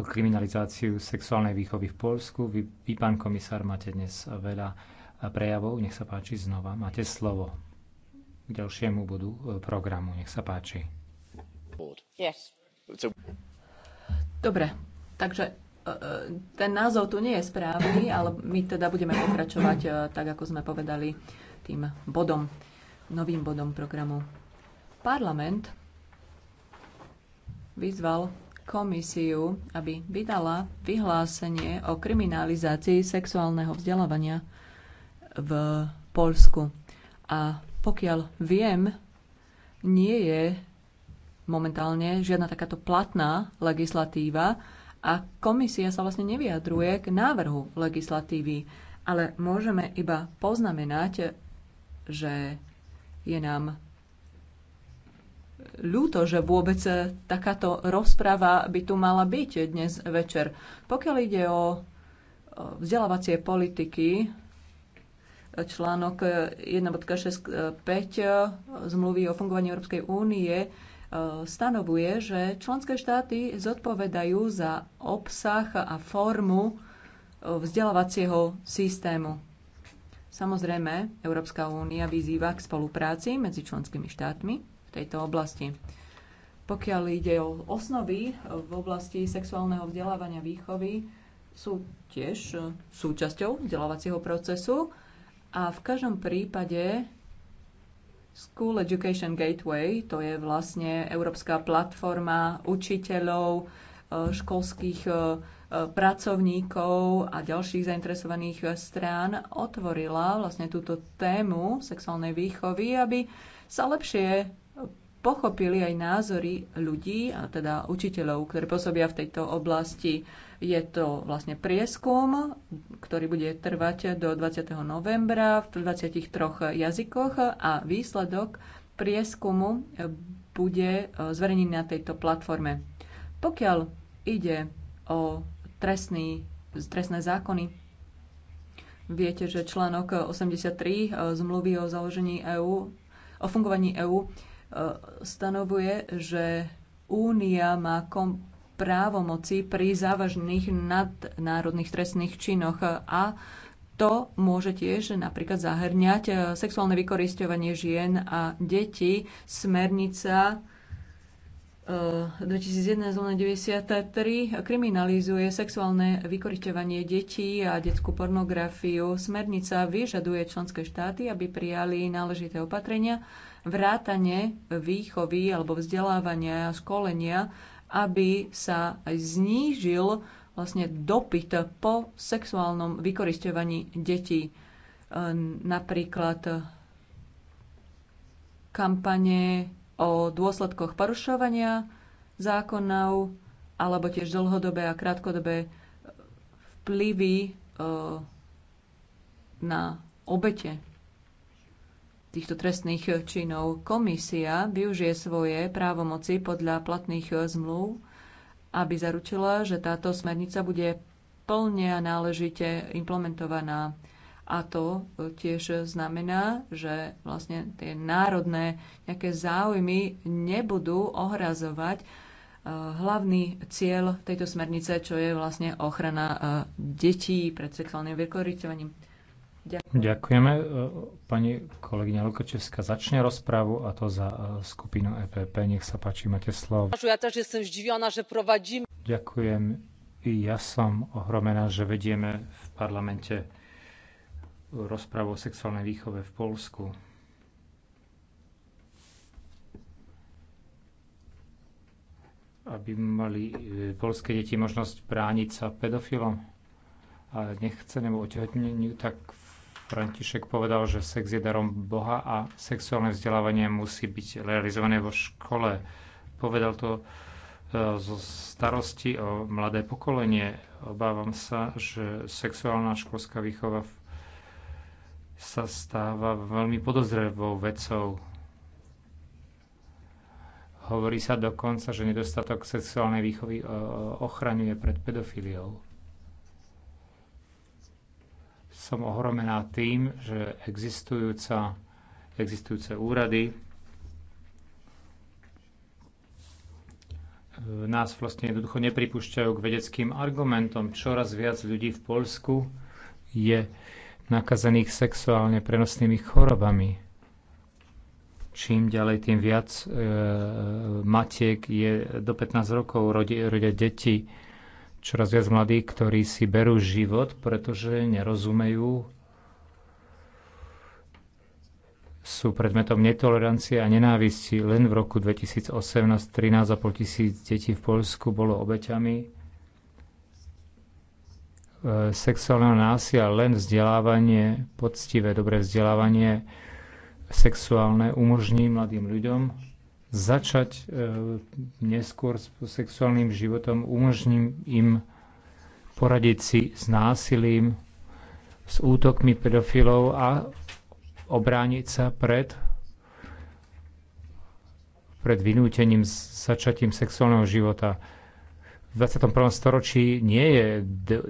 D: kriminalizáciu sexuálnej výchovy v Polsku. Vy, vy pán komisár, máte dnes veľa prejavov. Nech sa páči znova. Máte slovo k ďalšiemu bodu e, programu. Nech sa páči.
F: Dobre, takže e, e, ten názov tu nie je správny, ale my teda budeme pokračovať tak, ako sme povedali, tým bodom, novým bodom programu. Parlament vyzval komisiu, aby vydala vyhlásenie o kriminalizácii sexuálneho vzdelávania v Polsku. A pokiaľ viem, nie je momentálne žiadna takáto platná legislatíva a komisia sa vlastne nevyjadruje k návrhu legislatívy, ale môžeme iba poznamenať, že je nám ľúto, že vôbec e, takáto rozprava by tu mala byť dnes večer. Pokiaľ ide o e, vzdelávacie politiky, e, článok 1.65 zmluvy o fungovaní Európskej únie stanovuje, že členské štáty zodpovedajú za obsah a formu vzdelávacieho systému. Samozrejme, Európska únia vyzýva k spolupráci medzi členskými štátmi tejto oblasti. Pokiaľ ide o osnovy e, v oblasti sexuálneho vzdelávania výchovy, sú tiež e, súčasťou vzdelávacieho procesu a v každom prípade School Education Gateway, to je vlastne európska platforma učiteľov, e, školských pracovníkov a ďalších zainteresovaných strán otvorila vlastne túto tému sexuálnej výchovy, aby sa lepšie pochopili aj názory ľudí, a teda učiteľov, ktorí pôsobia v tejto oblasti. Je to vlastne prieskum, ktorý bude trvať do 20. novembra v 23 jazykoch a výsledok prieskumu bude e, zverejnený na tejto platforme. Pokiaľ ide o trestný, trestné zákony, Viete, že článok 83 e, zmluvy o založení EÚ, o fungovaní EÚ stanovuje, že Únia má kom- právomoci pri závažných nadnárodných trestných činoch a to môže tiež napríklad zahrňať eh, sexuálne vykoristovanie žien a detí. Smernica 2001-93 eh, kriminalizuje sexuálne vykoristovanie detí a detskú pornografiu. Smernica vyžaduje členské štáty, aby prijali náležité opatrenia vrátane výchovy alebo vzdelávania a školenia, aby sa aj znížil vlastne dopyt po sexuálnom vykoristovaní detí. Ehm, napríklad kampane o dôsledkoch porušovania zákonov alebo tiež dlhodobé a krátkodobé vplyvy ehm, na obete týchto trestných činov. Komisia využije svoje právomoci podľa platných zmluv, aby zaručila, že táto smernica bude plne a náležite implementovaná. A to tiež znamená, že vlastne tie národné nejaké záujmy nebudú ohrazovať eh, hlavný cieľ tejto smernice, čo je vlastne ochrana eh, detí pred sexuálnym vykoriťovaním. Ďakujem.
D: Ďakujeme. Pani kolegyňa Lukačevská začne rozprávu a to za eh, skupinu EPP. Nech sa páči, máte slovo.
I: Ja tiež som zdivioná, že provadím.
D: Ďakujem. I ja som ohromená, že vedieme v parlamente rozprávu o sexuálnej výchove v Polsku. aby mali eh, polské deti možnosť brániť sa pedofilom a nechcenému otehotneniu, tak v František povedal, že sex je darom Boha a sexuálne vzdelávanie musí byť realizované vo škole. Povedal to e, zo starosti o mladé pokolenie. Obávam sa, že sexuálna školská výchova sa stáva veľmi podozrevou vecou. Hovorí sa dokonca, že nedostatok sexuálnej výchovy e, e, ochraňuje pred pedofíliou som ohromená tým, že existujúca, existujúce úrady e, nás vlastne jednoducho nepripúšťajú k vedeckým argumentom. Čoraz viac ľudí v Polsku je nakazených sexuálne prenosnými chorobami. Čím ďalej, tým viac e, e matiek je do 15 rokov, rodia, rodia deti čoraz viac mladých, ktorí si berú život, pretože nerozumejú, sú predmetom netolerancie a nenávisti. Len v roku 2018 13,5 tisíc detí v Polsku bolo obeťami e, sexuálneho násia, len vzdelávanie, poctivé, dobré vzdelávanie sexuálne umožní mladým ľuďom začať e, neskôr s sexuálnym životom, umožním im poradiť si s násilím, s útokmi pedofilov a obrániť sa pred pred vynútením začatím sexuálneho života. V 21. storočí nie je de-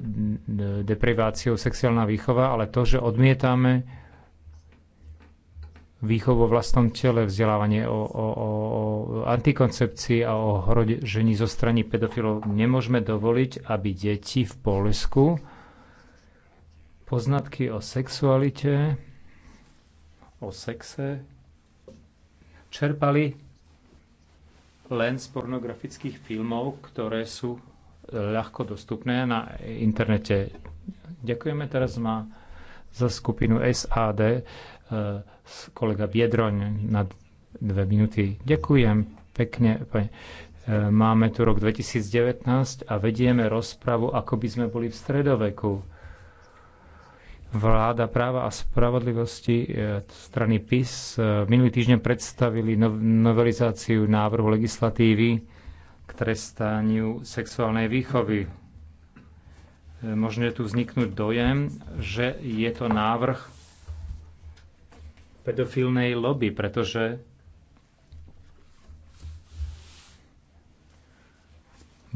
D: depriváciou sexuálna výchova, ale to, že odmietame výchovu o vlastnom tele, vzdelávanie o, o, o, o antikoncepcii a o hrožení zo strany pedofilov nemôžeme dovoliť, aby deti v Polsku poznatky o sexualite, o sexe čerpali len z pornografických filmov, ktoré sú ľahko dostupné na internete. Ďakujeme teraz ma za skupinu SAD kolega Biedroň na dve minúty. Ďakujem pekne. E, máme tu rok 2019 a vedieme rozpravu, ako by sme boli v stredoveku. Vláda práva a spravodlivosti e, strany PIS e, minulý týždeň predstavili novelizáciu návrhu legislatívy k trestaniu sexuálnej výchovy. Možno tu vzniknúť dojem, že je to návrh pedofilnej lobby, pretože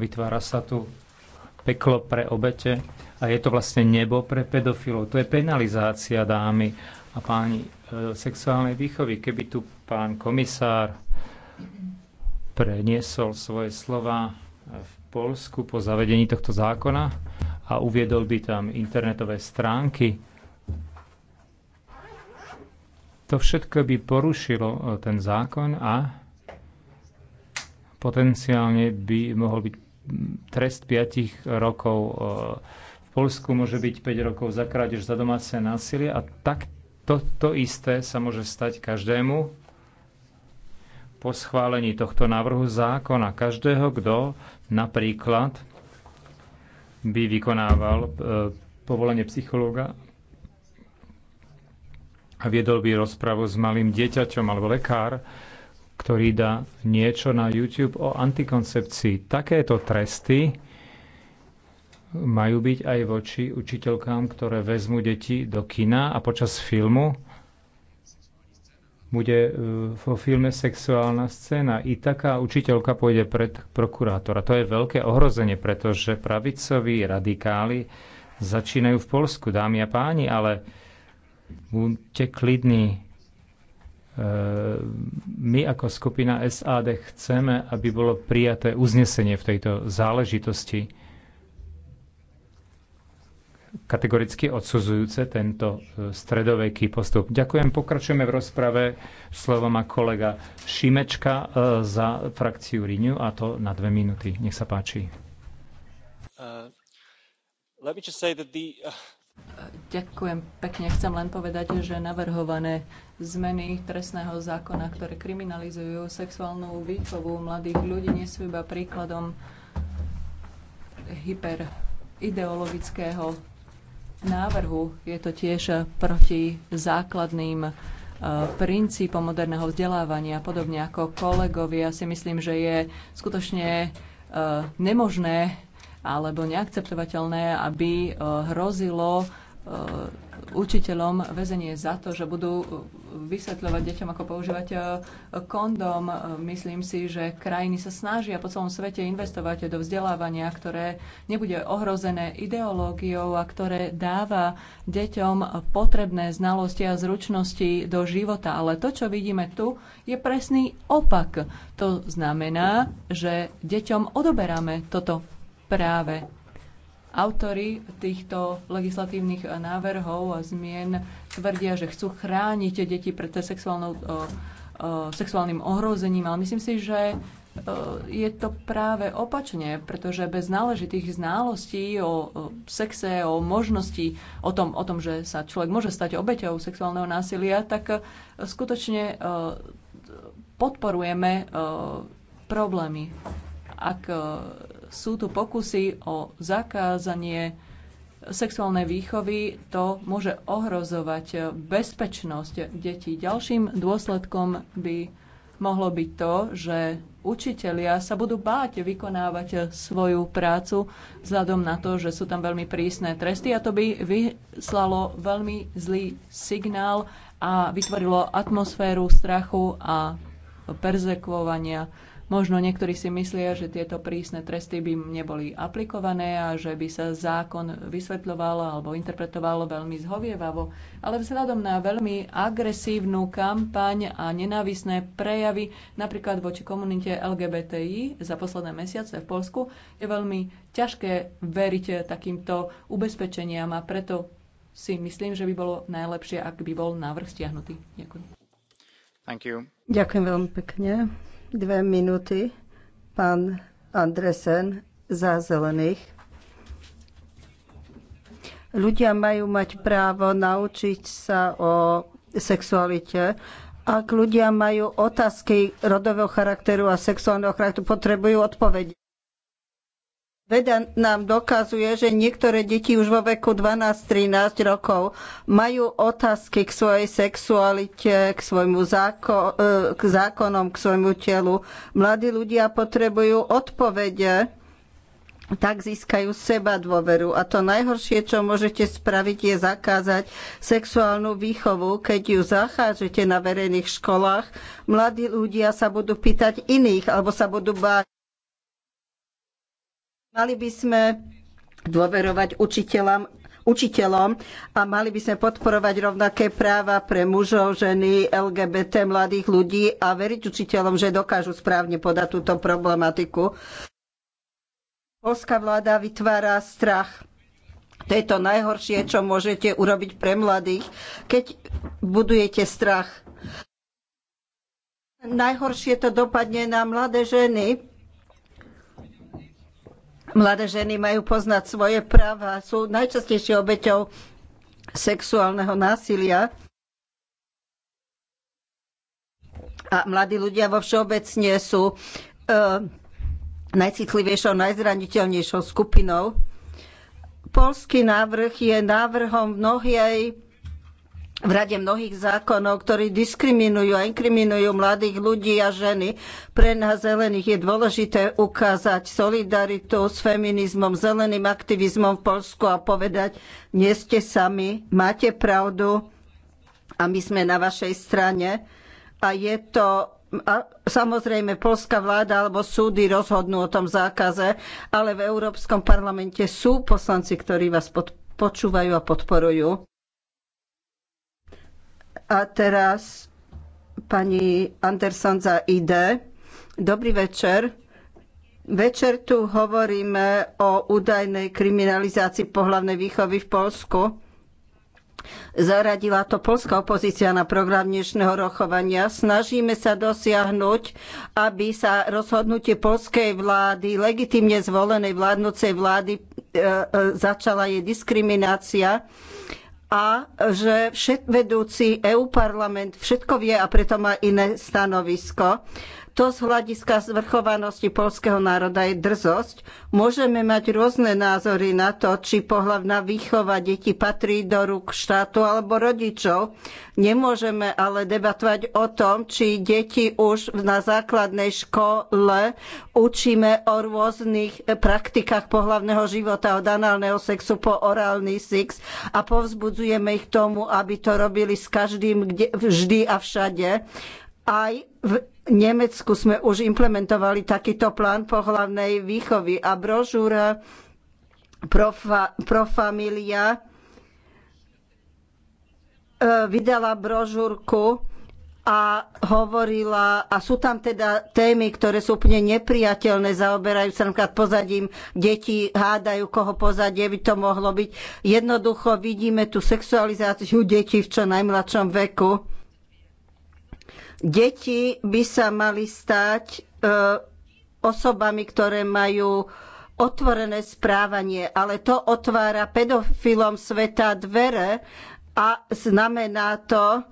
D: vytvára sa tu peklo pre obete a je to vlastne nebo pre pedofilov. To je penalizácia dámy a páni e, sexuálnej výchovy. Keby tu pán komisár preniesol svoje slova v Polsku po zavedení tohto zákona a uviedol by tam internetové stránky, to všetko by porušilo e, ten zákon a potenciálne by mohol byť trest 5 rokov. E, v Polsku môže byť 5 rokov za krádež za domáce násilie a tak to, to isté sa môže stať každému po schválení tohto návrhu zákona. Každého, kto napríklad by vykonával e, povolenie psychológa a viedol by rozpravu s malým dieťaťom alebo lekár, ktorý dá niečo na YouTube o antikoncepcii. Takéto tresty majú byť aj voči učiteľkám, ktoré vezmu deti do kina a počas filmu bude e, vo filme sexuálna scéna. I taká učiteľka pôjde pred prokurátora. To je veľké ohrozenie, pretože pravicoví radikáli začínajú v Polsku, dámy a páni, ale Buďte klidní. E, my ako skupina SAD chceme, aby bolo prijaté uznesenie v tejto záležitosti kategoricky odsudzujúce tento e, stredoveký postup. Ďakujem, pokračujeme v rozprave. Slovo má kolega Šimečka e, za frakciu Riniu a to na dve minúty. Nech sa páči.
M: Uh, let me just say that the, uh...
F: Ďakujem pekne. Chcem len povedať, že navrhované zmeny trestného zákona, ktoré kriminalizujú sexuálnu výchovu mladých ľudí, nie sú iba príkladom hyperideologického návrhu. Je to tiež proti základným e, princípom moderného vzdelávania. Podobne ako kolegovia si myslím, že je skutočne e, nemožné alebo neakceptovateľné, aby e, hrozilo e, učiteľom väzenie za to, že budú e, vysvetľovať deťom, ako používať kondom. Myslím si, že krajiny sa snažia po celom svete investovať do vzdelávania, ktoré nebude ohrozené ideológiou a ktoré dáva deťom potrebné znalosti a zručnosti do života. Ale to, čo vidíme tu, je presný opak. To znamená, že deťom odoberáme toto práve. Autory týchto legislatívnych návrhov a zmien tvrdia, že chcú chrániť deti pred sexuálnou, sexuálnym ohrozením, ale myslím si, že je to práve opačne, pretože bez náležitých znalostí o sexe, o možnosti, o tom, o tom, že sa človek môže stať obeťou sexuálneho násilia, tak skutočne podporujeme problémy. Ak sú tu pokusy o zakázanie sexuálnej výchovy, to môže ohrozovať bezpečnosť detí. Ďalším dôsledkom by mohlo byť to, že učitelia sa budú báť vykonávať svoju prácu vzhľadom na to, že sú tam veľmi prísne tresty a to by vyslalo veľmi zlý signál a vytvorilo atmosféru strachu a perzekvovania Možno niektorí si myslia, že tieto prísne tresty by neboli aplikované a že by sa zákon vysvetľoval alebo interpretoval veľmi zhovievavo, ale vzhľadom na veľmi agresívnu kampaň a nenávisné prejavy napríklad voči komunite LGBTI za posledné mesiace v Polsku je veľmi ťažké veriť takýmto ubezpečeniam a preto si myslím, že by bolo najlepšie, ak by bol návrh stiahnutý. Ďakujem.
E: Thank you.
J: Ďakujem veľmi pekne. Dve minúty. Pán Andresen za zelených. Ľudia majú mať právo naučiť sa o sexualite. Ak ľudia majú otázky rodového charakteru a sexuálneho charakteru, potrebujú odpovede. Veda nám dokazuje, že niektoré deti už vo veku 12-13 rokov majú otázky k svojej sexualite, k svojmu záko- e, k zákonom, k svojmu telu. Mladí ľudia potrebujú odpovede, tak získajú seba dôveru. A to najhoršie, čo môžete spraviť, je zakázať sexuálnu výchovu. Keď ju zachážete na verejných školách, mladí ľudia sa budú pýtať iných alebo sa budú báť Mali by sme dôverovať učiteľom, učiteľom a mali by sme podporovať rovnaké práva pre mužov, ženy, LGBT, mladých ľudí a veriť učiteľom, že dokážu správne podať túto problematiku. Polská vláda vytvára strach. To je to najhoršie, čo môžete urobiť pre mladých, keď budujete strach. Najhoršie to dopadne na mladé ženy, Mladé ženy majú poznať svoje práva, sú najčastejšie obeťou sexuálneho násilia. A mladí ľudia vo všeobecne sú e, najcitlivejšou, najzraniteľnejšou skupinou. Polský návrh je návrhom mnohej v rade mnohých zákonov, ktorí diskriminujú a inkriminujú mladých ľudí a ženy. Pre nás zelených je dôležité ukázať solidaritu s feminizmom, zeleným aktivizmom v Polsku a povedať, nie ste sami, máte pravdu a my sme na vašej strane. A je to a samozrejme polská vláda alebo súdy rozhodnú o tom zákaze, ale v Európskom parlamente sú poslanci, ktorí vás pod, počúvajú a podporujú. A teraz pani Anderson za ID. Dobrý večer. Večer tu hovoríme o údajnej kriminalizácii pohlavnej výchovy v Polsku. Zaradila to polská opozícia na program dnešného rokovania. Snažíme sa dosiahnuť, aby sa rozhodnutie polskej vlády, legitimne zvolenej vládnucej vlády, e, e, začala jej diskriminácia a že všet, vedúci EU parlament všetko vie a preto má iné stanovisko. To z hľadiska zvrchovanosti polského národa je drzosť. Môžeme mať rôzne názory na to, či pohľavná výchova detí patrí do rúk štátu alebo rodičov. Nemôžeme ale debatovať o tom, či deti už na základnej škole učíme o rôznych praktikách pohľavného života, od análneho sexu po orálny sex a povzbudzujeme ich tomu, aby to robili s každým kde, vždy a všade. Aj v Nemecku sme už implementovali takýto plán pohlavnej výchovy a brožúra Profamilia pro e, vydala brožúrku a hovorila, a sú tam teda témy, ktoré sú úplne nepriateľné, zaoberajú sa napríklad pozadím, deti hádajú, koho pozadie by to mohlo byť. Jednoducho vidíme tú sexualizáciu detí v čo najmladšom veku Deti by sa mali stať e, osobami, ktoré majú otvorené správanie, ale to otvára pedofilom sveta dvere a znamená to,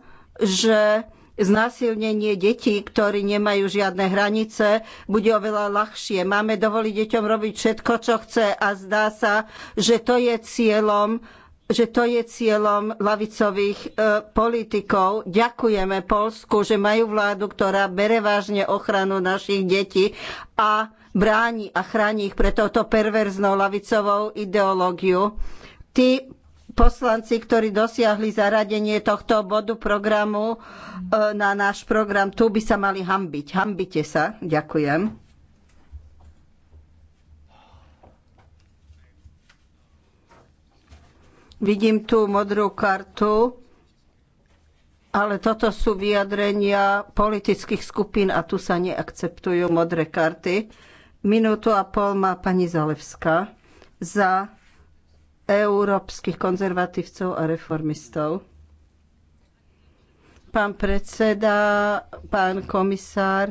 J: že znásilnenie detí, ktorí nemajú žiadne hranice, bude oveľa ľahšie. Máme dovoliť deťom robiť všetko, čo chce a zdá sa, že to je cieľom že to je cieľom lavicových e, politikov. Ďakujeme Polsku, že majú vládu, ktorá bere vážne ochranu našich detí a bráni a chráni ich pre touto perverznou lavicovou ideológiu. Tí poslanci, ktorí dosiahli zaradenie tohto bodu programu e, na náš program, tu by sa mali hambiť. Hambite sa. Ďakujem. Vidím tu modrú kartu, ale toto sú vyjadrenia politických skupín a tu sa neakceptujú modré karty. Minútu a pol má pani Zalevská za európskych konzervatívcov a reformistov. Pán predseda, pán komisár,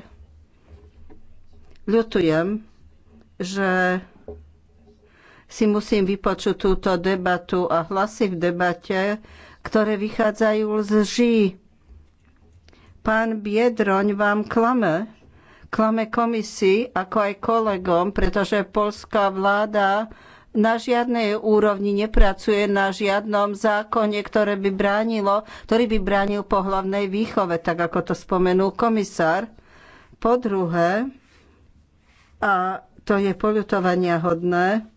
J: ľutujem, že si musím vypočuť túto debatu a hlasy v debate, ktoré vychádzajú z ží. Pán Biedroň vám klame. Klame komisii, ako aj kolegom, pretože polská vláda na žiadnej úrovni nepracuje na žiadnom zákone, ktoré by bránilo, ktorý by bránil pohlavnej výchove, tak ako to spomenul komisár. Po druhé, a to je poľutovania hodné,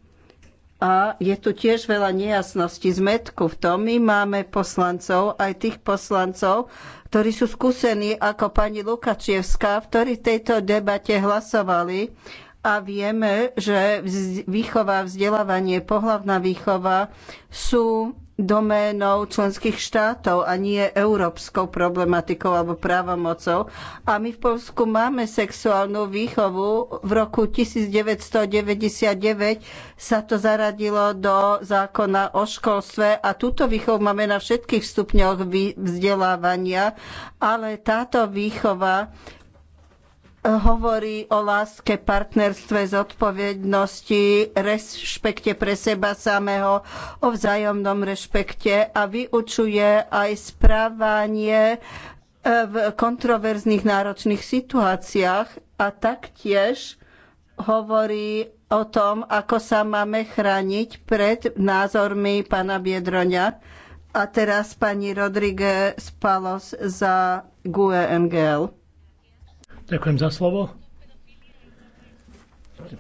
J: a je tu tiež veľa nejasností, zmetku v tom. My máme poslancov, aj tých poslancov, ktorí sú skúsení ako pani Lukačievská, ktorí v tejto debate hlasovali a vieme, že výchova, vzdelávanie, pohlavná výchova sú doménou členských štátov a nie európskou problematikou alebo právomocou. A my v Polsku máme sexuálnu výchovu. V roku 1999 sa to zaradilo do zákona o školstve a túto výchovu máme na všetkých stupňoch vzdelávania, ale táto výchova hovorí o láske, partnerstve, zodpovednosti, rešpekte pre seba samého, o vzájomnom rešpekte a vyučuje aj správanie e, v kontroverzných náročných situáciách a taktiež hovorí o tom, ako sa máme chrániť pred názormi pána Biedroňa. A teraz pani Rodríguez
N: Palos za GUE NGL. Ďakujem za slovo.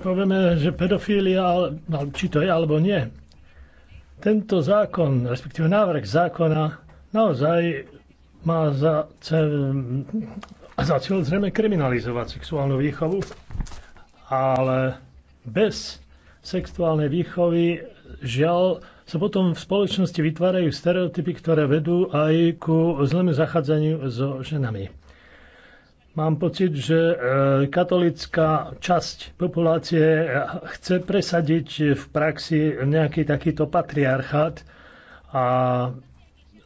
N: Povieme, že pedofília, no, či to je alebo nie, tento zákon, respektíve návrh zákona, naozaj má za, cel, za cel zrejme kriminalizovať sexuálnu výchovu, ale bez sexuálnej výchovy žiaľ sa potom v spoločnosti vytvárajú stereotypy, ktoré vedú aj ku zlému zachádzaniu so ženami. Mám pocit, že e, katolická časť populácie e, chce presadiť v praxi nejaký takýto patriarchát a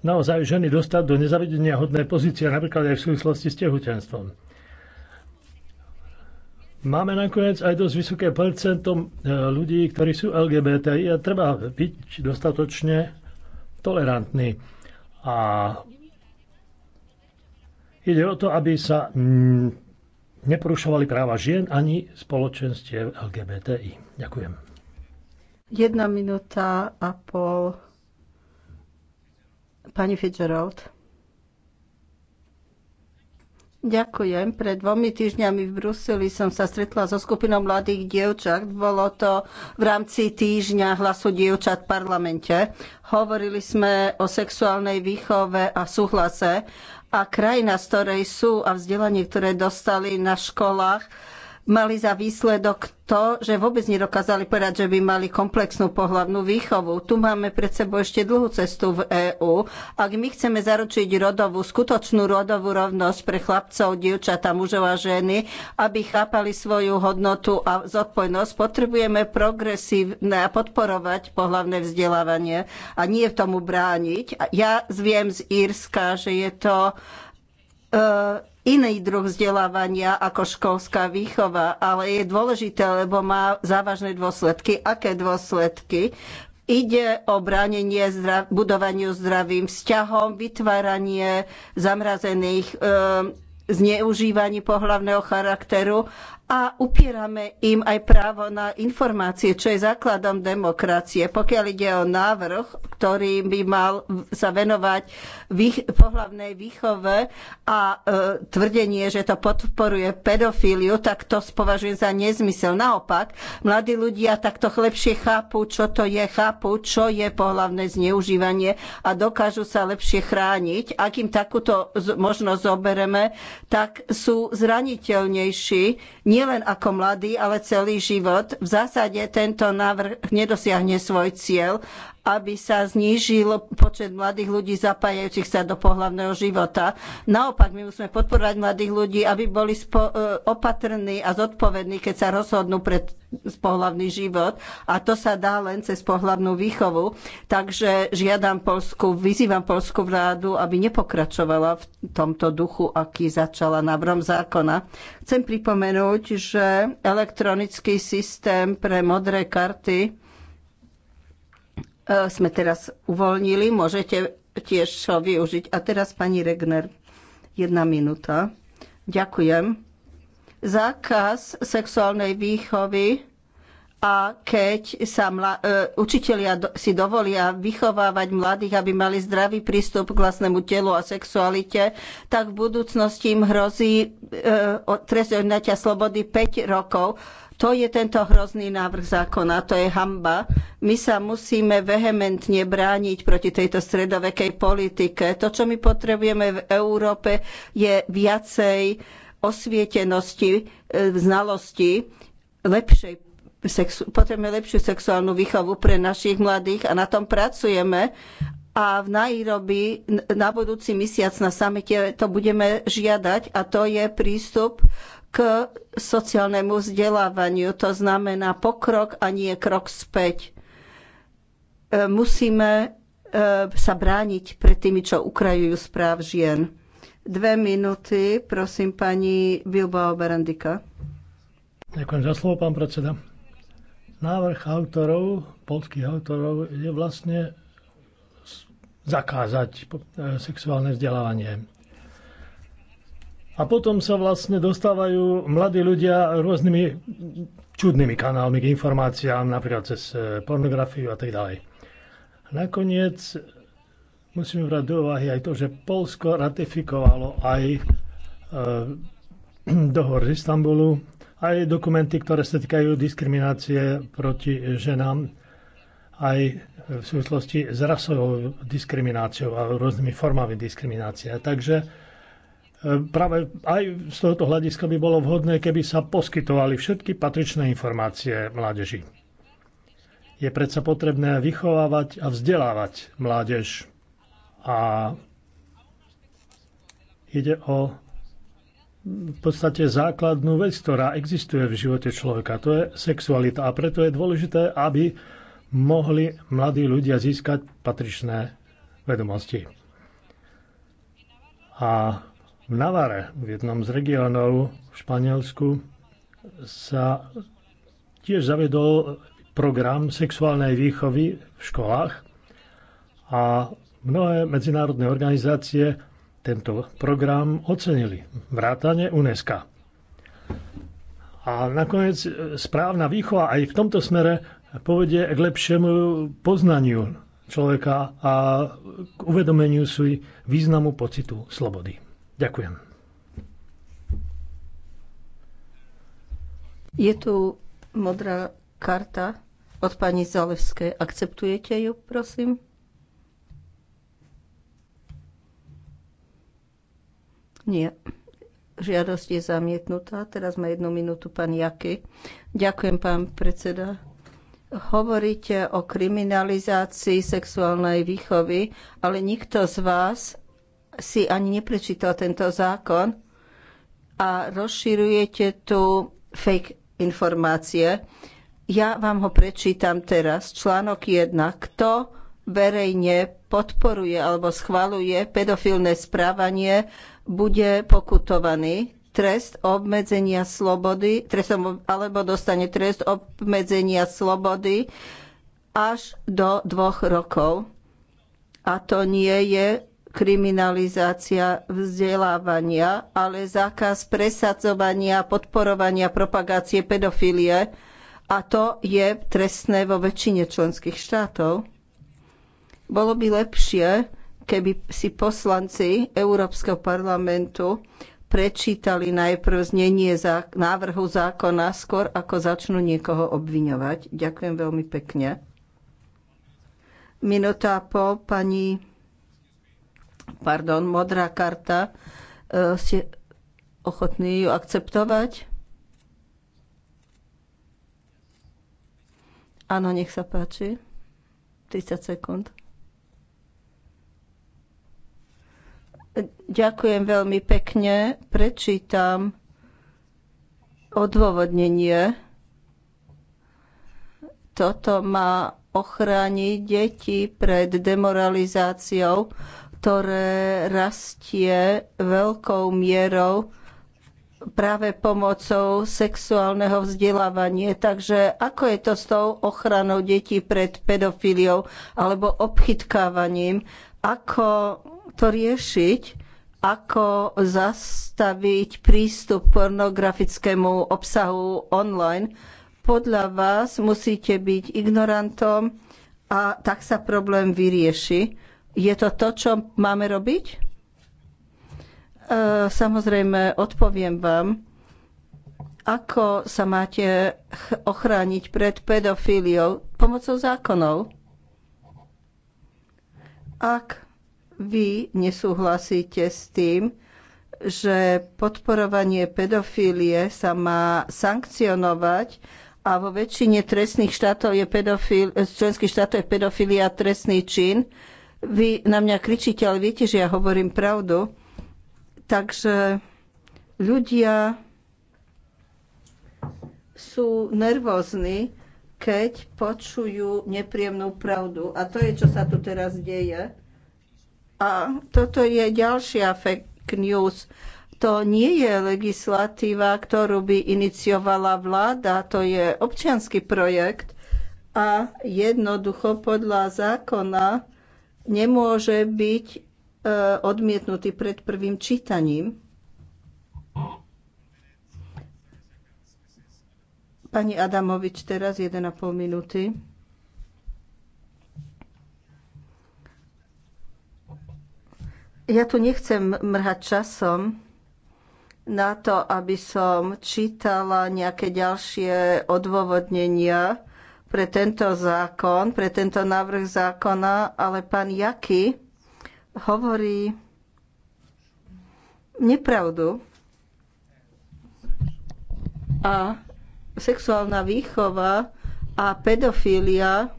N: naozaj ženy dostať do nezavedenia hodné pozície, napríklad aj v súvislosti s tehotenstvom. Máme nakoniec aj dosť vysoké percento e, ľudí, ktorí sú LGBTI a treba byť dostatočne tolerantní. A Ide o to, aby sa mm, neporušovali práva žien ani spoločenstie LGBTI. Ďakujem.
J: Jedna minúta a pol. Pani Fitzgerald. Ďakujem. Pred dvomi týždňami v Bruseli som sa stretla so skupinou mladých dievčat. Bolo to v rámci týždňa hlasu dievčat v parlamente. Hovorili sme o sexuálnej výchove a súhlase a krajina, z ktorej sú a vzdelanie, ktoré dostali na školách, mali za výsledok to, že vôbec nedokázali povedať, že by mali komplexnú pohľavnú výchovu. Tu máme pred sebou ešte dlhú cestu v EÚ. Ak my chceme zaručiť rodovú, skutočnú rodovú rovnosť pre chlapcov, dievčatá, mužov a ženy, aby chápali svoju hodnotu a zodpovednosť, potrebujeme progresívne a podporovať pohľavné vzdelávanie a nie tomu brániť. Ja viem z Írska, že je to uh, iný druh vzdelávania ako školská výchova, ale je dôležité, lebo má závažné dôsledky. Aké dôsledky? Ide o bránenie zdrav- budovaniu zdravým vzťahom, vytváranie zamrazených e, ehm, zneužívaní pohlavného charakteru a upierame im aj právo na informácie, čo je základom demokracie. Pokiaľ ide o návrh, ktorý by mal sa venovať vých, pohlavnej výchove a e, tvrdenie, že to podporuje pedofíliu, tak to považujem za nezmysel. Naopak, mladí ľudia takto lepšie chápu, čo to je, chápu, čo je pohlavné zneužívanie a dokážu sa lepšie chrániť. Ak im takúto možnosť zobereme, tak sú zraniteľnejší. Nie nielen ako mladý, ale celý život. V zásade tento návrh nedosiahne svoj cieľ aby sa znížil počet mladých ľudí zapájajúcich sa do pohľavného života. Naopak, my musíme podporovať mladých ľudí, aby boli e, opatrní a zodpovední, keď sa rozhodnú pre pohľavný život. A to sa dá len cez pohľavnú výchovu. Takže žiadam Polsku, vyzývam Polsku vládu, aby nepokračovala v tomto duchu, aký začala návrhom zákona. Chcem pripomenúť, že elektronický systém pre modré karty E, sme teraz uvoľnili. Môžete tiež čo využiť. A teraz pani Regner, jedna minúta. Ďakujem. Zákaz sexuálnej výchovy a keď sa mla, e, učitelia do, si dovolia vychovávať mladých, aby mali zdravý prístup k vlastnému telu a sexualite, tak v budúcnosti im hrozí e, trest odňatia slobody 5 rokov. To je tento hrozný návrh zákona, to je hamba. My sa musíme vehementne brániť proti tejto stredovekej politike. To, čo my potrebujeme v Európe, je viacej osvietenosti, e, znalosti, lepšej sexu- potrebujeme lepšiu sexuálnu výchovu pre našich mladých a na tom pracujeme. A v Nairobi na budúci mesiac na samite to budeme žiadať a to je prístup k sociálnemu vzdelávaniu. To znamená pokrok a nie krok späť. E, musíme e, sa brániť pred tými, čo ukrajujú správ žien. Dve minúty, prosím, pani Bilbao Berendika.
N: Ďakujem za slovo, pán predseda. Návrh autorov, polských autorov, je vlastne zakázať e, sexuálne vzdelávanie a potom sa vlastne dostávajú mladí ľudia rôznymi čudnými kanálmi k informáciám, napríklad cez e, pornografiu a tak ďalej. Nakoniec musíme brať do úvahy aj to, že Polsko ratifikovalo aj e, dohovor z Istanbulu, aj dokumenty, ktoré sa týkajú diskriminácie proti ženám, aj v súvislosti s rasovou diskrimináciou a rôznymi formami diskriminácie. Takže Práve aj z tohoto hľadiska by bolo vhodné, keby sa poskytovali všetky patričné informácie mládeži. Je predsa potrebné vychovávať a vzdelávať mládež. A ide o v podstate základnú vec, ktorá existuje v živote človeka. To je sexualita. A preto je dôležité, aby mohli mladí ľudia získať patričné vedomosti. A v Navare, v jednom z regiónov v Španielsku, sa tiež zavedol program sexuálnej výchovy v školách a mnohé medzinárodné organizácie tento program ocenili, vrátane UNESCO. A nakoniec správna výchova aj v tomto smere povedie k lepšiemu poznaniu človeka a k uvedomeniu si významu pocitu slobody. Ďakujem.
J: Je tu modrá karta od pani Zalevskej. Akceptujete ju, prosím? Nie. Žiadosť je zamietnutá. Teraz má jednu minútu pán Jaky. Ďakujem, pán predseda. Hovoríte o kriminalizácii sexuálnej výchovy, ale nikto z vás si ani neprečítal tento zákon a rozširujete tu fake informácie. Ja vám ho prečítam teraz. Článok 1. Kto verejne podporuje alebo schvaluje pedofilné správanie, bude pokutovaný trest obmedzenia slobody, trestom, alebo dostane trest obmedzenia slobody až do dvoch rokov. A to nie je kriminalizácia vzdelávania, ale zákaz presadzovania, podporovania propagácie pedofilie a to je trestné vo väčšine členských štátov. Bolo by lepšie, keby si poslanci Európskeho parlamentu prečítali najprv znenie návrhu zákona skôr, ako začnú niekoho obviňovať. Ďakujem veľmi pekne. Minutá po pani pardon, modrá karta. E, ste ochotní ju akceptovať? Áno, nech sa páči. 30 sekúnd. Ďakujem veľmi pekne. Prečítam odôvodnenie. Toto má ochrániť deti pred demoralizáciou ktoré rastie veľkou mierou práve pomocou sexuálneho vzdelávania. Takže ako je to s tou ochranou detí pred pedofíliou alebo obchytkávaním? Ako to riešiť? Ako zastaviť prístup k pornografickému obsahu online? Podľa vás musíte byť ignorantom a tak sa problém vyrieši je to to, čo máme robiť? E, samozrejme, odpoviem vám, ako sa máte ochrániť pred pedofíliou pomocou zákonov. Ak vy nesúhlasíte s tým, že podporovanie pedofílie sa má sankcionovať a vo väčšine trestných štátov je pedofil, členských štátov je pedofilia trestný čin, vy na mňa kričíte, ale viete, že ja hovorím pravdu. Takže ľudia sú nervózni, keď počujú nepríjemnú pravdu. A to je, čo sa tu teraz deje. A toto je ďalšia fake news. To nie je legislatíva, ktorú by iniciovala vláda, to je občianský projekt. A jednoducho podľa zákona nemôže byť e, odmietnutý pred prvým čítaním. Pani Adamovič, teraz 1,5 minúty. Ja tu nechcem mrhať časom na to, aby som čítala nejaké ďalšie odôvodnenia pre tento zákon, pre tento návrh zákona, ale pán Jaky hovorí nepravdu. A sexuálna výchova a pedofília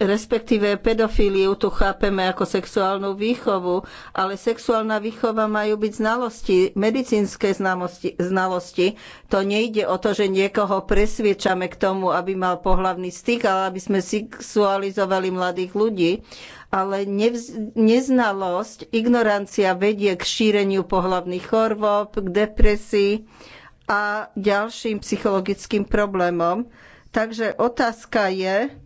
J: respektíve pedofíliu tu chápeme ako sexuálnu výchovu, ale sexuálna výchova majú byť znalosti, medicínske znalosti, znalosti. To nejde o to, že niekoho presviečame k tomu, aby mal pohlavný styk, ale aby sme sexualizovali mladých ľudí. Ale nevz, neznalosť, ignorancia vedie k šíreniu pohlavných chorôb, k depresii a ďalším psychologickým problémom. Takže otázka je,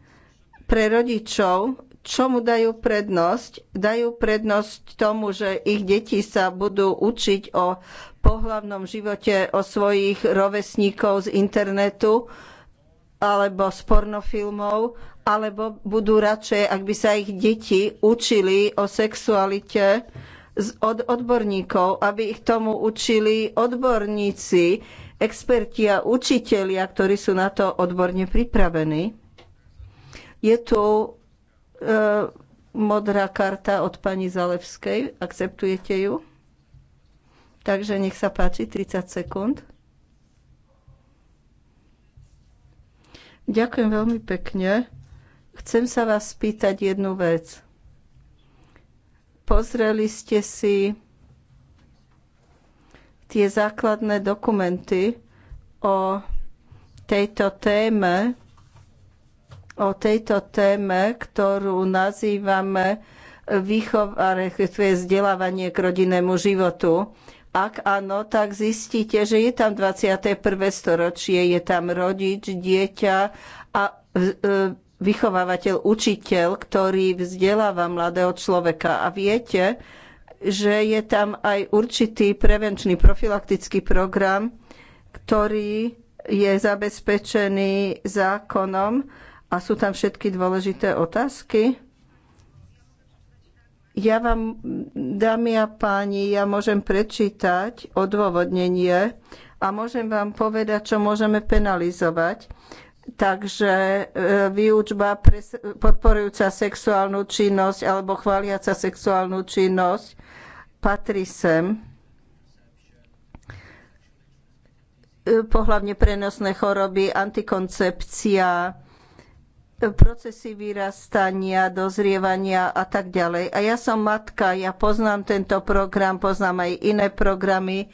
J: pre rodičov, čomu dajú prednosť? Dajú prednosť tomu, že ich deti sa budú učiť o pohlavnom živote, o svojich rovesníkov z internetu alebo z pornofilmov, alebo budú radšej, ak by sa ich deti učili o sexualite od odborníkov, aby ich tomu učili odborníci, experti a učitelia, ktorí sú na to odborne pripravení? Je tu e, modrá karta od pani Zalevskej. Akceptujete ju? Takže nech sa páči, 30 sekúnd. Ďakujem veľmi pekne. Chcem sa vás spýtať jednu vec. Pozreli ste si tie základné dokumenty o tejto téme o tejto téme, ktorú nazývame výchova, vzdelávanie k rodinnému životu. Ak áno, tak zistíte, že je tam 21. storočie, je tam rodič, dieťa a e, e, vychovávateľ, učiteľ, ktorý vzdeláva mladého človeka. A viete, že je tam aj určitý prevenčný profilaktický program, ktorý je zabezpečený zákonom a sú tam všetky dôležité otázky? Ja vám, dámy a páni, ja môžem prečítať odôvodnenie a môžem vám povedať, čo môžeme penalizovať. Takže e, výučba podporujúca sexuálnu činnosť alebo chváliaca sexuálnu činnosť patrí sem. E, pohlavne prenosné choroby, antikoncepcia, procesy vyrastania, dozrievania a tak ďalej. A ja som matka, ja poznám tento program, poznám aj iné programy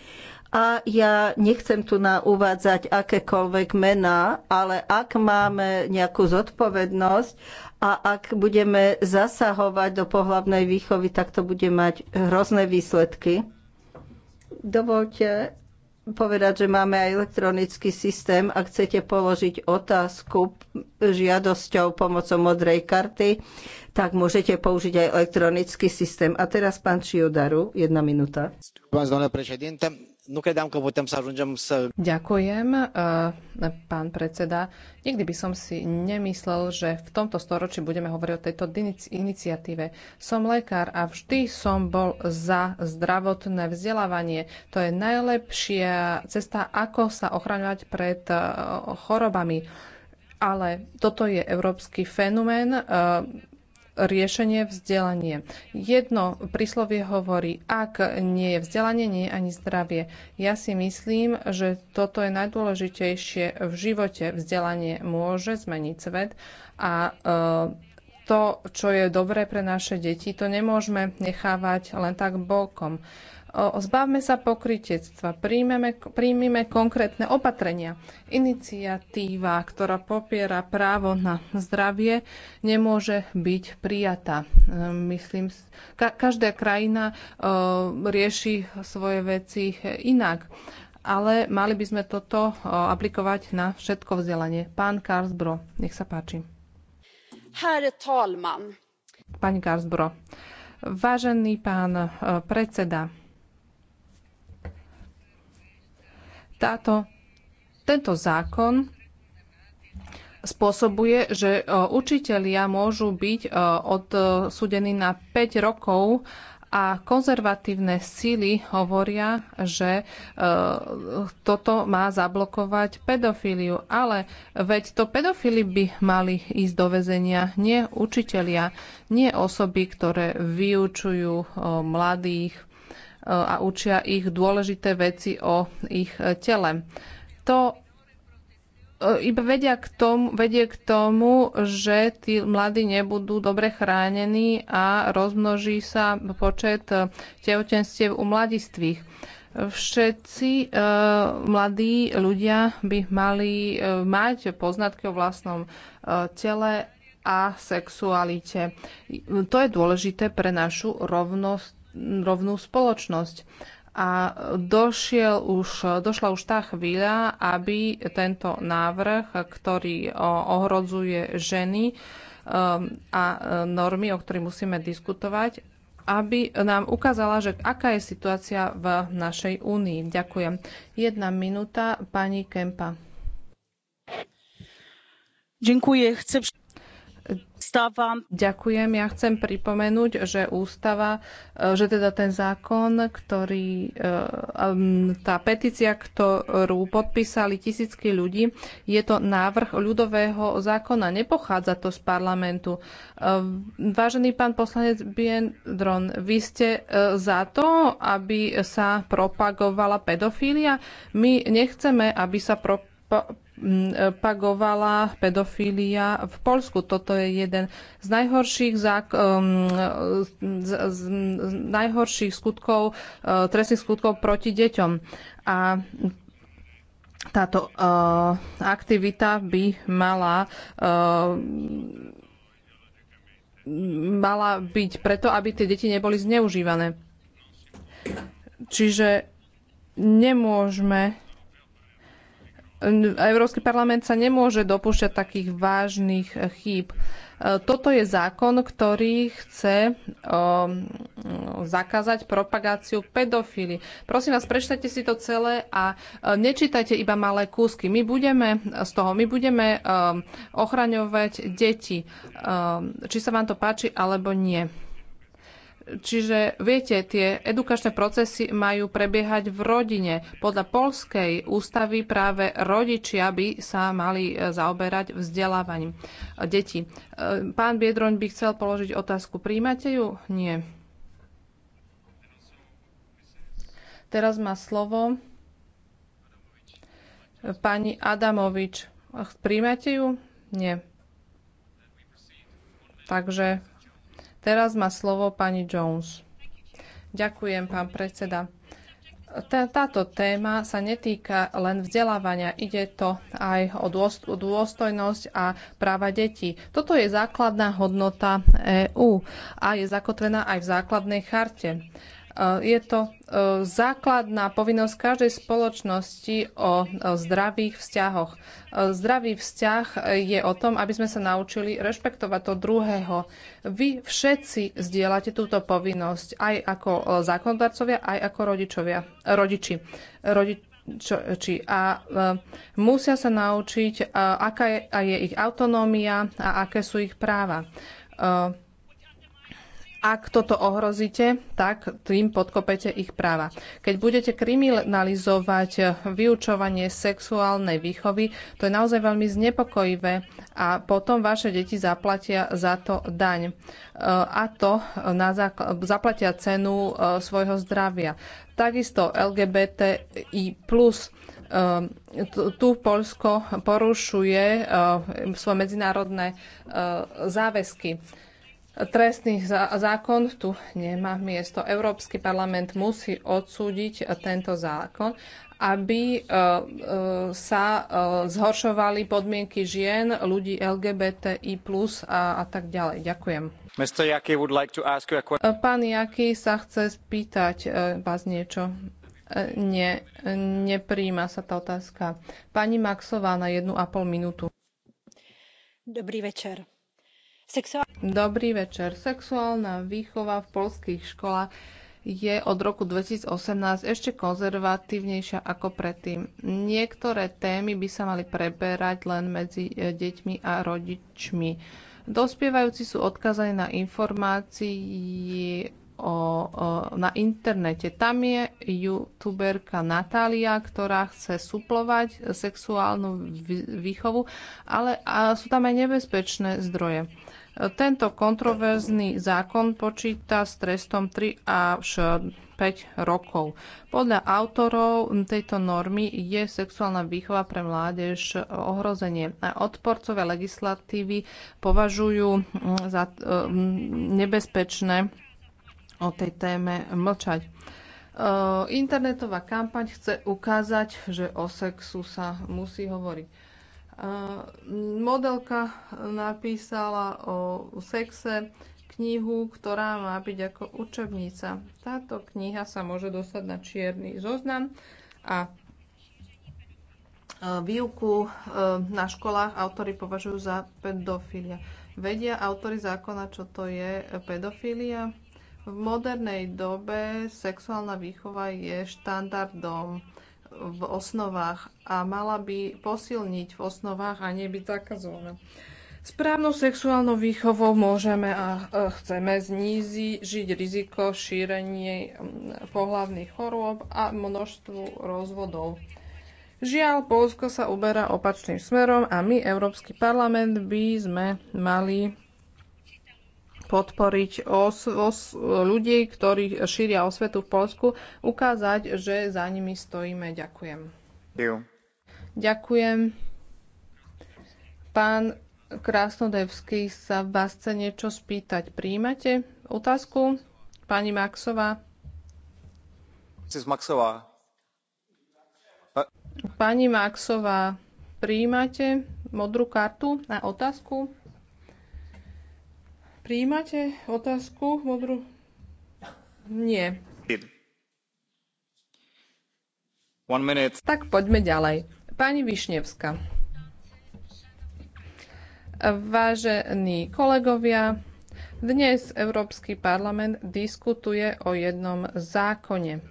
J: a ja nechcem tu na uvádzať akékoľvek mená, ale ak máme nejakú zodpovednosť a ak budeme zasahovať do pohlavnej výchovy, tak to bude mať hrozné výsledky. Dovolte, povedať, že máme aj elektronický systém. Ak chcete položiť otázku žiadosťou pomocou modrej karty, tak môžete použiť aj elektronický systém. A teraz pán Čiodaru,
I: jedna minúta.
G: Pán nu credeam că putem să ajungem să...
I: Ďakujem, eh, pán predseda. Nikdy by som si nemyslel, že v tomto storočí budeme hovoriť o tejto iniciatíve. Som lekár a vždy som bol za zdravotné vzdelávanie. To je najlepšia cesta, ako sa ochraňovať pred eh, chorobami. Ale toto je európsky fenomén eh, riešenie vzdelanie. Jedno príslovie hovorí, ak nie je vzdelanie, nie je ani zdravie. Ja si myslím, že toto je najdôležitejšie v živote. Vzdelanie môže zmeniť svet a e, to, čo je dobré pre naše deti, to nemôžeme nechávať len tak bokom zbavme sa príjmeme, príjmime konkrétne opatrenia. Iniciatíva, ktorá popiera právo na zdravie, nemôže byť prijatá. Ehm, myslím, ka každá krajina rieši svoje veci inak ale mali by sme toto aplikovať na všetko vzdelanie. Pán Karsbro, nech sa páči. Herr Pani Karsbro, vážený pán e, predseda, Táto, tento zákon spôsobuje, že e, učitelia môžu byť e, odsudení na 5 rokov a konzervatívne síly hovoria, že e, toto má zablokovať pedofíliu. Ale veď to pedofíli by mali ísť do väzenia, nie učitelia, nie osoby, ktoré vyučujú mladých a učia ich dôležité veci o ich e, tele. To e, iba vedia k tomu, vedie k tomu, že tí mladí nebudú dobre chránení a rozmnoží sa počet e, tehotenstiev u mladistvých. Všetci e, mladí ľudia by mali e, mať poznatky o vlastnom e, tele a sexualite. To je dôležité pre našu rovnosť rovnú spoločnosť. A došiel už, došla už tá chvíľa, aby tento návrh, ktorý ohrozuje ženy um, a e, normy, o ktorých musíme diskutovať, aby nám ukázala, že aká je situácia v našej únii. Ďakujem. Jedna minúta, pani Kempa. Ďakujem. Chcem... Ďakujem. Ja chcem pripomenúť, že ústava, e, že teda ten zákon, ktorý, e, tá petícia, ktorú podpísali tisícky ľudí, je to návrh ľudového zákona. Nepochádza to z parlamentu. E, vážený pán poslanec Biendron, vy ste za to, aby sa propagovala pedofília? My nechceme, aby sa propagovala propagovala e, pedofília v Polsku. Toto je jeden z najhorších, zák- e, e, z, z, z najhorších skutkov, trestných skutkov proti deťom. A táto uh, aktivita by mala uh, mala byť preto, aby tie deti neboli zneužívané. Čiže nemôžeme Európsky parlament sa nemôže dopúšťať takých vážnych eh, chýb. Eh, toto je zákon, ktorý chce eh, zakázať propagáciu pedofíly. Prosím vás, prečtajte si to celé a nečítajte iba malé kúsky. My budeme z toho, my budeme ochraňovať deti, či sa vám to páči alebo nie. Čiže viete, tie edukačné procesy majú prebiehať v rodine. Podľa polskej ústavy práve rodičia by sa mali e, zaoberať vzdelávaním e, detí. E, pán Biedroň by chcel položiť otázku. Príjmate ju? Nie. Teraz má slovo pani Adamovič. Príjmate ju? Nie. Takže Teraz má slovo pani Jones. Ďakujem, pán predseda. Táto téma sa netýka len vzdelávania, ide to aj o dôstojnosť a práva detí. Toto je základná hodnota EÚ a je zakotvená aj v základnej charte. Eh, je to eh, základná povinnosť každej spoločnosti o eh, zdravých vzťahoch. Zdravý vzťah je o tom, aby sme sa naučili rešpektovať to druhého. Vy všetci zdieľate túto povinnosť, aj ako zákonodarcovia, aj ako rodičovia, rodiči. Rodi- čo, či a e, musia sa naučiť, e, aká je, a je ich autonómia a aké sú ich práva. E, ak toto ohrozíte, tak tým podkopete ich práva. Keď budete kriminalizovať vyučovanie sexuálnej výchovy, to je naozaj veľmi znepokojivé a potom vaše deti zaplatia za to daň. E, a to na zaplatia cenu e, svojho zdravia. Takisto LGBTI+, e, tu Polsko porušuje svoje medzinárodné záväzky trestný zákon tu nemá miesto. Európsky parlament musí odsúdiť tento zákon, aby e, e, sa e, zhoršovali podmienky žien, ľudí LGBTI+, a, a tak ďalej. Ďakujem. Pán Jaky sa chce spýtať vás niečo. Nie, nepríjma sa tá otázka. Pani Maxová na jednu a pol minútu.
J: Dobrý večer
I: Dobrý večer. Sexuálna výchova v polských školách je od roku 2018 ešte konzervatívnejšia ako predtým. Niektoré témy by sa mali preberať len medzi e, deťmi a rodičmi. Dospievajúci sú odkazaní na informácii o, o, na internete. Tam je youtuberka Natália, ktorá chce suplovať sexuálnu výchovu, ale sú tam aj nebezpečné zdroje. Tento kontroverzný zákon počíta s trestom 3 až 5 rokov. Podľa autorov tejto normy je sexuálna výchova pre mládež ohrozenie. A odporcové legislatívy považujú mm, za e, mm, nebezpečné o tej téme mlčať. E, internetová kampaň chce ukázať, že o sexu sa musí hovoriť. Ehm, modelka napísala o sexe knihu, ktorá má byť ako učebnica. Táto kniha sa môže dostať na čierny zoznam a e, výuku e, na školách autory považujú za pedofilia. Vedia autory zákona, čo to je pedofilia? V modernej dobe sexuálna výchova je štandardom v osnovách a mala by posilniť v osnovách a nebyť zakazovaná. Správnou sexuálnou výchovou môžeme a e, chceme znížiť riziko šírenie pohlavných chorôb a množstvu rozvodov. Žiaľ, Polsko sa uberá opačným smerom a my, Európsky parlament, by sme mali podporiť os, os, ľudí, ktorí šíria osvetu v Polsku, ukázať, že za nimi stojíme. Ďakujem. Ďakujem. Ďakujem. Pán Krásnodevský sa vás chce niečo spýtať. Príjmate otázku? Pani Maxová.
E: Mrs. Maxová.
I: Pani Maxová, príjmate modrú kartu na otázku? Prijímate otázku modru? Nie. One minute. Tak poďme ďalej. Pani Višnevská. Vážení kolegovia, dnes Európsky parlament diskutuje o jednom zákone.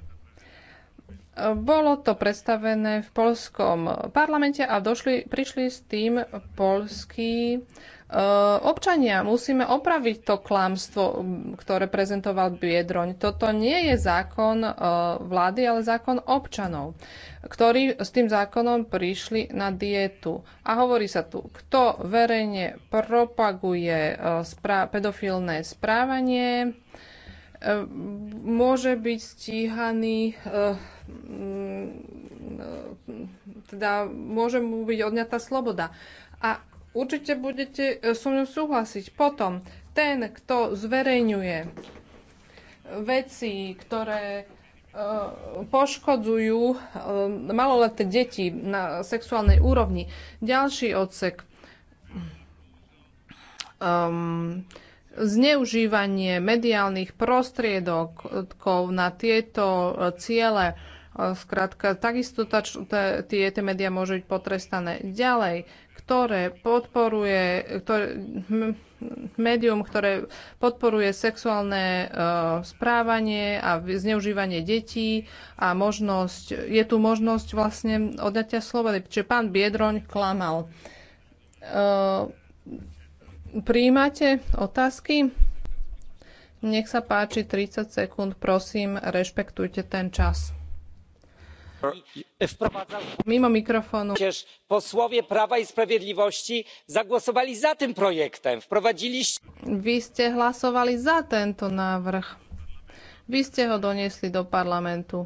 I: Bolo to predstavené v polskom parlamente a došli, prišli s tým polskí uh, Eh, občania. Musíme opraviť to klamstvo, ktoré prezentoval Biedroň. Toto nie je zákon eh, vlády, ale zákon občanov, ktorí s tým zákonom prišli na dietu. A hovorí sa tu, kto verejne propaguje eh, pedofilné správanie, môže byť stíhaný, teda môže mu byť odňatá sloboda. A určite budete e, so mnou súhlasiť. Potom, ten, kto zverejňuje veci, ktoré e, poškodzujú e, maloleté deti na sexuálnej úrovni. Ďalší odsek. Um, zneužívanie mediálnych prostriedokov na tieto ciele. Skrátka, takisto tie, tie médiá môžu byť potrestané. Ďalej, ktoré podporuje, ktoré, hm, médium, ktoré podporuje sexuálne uh, správanie a zneužívanie detí a možnosť, je tu možnosť vlastne odňatia slobody. Čiže pán Biedroň klamal. Uh, príjmate otázky? Nech sa páči 30 sekúnd, prosím, rešpektujte ten čas przecież
D: posłowie prawa i sprawiedliwości zagłosowali za tym projektem. wprowadziliście.
I: vy ste za ten projekt. vy ste ho doniesli do parlamentu.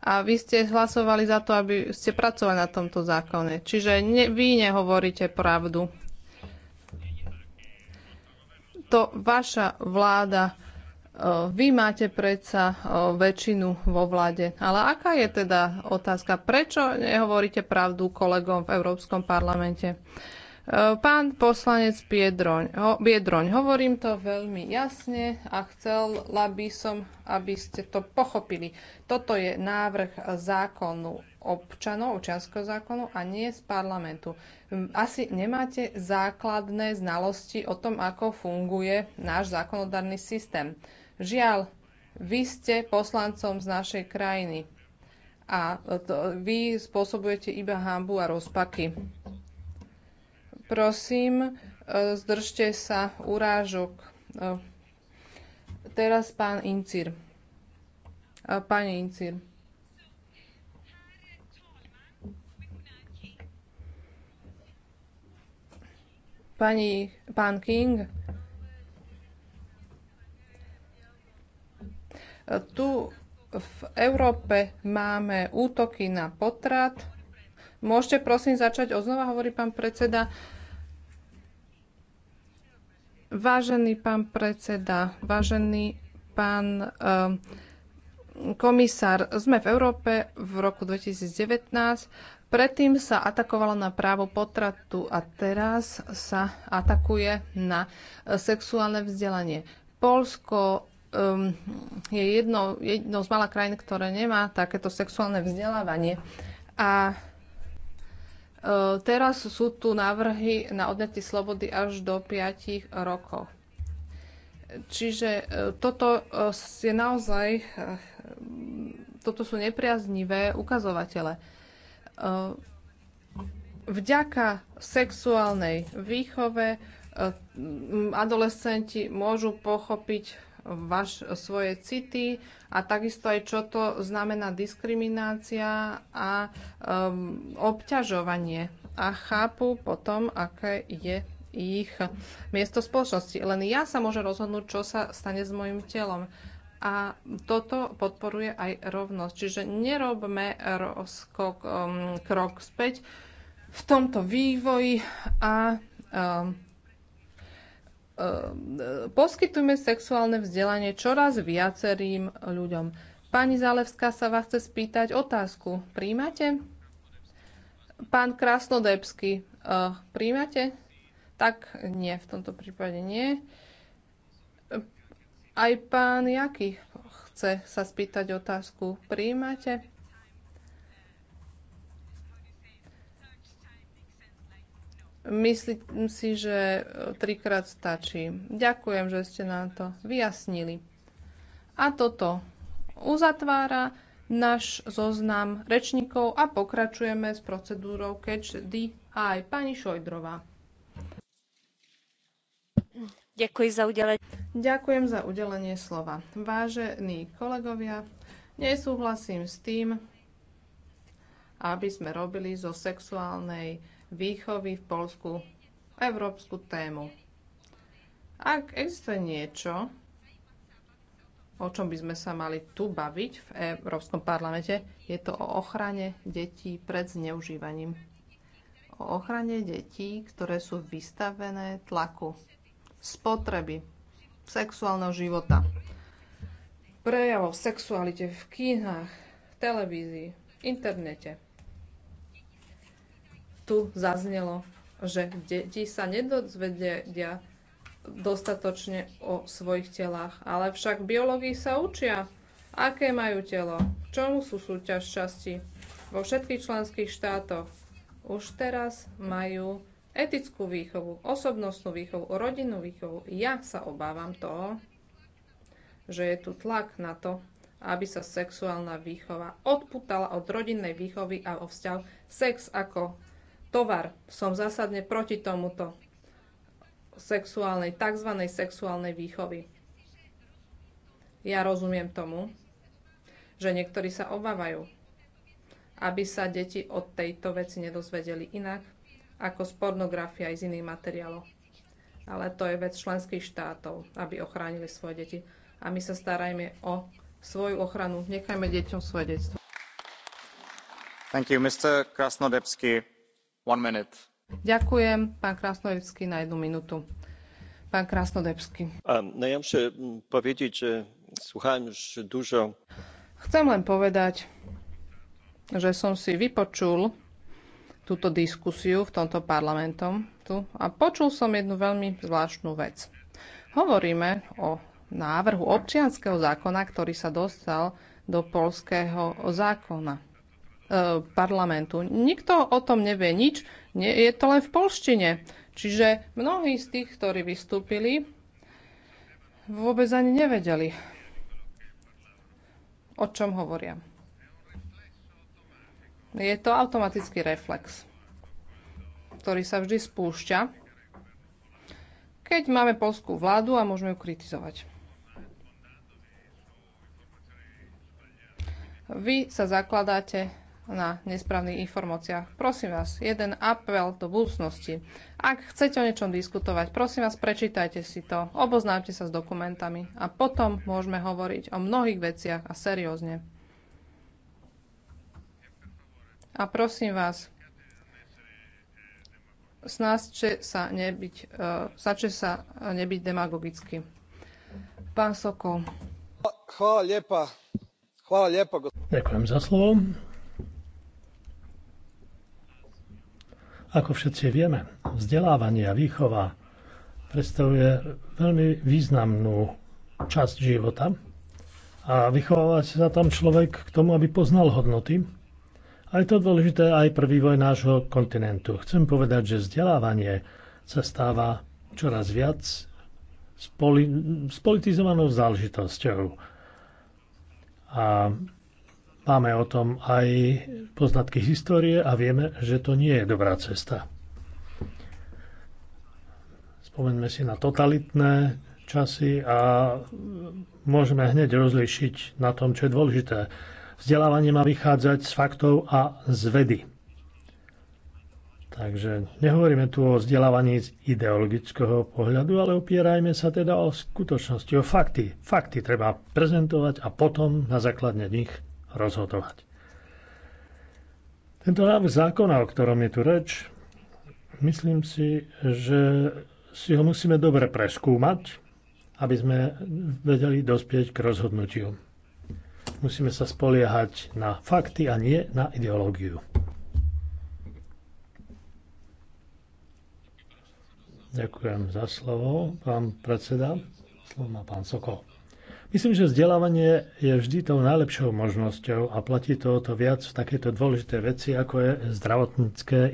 I: A vy ste hlasovali za to, aby ste pracovali na tomto zákone. Čiže ne, vy nehovoríte pravdu. To vaša vláda vy máte predsa väčšinu vo vláde. Ale aká je teda otázka? Prečo nehovoríte pravdu kolegom v Európskom parlamente? Pán poslanec Biedroň, ho, Biedroň, hovorím to veľmi jasne a chcela by som, aby ste to pochopili. Toto je návrh zákonu občanov, občanského zákonu a nie z parlamentu. Asi nemáte základné znalosti o tom, ako funguje náš zákonodárny systém. Žiaľ, vy ste poslancom z našej krajiny a to, vy spôsobujete iba hambu a rozpaky. Prosím, e, zdržte sa urážok. E, teraz pán Incir. E, pani Incir. Pani, pán King, Tu v Európe máme útoky na potrat. Môžete prosím začať oznova, hovorí pán predseda. Vážený pán predseda, vážený pán ehm, komisár, sme v Európe v roku 2019. Predtým sa atakovalo na právo potratu a teraz sa atakuje na sexuálne vzdelanie. Polsko um, je jednou, jedno z malých krajín, ktoré nemá takéto sexuálne vzdelávanie. A uh, teraz sú tu návrhy na odňatie slobody až do 5 rokov. Čiže uh, toto uh, je naozaj, uh, toto sú nepriaznivé ukazovatele. Uh, vďaka sexuálnej výchove adolescenti môžu pochopiť vaš, svoje city a takisto aj čo to znamená diskriminácia a um, obťažovanie. A chápu potom, aké je ich miesto spoločnosti. Len ja sa môžem rozhodnúť, čo sa stane s mojim telom. A toto podporuje aj rovnosť. Čiže nerobme rozkok, um, krok späť v tomto vývoji a um, Eh, poskytujme sexuálne vzdelanie čoraz viacerým ľuďom. Pani Zalevská sa vás chce spýtať otázku. Príjmate? Pán Krasnodebsky, eh, príjmate? Tak nie, v tomto prípade nie. Aj pán Jaký chce sa spýtať otázku. Príjmate? Myslím si, že e, trikrát stačí. Ďakujem, že ste nám to vyjasnili. A toto uzatvára náš zoznam rečníkov a pokračujeme s procedúrou Catch the Eye. Pani Šojdrová. Ďakujem za udelenie. Ďakujem za udelenie slova. Vážení kolegovia, nesúhlasím s tým, aby sme robili zo sexuálnej výchovy v Polsku európsku tému. Ak existuje niečo, o čom by sme sa mali tu baviť v Európskom parlamente, je to o ochrane detí pred zneužívaním. O ochrane detí, ktoré sú vystavené tlaku, spotreby, sexuálneho života, prejavov sexualite v kínach, televízii, internete tu zaznelo, že deti sa nedozvedia dostatočne o svojich telách, ale však biológii sa učia, aké majú telo, k čomu sú súťaž časti vo všetkých členských štátoch. Už teraz majú etickú výchovu, osobnostnú výchovu, rodinnú výchovu. Ja sa obávam toho, že je tu tlak na to, aby sa sexuálna výchova odputala od rodinnej výchovy a o vzťah sex ako tovar. Som zásadne proti tomuto sexuálnej, tzv. sexuálnej výchovy. Ja rozumiem tomu, že niektorí sa obávajú, aby sa deti od tejto veci nedozvedeli inak ako z pornografie aj z iných materiálov. Ale to je vec členských štátov, aby ochránili svoje deti. A my sa starajme o svoju ochranu. Nechajme deťom svoje detstvo.
E: Thank you, Mr. Krasnodebsky.
I: Ďakujem, pán Krasnodebský, na jednu minútu. Pán Krasnodebský.
M: Um, no ja muszę mm, powiedzieć, że słuchałem już dużo...
I: Chcem len povedať, že som si vypočul túto diskusiu v tomto parlamentom tu, a počul som jednu veľmi zvláštnu vec. Hovoríme o návrhu občianského zákona, ktorý sa dostal do polského zákona. E, parlamentu. Nikto o tom nevie nič, nie, je to len v polštine. Čiže mnohí z tých, ktorí vystúpili, vôbec ani nevedeli, o čom hovoria. Je to automatický reflex, ktorý sa vždy spúšťa, keď máme polskú vládu a môžeme ju kritizovať. Vy sa zakladáte na nesprávnych informáciách. Prosím vás, jeden apel do budúcnosti. Ak chcete o niečom diskutovať, prosím vás, prečítajte si to, oboznámte sa s dokumentami a potom môžeme hovoriť o mnohých veciach a seriózne. A prosím vás, snažte sa nebyť, uh, snažte sa nebyť demagogicky. Pán Sokol.
H: Chvála lepa. Chvála lepa.
I: Ďakujem za slovo.
N: Ako všetci vieme, vzdelávanie a výchova predstavuje veľmi významnú časť života a vychováva sa tam človek k tomu, aby poznal hodnoty. A je to dôležité aj pre vývoj nášho kontinentu. Chcem povedať, že vzdelávanie sa stáva čoraz viac spoli- spolitizovanou záležitosťou. A Máme o tom aj poznatky histórie a vieme, že to nie je dobrá cesta. Spomeňme si na totalitné časy a môžeme hneď rozlišiť na tom, čo je dôležité. Vzdelávanie má vychádzať z faktov a z vedy. Takže nehovoríme tu o vzdelávaní z ideologického pohľadu, ale opierajme sa teda o skutočnosti, o fakty. Fakty treba prezentovať a potom na základe nich rozhodovať. Tento návrh zákona, o ktorom je tu reč, myslím si, že si ho musíme dobre preskúmať, aby sme vedeli dospieť k rozhodnutiu. Musíme sa spoliehať na fakty a nie na ideológiu. Ďakujem za slovo, pán predseda. Slovo má pán Sokol. Myslím, že vzdelávanie je vždy tou najlepšou možnosťou a platí to o to viac v takéto dôležité veci, ako je zdravotnícke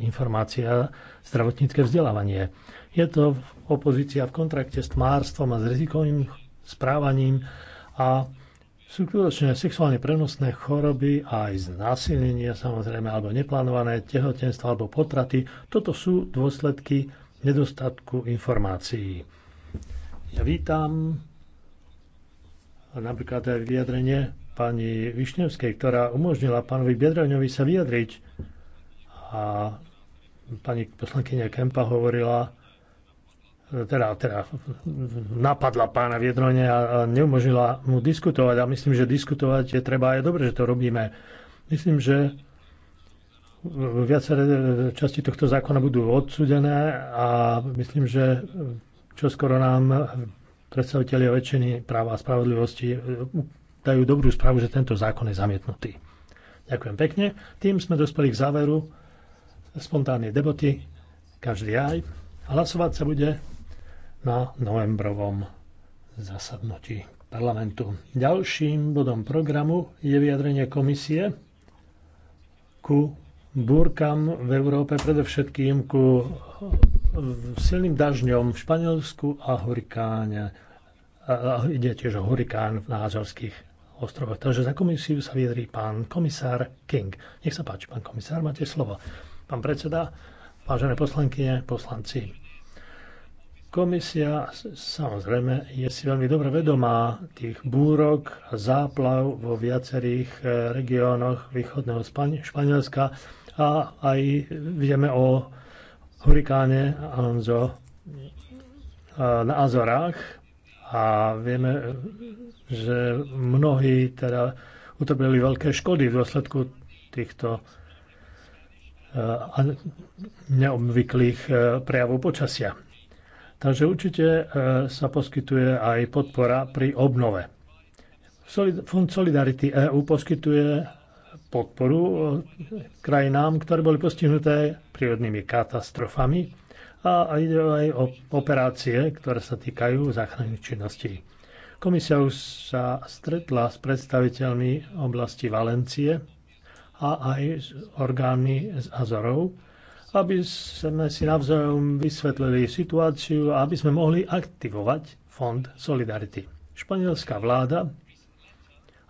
N: a zdravotnícke vzdelávanie. Je to opozícia v kontrakte s tmárstvom a s rizikovým správaním a sú skutočne sexuálne prenosné choroby a aj znásilnenie samozrejme, alebo neplánované tehotenstvo alebo potraty, toto sú dôsledky nedostatku informácií. Ja vítam napríklad aj vyjadrenie pani Višňovskej, ktorá umožnila pánovi Biedraňovi sa vyjadriť. A pani poslankyňa Kempa hovorila, teda, teda napadla pána Viedrone a neumožnila mu diskutovať. A myslím, že diskutovať je treba aj dobre, že to robíme. Myslím, že viaceré časti tohto zákona budú odsudené a myslím, že čo skoro nám predstavitelia väčšiny práva a spravodlivosti e, dajú dobrú správu, že tento zákon je zamietnutý. Ďakujem pekne. Tým sme dospeli k záveru spontánnej debaty. Každý aj. Hlasovať sa bude na novembrovom zasadnutí parlamentu. Ďalším bodom programu je vyjadrenie komisie ku búrkam v Európe, predovšetkým ku silným dažďom v Španielsku a hurikáne. A ide tiež o hurikán v Názorských ostrovoch. Takže za komisiu sa vyjadrí pán komisár King. Nech sa páči, pán komisár, máte slovo. Pán predseda, vážené poslankyne, poslanci. Komisia samozrejme je si veľmi dobre vedomá tých búrok a záplav vo viacerých eh, regiónoch východného Španielska a aj vieme o hurikáne Alonso na Azorách a vieme, že mnohí teda utrpeli veľké škody v dôsledku týchto e, neobvyklých e, prejavov počasia. Takže určite e, sa poskytuje aj podpora pri obnove. Fond Solidarity EU poskytuje podporu
K: eh,
N: krajinám, ktoré boli postihnuté prírodnými katastrofami a ide aj o operácie, ktoré sa týkajú záchranných činností. Komisia už sa stretla s predstaviteľmi oblasti Valencie a aj s orgánmi z Azorov, aby sme si navzájom vysvetlili situáciu a aby sme mohli aktivovať Fond Solidarity. Španielská vláda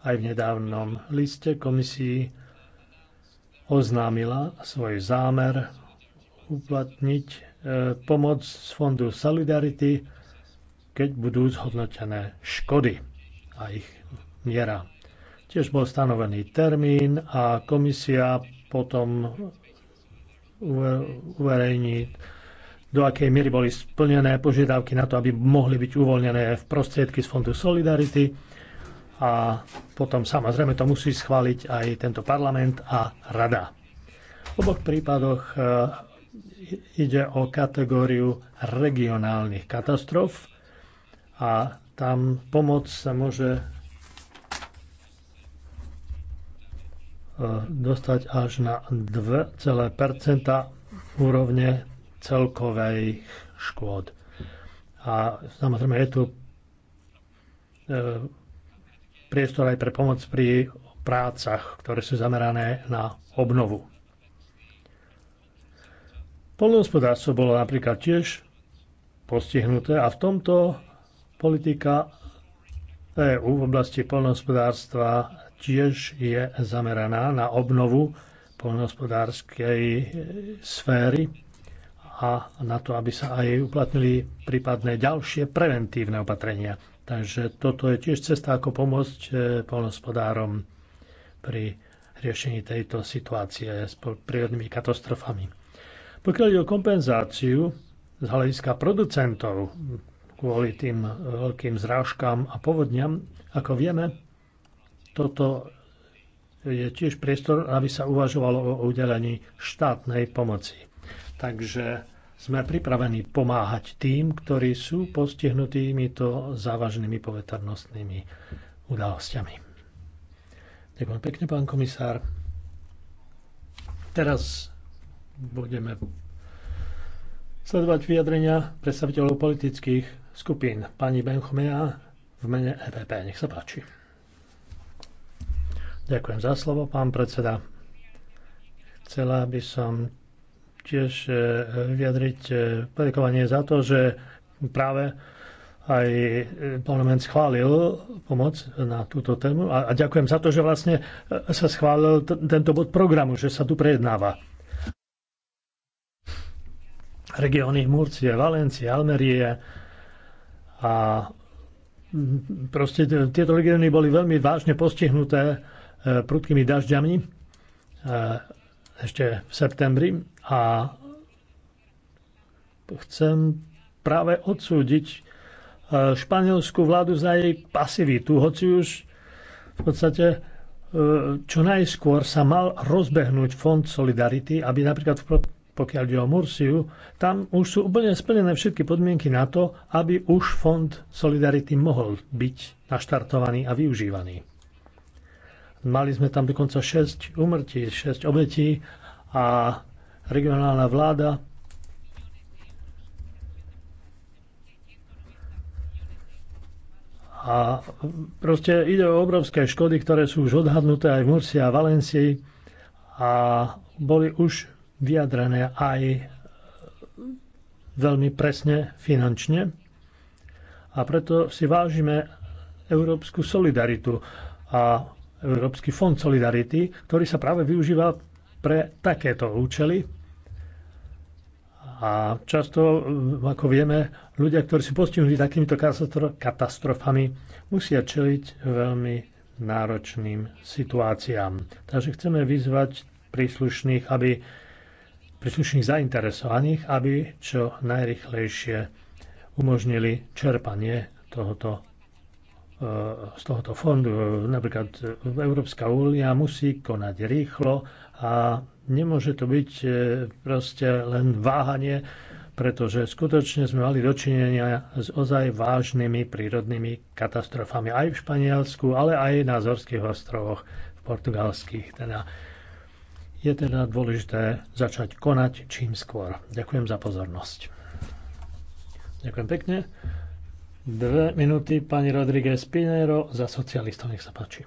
N: aj v nedávnom liste komisii oznámila svoj zámer uplatniť e, pomoc z Fondu Solidarity, keď budú zhodnotené škody a ich miera. Tiež bol stanovený termín a komisia potom uverejní, do akej miery boli splnené požiadavky na to, aby mohli byť uvoľnené v prostriedky z Fondu Solidarity a potom samozrejme to musí schváliť aj tento parlament a rada. V oboch prípadoch e, ide o kategóriu regionálnych katastrof a tam pomoc sa môže e, dostať až na 2, úrovne celkovej škôd. A samozrejme je tu e, priestor aj pre pomoc pri prácach, ktoré sú zamerané na obnovu. Polnohospodárstvo bolo napríklad tiež postihnuté a v tomto politika EU v oblasti polnohospodárstva tiež je zameraná na obnovu polnohospodárskej sféry a na to, aby sa aj uplatnili prípadné ďalšie preventívne opatrenia. Takže toto je tiež cesta, ako pomôcť e, polnospodárom pri riešení tejto situácie s prírodnými katastrofami. Pokiaľ ide o kompenzáciu z hľadiska producentov kvôli tým veľkým zrážkám a povodňam, ako vieme, toto je tiež priestor, aby sa uvažovalo o udelení štátnej pomoci. Takže sme pripravení pomáhať tým, ktorí sú postihnutými to závažnými povetarnostnými udalosťami. Ďakujem pekne, pán komisár. Teraz budeme sledovať vyjadrenia predstaviteľov politických skupín. Pani Benchomea v mene EPP. Nech sa páči. Ďakujem za slovo, pán predseda. Chcela by som tiež e, vyjadriť e, poďakovanie za to, že práve aj e, parlament schválil pomoc na túto tému a, a ďakujem za to, že vlastne sa schválil tento bod programu, že sa tu prejednáva. Regióny Murcie, Valencie, Almerie a proste tieto regióny boli veľmi vážne postihnuté prudkými dažďami ešte v septembri a chcem práve odsúdiť e, španielskú vládu za jej pasivitu, hoci už v podstate e, čo najskôr sa mal rozbehnúť fond Solidarity, aby napríklad pokiaľ ide o Mursiu, tam už sú úplne splnené všetky podmienky na to, aby už fond Solidarity mohol byť naštartovaný a využívaný. Mali sme tam dokonca 6 umrtí, 6 obetí a regionálna vláda A proste ide o obrovské škody, ktoré sú už odhadnuté aj v Mursi a Valencii a boli už vyjadrené aj veľmi presne finančne. A preto si vážime európsku solidaritu a Európsky fond Solidarity, ktorý sa práve využíva pre takéto účely. A často, ako vieme, ľudia, ktorí si postihnutí takýmito katastrofami, musia čeliť veľmi náročným situáciám. Takže chceme vyzvať príslušných, aby príslušných zainteresovaných, aby čo najrychlejšie umožnili čerpanie tohoto z tohoto fondu. Napríklad e, Európska únia musí konať rýchlo a nemôže to byť e, proste len váhanie, pretože skutočne sme mali dočinenia s ozaj vážnymi prírodnými katastrofami aj v Španielsku, ale aj na Zorských ostrovoch v portugalských. Teda je teda dôležité začať konať čím skôr. Ďakujem za pozornosť. Ďakujem pekne. Dve minúty pani Rodríguez Pinero za socialistov, nech sa páči.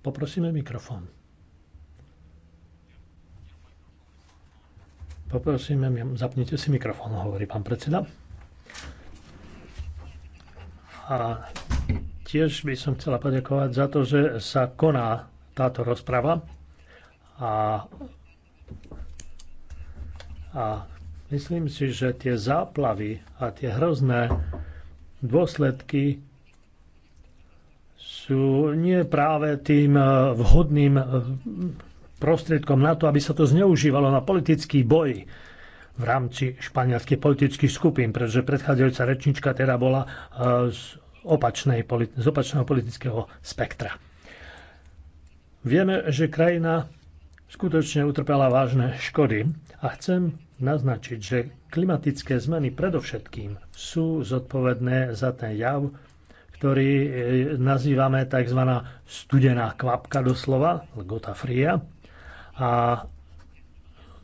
N: Poprosíme mikrofón. Poprosíme, zapnite si mikrofón, hovorí pán predseda. A tiež by som chcela poďakovať za to, že sa koná táto rozprava a, a Myslím si, že tie záplavy a tie hrozné dôsledky sú nie práve tým eh, vhodným eh, prostriedkom na to, aby sa to zneužívalo na politický boj v rámci španielských politických skupín, pretože predchádzajúca rečnička teda bola eh, z, opačnej, z opačného politického spektra. Vieme, že krajina skutočne utrpela vážne škody a chcem naznačiť, že klimatické zmeny predovšetkým sú zodpovedné za ten jav, ktorý e, nazývame tzv. studená kvapka doslova, gota fria. A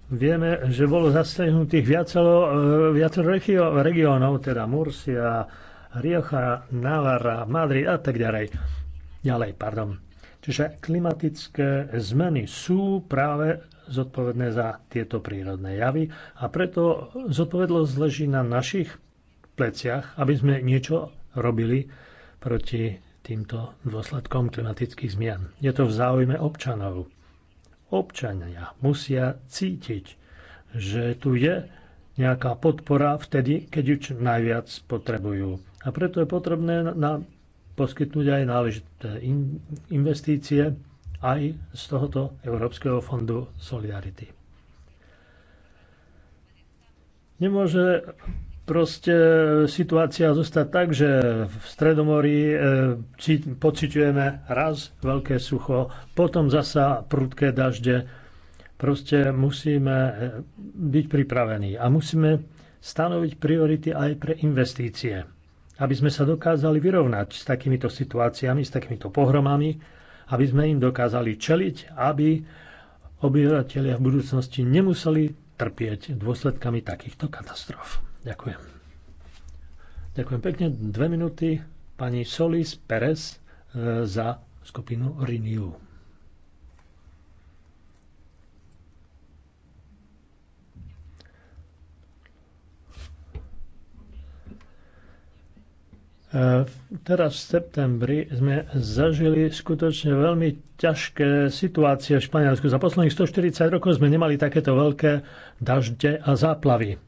N: vieme, že bolo zasiahnutých viacero, e, viacero regiónov, teda Mursia, Rioja, Navarra, Madrid a tak ďalej. Ďalej, pardon. Čiže klimatické zmeny sú práve zodpovedné za tieto prírodné javy a preto zodpovednosť leží na našich pleciach, aby sme niečo robili proti týmto dôsledkom klimatických zmien. Je to v záujme občanov. Občania musia cítiť, že tu je nejaká podpora vtedy, keď ju najviac potrebujú. A preto je potrebné na, poskytnúť aj náležité in, investície aj z tohoto Európskeho fondu Solidarity. Nemôže proste situácia zostať tak, že v Stredomorí e, pociťujeme raz veľké sucho, potom zasa prudké dažde. Proste musíme e, byť pripravení a musíme stanoviť priority aj pre investície, aby sme sa dokázali vyrovnať s takýmito situáciami, s takýmito pohromami aby sme im dokázali čeliť, aby obyvateľia v budúcnosti nemuseli trpieť dôsledkami takýchto katastrof. Ďakujem. Ďakujem pekne. Dve minúty pani Solis Perez e, za skupinu Renew. E, teraz v septembri sme zažili skutočne veľmi ťažké situácie v Španielsku. Za posledných 140 rokov sme nemali takéto veľké dažde a záplavy.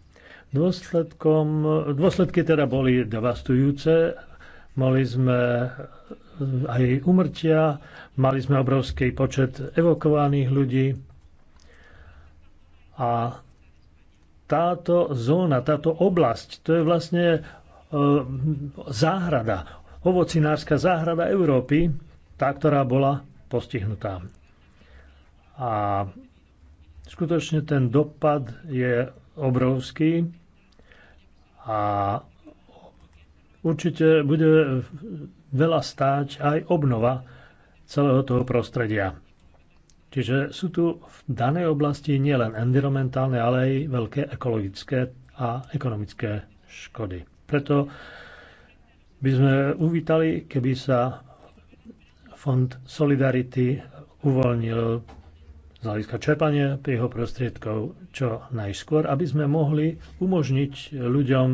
N: Dôsledkom, dôsledky teda boli devastujúce. Mali sme aj umrtia, mali sme obrovský počet evokovaných ľudí. A táto zóna, táto oblasť, to je vlastne Eh, záhrada, ovocinárska záhrada Európy, tá, ktorá bola postihnutá. A skutočne ten dopad je obrovský a určite bude veľa stáť aj obnova celého toho prostredia. Čiže sú tu v danej oblasti nielen environmentálne, ale aj veľké ekologické a ekonomické škody. Preto by sme uvítali, keby sa Fond Solidarity uvoľnil z hľadiska čerpania jeho prostriedkov čo najskôr, aby sme mohli umožniť ľuďom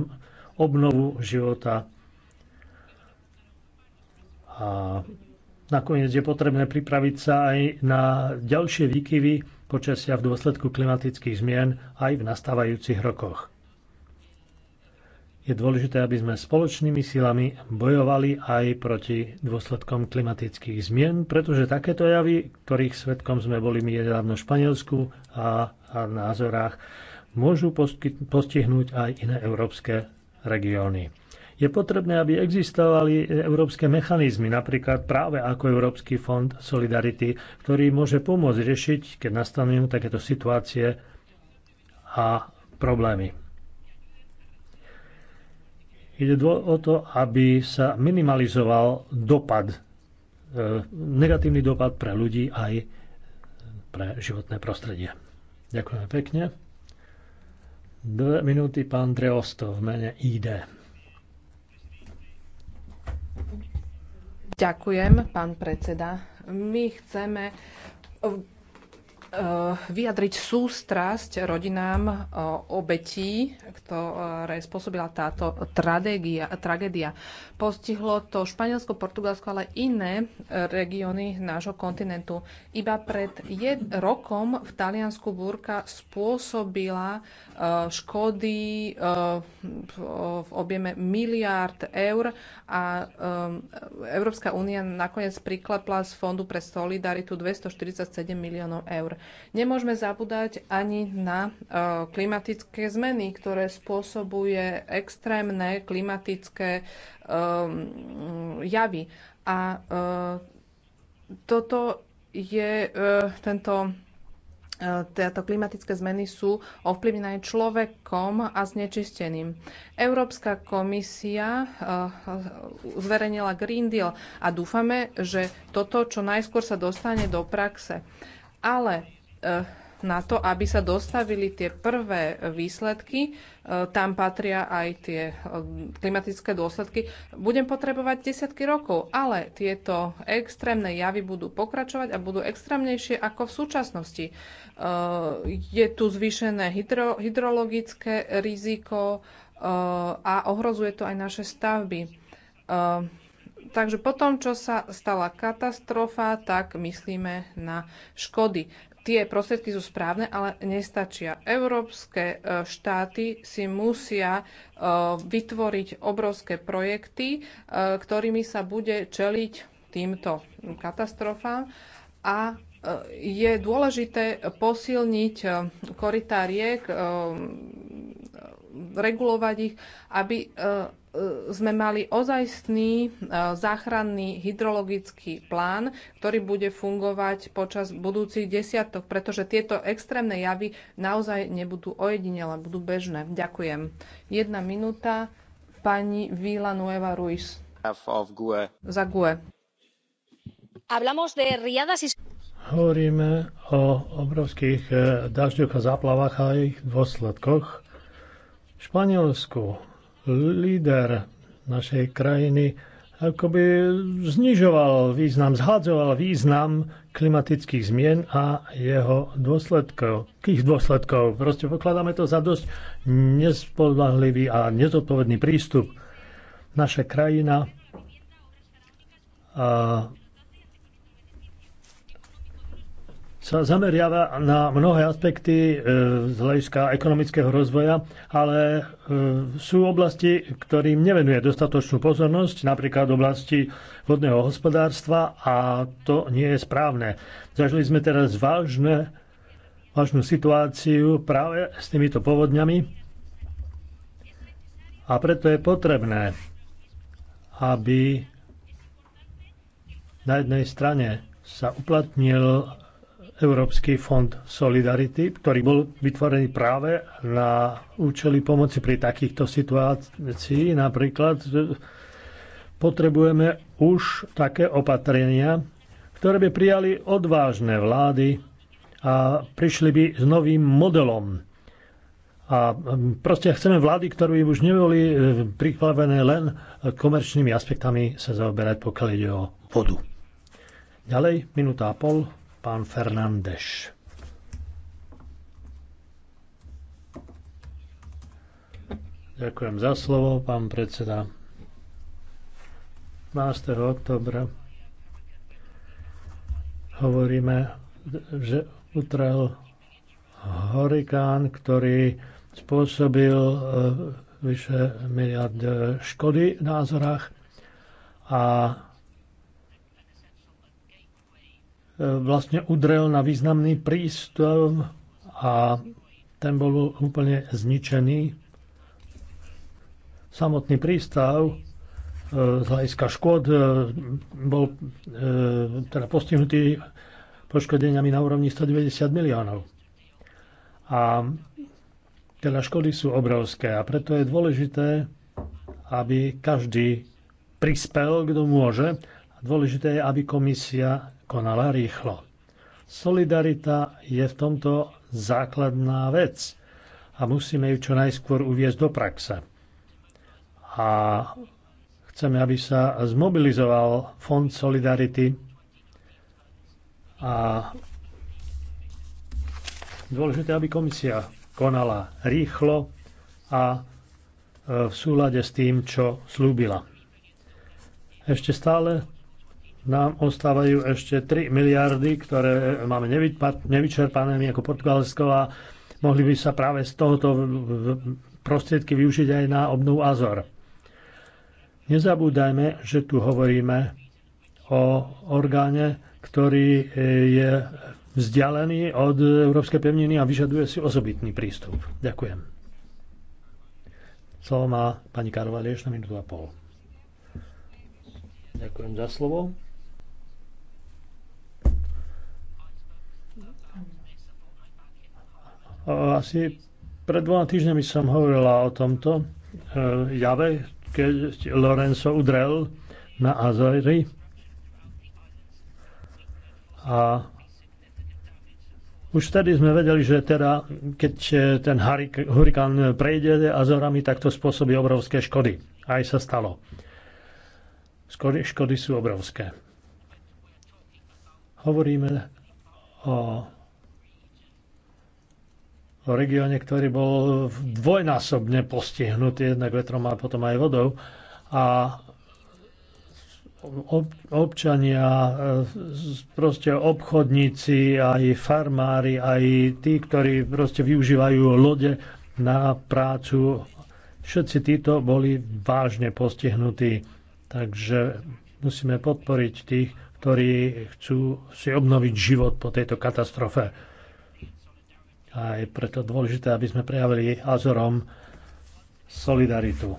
N: obnovu života. A nakoniec je potrebné pripraviť sa aj na ďalšie výkyvy počasia v dôsledku klimatických zmien aj v nastávajúcich rokoch je dôležité, aby sme spoločnými silami bojovali aj proti dôsledkom klimatických zmien, pretože takéto javy, ktorých svetkom sme boli my nedávno v Španielsku a, a názorách, môžu postihnúť aj iné európske regióny. Je potrebné, aby existovali európske mechanizmy, napríklad práve ako Európsky fond Solidarity, ktorý môže pomôcť riešiť, keď nastanú takéto situácie a problémy. Ide o to, aby sa minimalizoval dopad, e, negatívny dopad pre ľudí aj pre životné prostredie. Ďakujeme pekne. Dve minúty pán Dreosto v mene ID.
I: Ďakujem, pán predseda. My chceme Eh, vyjadriť sústrasť rodinám eh, obetí, ktoré spôsobila táto tragédia. tragédia. Postihlo to Španielsko, Portugalsko, ale iné regióny nášho kontinentu. Iba pred jed- rokom v Taliansku búrka spôsobila eh, škody v objeme miliárd eur a Európska únia nakoniec priklepla z Fondu pre solidaritu 247 miliónov eur. Nemôžeme zabúdať ani na e, klimatické zmeny, ktoré spôsobuje extrémne klimatické e, javy. A e, toto je tento tieto klimatické zmeny sú ovplyvnené človekom a znečisteným. Európska komisia zverejnila Green Deal a dúfame, že toto čo najskôr sa dostane do praxe. Ale Eh, na to, aby sa dostavili tie prvé výsledky, eh, tam patria aj tie eh, klimatické dôsledky, budem potrebovať desiatky rokov, ale tieto extrémne javy budú pokračovať a budú extrémnejšie ako v súčasnosti. Je tu zvýšené hydro, hydrologické riziko a ohrozuje to aj naše stavby. Takže po tom, čo sa stala katastrofa, tak myslíme na škody tie prostriedky sú správne, ale nestačia. Európske e, štáty si musia e, vytvoriť obrovské projekty, e, ktorými sa bude čeliť týmto katastrofám a je dôležité posilniť korytá riek, regulovať ich, aby sme mali ozajstný e, záchranný hydrologický plán, ktorý bude fungovať počas budúcich desiatok, pretože tieto extrémne javy naozaj nebudú ojedinele, budú bežné. Ďakujem. Jedna minúta. Pani Vila Nueva Ruiz.
G: Za GUE.
N: Hovoríme o obrovských e, dažďoch a záplavách a ich dôsledkoch. V Španielsku líder našej krajiny akoby znižoval význam, zhádzoval význam klimatických zmien a jeho dôsledkov, Kých dôsledkov. Proste pokladáme to za dosť nespoľahlivý a nezodpovedný prístup. Naša krajina a sa zameriava na mnohé aspekty e, z hľadiska ekonomického rozvoja, ale e, sú oblasti, ktorým nevenuje dostatočnú pozornosť, napríklad oblasti vodného hospodárstva a to nie je správne. Zažili sme teraz vážne, vážnu situáciu práve s týmito povodňami a preto je potrebné, aby na jednej strane sa uplatnil Európsky fond Solidarity, ktorý bol vytvorený práve na účely pomoci pri takýchto situácii. Napríklad potrebujeme už také opatrenia, ktoré by prijali odvážne vlády a prišli by s novým modelom. A mm, proste chceme vlády, ktoré by už neboli e, priklavené len komerčnými aspektami sa zaoberať, pokiaľ ide o vodu. Ďalej, minúta a pol pán Fernández. Ďakujem za slovo, pán predseda. 12. oktobra hovoríme, že utrel horikán, ktorý spôsobil e, vyše miliard e, škody na názorách a vlastne udrel na významný prístav a ten bol úplne zničený. Samotný prístav e, z hľadiska škôd e, bol e, teda postihnutý poškodeniami na úrovni 190 miliónov. A teda škody sú obrovské a preto je dôležité, aby každý prispel, kto môže. Dôležité je, aby komisia konala rýchlo. Solidarita je v tomto základná vec a musíme ju čo najskôr uviezť do praxe. A chceme, aby sa zmobilizoval Fond Solidarity a dôležité, aby komisia konala rýchlo a e, v súlade s tým, čo slúbila. Ešte stále nám ostávajú ešte 3 miliardy, ktoré máme nevyčerpané my ako Portugalsko a mohli by sa práve z tohoto prostriedky využiť aj na obnovu Azor. Nezabúdajme, že tu hovoríme o orgáne, ktorý eh, je vzdialený od Európskej pevniny a vyžaduje si osobitný prístup. Ďakujem. Slovo má pani Karova na minútu a pol. Ďakujem za slovo. Asi pred dvoma týždňami som hovorila o tomto e, jave, keď Lorenzo udrel na Azory a už vtedy sme vedeli, že teda, keď e, ten hurikán prejde Azorami, tak to spôsobí obrovské škody. Aj sa stalo. Škody, škody sú obrovské. Hovoríme o o regióne, ktorý bol dvojnásobne postihnutý jednak vetrom a potom aj vodou. A občania, e, proste obchodníci, aj farmári, aj tí, ktorí proste využívajú lode na prácu, všetci títo boli vážne postihnutí. Takže musíme podporiť tých, ktorí chcú si obnoviť život po tejto katastrofe. A je preto dôležité, aby sme prejavili Azorom solidaritu.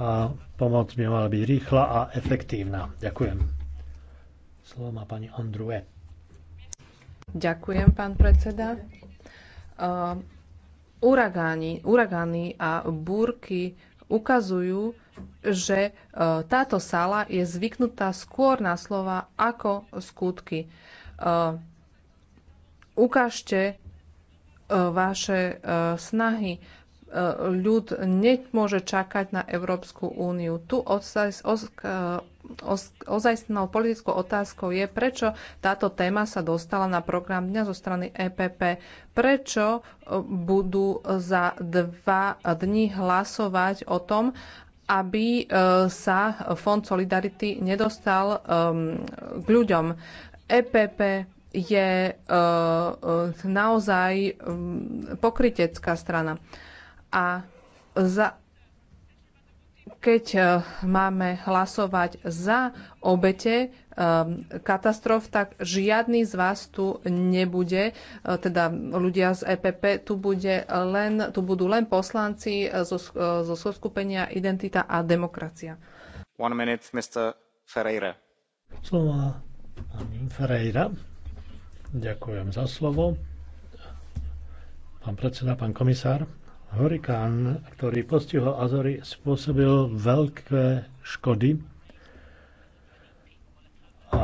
N: A pomoc by mala byť rýchla a efektívna. Ďakujem. Slovo má pani Andrue.
I: Ďakujem, pán predseda. Uh, uragány, uragány a búrky ukazujú, že uh, táto sala je zvyknutá skôr na slova ako skutky. Uh, ukážte e, vaše e, snahy. E, ľud nemôže čakať na Európsku úniu. Tu ozajstnou politickou otázkou je, prečo táto téma sa dostala na program dňa zo strany EPP. Prečo budú za dva dni hlasovať o tom, aby sa Fond Solidarity nedostal k ľuďom. EPP je eh, eh, naozaj mm, pokrytecká strana. A za, keď eh, máme hlasovať za obete katastrof, tak žiadny z vás tu nebude, teda ľudia z EPP, tu, bude len, tu budú len poslanci zo, zo skupenia Identita a demokracia.
E: One minute, Mr. Ferreira. Slova Ferreira. Ďakujem
I: za slovo.
N: Pán predseda, pán komisár, hurikán, ktorý postihol Azory, spôsobil veľké škody a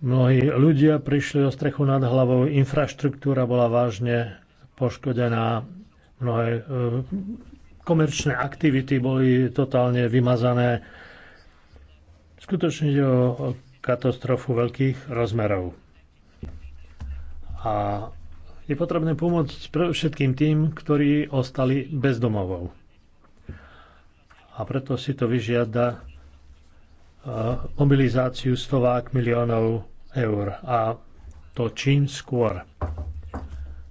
N: mnohí ľudia prišli o strechu nad hlavou, infraštruktúra bola vážne poškodená, mnohé e, komerčné aktivity boli totálne vymazané. Skutočne ide o katastrofu veľkých rozmerov. A je potrebné pomôcť všetkým tým, ktorí ostali bez domovov. A preto si to vyžiada e, mobilizáciu stovák miliónov eur. A to čím skôr.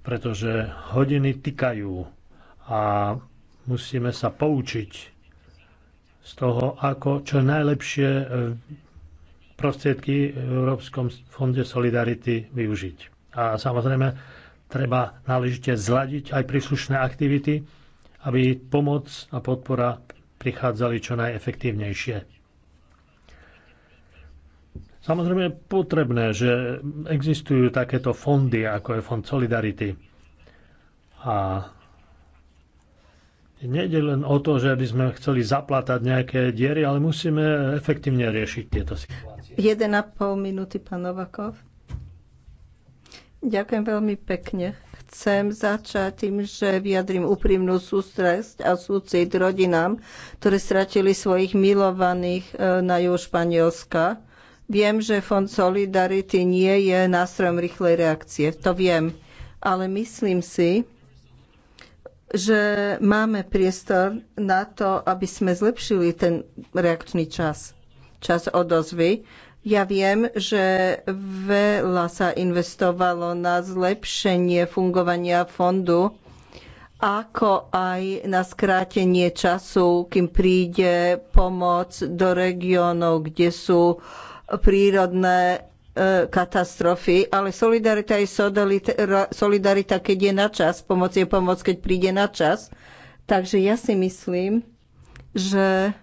N: Pretože hodiny tikajú a musíme sa poučiť z toho, ako čo najlepšie e, prostriedky v Európskom fonde Solidarity využiť. A samozrejme, treba náležite zladiť aj príslušné aktivity, aby pomoc a podpora prichádzali čo najefektívnejšie. Samozrejme je potrebné, že existujú takéto fondy, ako je Fond Solidarity. A nejde len o to, že by sme chceli zaplatať nejaké diery, ale musíme efektívne riešiť tieto situácie.
J: 1,5 minúty, pán Novakov. Ďakujem veľmi pekne. Chcem začať tým, že vyjadrím úprimnú sústresť a súcit rodinám, ktoré stratili svojich milovaných e, na juhu Španielska. Viem, že Fond Solidarity nie je nástrojom rýchlej reakcie, to viem, ale myslím si, že máme priestor na to, aby sme zlepšili ten reakčný čas, čas odozvy. Ja viem, že veľa sa investovalo na zlepšenie fungovania fondu, ako aj na skrátenie času, kým príde pomoc do regiónov, kde sú prírodné e, katastrofy, ale solidarita je solidarita, keď je na čas. Pomoc je pomoc, keď príde na čas. Takže ja si myslím, že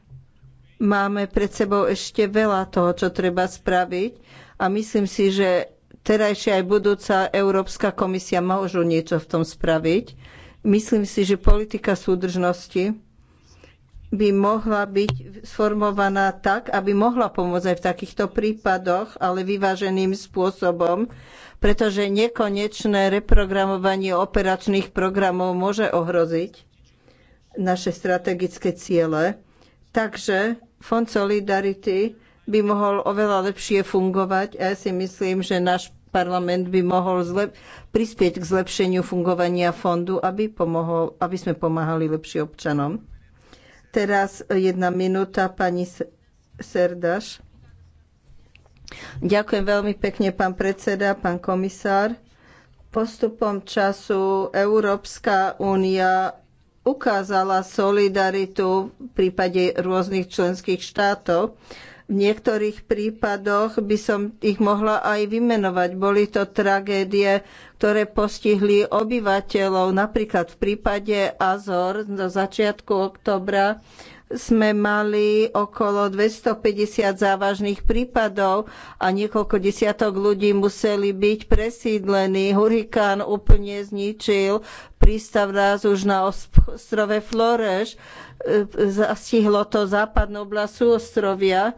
J: Máme pred sebou ešte veľa toho, čo treba spraviť a myslím si, že terajšia aj budúca Európska komisia môžu niečo v tom spraviť. Myslím si, že politika súdržnosti by mohla byť sformovaná tak, aby mohla pomôcť aj v takýchto prípadoch, ale vyváženým spôsobom, pretože nekonečné reprogramovanie operačných programov môže ohroziť naše strategické ciele. Takže Fond Solidarity by mohol oveľa lepšie fungovať a ja si myslím, že náš parlament by mohol zlep- prispieť k zlepšeniu fungovania fondu, aby, pomohol, aby sme pomáhali lepšie občanom. Teraz jedna minúta, pani Serdaš. Ďakujem veľmi pekne, pán predseda, pán komisár. Postupom času Európska únia ukázala solidaritu v prípade rôznych členských štátov. V niektorých prípadoch by som ich mohla aj vymenovať. Boli to tragédie, ktoré postihli obyvateľov. Napríklad v prípade Azor do začiatku oktobra sme mali okolo 250 závažných prípadov a niekoľko desiatok ľudí museli byť presídlení. Hurikán úplne zničil prístav raz už na ostrove Flores. E, zastihlo to západnú oblasť súostrovia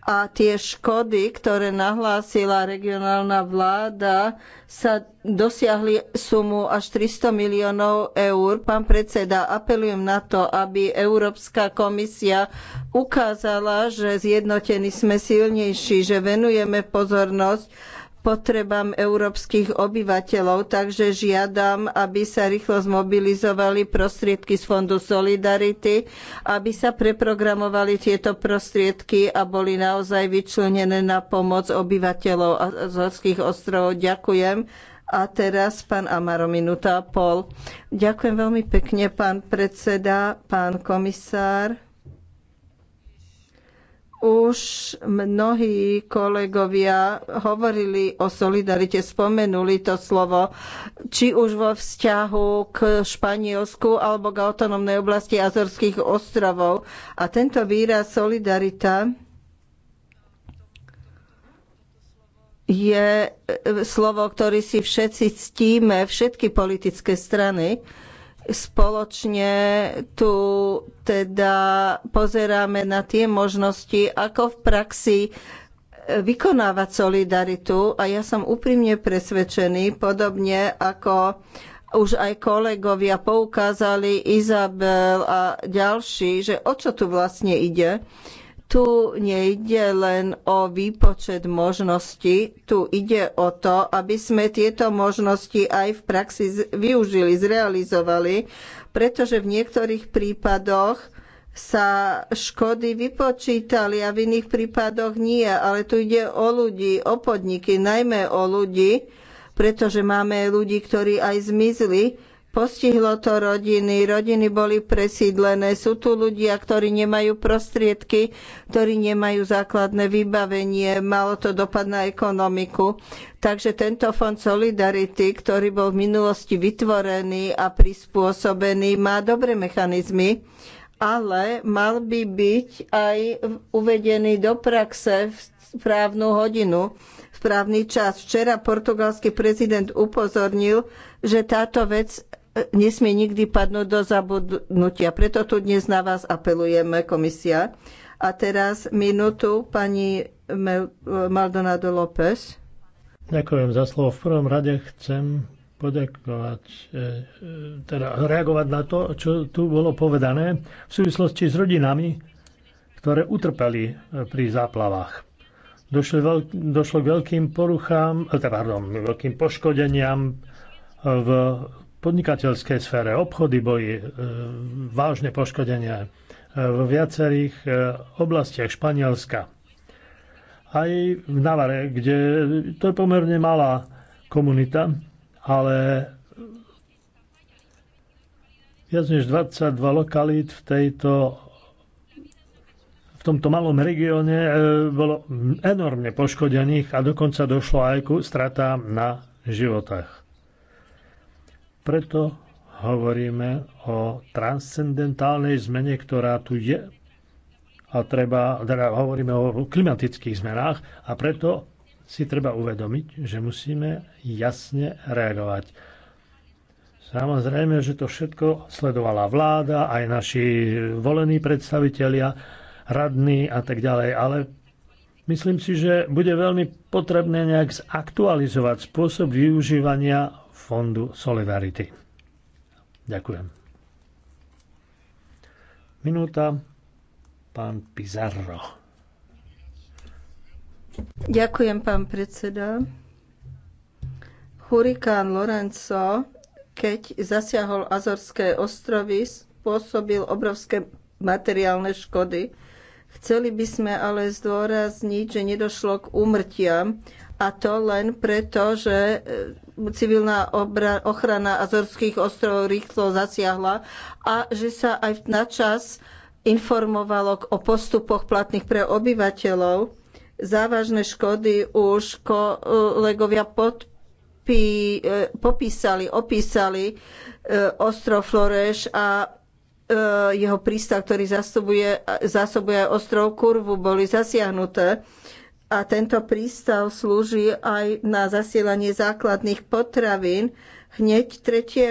J: a tie škody, ktoré nahlásila regionálna vláda, sa dosiahli sumu až 300 miliónov eur. Pán predseda, apelujem na to, aby Európska komisia ukázala, že zjednotení sme silnejší, že venujeme pozornosť potrebám európskych obyvateľov, takže žiadam, aby sa rýchlo zmobilizovali prostriedky z Fondu Solidarity, aby sa preprogramovali tieto prostriedky a boli naozaj vyčlenené na pomoc obyvateľov Azorských ostrovov. Ďakujem. A teraz pán Amaro, minúta a pol. Ďakujem veľmi pekne, pán predseda, pán komisár. Už mnohí kolegovia hovorili o solidarite, spomenuli to slovo, či už vo vzťahu k Španielsku alebo k autonómnej oblasti Azorských ostrovov. A tento výraz solidarita je slovo, ktoré si všetci ctíme, všetky politické strany spoločne tu teda pozeráme na tie možnosti, ako v praxi vykonávať solidaritu a ja som úprimne presvedčený, podobne ako už aj kolegovia poukázali, Izabel a ďalší, že o čo tu vlastne ide tu nejde len o výpočet možností, tu ide o to, aby sme tieto možnosti aj v praxi využili, zrealizovali, pretože v niektorých prípadoch sa škody vypočítali a v iných prípadoch nie, ale tu ide o ľudí, o podniky, najmä o ľudí, pretože máme ľudí, ktorí aj zmizli Postihlo to rodiny, rodiny boli presídlené, sú tu ľudia, ktorí nemajú prostriedky, ktorí nemajú základné vybavenie, malo to dopad na ekonomiku. Takže tento fond Solidarity, ktorý bol v minulosti vytvorený a prispôsobený, má dobré mechanizmy, ale mal by byť aj uvedený do praxe v správnu hodinu správny čas. Včera portugalský prezident upozornil, že táto vec nesmie nikdy padnúť do zabudnutia. Preto tu dnes na vás apelujeme, komisia. A teraz minútu pani
N: Maldonado López. Ďakujem za slovo. V prvom rade chcem poďakovať, e, e, teda reagovať na to, čo tu bolo povedané v súvislosti s rodinami, ktoré utrpeli e, pri záplavách. Došlo, veľk, došlo k veľkým poruchám, teda, pardon, veľkým poškodeniam v podnikateľskej sfére. Obchody boli e, vážne poškodenia e, v viacerých e, oblastiach Španielska. Aj v Navare, kde to je pomerne malá komunita, ale viac než 22 lokalít v tejto v tomto malom regióne bolo enormne poškodených a dokonca došlo aj ku stratám na životách. Preto hovoríme o transcendentálnej zmene, ktorá tu je a treba, teda hovoríme o klimatických zmenách a preto si treba uvedomiť, že musíme jasne reagovať. Samozrejme, že to všetko sledovala vláda, aj naši volení predstavitelia, radní a tak ďalej, ale myslím si, že bude veľmi potrebné nejak zaktualizovať spôsob využívania Fondu Solidarity. Ďakujem. Minúta pán Pizarro.
J: Ďakujem, pán predseda. Hurikán Lorenzo, keď zasiahol Azorské ostrovy, spôsobil obrovské materiálne škody. Chceli by sme ale zdôrazniť, že nedošlo k úmrtiam, a to len preto, že e, civilná ochrana Azorských ostrovov rýchlo zasiahla a že sa aj na čas informovalo o postupoch platných pre obyvateľov. Závažné škody už kolegovia pod e, popísali, opísali e, ostrov Floreš a jeho prístav, ktorý zásobuje, zásobuje ostrov Kurvu, boli zasiahnuté a tento prístav slúži aj na zasielanie základných potravín. Hneď 3. E,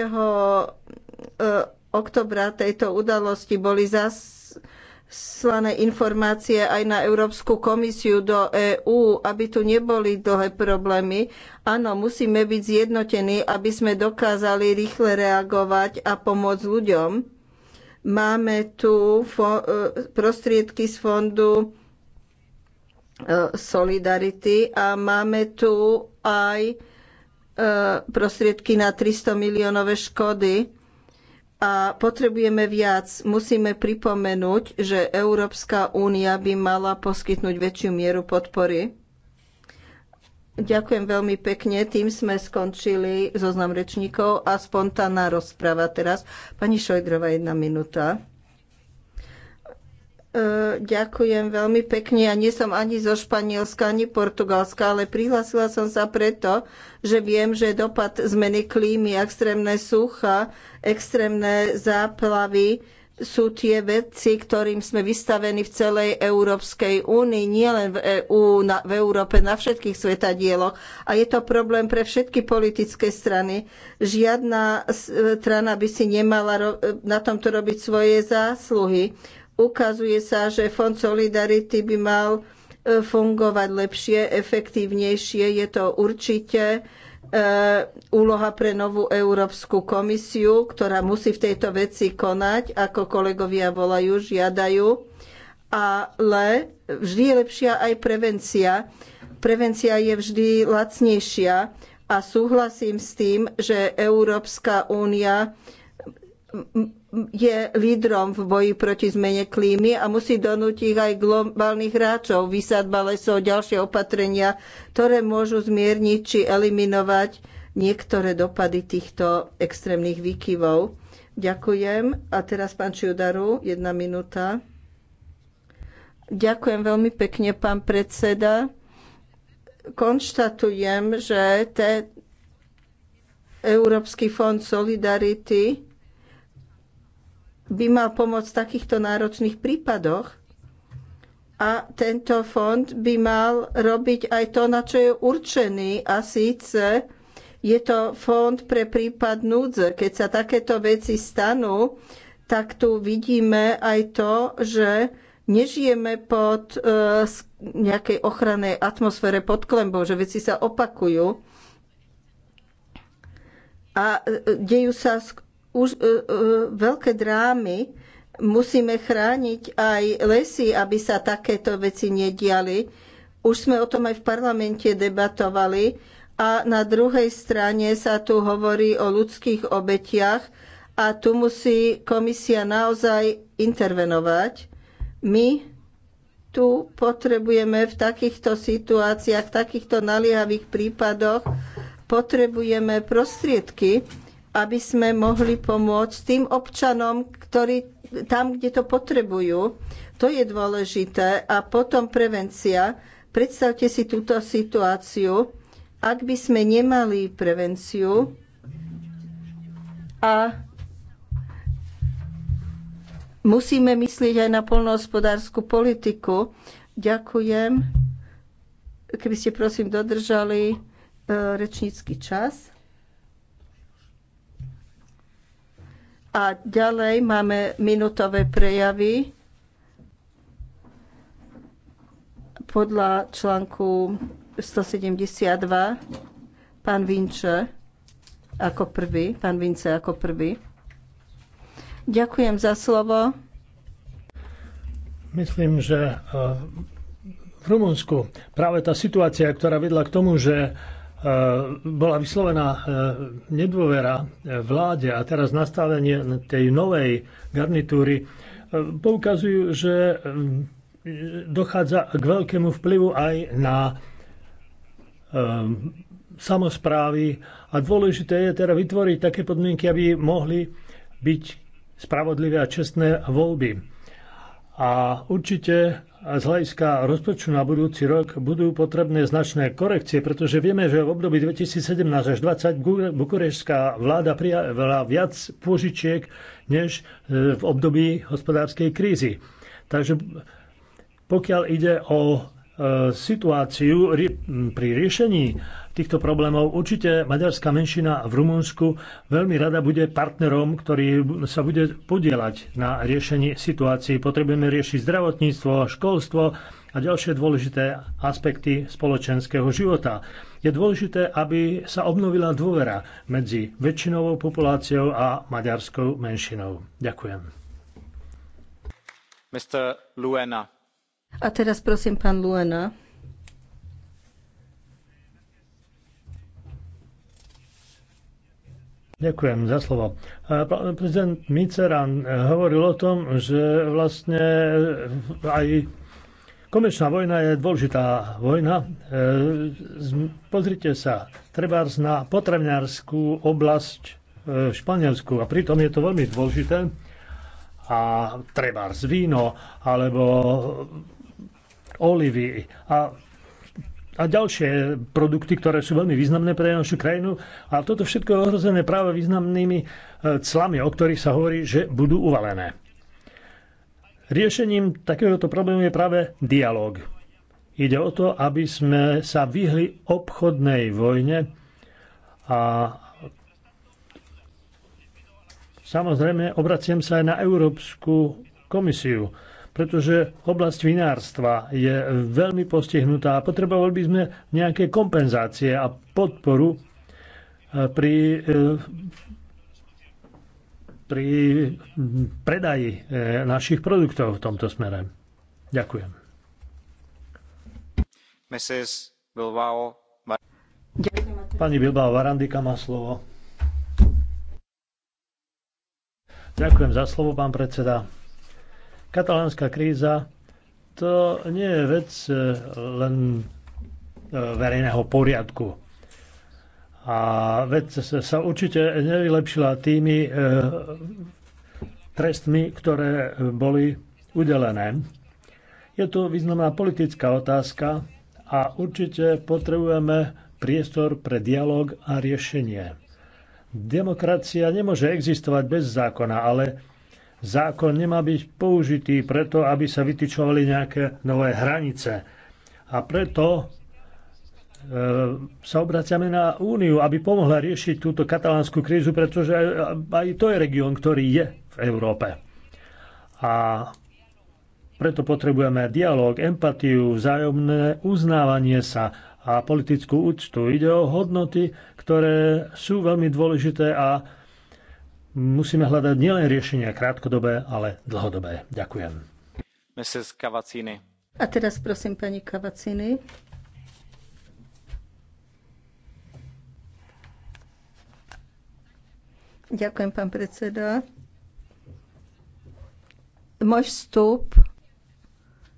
J: oktobra tejto udalosti boli zaslané informácie aj na Európsku komisiu do EÚ, aby tu neboli dlhé problémy. Áno, musíme byť zjednotení, aby sme dokázali rýchle reagovať a pomôcť ľuďom. Máme tu e, prostriedky z fondu E, solidarity a máme tu aj e, prostriedky na 300 miliónové škody a potrebujeme viac. Musíme pripomenúť, že Európska únia by mala poskytnúť väčšiu mieru podpory. Ďakujem veľmi pekne. Tým sme skončili zoznam rečníkov a spontánna rozprava teraz. Pani Šojdrova, jedna minúta. E, ďakujem veľmi pekne. Ja nie som ani zo Španielska, ani Portugalska, ale prihlásila som sa preto, že viem, že dopad zmeny klímy, extrémne sucha, extrémne záplavy sú tie veci, ktorým sme vystavení v celej Európskej únii, nielen v, EU, na, v Európe, na všetkých svetadieloch. A je to problém pre všetky politické strany. Žiadna e, strana by si nemala e, na tomto robiť svoje zásluhy Ukazuje sa, že Fond Solidarity by mal e, fungovať lepšie, efektívnejšie. Je to určite e, úloha pre novú Európsku komisiu, ktorá musí v tejto veci konať, ako kolegovia volajú, žiadajú. Ale vždy je lepšia aj prevencia. Prevencia je vždy lacnejšia a súhlasím s tým, že Európska únia je lídrom v boji proti zmene klímy a musí donútiť aj globálnych hráčov, vysadba lesov, ďalšie opatrenia, ktoré môžu zmierniť či eliminovať niektoré dopady týchto extrémnych výkyvov. Ďakujem. A teraz pán Čiudaru, jedna minúta. Ďakujem veľmi pekne, pán predseda. Konštatujem, že te Európsky fond Solidarity by mal pomôcť v takýchto náročných prípadoch a tento fond by mal robiť aj to, na čo je určený a síce je to fond pre prípad núdze. Keď sa takéto veci stanú, tak tu vidíme aj to, že nežijeme pod e, nejakej ochrannej atmosfére pod klembou, že veci sa opakujú a e, dejú sa už, uh, uh, veľké drámy. Musíme chrániť aj lesy, aby sa takéto veci nediali. Už sme o tom aj v parlamente debatovali. A na druhej strane sa tu hovorí o ľudských obetiach a tu musí komisia naozaj intervenovať. My tu potrebujeme v takýchto situáciách, v takýchto naliehavých prípadoch potrebujeme prostriedky, aby sme mohli pomôcť tým občanom, ktorí tam, kde to potrebujú. To je dôležité. A potom prevencia. Predstavte si túto situáciu. Ak by sme nemali prevenciu a musíme myslieť aj na polnohospodárskú politiku. Ďakujem. Keby ste prosím dodržali e, rečnícky čas. A ďalej máme minutové prejavy podľa článku 172. Pán Vinče ako prvý. Pán Vince ako prvý. Ďakujem za slovo.
N: Myslím, že eh, v Rumunsku práve tá situácia, ktorá vedla k tomu, že Eh, bola vyslovená eh, nedôvera eh, vláde a teraz nastavenie tej novej garnitúry poukazujú, že dochádza k veľkému vplyvu aj na samozprávy a dôležité je teda vytvoriť také podmienky, aby mohli byť spravodlivé a čestné voľby. A určite z hľadiska rozpočtu na budúci rok budú potrebné značné korekcie, pretože vieme, že v období 2017 až 2020 bukurešská vláda prijavila viac pôžičiek než e, v období hospodárskej krízy. Takže pokiaľ ide o e, situáciu pri riešení týchto problémov. Určite maďarská menšina v Rumunsku veľmi rada bude partnerom, ktorý sa bude podielať na riešení situácií. Potrebujeme riešiť zdravotníctvo, školstvo a ďalšie dôležité aspekty spoločenského života. Je dôležité, aby sa obnovila dôvera medzi väčšinovou populáciou a maďarskou menšinou. Ďakujem.
D: Mr. Luena.
J: A teraz prosím pán Luena.
N: Ďakujem za slovo. Prezident Miceran eh, hovoril o tom, že vlastne eh, aj komerčná vojna je dôležitá vojna. Eh, pozrite sa, treba na potravňárskú oblasť v Španielsku a pritom je to veľmi dôležité a treba z víno alebo olivy a a ďalšie produkty, ktoré sú veľmi významné pre našu krajinu. A toto všetko je ohrozené práve významnými e, clami, o ktorých sa hovorí, že budú uvalené. Riešením takéhoto problému je práve dialog. Ide o to, aby sme sa vyhli obchodnej vojne a samozrejme obraciam sa aj na Európsku komisiu pretože oblasť vinárstva je veľmi postihnutá a potrebovali by sme nejaké kompenzácie a podporu e, pri, e, pri predaji e, našich produktov v tomto smere. Ďakujem.
E: Mrs.
H: Bilbao.
N: Pani Bilbao Varandika má slovo. Ďakujem za slovo, pán predseda. Katalánska kríza to nie je vec e, len e, verejného poriadku. A vec sa určite nevylepšila tými e, trestmi, ktoré boli udelené. Je tu významná politická otázka a určite potrebujeme priestor pre dialog a riešenie. Demokracia nemôže existovať bez zákona, ale zákon nemá byť použitý preto, aby sa vytyčovali nejaké nové hranice. A preto e, sa obraciame na Úniu, aby pomohla riešiť túto katalánsku krízu, pretože aj to je región, ktorý je v Európe. A preto potrebujeme dialog, empatiu, vzájomné uznávanie sa a politickú úctu. Ide o hodnoty, ktoré sú veľmi dôležité a musíme hľadať nielen riešenia krátkodobé, ale dlhodobé. Ďakujem.
D: Mrs. Cavazzini.
J: A teraz prosím pani Cavazzini. Ďakujem, pán predseda. Môj vstup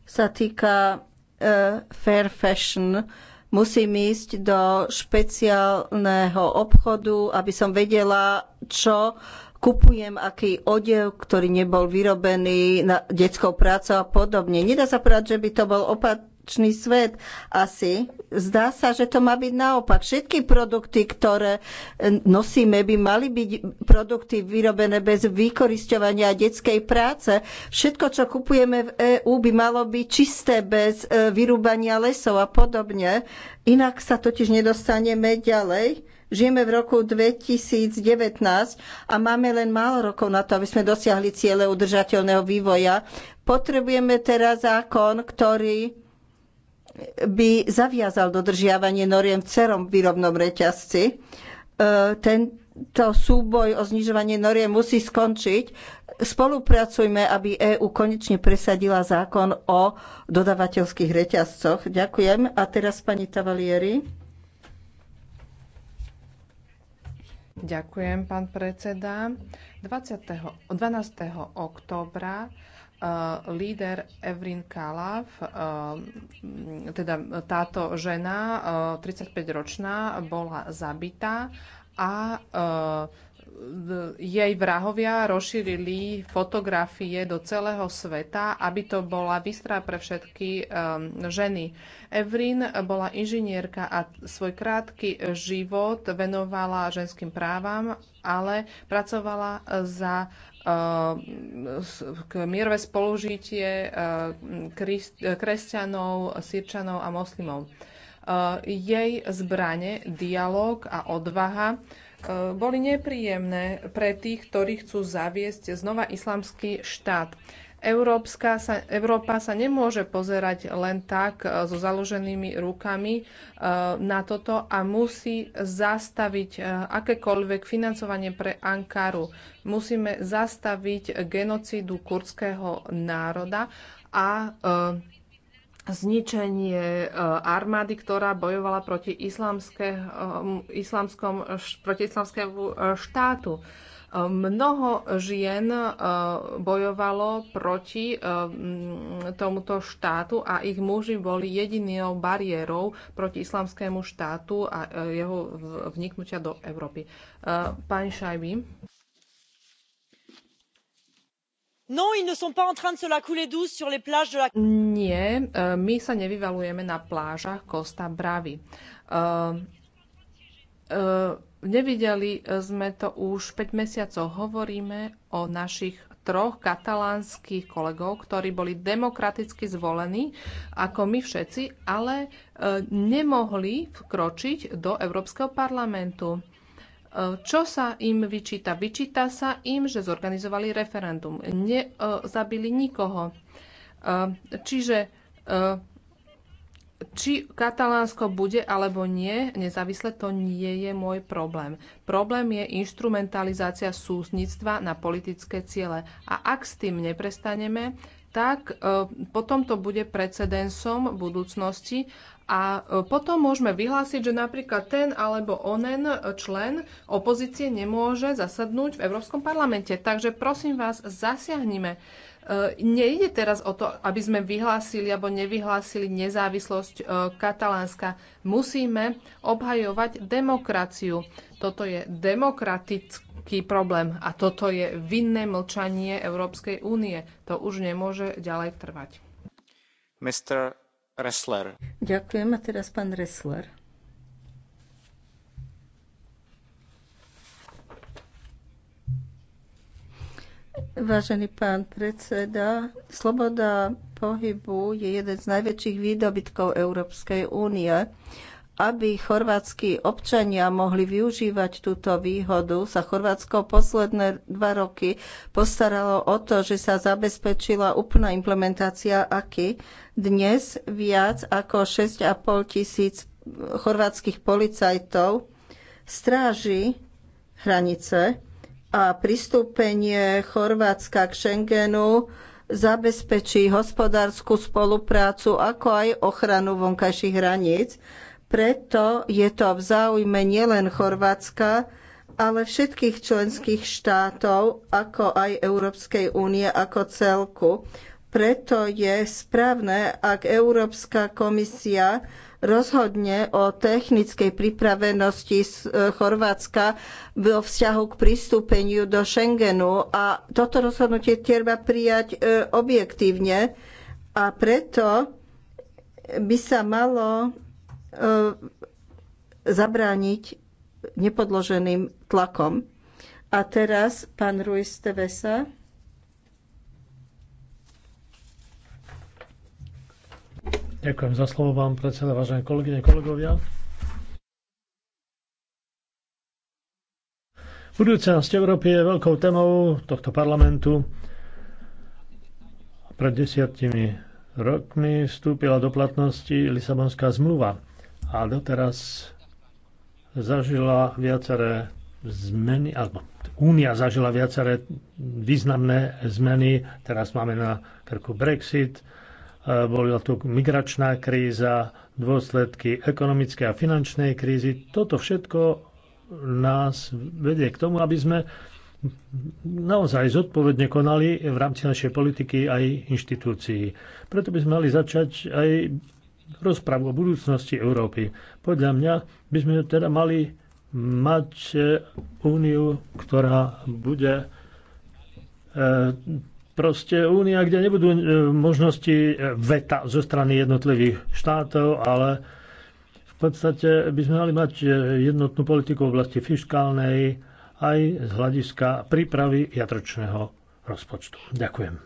J: sa týka uh, fair fashion. Musím ísť do špeciálneho obchodu, aby som vedela, čo uh, kupujem aký odev, ktorý nebol vyrobený na detskou prácou a podobne. Nedá sa povedať, že by to bol opačný svet asi. Zdá sa, že to má byť naopak. Všetky produkty, ktoré eh, nosíme, by mali byť produkty vyrobené bez vykorisťovania detskej práce. Všetko, čo kupujeme v EÚ, by malo byť čisté bez eh, vyrúbania lesov a podobne. Inak sa totiž nedostaneme ďalej Žijeme v roku 2019 a máme len málo rokov na to, aby sme dosiahli ciele udržateľného vývoja. Potrebujeme teraz zákon, ktorý by zaviazal dodržiavanie noriem v celom výrobnom reťazci. E, tento súboj o znižovanie noriem musí skončiť. Spolupracujme, aby EÚ konečne presadila zákon o dodavateľských reťazcoch. Ďakujem. A teraz pani Tavalieri.
I: Ďakujem, pán predseda. 20. 12. októbra Uh, líder Evrin Kalaf, uh, e, teda táto žena, uh, e, 35-ročná, bola zabitá a e, jej vrahovia rozšírili fotografie do celého sveta, aby to bola výstra pre všetky um, ženy. Evrin bola inžinierka a svoj krátky život venovala ženským právam, ale pracovala za um, mierové spolužitie um, kresťanov, sírčanov a moslimov. Uh, jej zbrane, dialog a odvaha E, boli nepríjemné pre tých, ktorí chcú zaviesť znova islamský štát. Európska sa, Európa sa nemôže pozerať len tak e, so založenými rukami e, na toto a musí zastaviť akékoľvek financovanie pre Ankaru. Musíme zastaviť genocídu kurdského národa a zničenie e, armády, ktorá bojovala proti, islamskom, proti islamskému e, štátu. E, mnoho žien bojovalo proti tomuto štátu a ich muži boli jedinou bariérou proti islamskému štátu a jeho vniknutia do Európy. Pani Šajby.
F: No, ils ne sont pas en train de se la couler douce
I: sur les plages de la... Nie, eh, my sa nevyvalujeme na plážach Costa Bravy. Eh, eh, nevideli sme to už 5 mesiacov. Hovoríme o našich troch katalánskych kolegov, ktorí boli demokraticky zvolení, ako my všetci, ale nemohli vkročiť do Európskeho parlamentu. Čo sa im vyčíta? Vyčíta sa im, že zorganizovali referendum. Nezabili nikoho. E, čiže e, či Katalánsko bude alebo nie, nezávisle to nie je môj problém. Problém je instrumentalizácia súznictva na politické ciele. A ak s tým neprestaneme, tak e, potom to bude precedensom v budúcnosti a e, potom môžeme vyhlásiť, že napríklad ten alebo onen e, člen opozície nemôže zasadnúť v Európskom parlamente. Takže prosím vás, zasiahnime. E, nejde teraz o to, aby sme vyhlásili alebo nevyhlásili nezávislosť Katalánska. Musíme obhajovať demokraciu. Toto je demokratický problém a toto je vinné mlčanie Európskej únie. To už nemôže ďalej trvať.
D: Mr. Ressler.
I: Ďakujem a teraz pán Ressler.
J: Vážený pán predseda, sloboda pohybu je jeden z najväčších výdobytkov Európskej únie aby chorvátsky občania mohli využívať túto výhodu, sa Chorvátsko posledné dva roky postaralo o to, že sa zabezpečila úplná implementácia AKI. Dnes viac ako 6,5 tisíc chorvátskych policajtov stráži hranice a pristúpenie Chorvátska k Schengenu zabezpečí hospodárskú spoluprácu ako aj ochranu vonkajších hraníc preto je to v záujme nielen Chorvátska, ale všetkých členských štátov, ako aj Európskej únie ako celku. Preto je správne, ak Európska komisia rozhodne o technickej pripravenosti e, Chorvátska vo vzťahu k pristúpeniu do Schengenu. A toto rozhodnutie treba prijať e, objektívne. A preto by sa malo E, zabrániť nepodloženým tlakom. A teraz pán Ruiz Tevesa.
N: Ďakujem za slovo vám, predseda, vážené kolegyne, kolegovia. Budúcnosť Európy je veľkou témou tohto parlamentu. Pred desiatimi rokmi vstúpila do platnosti Lisabonská zmluva a doteraz zažila viaceré zmeny, alebo Únia zažila viaceré významné zmeny. Teraz máme na krku Brexit, e, bola tu migračná kríza, dôsledky ekonomickej a finančnej krízy. Toto všetko nás vedie k tomu, aby sme naozaj zodpovedne konali v rámci našej politiky aj inštitúcií. Preto by sme mali začať aj rozpravu o budúcnosti Európy. Podľa mňa by sme teda mali mať e, úniu, ktorá bude e, proste únia, kde nebudú e, možnosti veta zo strany jednotlivých štátov, ale v podstate by sme mali mať jednotnú politiku v oblasti fiskálnej aj z hľadiska prípravy jatročného rozpočtu. Ďakujem.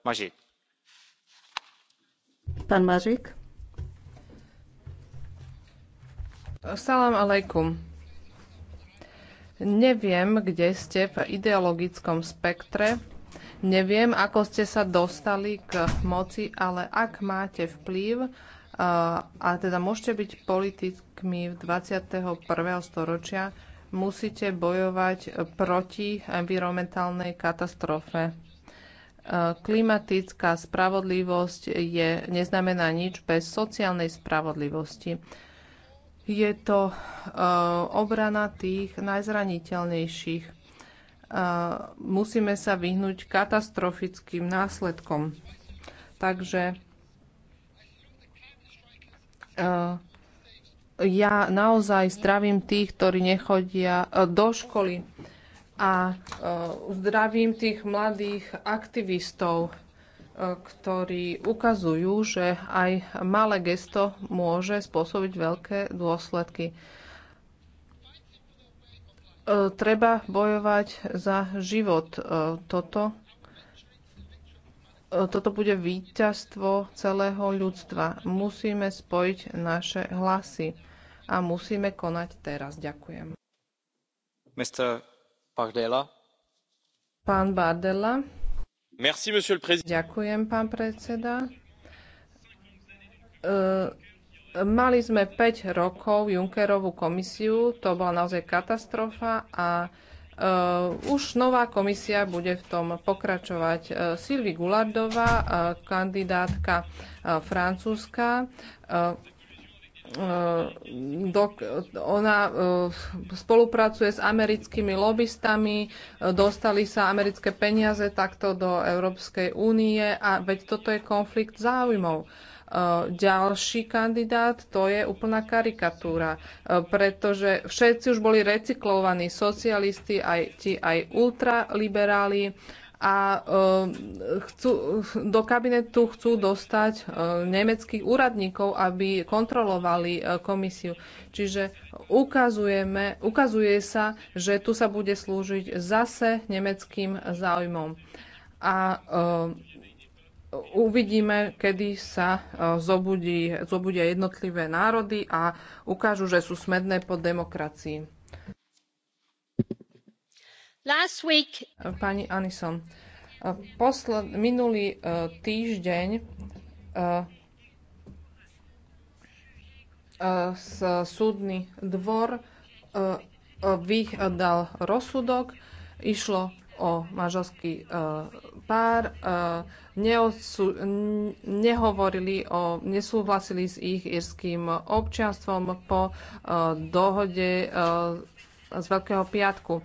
D: Salam
I: Neviem, kde ste v ideologickom spektre, neviem, ako ste sa dostali k moci, ale ak máte vplyv, a teda môžete byť politikmi 21. storočia, musíte bojovať proti environmentálnej katastrofe. E, klimatická spravodlivosť je, neznamená nič bez sociálnej spravodlivosti. Je to e, obrana tých najzraniteľnejších. E, musíme sa vyhnúť katastrofickým následkom. Takže ja naozaj zdravím tých, ktorí nechodia do školy a e, zdravím tých mladých aktivistov, e, ktorí ukazujú, že aj malé gesto môže spôsobiť veľké dôsledky. E, treba bojovať za život. Toto toto bude víťazstvo celého ľudstva. Musíme spojiť naše hlasy a musíme konať teraz. Ďakujem. Mr. Pán Bardella.
E: Merci, monsieur le président.
I: Ďakujem, pán predseda. Uh, mali sme 5 rokov Junckerovú komisiu, to bola naozaj katastrofa a Uh, už nová komisia bude v tom pokračovať. Uh, Sylvie Gulardová, uh, kandidátka uh, francúzska, uh, Eh, ona eh, spolupracuje s americkými lobbystami, eh, dostali sa americké peniaze takto do Európskej únie a veď toto je konflikt záujmov. Ďalší kandidát to je úplná karikatúra, pretože všetci už boli recyklovaní, socialisti, aj ti aj ultraliberáli a eh, chcú, do kabinetu chcú dostať eh, nemeckých úradníkov, aby kontrolovali eh, komisiu. Čiže ukazujeme, ukazuje sa, že tu sa bude slúžiť zase nemeckým záujmom. A uvidíme, kedy sa zobudí, zobudia jednotlivé národy a ukážu, že sú smedné pod demokracii. E, pani Anison, e, posled, minulý uh, týždeň uh, uh, súdny dvor uh, uh, vydal rozsudok. Išlo o manželský pár. Uh, Neodsu, nehovorili o, nesúhlasili s ich írským občianstvom po uh, dohode uh, z Veľkého piatku. Uh,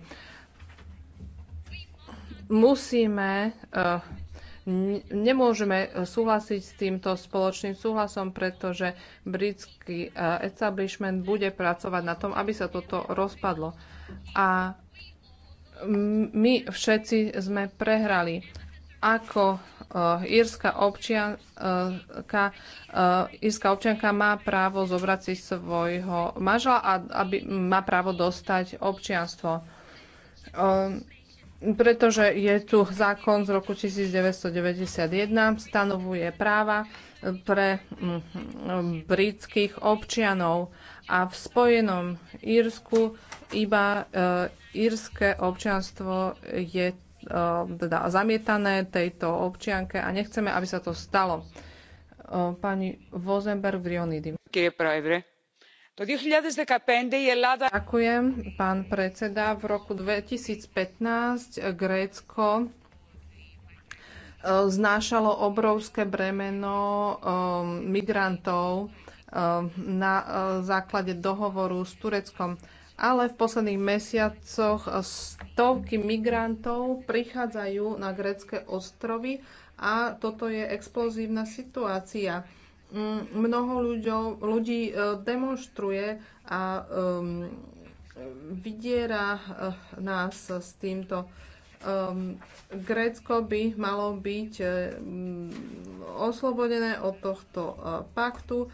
I: musíme eh, nemôžeme eh, súhlasiť s týmto spoločným súhlasom, pretože britský eh, establishment bude pracovať na tom, aby sa toto rozpadlo. A my všetci sme prehrali. Ako írska občianka, írska občianka má právo zobrať si svojho manžela a aby má právo dostať občianstvo pretože je tu zákon z roku 1991, stanovuje práva pre mm, britských občianov a v Spojenom Írsku iba e, írske občianstvo je e, teda zamietané tejto občianke a nechceme, aby sa to stalo. E, pani Vozenberg v Rionidim. Ďakujem, pán predseda. V roku 2015 Grécko e, znášalo obrovské bremeno e, migrantov e, na základe dohovoru s Tureckom. Ale v posledných mesiacoch stovky migrantov prichádzajú na grécké ostrovy a toto je explozívna situácia. Mm, mnoho ľuďo, ľudí e, demonstruje a um, vydiera e, nás s týmto. Um, Grécko by malo byť um, oslobodené od tohto uh, paktu.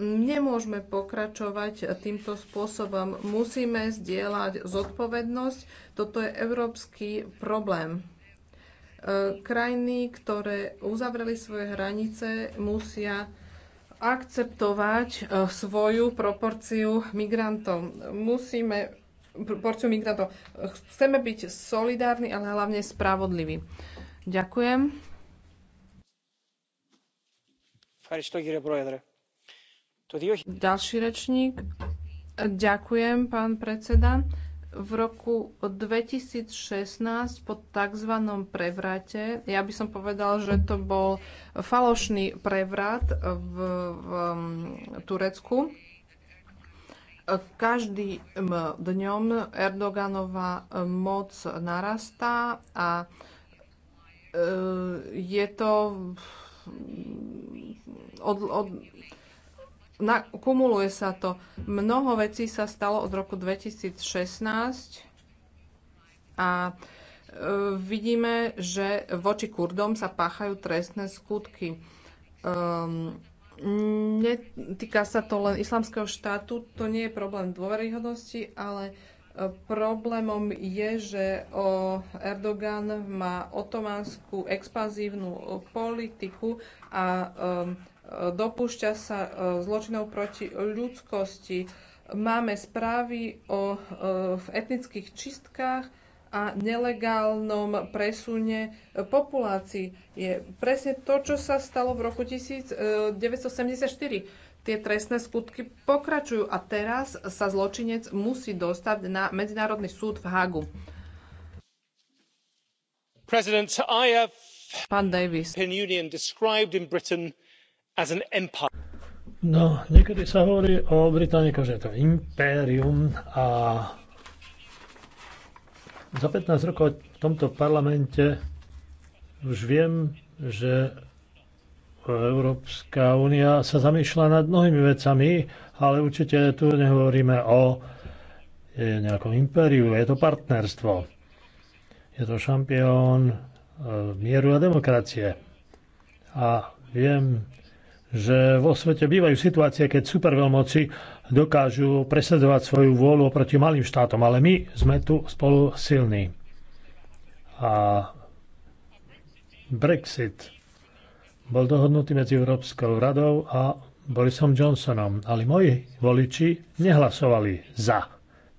I: nemôžeme pokračovať týmto spôsobom. Musíme zdieľať zodpovednosť. Toto je európsky problém. E, krajiny, ktoré uzavreli svoje hranice, musia akceptovať e, svoju proporciu migrantov. Musíme proporciu migrantov. Chceme byť solidárni, ale hlavne spravodliví. Ďakujem. Ďalší rečník. Ďakujem, pán predseda v roku 2016 po tzv. prevrate, ja by som povedal, že to bol falošný prevrat v, v Turecku, každým dňom Erdoganová moc narastá a e, je to od, od, na, kumuluje sa to. Mnoho vecí sa stalo od roku 2016 a e, vidíme, že voči Kurdom sa páchajú trestné skutky. Um, ehm, netýka sa to len islamského štátu, to nie je problém dôveryhodnosti, ale e, Problémom je, že Erdogan má otománskú expanzívnu politiku a ehm, dopúšťa sa e, zločinov proti ľudskosti. Máme správy o e, v etnických čistkách a nelegálnom presune populácií. Je presne to, čo sa stalo v roku 1974. Tie trestné skutky pokračujú a teraz sa zločinec musí dostať na Medzinárodný súd v Hagu.
E: Pán Davis.
N: No, niekedy sa hovorí o Británii, že je to impérium a za 15 rokov v tomto parlamente už viem, že Európska únia sa zamýšľa nad mnohými vecami, ale určite tu nehovoríme o nejakom impériu, je to partnerstvo. Je to šampión eh, mieru a demokracie. A viem, že vo svete bývajú situácie, keď superveľmoci dokážu presledovať svoju vôľu oproti malým štátom, ale my sme tu spolu silní. A Brexit bol dohodnutý medzi Európskou radou a Borisom Johnsonom, ale moji voliči nehlasovali za.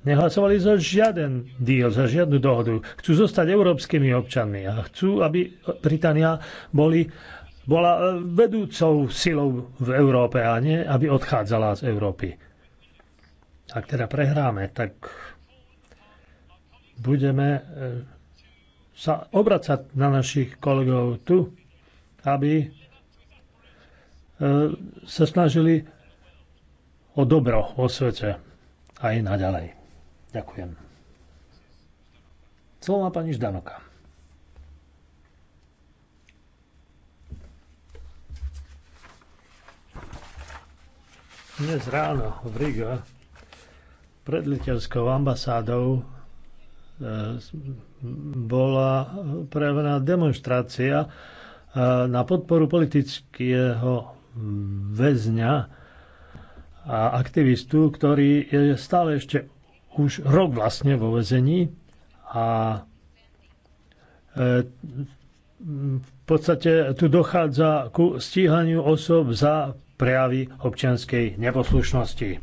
N: Nehlasovali za žiaden deal, za žiadnu dohodu. Chcú zostať európskymi občanmi a chcú, aby Británia boli bola e, vedúcou silou v Európe a nie, aby odchádzala z Európy. Ak teda prehráme, tak budeme e, sa obracať na našich kolegov tu, aby e, sa snažili o dobro vo svete aj naďalej. Ďakujem. Slovo má pani Ždanoka. Dnes ráno v Riga pred letelskou ambasádou e, bola prejavená demonstrácia e, na podporu politického väzňa a aktivistu, ktorý je stále ešte už rok vlastne vo väzení a e, v podstate tu dochádza ku stíhaniu osob za prejavy občianskej neposlušnosti.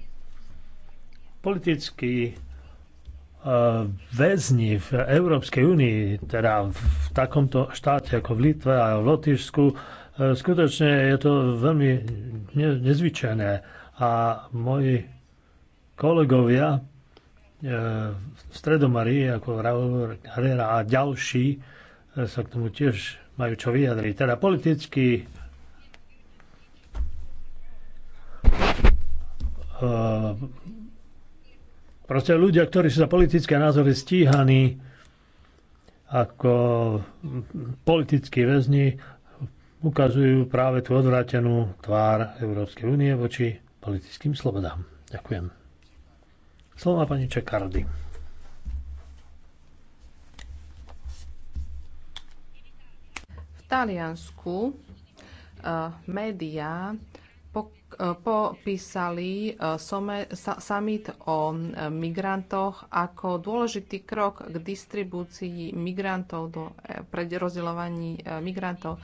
N: Politickí e, väzni v Európskej únii, teda v takomto štáte ako v Litve a v Lotyšsku, e, skutočne je to veľmi nezvyčajné. A moji kolegovia e, v Stredomarí, ako Raúl Herrera a ďalší, sa k tomu tiež majú čo vyjadriť. Teda politickí Ehm, proste ľudia, ktorí sú za politické názory stíhaní ako hm, politickí väzni, ukazujú práve tú odvrátenú tvár Európskej únie voči politickým slobodám. Ďakujem. Slovo má pani Čekardy.
I: V Taliansku uh, médiá E, popísali e, summit o e, migrantoch ako dôležitý krok k distribúcii migrantov do rozdeľovaní migrantov.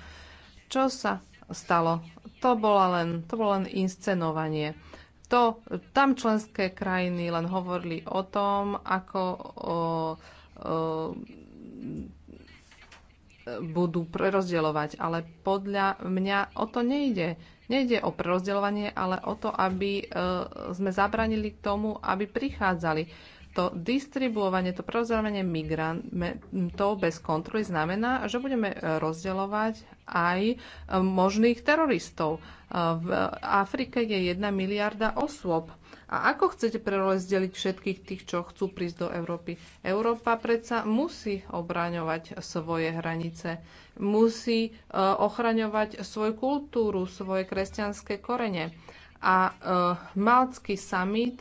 I: Čo sa stalo? To bolo len, to bolo len inscenovanie. To, tam členské krajiny len hovorili o tom, ako o, o, budú prerozdeľovať, ale podľa mňa o to nejde Nejde o prerozdeľovanie, ale o to, aby e, sme zabranili tomu, aby prichádzali to distribuovanie, to prerozdeľovanie migrantov bez kontroly znamená, že budeme rozdeľovať aj e, možných teroristov. E, v Afrike je 1 miliarda osôb. A ako chcete prerozdeliť všetkých tých, čo chcú prísť do Európy? Európa predsa musí obraňovať svoje hranice, musí e, ochraňovať svoju kultúru, svoje kresťanské korene. A e, Malcký summit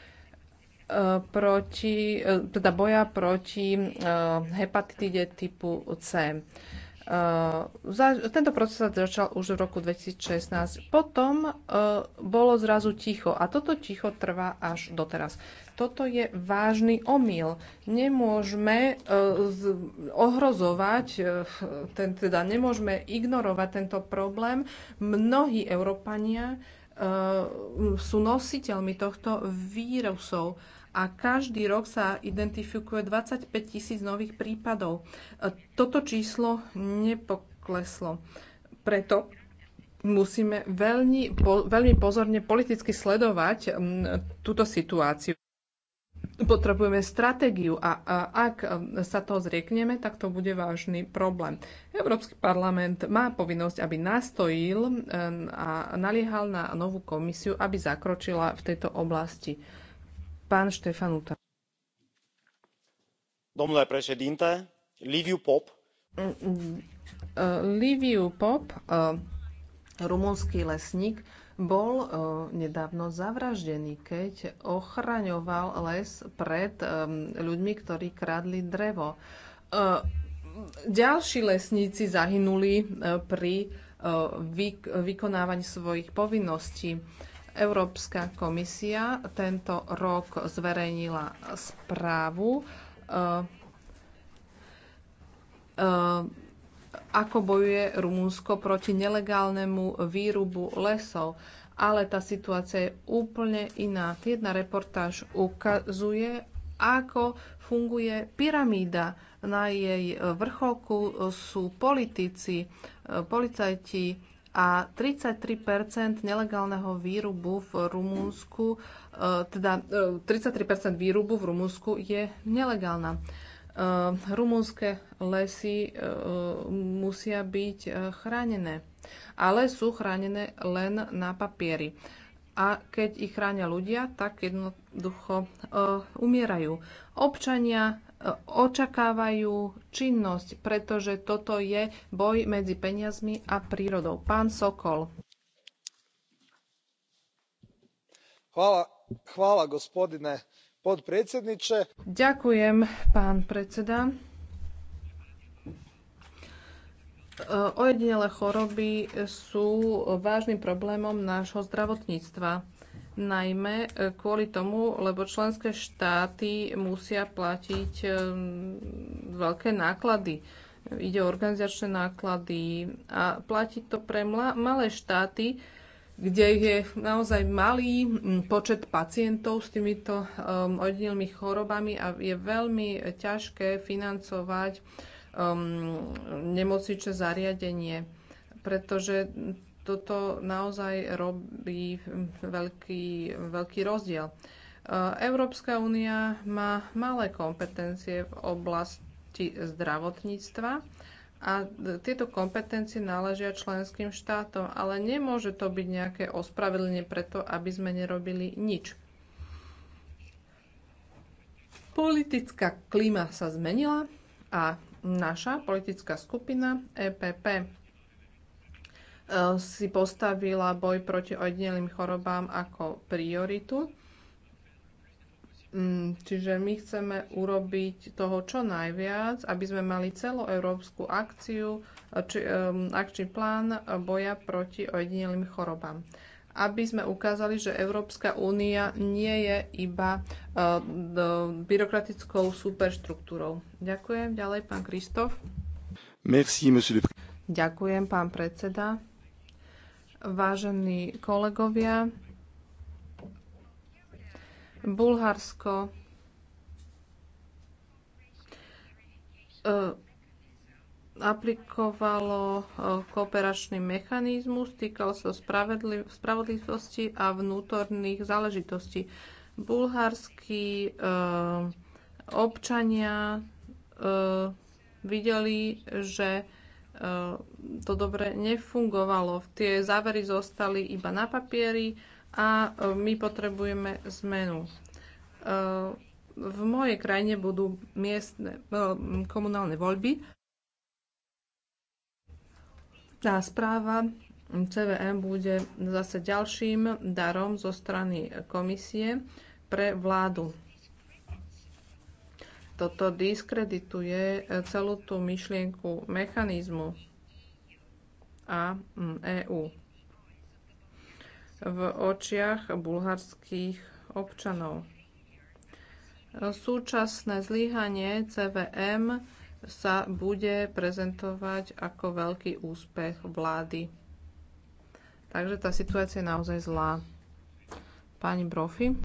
I: Eh, proti, eh, teda boja proti eh, hepatitide typu C. Tento proces sa začal už v roku 2016. Potom bolo zrazu ticho a toto ticho trvá až doteraz. Toto je vážny omyl. Nemôžeme ohrozovať, ten, teda nemôžeme ignorovať tento problém. Mnohí Európania sú nositeľmi tohto vírusov a každý rok sa identifikuje 25 tisíc nových prípadov. E, Toto číslo nepokleslo. Preto musíme veľmi, po, veľmi pozorne politicky sledovať túto situáciu. Potrebujeme stratégiu a, a ak e, sa toho zriekneme, tak to bude vážny problém. Európsky parlament má povinnosť, aby nastojil e, a naliehal na novú komisiu, aby zakročila v tejto oblasti Pán
M: Domnule președinte, Liviu Pop.
I: Mm, mm, eh, Liviu Pop, eh, rumunský lesník, bol eh, nedávno zavraždený, keď ochraňoval les pred ľuďmi, ktorí kradli drevo. Ďalší lesníci zahynuli pri vykonávaní svojich povinností. Európska komisia tento rok zverejnila správu, eh, eh, ako bojuje Rumúnsko proti nelegálnemu výrubu lesov. Ale tá situácia je úplne iná. Jedna reportáž ukazuje, ako funguje pyramída. Na jej vrcholku sú politici, eh, policajti, a 33 nelegálneho výrubu v Rumunsku. E, teda 33 e, výrubu v Rumunsku je nelegálna. E, rumunské lesy musia byť chránené, ale sú chránené len na papieri. A keď ich chránia ľudia, tak jednoducho umierajú. Občania očakávajú činnosť, pretože toto je boj medzi peniazmi a prírodou. Pán Sokol.
D: Chvála, chvála gospodine podpredsedniče.
I: Ďakujem, pán predseda. Ojedinelé choroby sú vážnym problémom nášho zdravotníctva najmä e, kvôli tomu, lebo členské štáty musia platiť e, veľké náklady. Ide o organizačné náklady a platí to pre malé štáty, kde je naozaj malý počet pacientov s týmito um, ojedinelými chorobami a je veľmi ťažké financovať um, nemocničné zariadenie, pretože toto naozaj robí veľký, veľký rozdiel. E, Európska únia má malé kompetencie v oblasti zdravotníctva a tieto kompetencie náležia členským štátom, ale nemôže to byť nejaké ospravedlenie preto, aby sme nerobili nič. Politická klíma sa zmenila a naša politická skupina EPP si postavila boj proti ojedinelým chorobám ako prioritu. Mm, čiže my chceme urobiť toho čo najviac, aby sme mali celoeurópsku akciu, či, um, akčný plán boja proti ojedinelým chorobám. Aby sme ukázali, že Európska únia nie je iba uh, byrokratickou superštruktúrou. Ďakujem. Ďalej pán Kristof.
E: Merci, monsieur le...
I: Ďakujem, pán predseda. Vážení kolegovia, Bulharsko eh, aplikovalo eh, kooperačný mechanizmus, týkal sa spravodlivosti a vnútorných záležitostí. Bulharskí eh, občania videli, že Eh, to dobre nefungovalo. Tie závery zostali iba na papieri a eh, my potrebujeme zmenu. Eh, v mojej krajine budú miestne komunálne voľby. Tá správa CVM bude zase ďalším darom zo strany komisie pre vládu. Toto diskredituje e, celú tú myšlienku mechanizmu a EÚ v očiach bulharských občanov. Súčasné zlyhanie CVM sa bude prezentovať ako veľký úspech vlády. Takže tá situácia je naozaj zlá. Pani Brophy?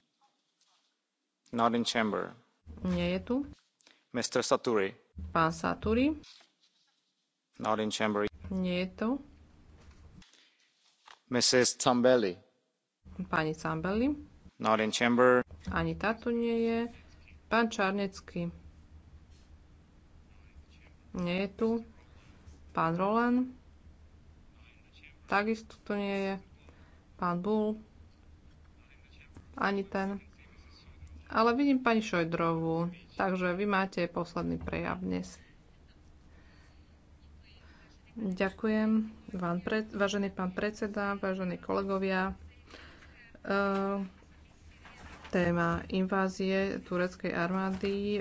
D: Not in chamber. Nie je tu. Mr. Saturi.
I: Pán Saturi.
D: Not in chamber. Nie je tu. Mrs. Zambelli.
I: Pani Zambelli.
D: Not in chamber.
I: Ani táto nie je. Pán Čarnecký. Nie je tu. Pán Roland. Takisto tu nie je. Pán Bull. Ani ten. Ale vidím pani Šojdrovú. Takže vy máte posledný prejav dnes. Ďakujem, vám vážený pán predseda, vážení kolegovia. Uh, téma invázie tureckej armády, e,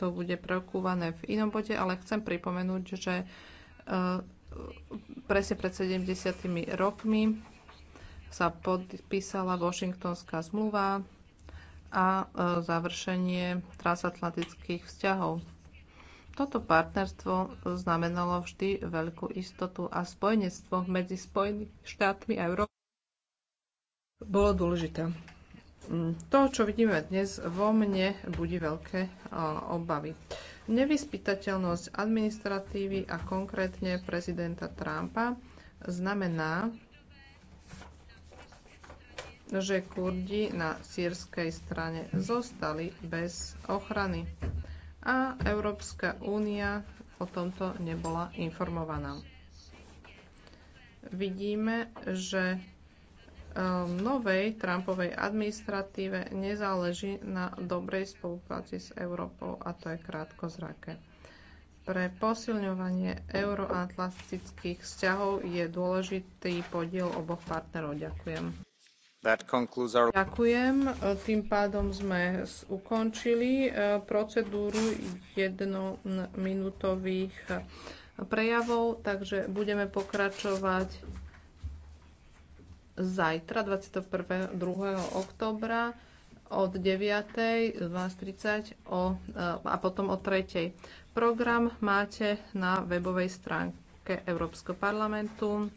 I: to bude preokúvané v inom bode, ale chcem pripomenúť, že e, presne pred 70 rokmi sa podpísala Washingtonská zmluva, a e, završenie transatlantických vzťahov. Toto partnerstvo znamenalo vždy veľkú istotu a spojenectvo medzi Spojenými štátmi a Európou bolo dôležité. Mm, to, čo vidíme dnes, vo mne budí veľké e, obavy. Nevyspytateľnosť administratívy a konkrétne prezidenta Trumpa znamená, že Kurdi na sírskej strane zostali bez ochrany a Európska únia o tomto nebola informovaná. Vidíme, že e, novej Trumpovej administratíve nezáleží na dobrej spolupráci s Európou a to je krátko zrake. Pre posilňovanie euroatlantických vzťahov je dôležitý podiel oboch partnerov. Ďakujem.
D: Ďakujem.
I: Tým pádom sme ukončili e, procedúru jednominútových e, prejavov, takže budeme pokračovať zajtra, 21. oktobra od 9. 12.30 e, a potom o 3. Program máte na webovej stránke Európskeho parlamentu.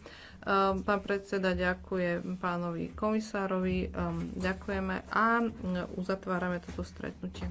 I: Ehm, pán predseda, ďakujem pánovi komisárovi, ehm, ďakujeme a mm, uzatvárame toto stretnutie.